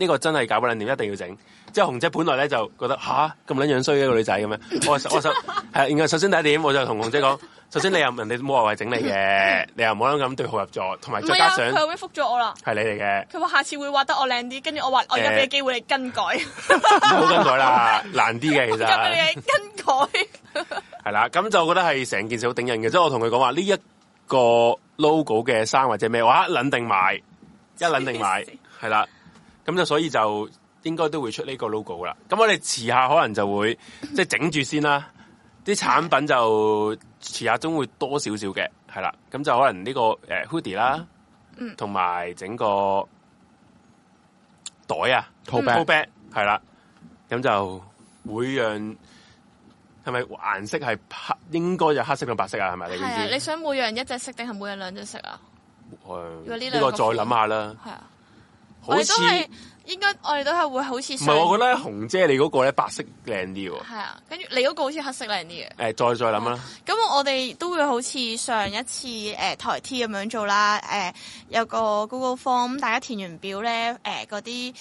呢、這個真係搞捻掂，一定要整。即係紅姐本來咧就覺得吓咁捻樣衰嘅個女仔咁樣，我我首係，然後 首先第一點，我就同紅姐講，首先你又人哋冇話為整你嘅，你又唔好諗咁對號入座，同埋再加上佢已經覆咗我啦，係你嚟嘅。佢話下次會畫得我靚啲，跟住我話我而家俾機會你更改，冇、欸、更改啦， 難啲嘅，其實。佢哋係更改係啦，咁 就我覺得係成件事好頂人嘅，即係我同佢講話呢一個 logo 嘅衫或者咩，我一捻定買，一捻定買，係啦。咁就所以就應該都會出呢個 logo 啦。咁我哋遲下可能就會即係整住先啦。啲產品就遲下都會多少少嘅，係啦。咁就可能呢個誒 hoodie 啦，同埋整個袋啊，tote bag 係、嗯嗯、啦。咁就每樣係咪顏色係黑應該就黑色同白色啊，是是是啊，係咪？係你想每樣一隻色定係每樣兩隻色啊？呢、呃這個再諗下啦。係啊。我哋都係應該，我哋都係會好似。唔，我覺得紅姐你嗰個咧白色靚啲喎。係啊，跟住你嗰個好似黑色靚啲嘅。再再諗啦。咁、哦、我哋都會好似上一次、呃、台 T 咁樣做啦、呃。有個 Google Form，大家填完表咧，誒嗰啲，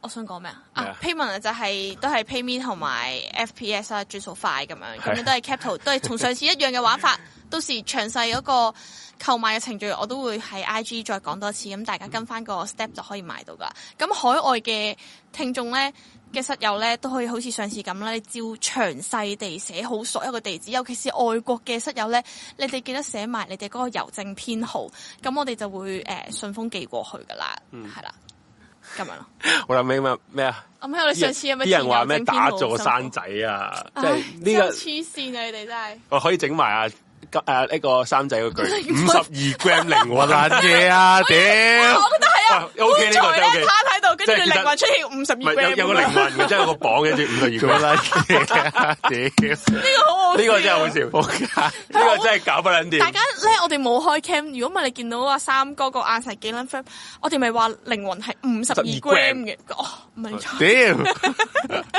我想講咩啊？啊，payment 就係、係、都係 PayMe 同埋 FPS 啊，轉數快咁樣，咁樣、啊、都係 capital，都係同上次一樣嘅玩法， 到時詳細嗰個。購買嘅程序我都會喺 IG 再講多次，咁大家跟翻個 step 就可以買到噶。咁海外嘅聽眾咧嘅室友咧都可以好似上次咁啦，你照詳細地寫好所有個地址，尤其是外國嘅室友咧，你哋記得寫埋你哋嗰個郵政編號，咁我哋就會誒順豐寄過去噶啦，係、嗯、啦，咁樣咯。我諗咩咩咩啊？諗起我哋上次有冇人話咩打坐山仔啊？即係呢個黐線啊！你哋真係哦，可以整埋啊！誒、啊，呢個三仔嗰句五十二 gram 靈魂嘅嘢 啊，屌！我覺得係啊，好、啊 okay, 啊 okay, okay, 在咧趴喺度，跟住靈魂出現五十二 gram。有有個靈魂的，即 係個榜跟住五十二 gram 嘅嘢啊，屌、啊！呢、 啊這個好，好呢個真係好笑，仆、啊、街！呢、這個真係搞不卵掂。大家咧，我哋冇開 cam，如果唔係你見到哥哥阿三哥個眼神幾卵 firm，我哋咪話靈魂係五十二 gram 嘅，哦，唔、啊、係。屌，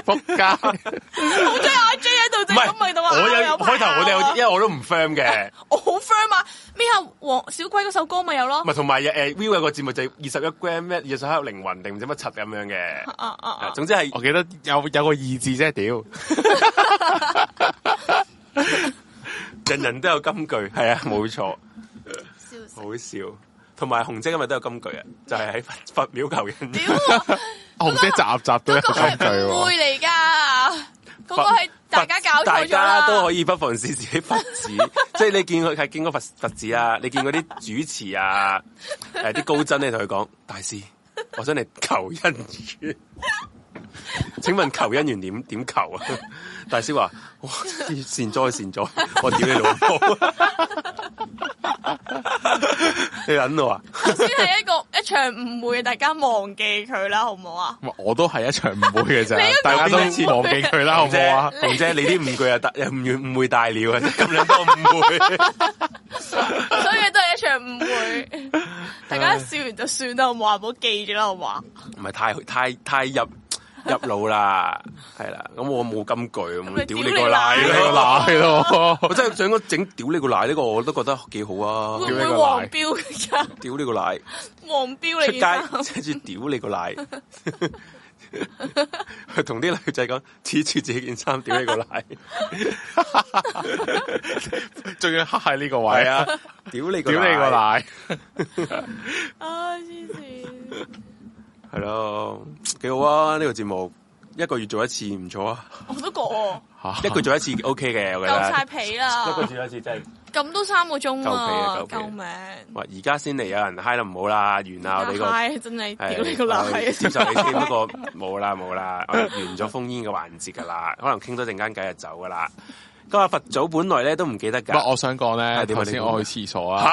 仆街！我將阿 J 喺度就咁咪度話。啊、初初我有開頭我哋有，因為我都唔 firm 嘅。哎、我好 friend 啊，咩啊黃小龜嗰首歌咪有咯，咪同埋誒 Viu 有個節目就係二十一 gram 咩二十一靈魂定唔知乜柒咁樣嘅，uh, uh, uh, uh. 總之係我記得有有個二字啫屌， 人人都有金句係 啊冇錯，好笑，笑，同埋紅姐今日都有金句啊，就係、是、喺佛廟求人。 紅姐集集都有金句嚟噶。那個那個嗰、嗰個係大家搞錯咗，大家都可以不妨試試啲佛寺， 即係你見佢係見嗰佛佛寺啊，你見嗰啲主持啊，啲、 呃、高僧咧同佢講， 大師，我想你求恩主。請問求姻緣點點求啊？大師話哇善哉善哉， 我屌你老母！ 」你忍到啊？先係一個一場誤會，大家忘記佢啦，好唔好啊？我都係一場誤會嘅啫， 大家都忘記佢啦，好唔好啊？姐，姐，你啲誤會又大唔唔會大料嘅，咁你都誤會， 所以都係一場誤會，大家笑完就算啦，好唔好？唔好記住啦，好唔好？唔係太太太入。入腦啦，係啦，咁我冇金句，咁屌你個奶咯奶咯，我真係想整屌你個奶，呢個我都覺得幾好啊！屌你個奶，黃標嘅屌你個奶，黃標你出街，直接屌你個奶，同 啲 女仔講，撕住自己件衫屌你個奶，仲 要黑喺呢個位啊！屌 你，屌你個奶，奶 啊黐線！係咯，幾好啊！呢、這個節目一個月做一次，唔錯啊！我都、啊 OK、覺哦，一個做一次 OK 嘅，夠晒皮啦！一個做一次真係咁都三個鐘啊！救命！哇，而家先嚟有人嗨得唔好啦，完啦呢、這個 h 真係屌你個賴！廁、哎、所你先，不過冇啦冇啦，了了我完咗封煙嘅環節噶啦， 可能傾多陣間偈就走噶啦。今日佛祖本來咧都唔記得噶，我想講咧，點、哎、先我去廁所啊？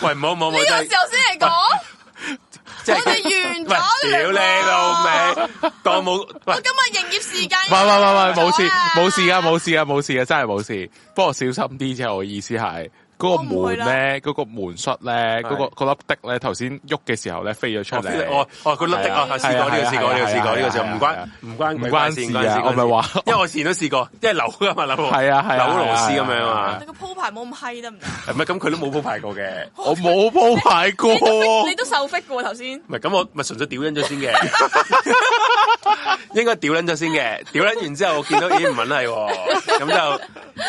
吓！喂，唔好唔好唔好，呢、 這個時候先嚟講。啊我哋完咗啦，屌你老味，當冇。我今日營業時間，喂！喂！ 喂！唔， 冇事，冇事啊，冇事啊，冇事啊，真係冇事。不過小心啲啫，我意思係。嗰個門咧，嗰個門栓咧，嗰個嗰粒的咧，頭先喐嘅時候咧，飛咗出嚟。哦，哦，佢甩的啊，試過呢個，試過呢個，試過呢個就唔關，唔關，唔關事啊。我咪話，因為我前都試過，即係扭噶嘛扭，係啊係啊扭螺絲咁樣啊嘛。你個鋪排冇咁嗨得唔得？唔係咁，佢都冇鋪排過嘅。我冇鋪排過。你都受迫噶喎，頭先。唔係咁，我咪純粹屌撚咗先嘅。應該屌撚咗先嘅，屌撚完之後我見到已經唔係喎，咁就，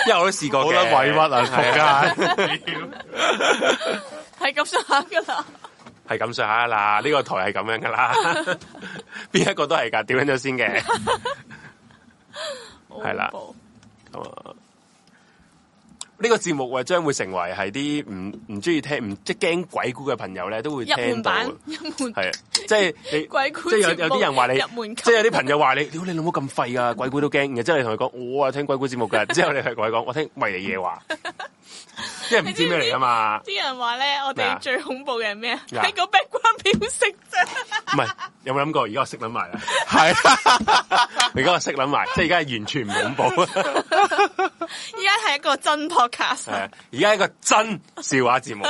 因為我都試過。好多委屈啊仆街。係 咁上下噶啦，係咁上下嗱，呢個台係咁樣噶啦，邊一個都係噶，點樣咗先嘅，係啦。呢、這個節目啊將會成為係啲唔唔中意聽唔即係驚鬼故嘅朋友咧都會聽到，係啊，即係鬼即係有啲人話你，即係有啲朋友話你，屌你老母咁廢啊，鬼故你、就是、你你都驚。之後你同佢講，我啊聽鬼故節目嘅，之後你同佢講，我聽迷離夜話。嗯即係唔知咩嚟啊嘛！啲人話咧，我哋最恐怖嘅係咩啊？個個 background music 啫。唔 係，有冇諗過？而家我識諗埋啦。係，而家我識諗埋，即係而家係完全唔恐怖。而家係一個真 podcast。係，而家係一個真笑話節目。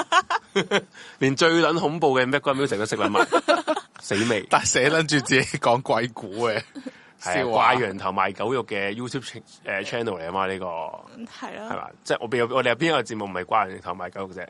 連最捻恐怖嘅 background music 都識諗埋， 死未？但係寫撚住自己講鬼故嘅。係掛、啊、羊頭賣狗肉嘅 YouTube 誒 channel 嚟啊嘛呢、呢個係咯係嘛，即係我邊我哋有邊一個節目唔係掛羊頭賣狗肉啫？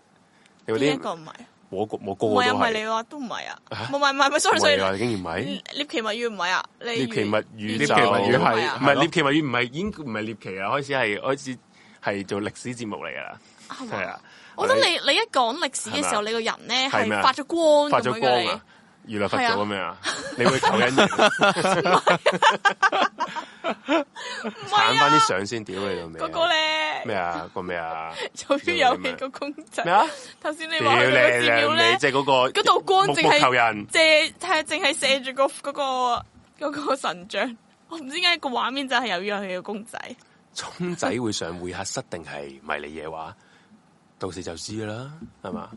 嗰啲一個唔係我我我又唔係你話都唔係啊？唔係唔係唔係 sorry，竟然唔係獵奇物語唔係啊？你，奇物語啲獵奇物語係啊？唔係獵奇物語唔係已經唔係獵奇啊？開始係開始係做歷史節目嚟噶啦，係啊！我覺得你你一講歷史嘅時候是你個人咧係發咗光的發咗光啊！你的娛樂佛祖咁咩啊？你會求人影？唔係翻啲相先，屌你老味！哥咧？咩啊？個咩啊？做啲遊戲個公仔啊！頭先你話咩資料即係嗰個嗰道光淨係求人，借射係淨係射住個、嗰個、嗰個神像。我唔知點解個畫面就係有呢樣嘢嘅公仔。聰仔會上會客室定係迷你嘢話？ 到時就知啦，係嘛？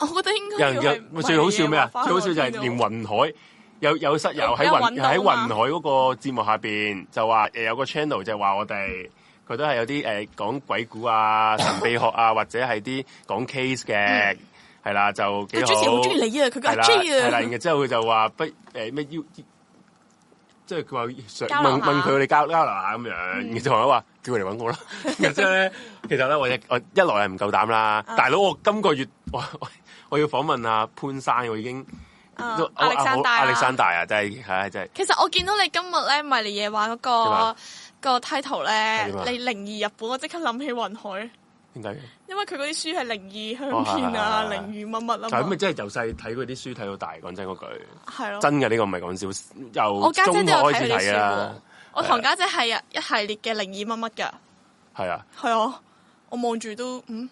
我覺得應該有人最好笑咩啊？最好笑就係連雲海有有室友喺雲喺、啊、雲海嗰個節目下邊就話誒有個 channel 就話我哋佢都係有啲誒、呃、講鬼故啊、神秘學啊，或者係啲講 case 嘅係、嗯、啦，就幾好。佢之前好鍾意你啊，佢講鍾意係啦，然後之後佢就話、嗯、不誒咩要，即係佢話問問佢哋交交流下咁樣、嗯，然後我話叫佢嚟搵我啦。然之後咧，其實咧我一我一來係唔夠膽啦，啊、大佬我今個月我。我我要訪問阿潘生，我已經。阿力山大，阿力山大啊，真係，係真係。其實我見到你今日咧，迷離夜話嗰、那個、啊那個 title 咧、啊，你靈異日本，我即刻諗起雲海。點解、啊？因為佢嗰啲書係靈異香片啊，靈異乜乜啊。咁咪真係由細睇嗰啲書睇到大，講真嗰句。係咯。真嘅呢、這個唔係講笑，由我家姐都有睇啊。的書我同家姐係啊一系列嘅靈異乜乜嘅。係啊。係啊，我望住都嗯。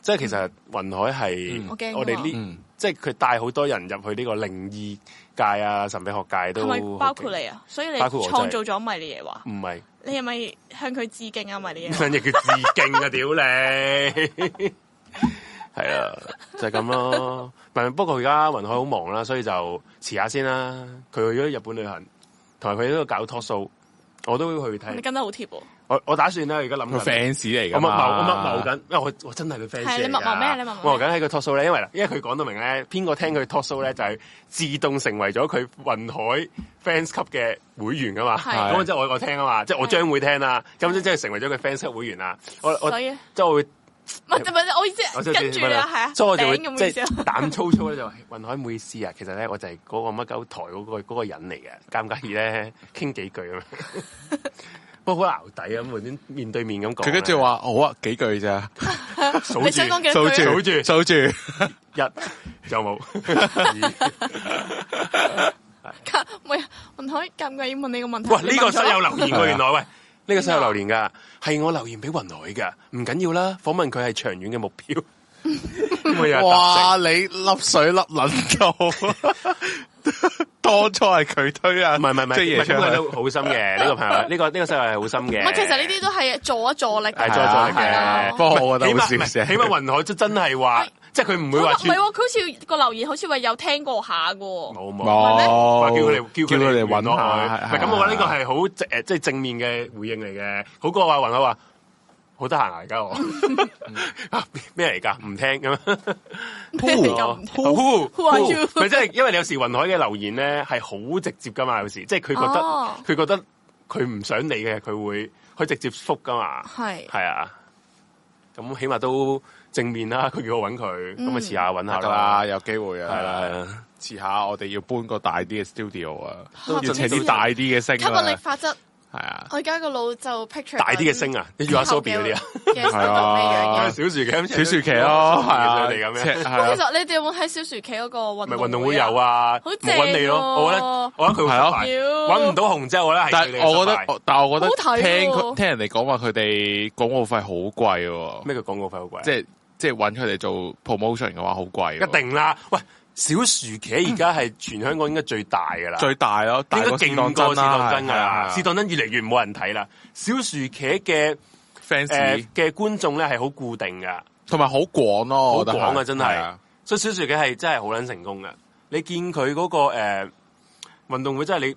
即係其實雲海係我哋呢，即係佢帶好多人入去呢個靈異界啊、神秘學界都係咪，包括你啊，所以你創造咗迷離夜話唔係，你係咪向佢致敬啊迷離夜話？想亦叫致敬啊屌 你，係 啊，就係咁咯。不過而家雲海好忙啦，所以就遲下先啦。佢去咗日本旅行，同埋佢喺度搞 talk show，我都會去睇。你跟得好貼啊。我我打算咧，而家諗佢 fans 嚟噶，我謀我謀謀緊，因為我我真係佢 fans。係,你謀謀咩？你謀謀緊喺佢 talk show 咧，因為啦，因為佢講到明咧，邊個聽佢 talk show 咧，就係自動成為咗佢雲海 fans 級嘅會員噶嘛。咁即係我我，我聽啊嘛，即係我將會聽啦。咁就即係成為咗佢 fans 級會員啦。我我即係會唔、哎、我即係跟住啊，係啊。咁我就，係膽粗粗咧，就、嗯、雲海唔好意思啊。其實咧，我就係嗰個乜鳩台嗰個嗰個人嚟嘅，介唔介意咧，傾幾句啊。嗯 不過好牛底咁，面對面咁講，佢跟住話好啊幾句啫，數 住，數住，數住，數住， 一有冇 二 二、 哎這個？喂，雲海咁鬼要問你個問題？喂呢個室友留言噶，原來喂，呢個室友留言噶，係我留言俾雲海噶，唔緊要啦，訪問佢係長遠嘅目標。 哇！你粒水粒撚，到，當初係佢推啊！唔係唔係唔係，即係佢好深嘅呢 個朋友，呢、這個呢 個細路係好深嘅。其實呢啲都係助一助力，係、啊、助力嘅、啊啊。不過我覺得好少起碼云海真真係話，即係佢唔會話唔係佢好似個留言，好似話有聽過下噶，冇冇、哦，叫佢哋叫叫佢哋搵我覺得是。唔係咁嘅話，呢個係好即係正面嘅回應嚟嘅，好過話云海話。好得閒嚟噶我、啊， 咩嚟噶？唔 聽咁 ，who？唔係即係，因為你有時雲海嘅留言咧係好直接噶嘛，oh. 嘛，有時即係佢覺得佢覺得佢唔想理嘅，佢會佢直接覆噶嘛。係係啊，咁起碼都正面啦。佢叫我揾佢，咁啊遲下搵下啦，有機會啊。遲、啊啊、下我哋要搬個大啲嘅 studio 啊，啊都要請啲大啲嘅聲啦。係啊，我而家個腦就 picture 大啲嘅星啊，啲 U.S.O.B. 嗰啲啊，小，小奇、哦、啊，小咁小薯茄咯，係啊，咁其實你哋有冇睇小薯茄嗰個運、啊？咪運動會有啊，好、啊、正喎、啊嗯！我諗佢好快，搵唔、啊、到紅之後咧，但係我覺得，但係我覺得，好睇。聽佢聽人哋講話佢哋廣告費好貴，咩叫廣告費好貴？即係即係搵佢哋做 promotion 嘅話好貴，一定啦。喂！小薯茄而家係全香港應該最大噶啦、嗯，最大咯，點解勁過試當真噶啦？試當真越嚟越冇人睇啦。小薯茄嘅 fans 嘅觀眾咧係好固定噶，同埋好廣咯，好廣啊！真係，所以小薯茄係真係好捻成功噶。你見佢嗰，嗰個誒運、呃、動會真係你，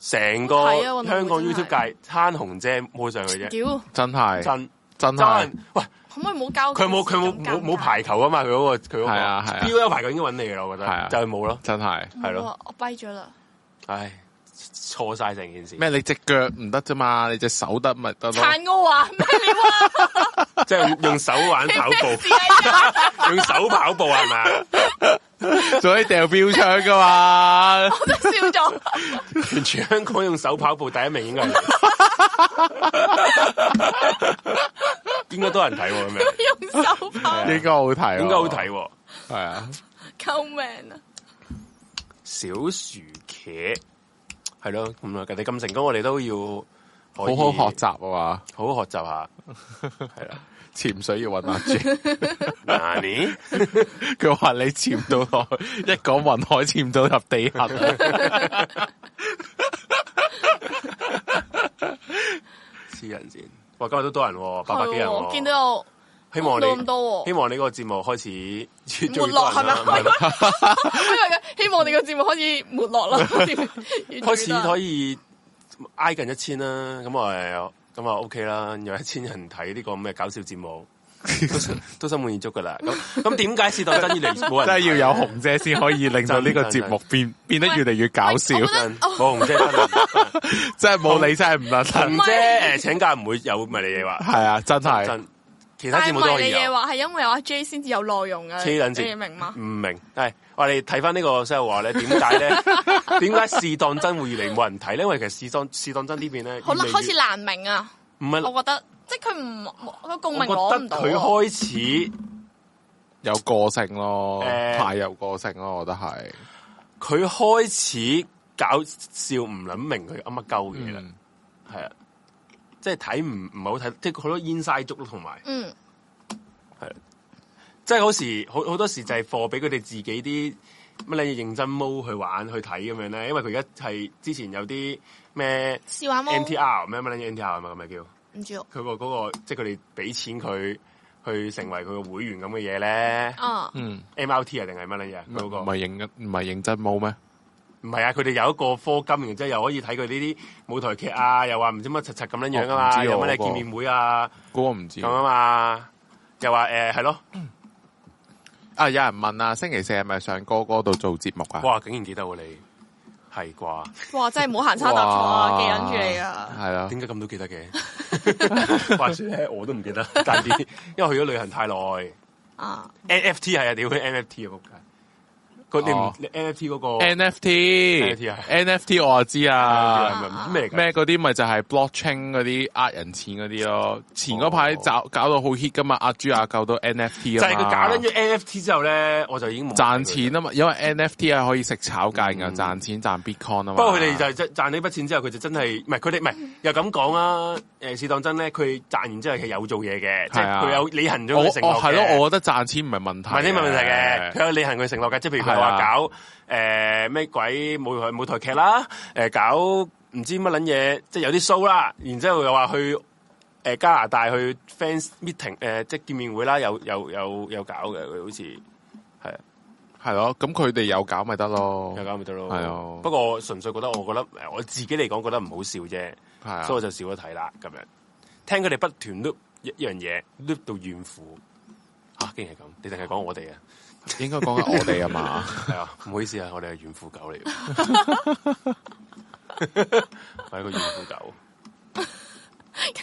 成個香港 YouTube 界攤紅姐摸上去啫，真係真真喂。真咁咪冇交佢冇佢冇冇冇排球嘛、那個那個、啊嘛佢嗰個佢嗰個 B L 排球已經揾你啦，我覺得、啊、就係冇咯，真係係咯，我跛咗啦，唉。錯晒成件事咩？你隻腳唔得啫嘛，你隻手得咪得咯。殘奧玩咩料啊？ 即係用手玩跑步，啊， 用手跑步係咪？仲 可以掉標槍噶嘛？ 我都笑咗 。全全香港用手跑步第一名應該 應該多人睇喎，啊。咁樣用手跑步 應該睇，應該好睇喎。係啊， 啊、救命啊！小薯茄。係咯，咁啊！佢哋咁成功，我哋都要好好學習啊！嘛，好好學習下。係啦，潛水要穩得住。阿 尼什麼，佢 話你潛到海，一講云海潛到入地下。黐人線！哇，今日都多人喎、哦，八百幾人、哦、我見到我。希望你多多、啊、希望呢個節目， 目開始沒落係咪因為希望你個節目可以沒落啦。開始，越越 開始可以挨近一千啦、啊，咁我，咁啊 OK 啦，有一千人睇呢個咁嘅搞笑節目，都，都心滿意足噶啦。咁咁點解是到真要嚟冇人？真係要有紅姐先可以令到呢個節目變 變得越嚟越搞笑。冇紅姐真係冇你真係唔得。紅姐誒、呃、請假唔會有咪你嘢話係啊，真係。真係唔係嚟嘅話，係因為阿 J 先至有內容噶，你明嗎？唔明，係我哋睇翻呢個西柚話咧，點解咧？點解試當真會越嚟冇人睇咧？因為其實試當試當真呢邊咧，好開始難明啊！唔係，我覺得即係佢唔個共鳴攞唔到。我覺得佢開始有個性咯，嗯、太有個性咯，我覺得係佢開始搞笑，唔諗明佢啱啱鳩嘢啦，係啊。即係睇唔唔好睇，即係好多 inside 足咯，同埋，嗯，係，即係好時好好多時就係貨俾佢哋自己啲乜嘢認真摸去玩去睇咁樣咧，因為佢而家係之前有啲咩 NTR 咩乜嘢 NTR 啊咁咪叫，唔知，佢、個嗰、個即係佢哋俾錢佢去成為佢個會員咁嘅嘢咧，嗯，MLT 啊定係乜嘢嗰個，唔係認，認真唔係認真摸咩？唔係啊，佢哋有一個課金，然之後又可以睇佢呢啲舞台劇啊，又話唔知乜柒柒咁樣樣噶嘛，有乜、啊、你見面會啊？嗰個唔知咁啊嘛、啊，又話誒係咯啊！有人問啊，星期四係咪上哥哥度做節目啊？哇！竟然記得我、啊、你係啩？哇！真係唔好行差踏錯啊！記緊住你啊！係啊？點解咁都記得嘅？話說咧，我都唔記得，但啲，因為去咗旅行太耐啊！NFT 係啊，點、啊、去 NFT 啊、那個？咁佢哋唔 NFT 嗰個、oh, NFT、那個、NFT 我啊知啊咩嗰啲咪就係 blockchain 嗰啲呃人錢嗰啲咯。前嗰排就搞到好 hit 噶嘛，阿豬阿狗都 NFT 啊 就係佢搞緊 NFT 之後咧，我就已經冇賺錢啊嘛，因為 NFT 係可以食炒價又、嗯、賺錢賺 bitcoin 啊嘛。不過佢哋就真賺呢筆錢之後，佢就真係唔係佢哋唔係又咁講啊誒？事當真咧，佢賺完之後係有做嘢嘅，即係佢有履行咗佢承諾。哦，係咯，我覺得賺錢唔係問題嘅，賺錢唔係問題嘅，佢有履行佢承諾嘅，即譬如、啊。話搞誒咩、呃、鬼舞台舞台劇啦，誒搞唔知乜捻嘢，即係有啲 show 啦，然之後又話去誒、呃、加拿大去 fans meeting，誒、呃、即係見面會啦，有有有有搞嘅，佢好似係係咯，咁佢哋有搞咪得咯，有搞咪得咯，係哦、啊啊啊。不過純粹覺得，覺得，我覺得我自己嚟講覺得唔好笑啫、啊，所以我就少咗睇啦。咁樣聽佢哋不斷都一一樣嘢 loop 到怨婦吓，竟然係咁，你淨係講我哋啊？應該講係我哋啊嘛，係啊，唔好意思啊，我哋係怨婦狗嚟，係一個怨婦狗，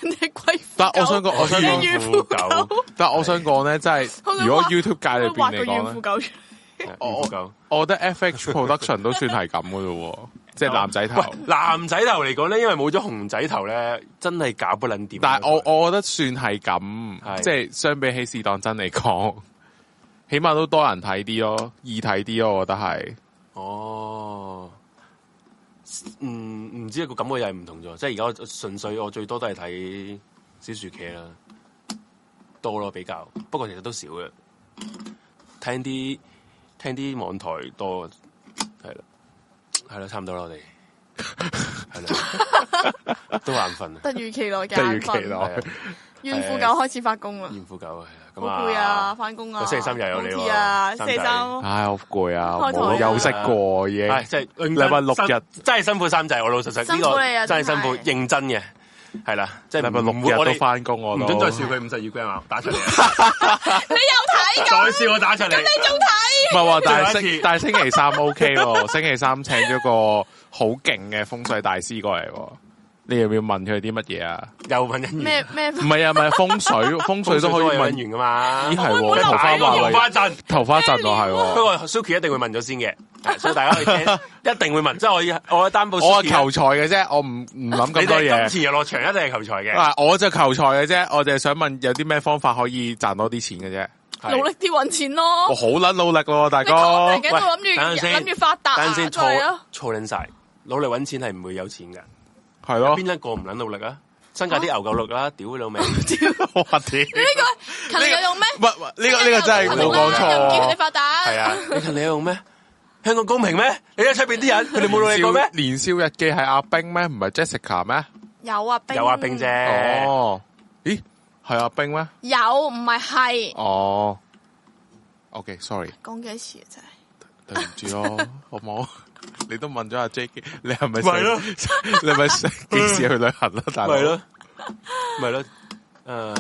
人哋係貴婦狗。但係我想講，我想怨婦狗。但係我想講咧，即係如果 YouTube 界裏邊嚟講咧，怨婦狗，我我我，我覺得 FH Production 都算係咁噶咯，即 係男仔頭。男仔頭嚟講咧，因為冇咗熊仔頭咧，真係搞不捻掂。但係我我覺得算係咁，即係相比起試當真嚟講。起碼都多人睇啲咯，易睇啲咯，我覺得係。哦，唔、嗯、唔知個感覺又係唔同咗，即係而家純粹我最多都係睇小薯茄啦，多咯比較，不過其實都少嘅，聽啲聽啲網台多，係啦，係咯，差唔多啦我哋，係 啦對了， 都眼瞓啊，突如其來嘅眼瞓， 怨婦狗開始發功啦，怨婦狗啊。好攰啊，翻工啊，星期三又有你啊，星期、啊、三、哎啊，唉，好攰啊，我休息過嘢。係即係禮拜六日真係辛苦三仔。我老實實你啊、這個。真係辛苦，真認真嘅係啦。即係禮拜六日都翻工我，唔准再笑佢五十二 G 啊，打出嚟。你又睇看咁？ 再笑我打出嚟，你仲睇？唔係話但係星但係星期三 OK， 星期三請咗個好勁嘅風水大師過嚟喎。你又要問佢啲乜嘢啊？又問姻緣咩咩？唔係啊，唔係風水，風水都可以問完噶嘛？咦係？桃花運、桃花陣、桃花陣都係。不過 Suki 一定會問咗先嘅， 所以大家可以聽，一定會問。即係我我擔保。我係求財嘅啫，我唔唔諗咁多嘢。你哋今次又落場，一定係求財嘅。我就求財嘅啫，我就係想問有啲咩方法可以賺多啲錢嘅啫。努力啲搵錢咯！我好捻努力咯，大哥。我喺度諗住諗住發達啊！坐晒，努力搵錢係唔會有錢噶。係咯，邊一個唔捻努力啊？新界啲牛狗綠啦，屌你老味，屌我發癲！你呢、這個，勤力有用咩？喂係呢個呢、這個這個真係冇講錯。係啊， 你勤力有用咩？香港公平咩？你睇出邊啲人，佢哋冇努力過咩？年少日記係阿冰咩？唔係 Jessica 咩？有阿、啊、冰。有阿、啊、冰姐。哦，咦，係阿冰咩？有唔係係？哦，OK，sorry，、okay, 講幾多次啫、啊？對唔住咯， 好唔好？你都問咗阿 Jack，你係咪想？係咯，你係咪幾時去旅行、啊、啦，啦？大 佬、uh, 對吧，係 咯，係咯，誒，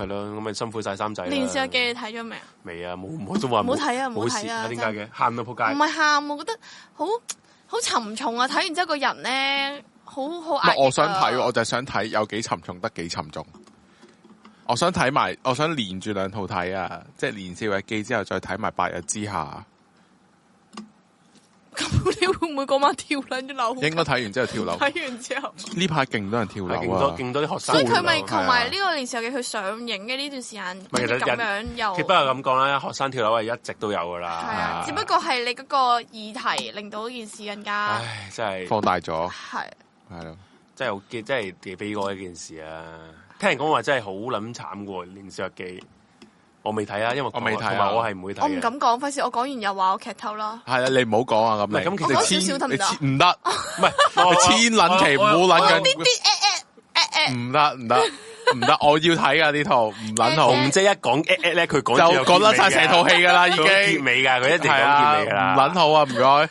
係咯，咁咪辛苦晒三仔。年少日記你睇咗未啊？未啊，冇冇都話冇睇啊，冇睇啊，點解嘅？喊到撲街，唔係喊，我覺得好好沉重啊！睇完之後個人咧，好好、啊。我想睇，我就想睇有幾沉重得幾沉重。我想睇埋，我想連住兩套睇啊！即、就、係、是《年少日記》之後再睇埋《八日之下》。咁 你會唔會嗰晚跳兩啲樓？應該睇完之後跳樓。睇完之後，呢排勁多人跳樓啊對！勁多勁多啲學生。啊、所以佢咪同埋呢個電視劇佢上映嘅呢段時間咁樣又？只不過咁講啦，學生跳樓係一直都有噶啦。係啊，啊啊、只不過係你嗰個議題令到件事更加。唉，真係放大咗。係係咯，真係好，真係幾悲歌一件事啊！聽人講話真係好撚慘噶喎，電視劇。我未睇啊，因為我未睇、啊啊，我係唔會睇。我唔敢講，費事我講完又話我劇透啦。係啊，你唔好講啊咁。咁， 哦哦、其實我講少少得唔得？唔、哎、得，係我係千撚祈，唔好諗緊。唔得唔得唔得，我要睇、哎哎哎哎哎哎、 啊，呢套，唔捻好。紅姐一講誒誒咧，佢就講得晒成套戲噶啦，已經結尾噶，佢一定講結尾噶唔捻好啊，唔該。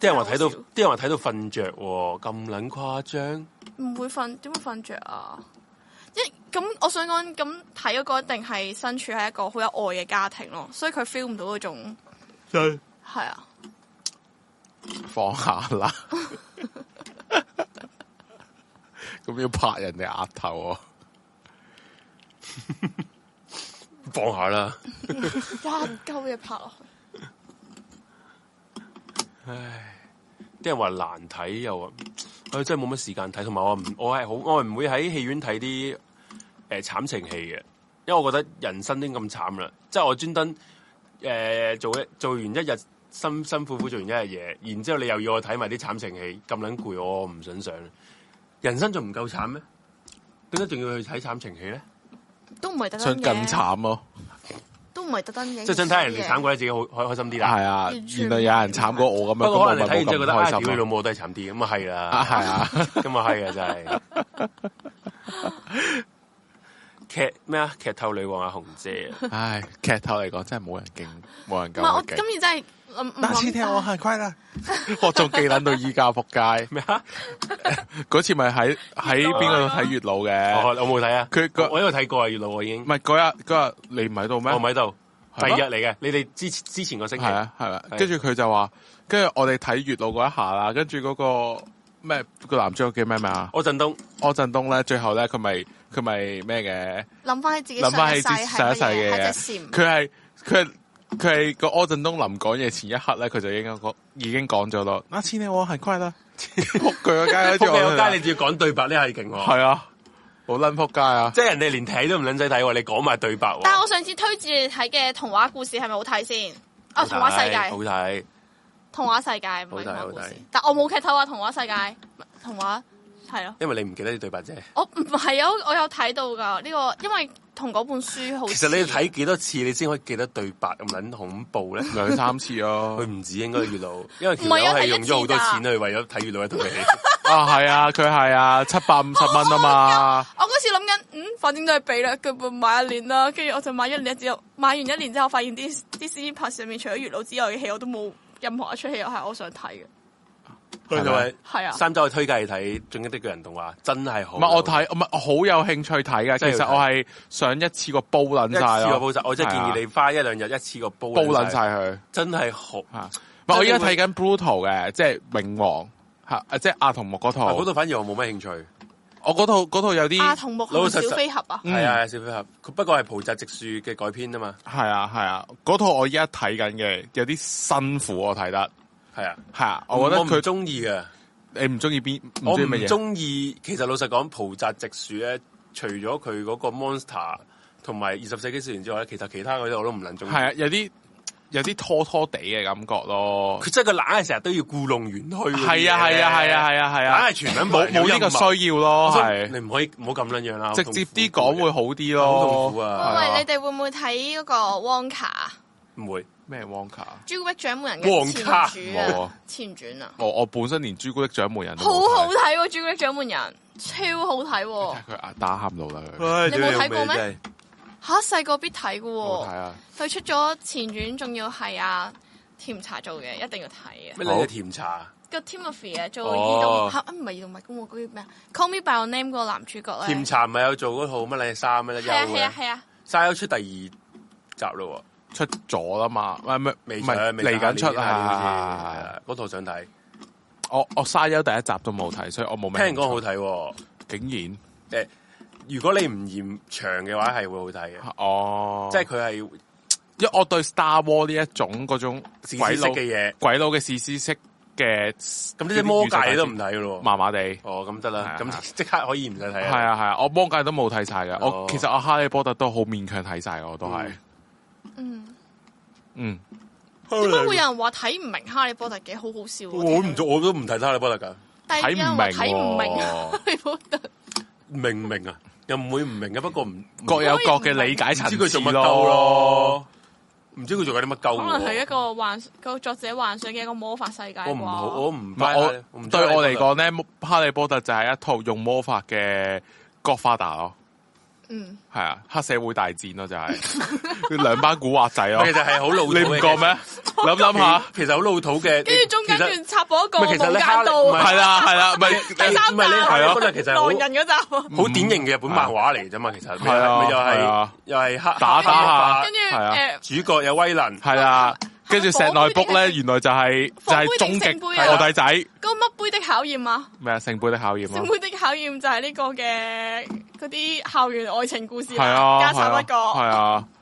啲人話睇到，啲人話睇到瞓着，咁捻誇張。唔會瞓，點會瞓着啊？咁我想講咁睇嗰個，一定係身處喺一個好有愛嘅家庭咯，所以佢 feel 唔到嗰種。對。係啊。放下啦。咁 要拍人哋額頭、啊。 放下啦了。一嚿嘢拍落去。唉，啲人話難睇又話、哎我，我真係冇乜時間睇。同埋我唔，我係好我唔會喺戲院睇啲。誒、欸，慘情戲嘅，因為我覺得人生已經咁慘啦，即係我專登誒做一做完一日辛辛苦苦做完一日嘢，然之後你又要我睇埋啲慘情戲，咁撚攰，我唔想上。人生仲唔夠慘咩？點解仲要去睇慘情戲咧？都唔係特登想更慘咯，都唔係特登嘅。即係想睇人哋慘過，人家慘過你 自己，好開開心啲啦。係啊，原來有人慘過我咁樣，不過可能你睇完之後覺得啊，你老母都係慘啲，咁啊係啦，係啊，咁啊係啊，真係。劇咩啊？劇透女王阿紅姐。唉，劇透嚟講真係冇人驚，冇人驚。我今次真係，第一次聽我行虧啦 哦，我仲記撚到依家仆街。咩啊？嗰次咪喺喺邊度睇月老嘅？我冇睇啊！佢我因為睇過啊月老我已經。唔係嗰日嗰日你唔喺度咩？我唔喺度，第二日嚟嘅。你哋之之前個星期啊，係啊。跟住佢就話，跟住我哋睇月老嗰一下啦。跟住嗰個咩，嗰個嗰個那個男主角叫咩名啊？柯，嗰個嗰個，震東柯震東咧，最後咧佢咪。佢咪咩嘅？諗翻起自己，諗翻起上一世嘅嘢。佢係佢係佢係個柯震東，臨講嘢前一刻咧，佢就已經已經講咗咯。啊千、okay，你，你啊我係虧啦，仆佢個街，你仲要講對白呢，係咪？係啊，好撚仆街啊，即係人哋連睇都唔撚仔睇，你講埋對白。但係我上次推薦你睇嘅童話故事係咪好睇先？哦，童話世界，好睇，童話世界，唔係童話故事，但我冇劇透啊，童話世界，童話。係咯，因為你唔記得啲對白啫。我唔係啊，我有睇到噶呢、呢個，因為同嗰本書好。其實你睇幾多次你先可以記得對白，咁撚恐怖咧？ 兩三次咯、啊，佢唔止應該月老，因為條友係用咗好多錢去為咗睇月老一套戲。 哦、啊，係啊，佢係啊，七百五十蚊啊嘛。我嗰時諗緊，嗯，反正都係俾啦，佢本買一年啦。跟住我就買一年之後，買完一年之後，發現啲啲 C 拍上面除咗月老之外嘅戲，我都冇任何一出戲係我想睇嘅。佢就係，係啊，三仔去推介睇《進擊的巨人》動畫，真係好。唔係我睇，唔係我好有興趣睇噶。其實我係想一次過煲捻晒，一個煲我即係建議你花一兩日一次過煲，煲捻晒佢，真係好。唔係、就是、我依家睇緊《Pluto、就是》嘅，即係《冥王》啊，吓，即係阿童木嗰套，嗰、啊、套反而我冇咩興趣。我嗰套嗰套有啲阿童木小飛俠啊，係、嗯、啊,啊，小飛俠。佢不過係《浦澤直樹》嘅改編啊嘛。係啊，係啊，嗰套我依家睇緊嘅，有啲辛苦我睇得。係啊，係啊，我覺得佢我唔中意嘅。你唔中意邊？我唔中意。其實老實講，浦澤直樹咧，除咗佢嗰個 monster 同埋二十世紀少年之外咧，其實其他嗰啲我都唔撚中意。係啊，有啲有啲拖拖地嘅感覺咯。佢真係佢懶係成日都要故弄玄虛。係啊，係啊，係啊，係啊，係啊，懶係全名冇冇呢個需要咯。係、啊、你唔可以唔好咁樣樣啦，直接啲講會好啲咯。好痛苦啊，啊！喂，你哋會唔會睇嗰個 Wonka？唔會咩？Wonka 朱古力掌門人嘅前主前傳啊！我、啊啊 哦、我本身連朱古力掌門人看好好睇、啊、朱古力掌門人，超好睇！佢打喊路啦！你冇睇過咩？吓細個必睇嘅，係啊！佢、啊啊啊啊、出咗前傳，仲要係啊甜茶做嘅，一定要睇啊！咩嘢甜茶？個 Timothy 啊，做兒童吓啊，唔係兒童物公嗰啲咩？Call Me By Your Name 嗰個男主角啊！甜茶唔係有做嗰套乜嘢沙咩？係啊係啊係啊！沙丘、啊啊啊、出第二集咯、啊。出咗啦嘛，唔未，未，係嚟緊出啊！嗰套、uh、想睇，我我沙丘第一集都冇睇，所以我冇明。聽講好睇、啊，竟然誒、呃！如果你唔嫌長嘅話，係會好睇嘅哦。即係佢係，因為我對 Star War 呢一種嗰種鬼佬嘅嘢，鬼佬嘅史詩式嘅，咁呢啲魔界都唔睇咯，麻麻地。哦，咁得啦，咁即刻可以唔使睇。係啊係啊，我魔界都冇睇晒噶，哦、我其實我哈利波特都好勉強睇晒，我都係。嗯，嗯，只不過會有人話睇唔明《哈利波特》幾好好笑，我唔做，我都唔睇《哈利波特》噶、啊，睇唔明、啊， 《哈利波特》明唔明啊，又唔會唔明嘅，不過唔各有各嘅理解，唔知佢做乜鳩咯，唔知佢做緊啲乜鳩，可能係一個幻，個作者幻想嘅一個魔法世界啩，我唔，我唔，對我嚟講咧，《哈利波特》就係一套用魔法嘅哥花達咯。嗯，係啊，黑社會大戰咯、啊，就係、是、兩班古惑仔咯、啊， 其實係好老，你唔覺咩？諗諗下，其實好老土嘅，跟住中間插播一個無間道，係啦係啦，咪第三部係咯，就其實狼人嗰就好典型嘅日本漫畫嚟啫嘛，其實係、就是、啊，就係、啊、又係黑打打一下，係啊，啊跟住主角有威能，係啊。是啊跟住石內卜咧，原來就係、是啊、就係中職我弟仔，個乜杯的考驗啊？咩啊？聖杯的考驗啊？聖杯的考驗就係呢個嘅嗰啲校園愛情故事啦、啊啊啊啊，家產不覺。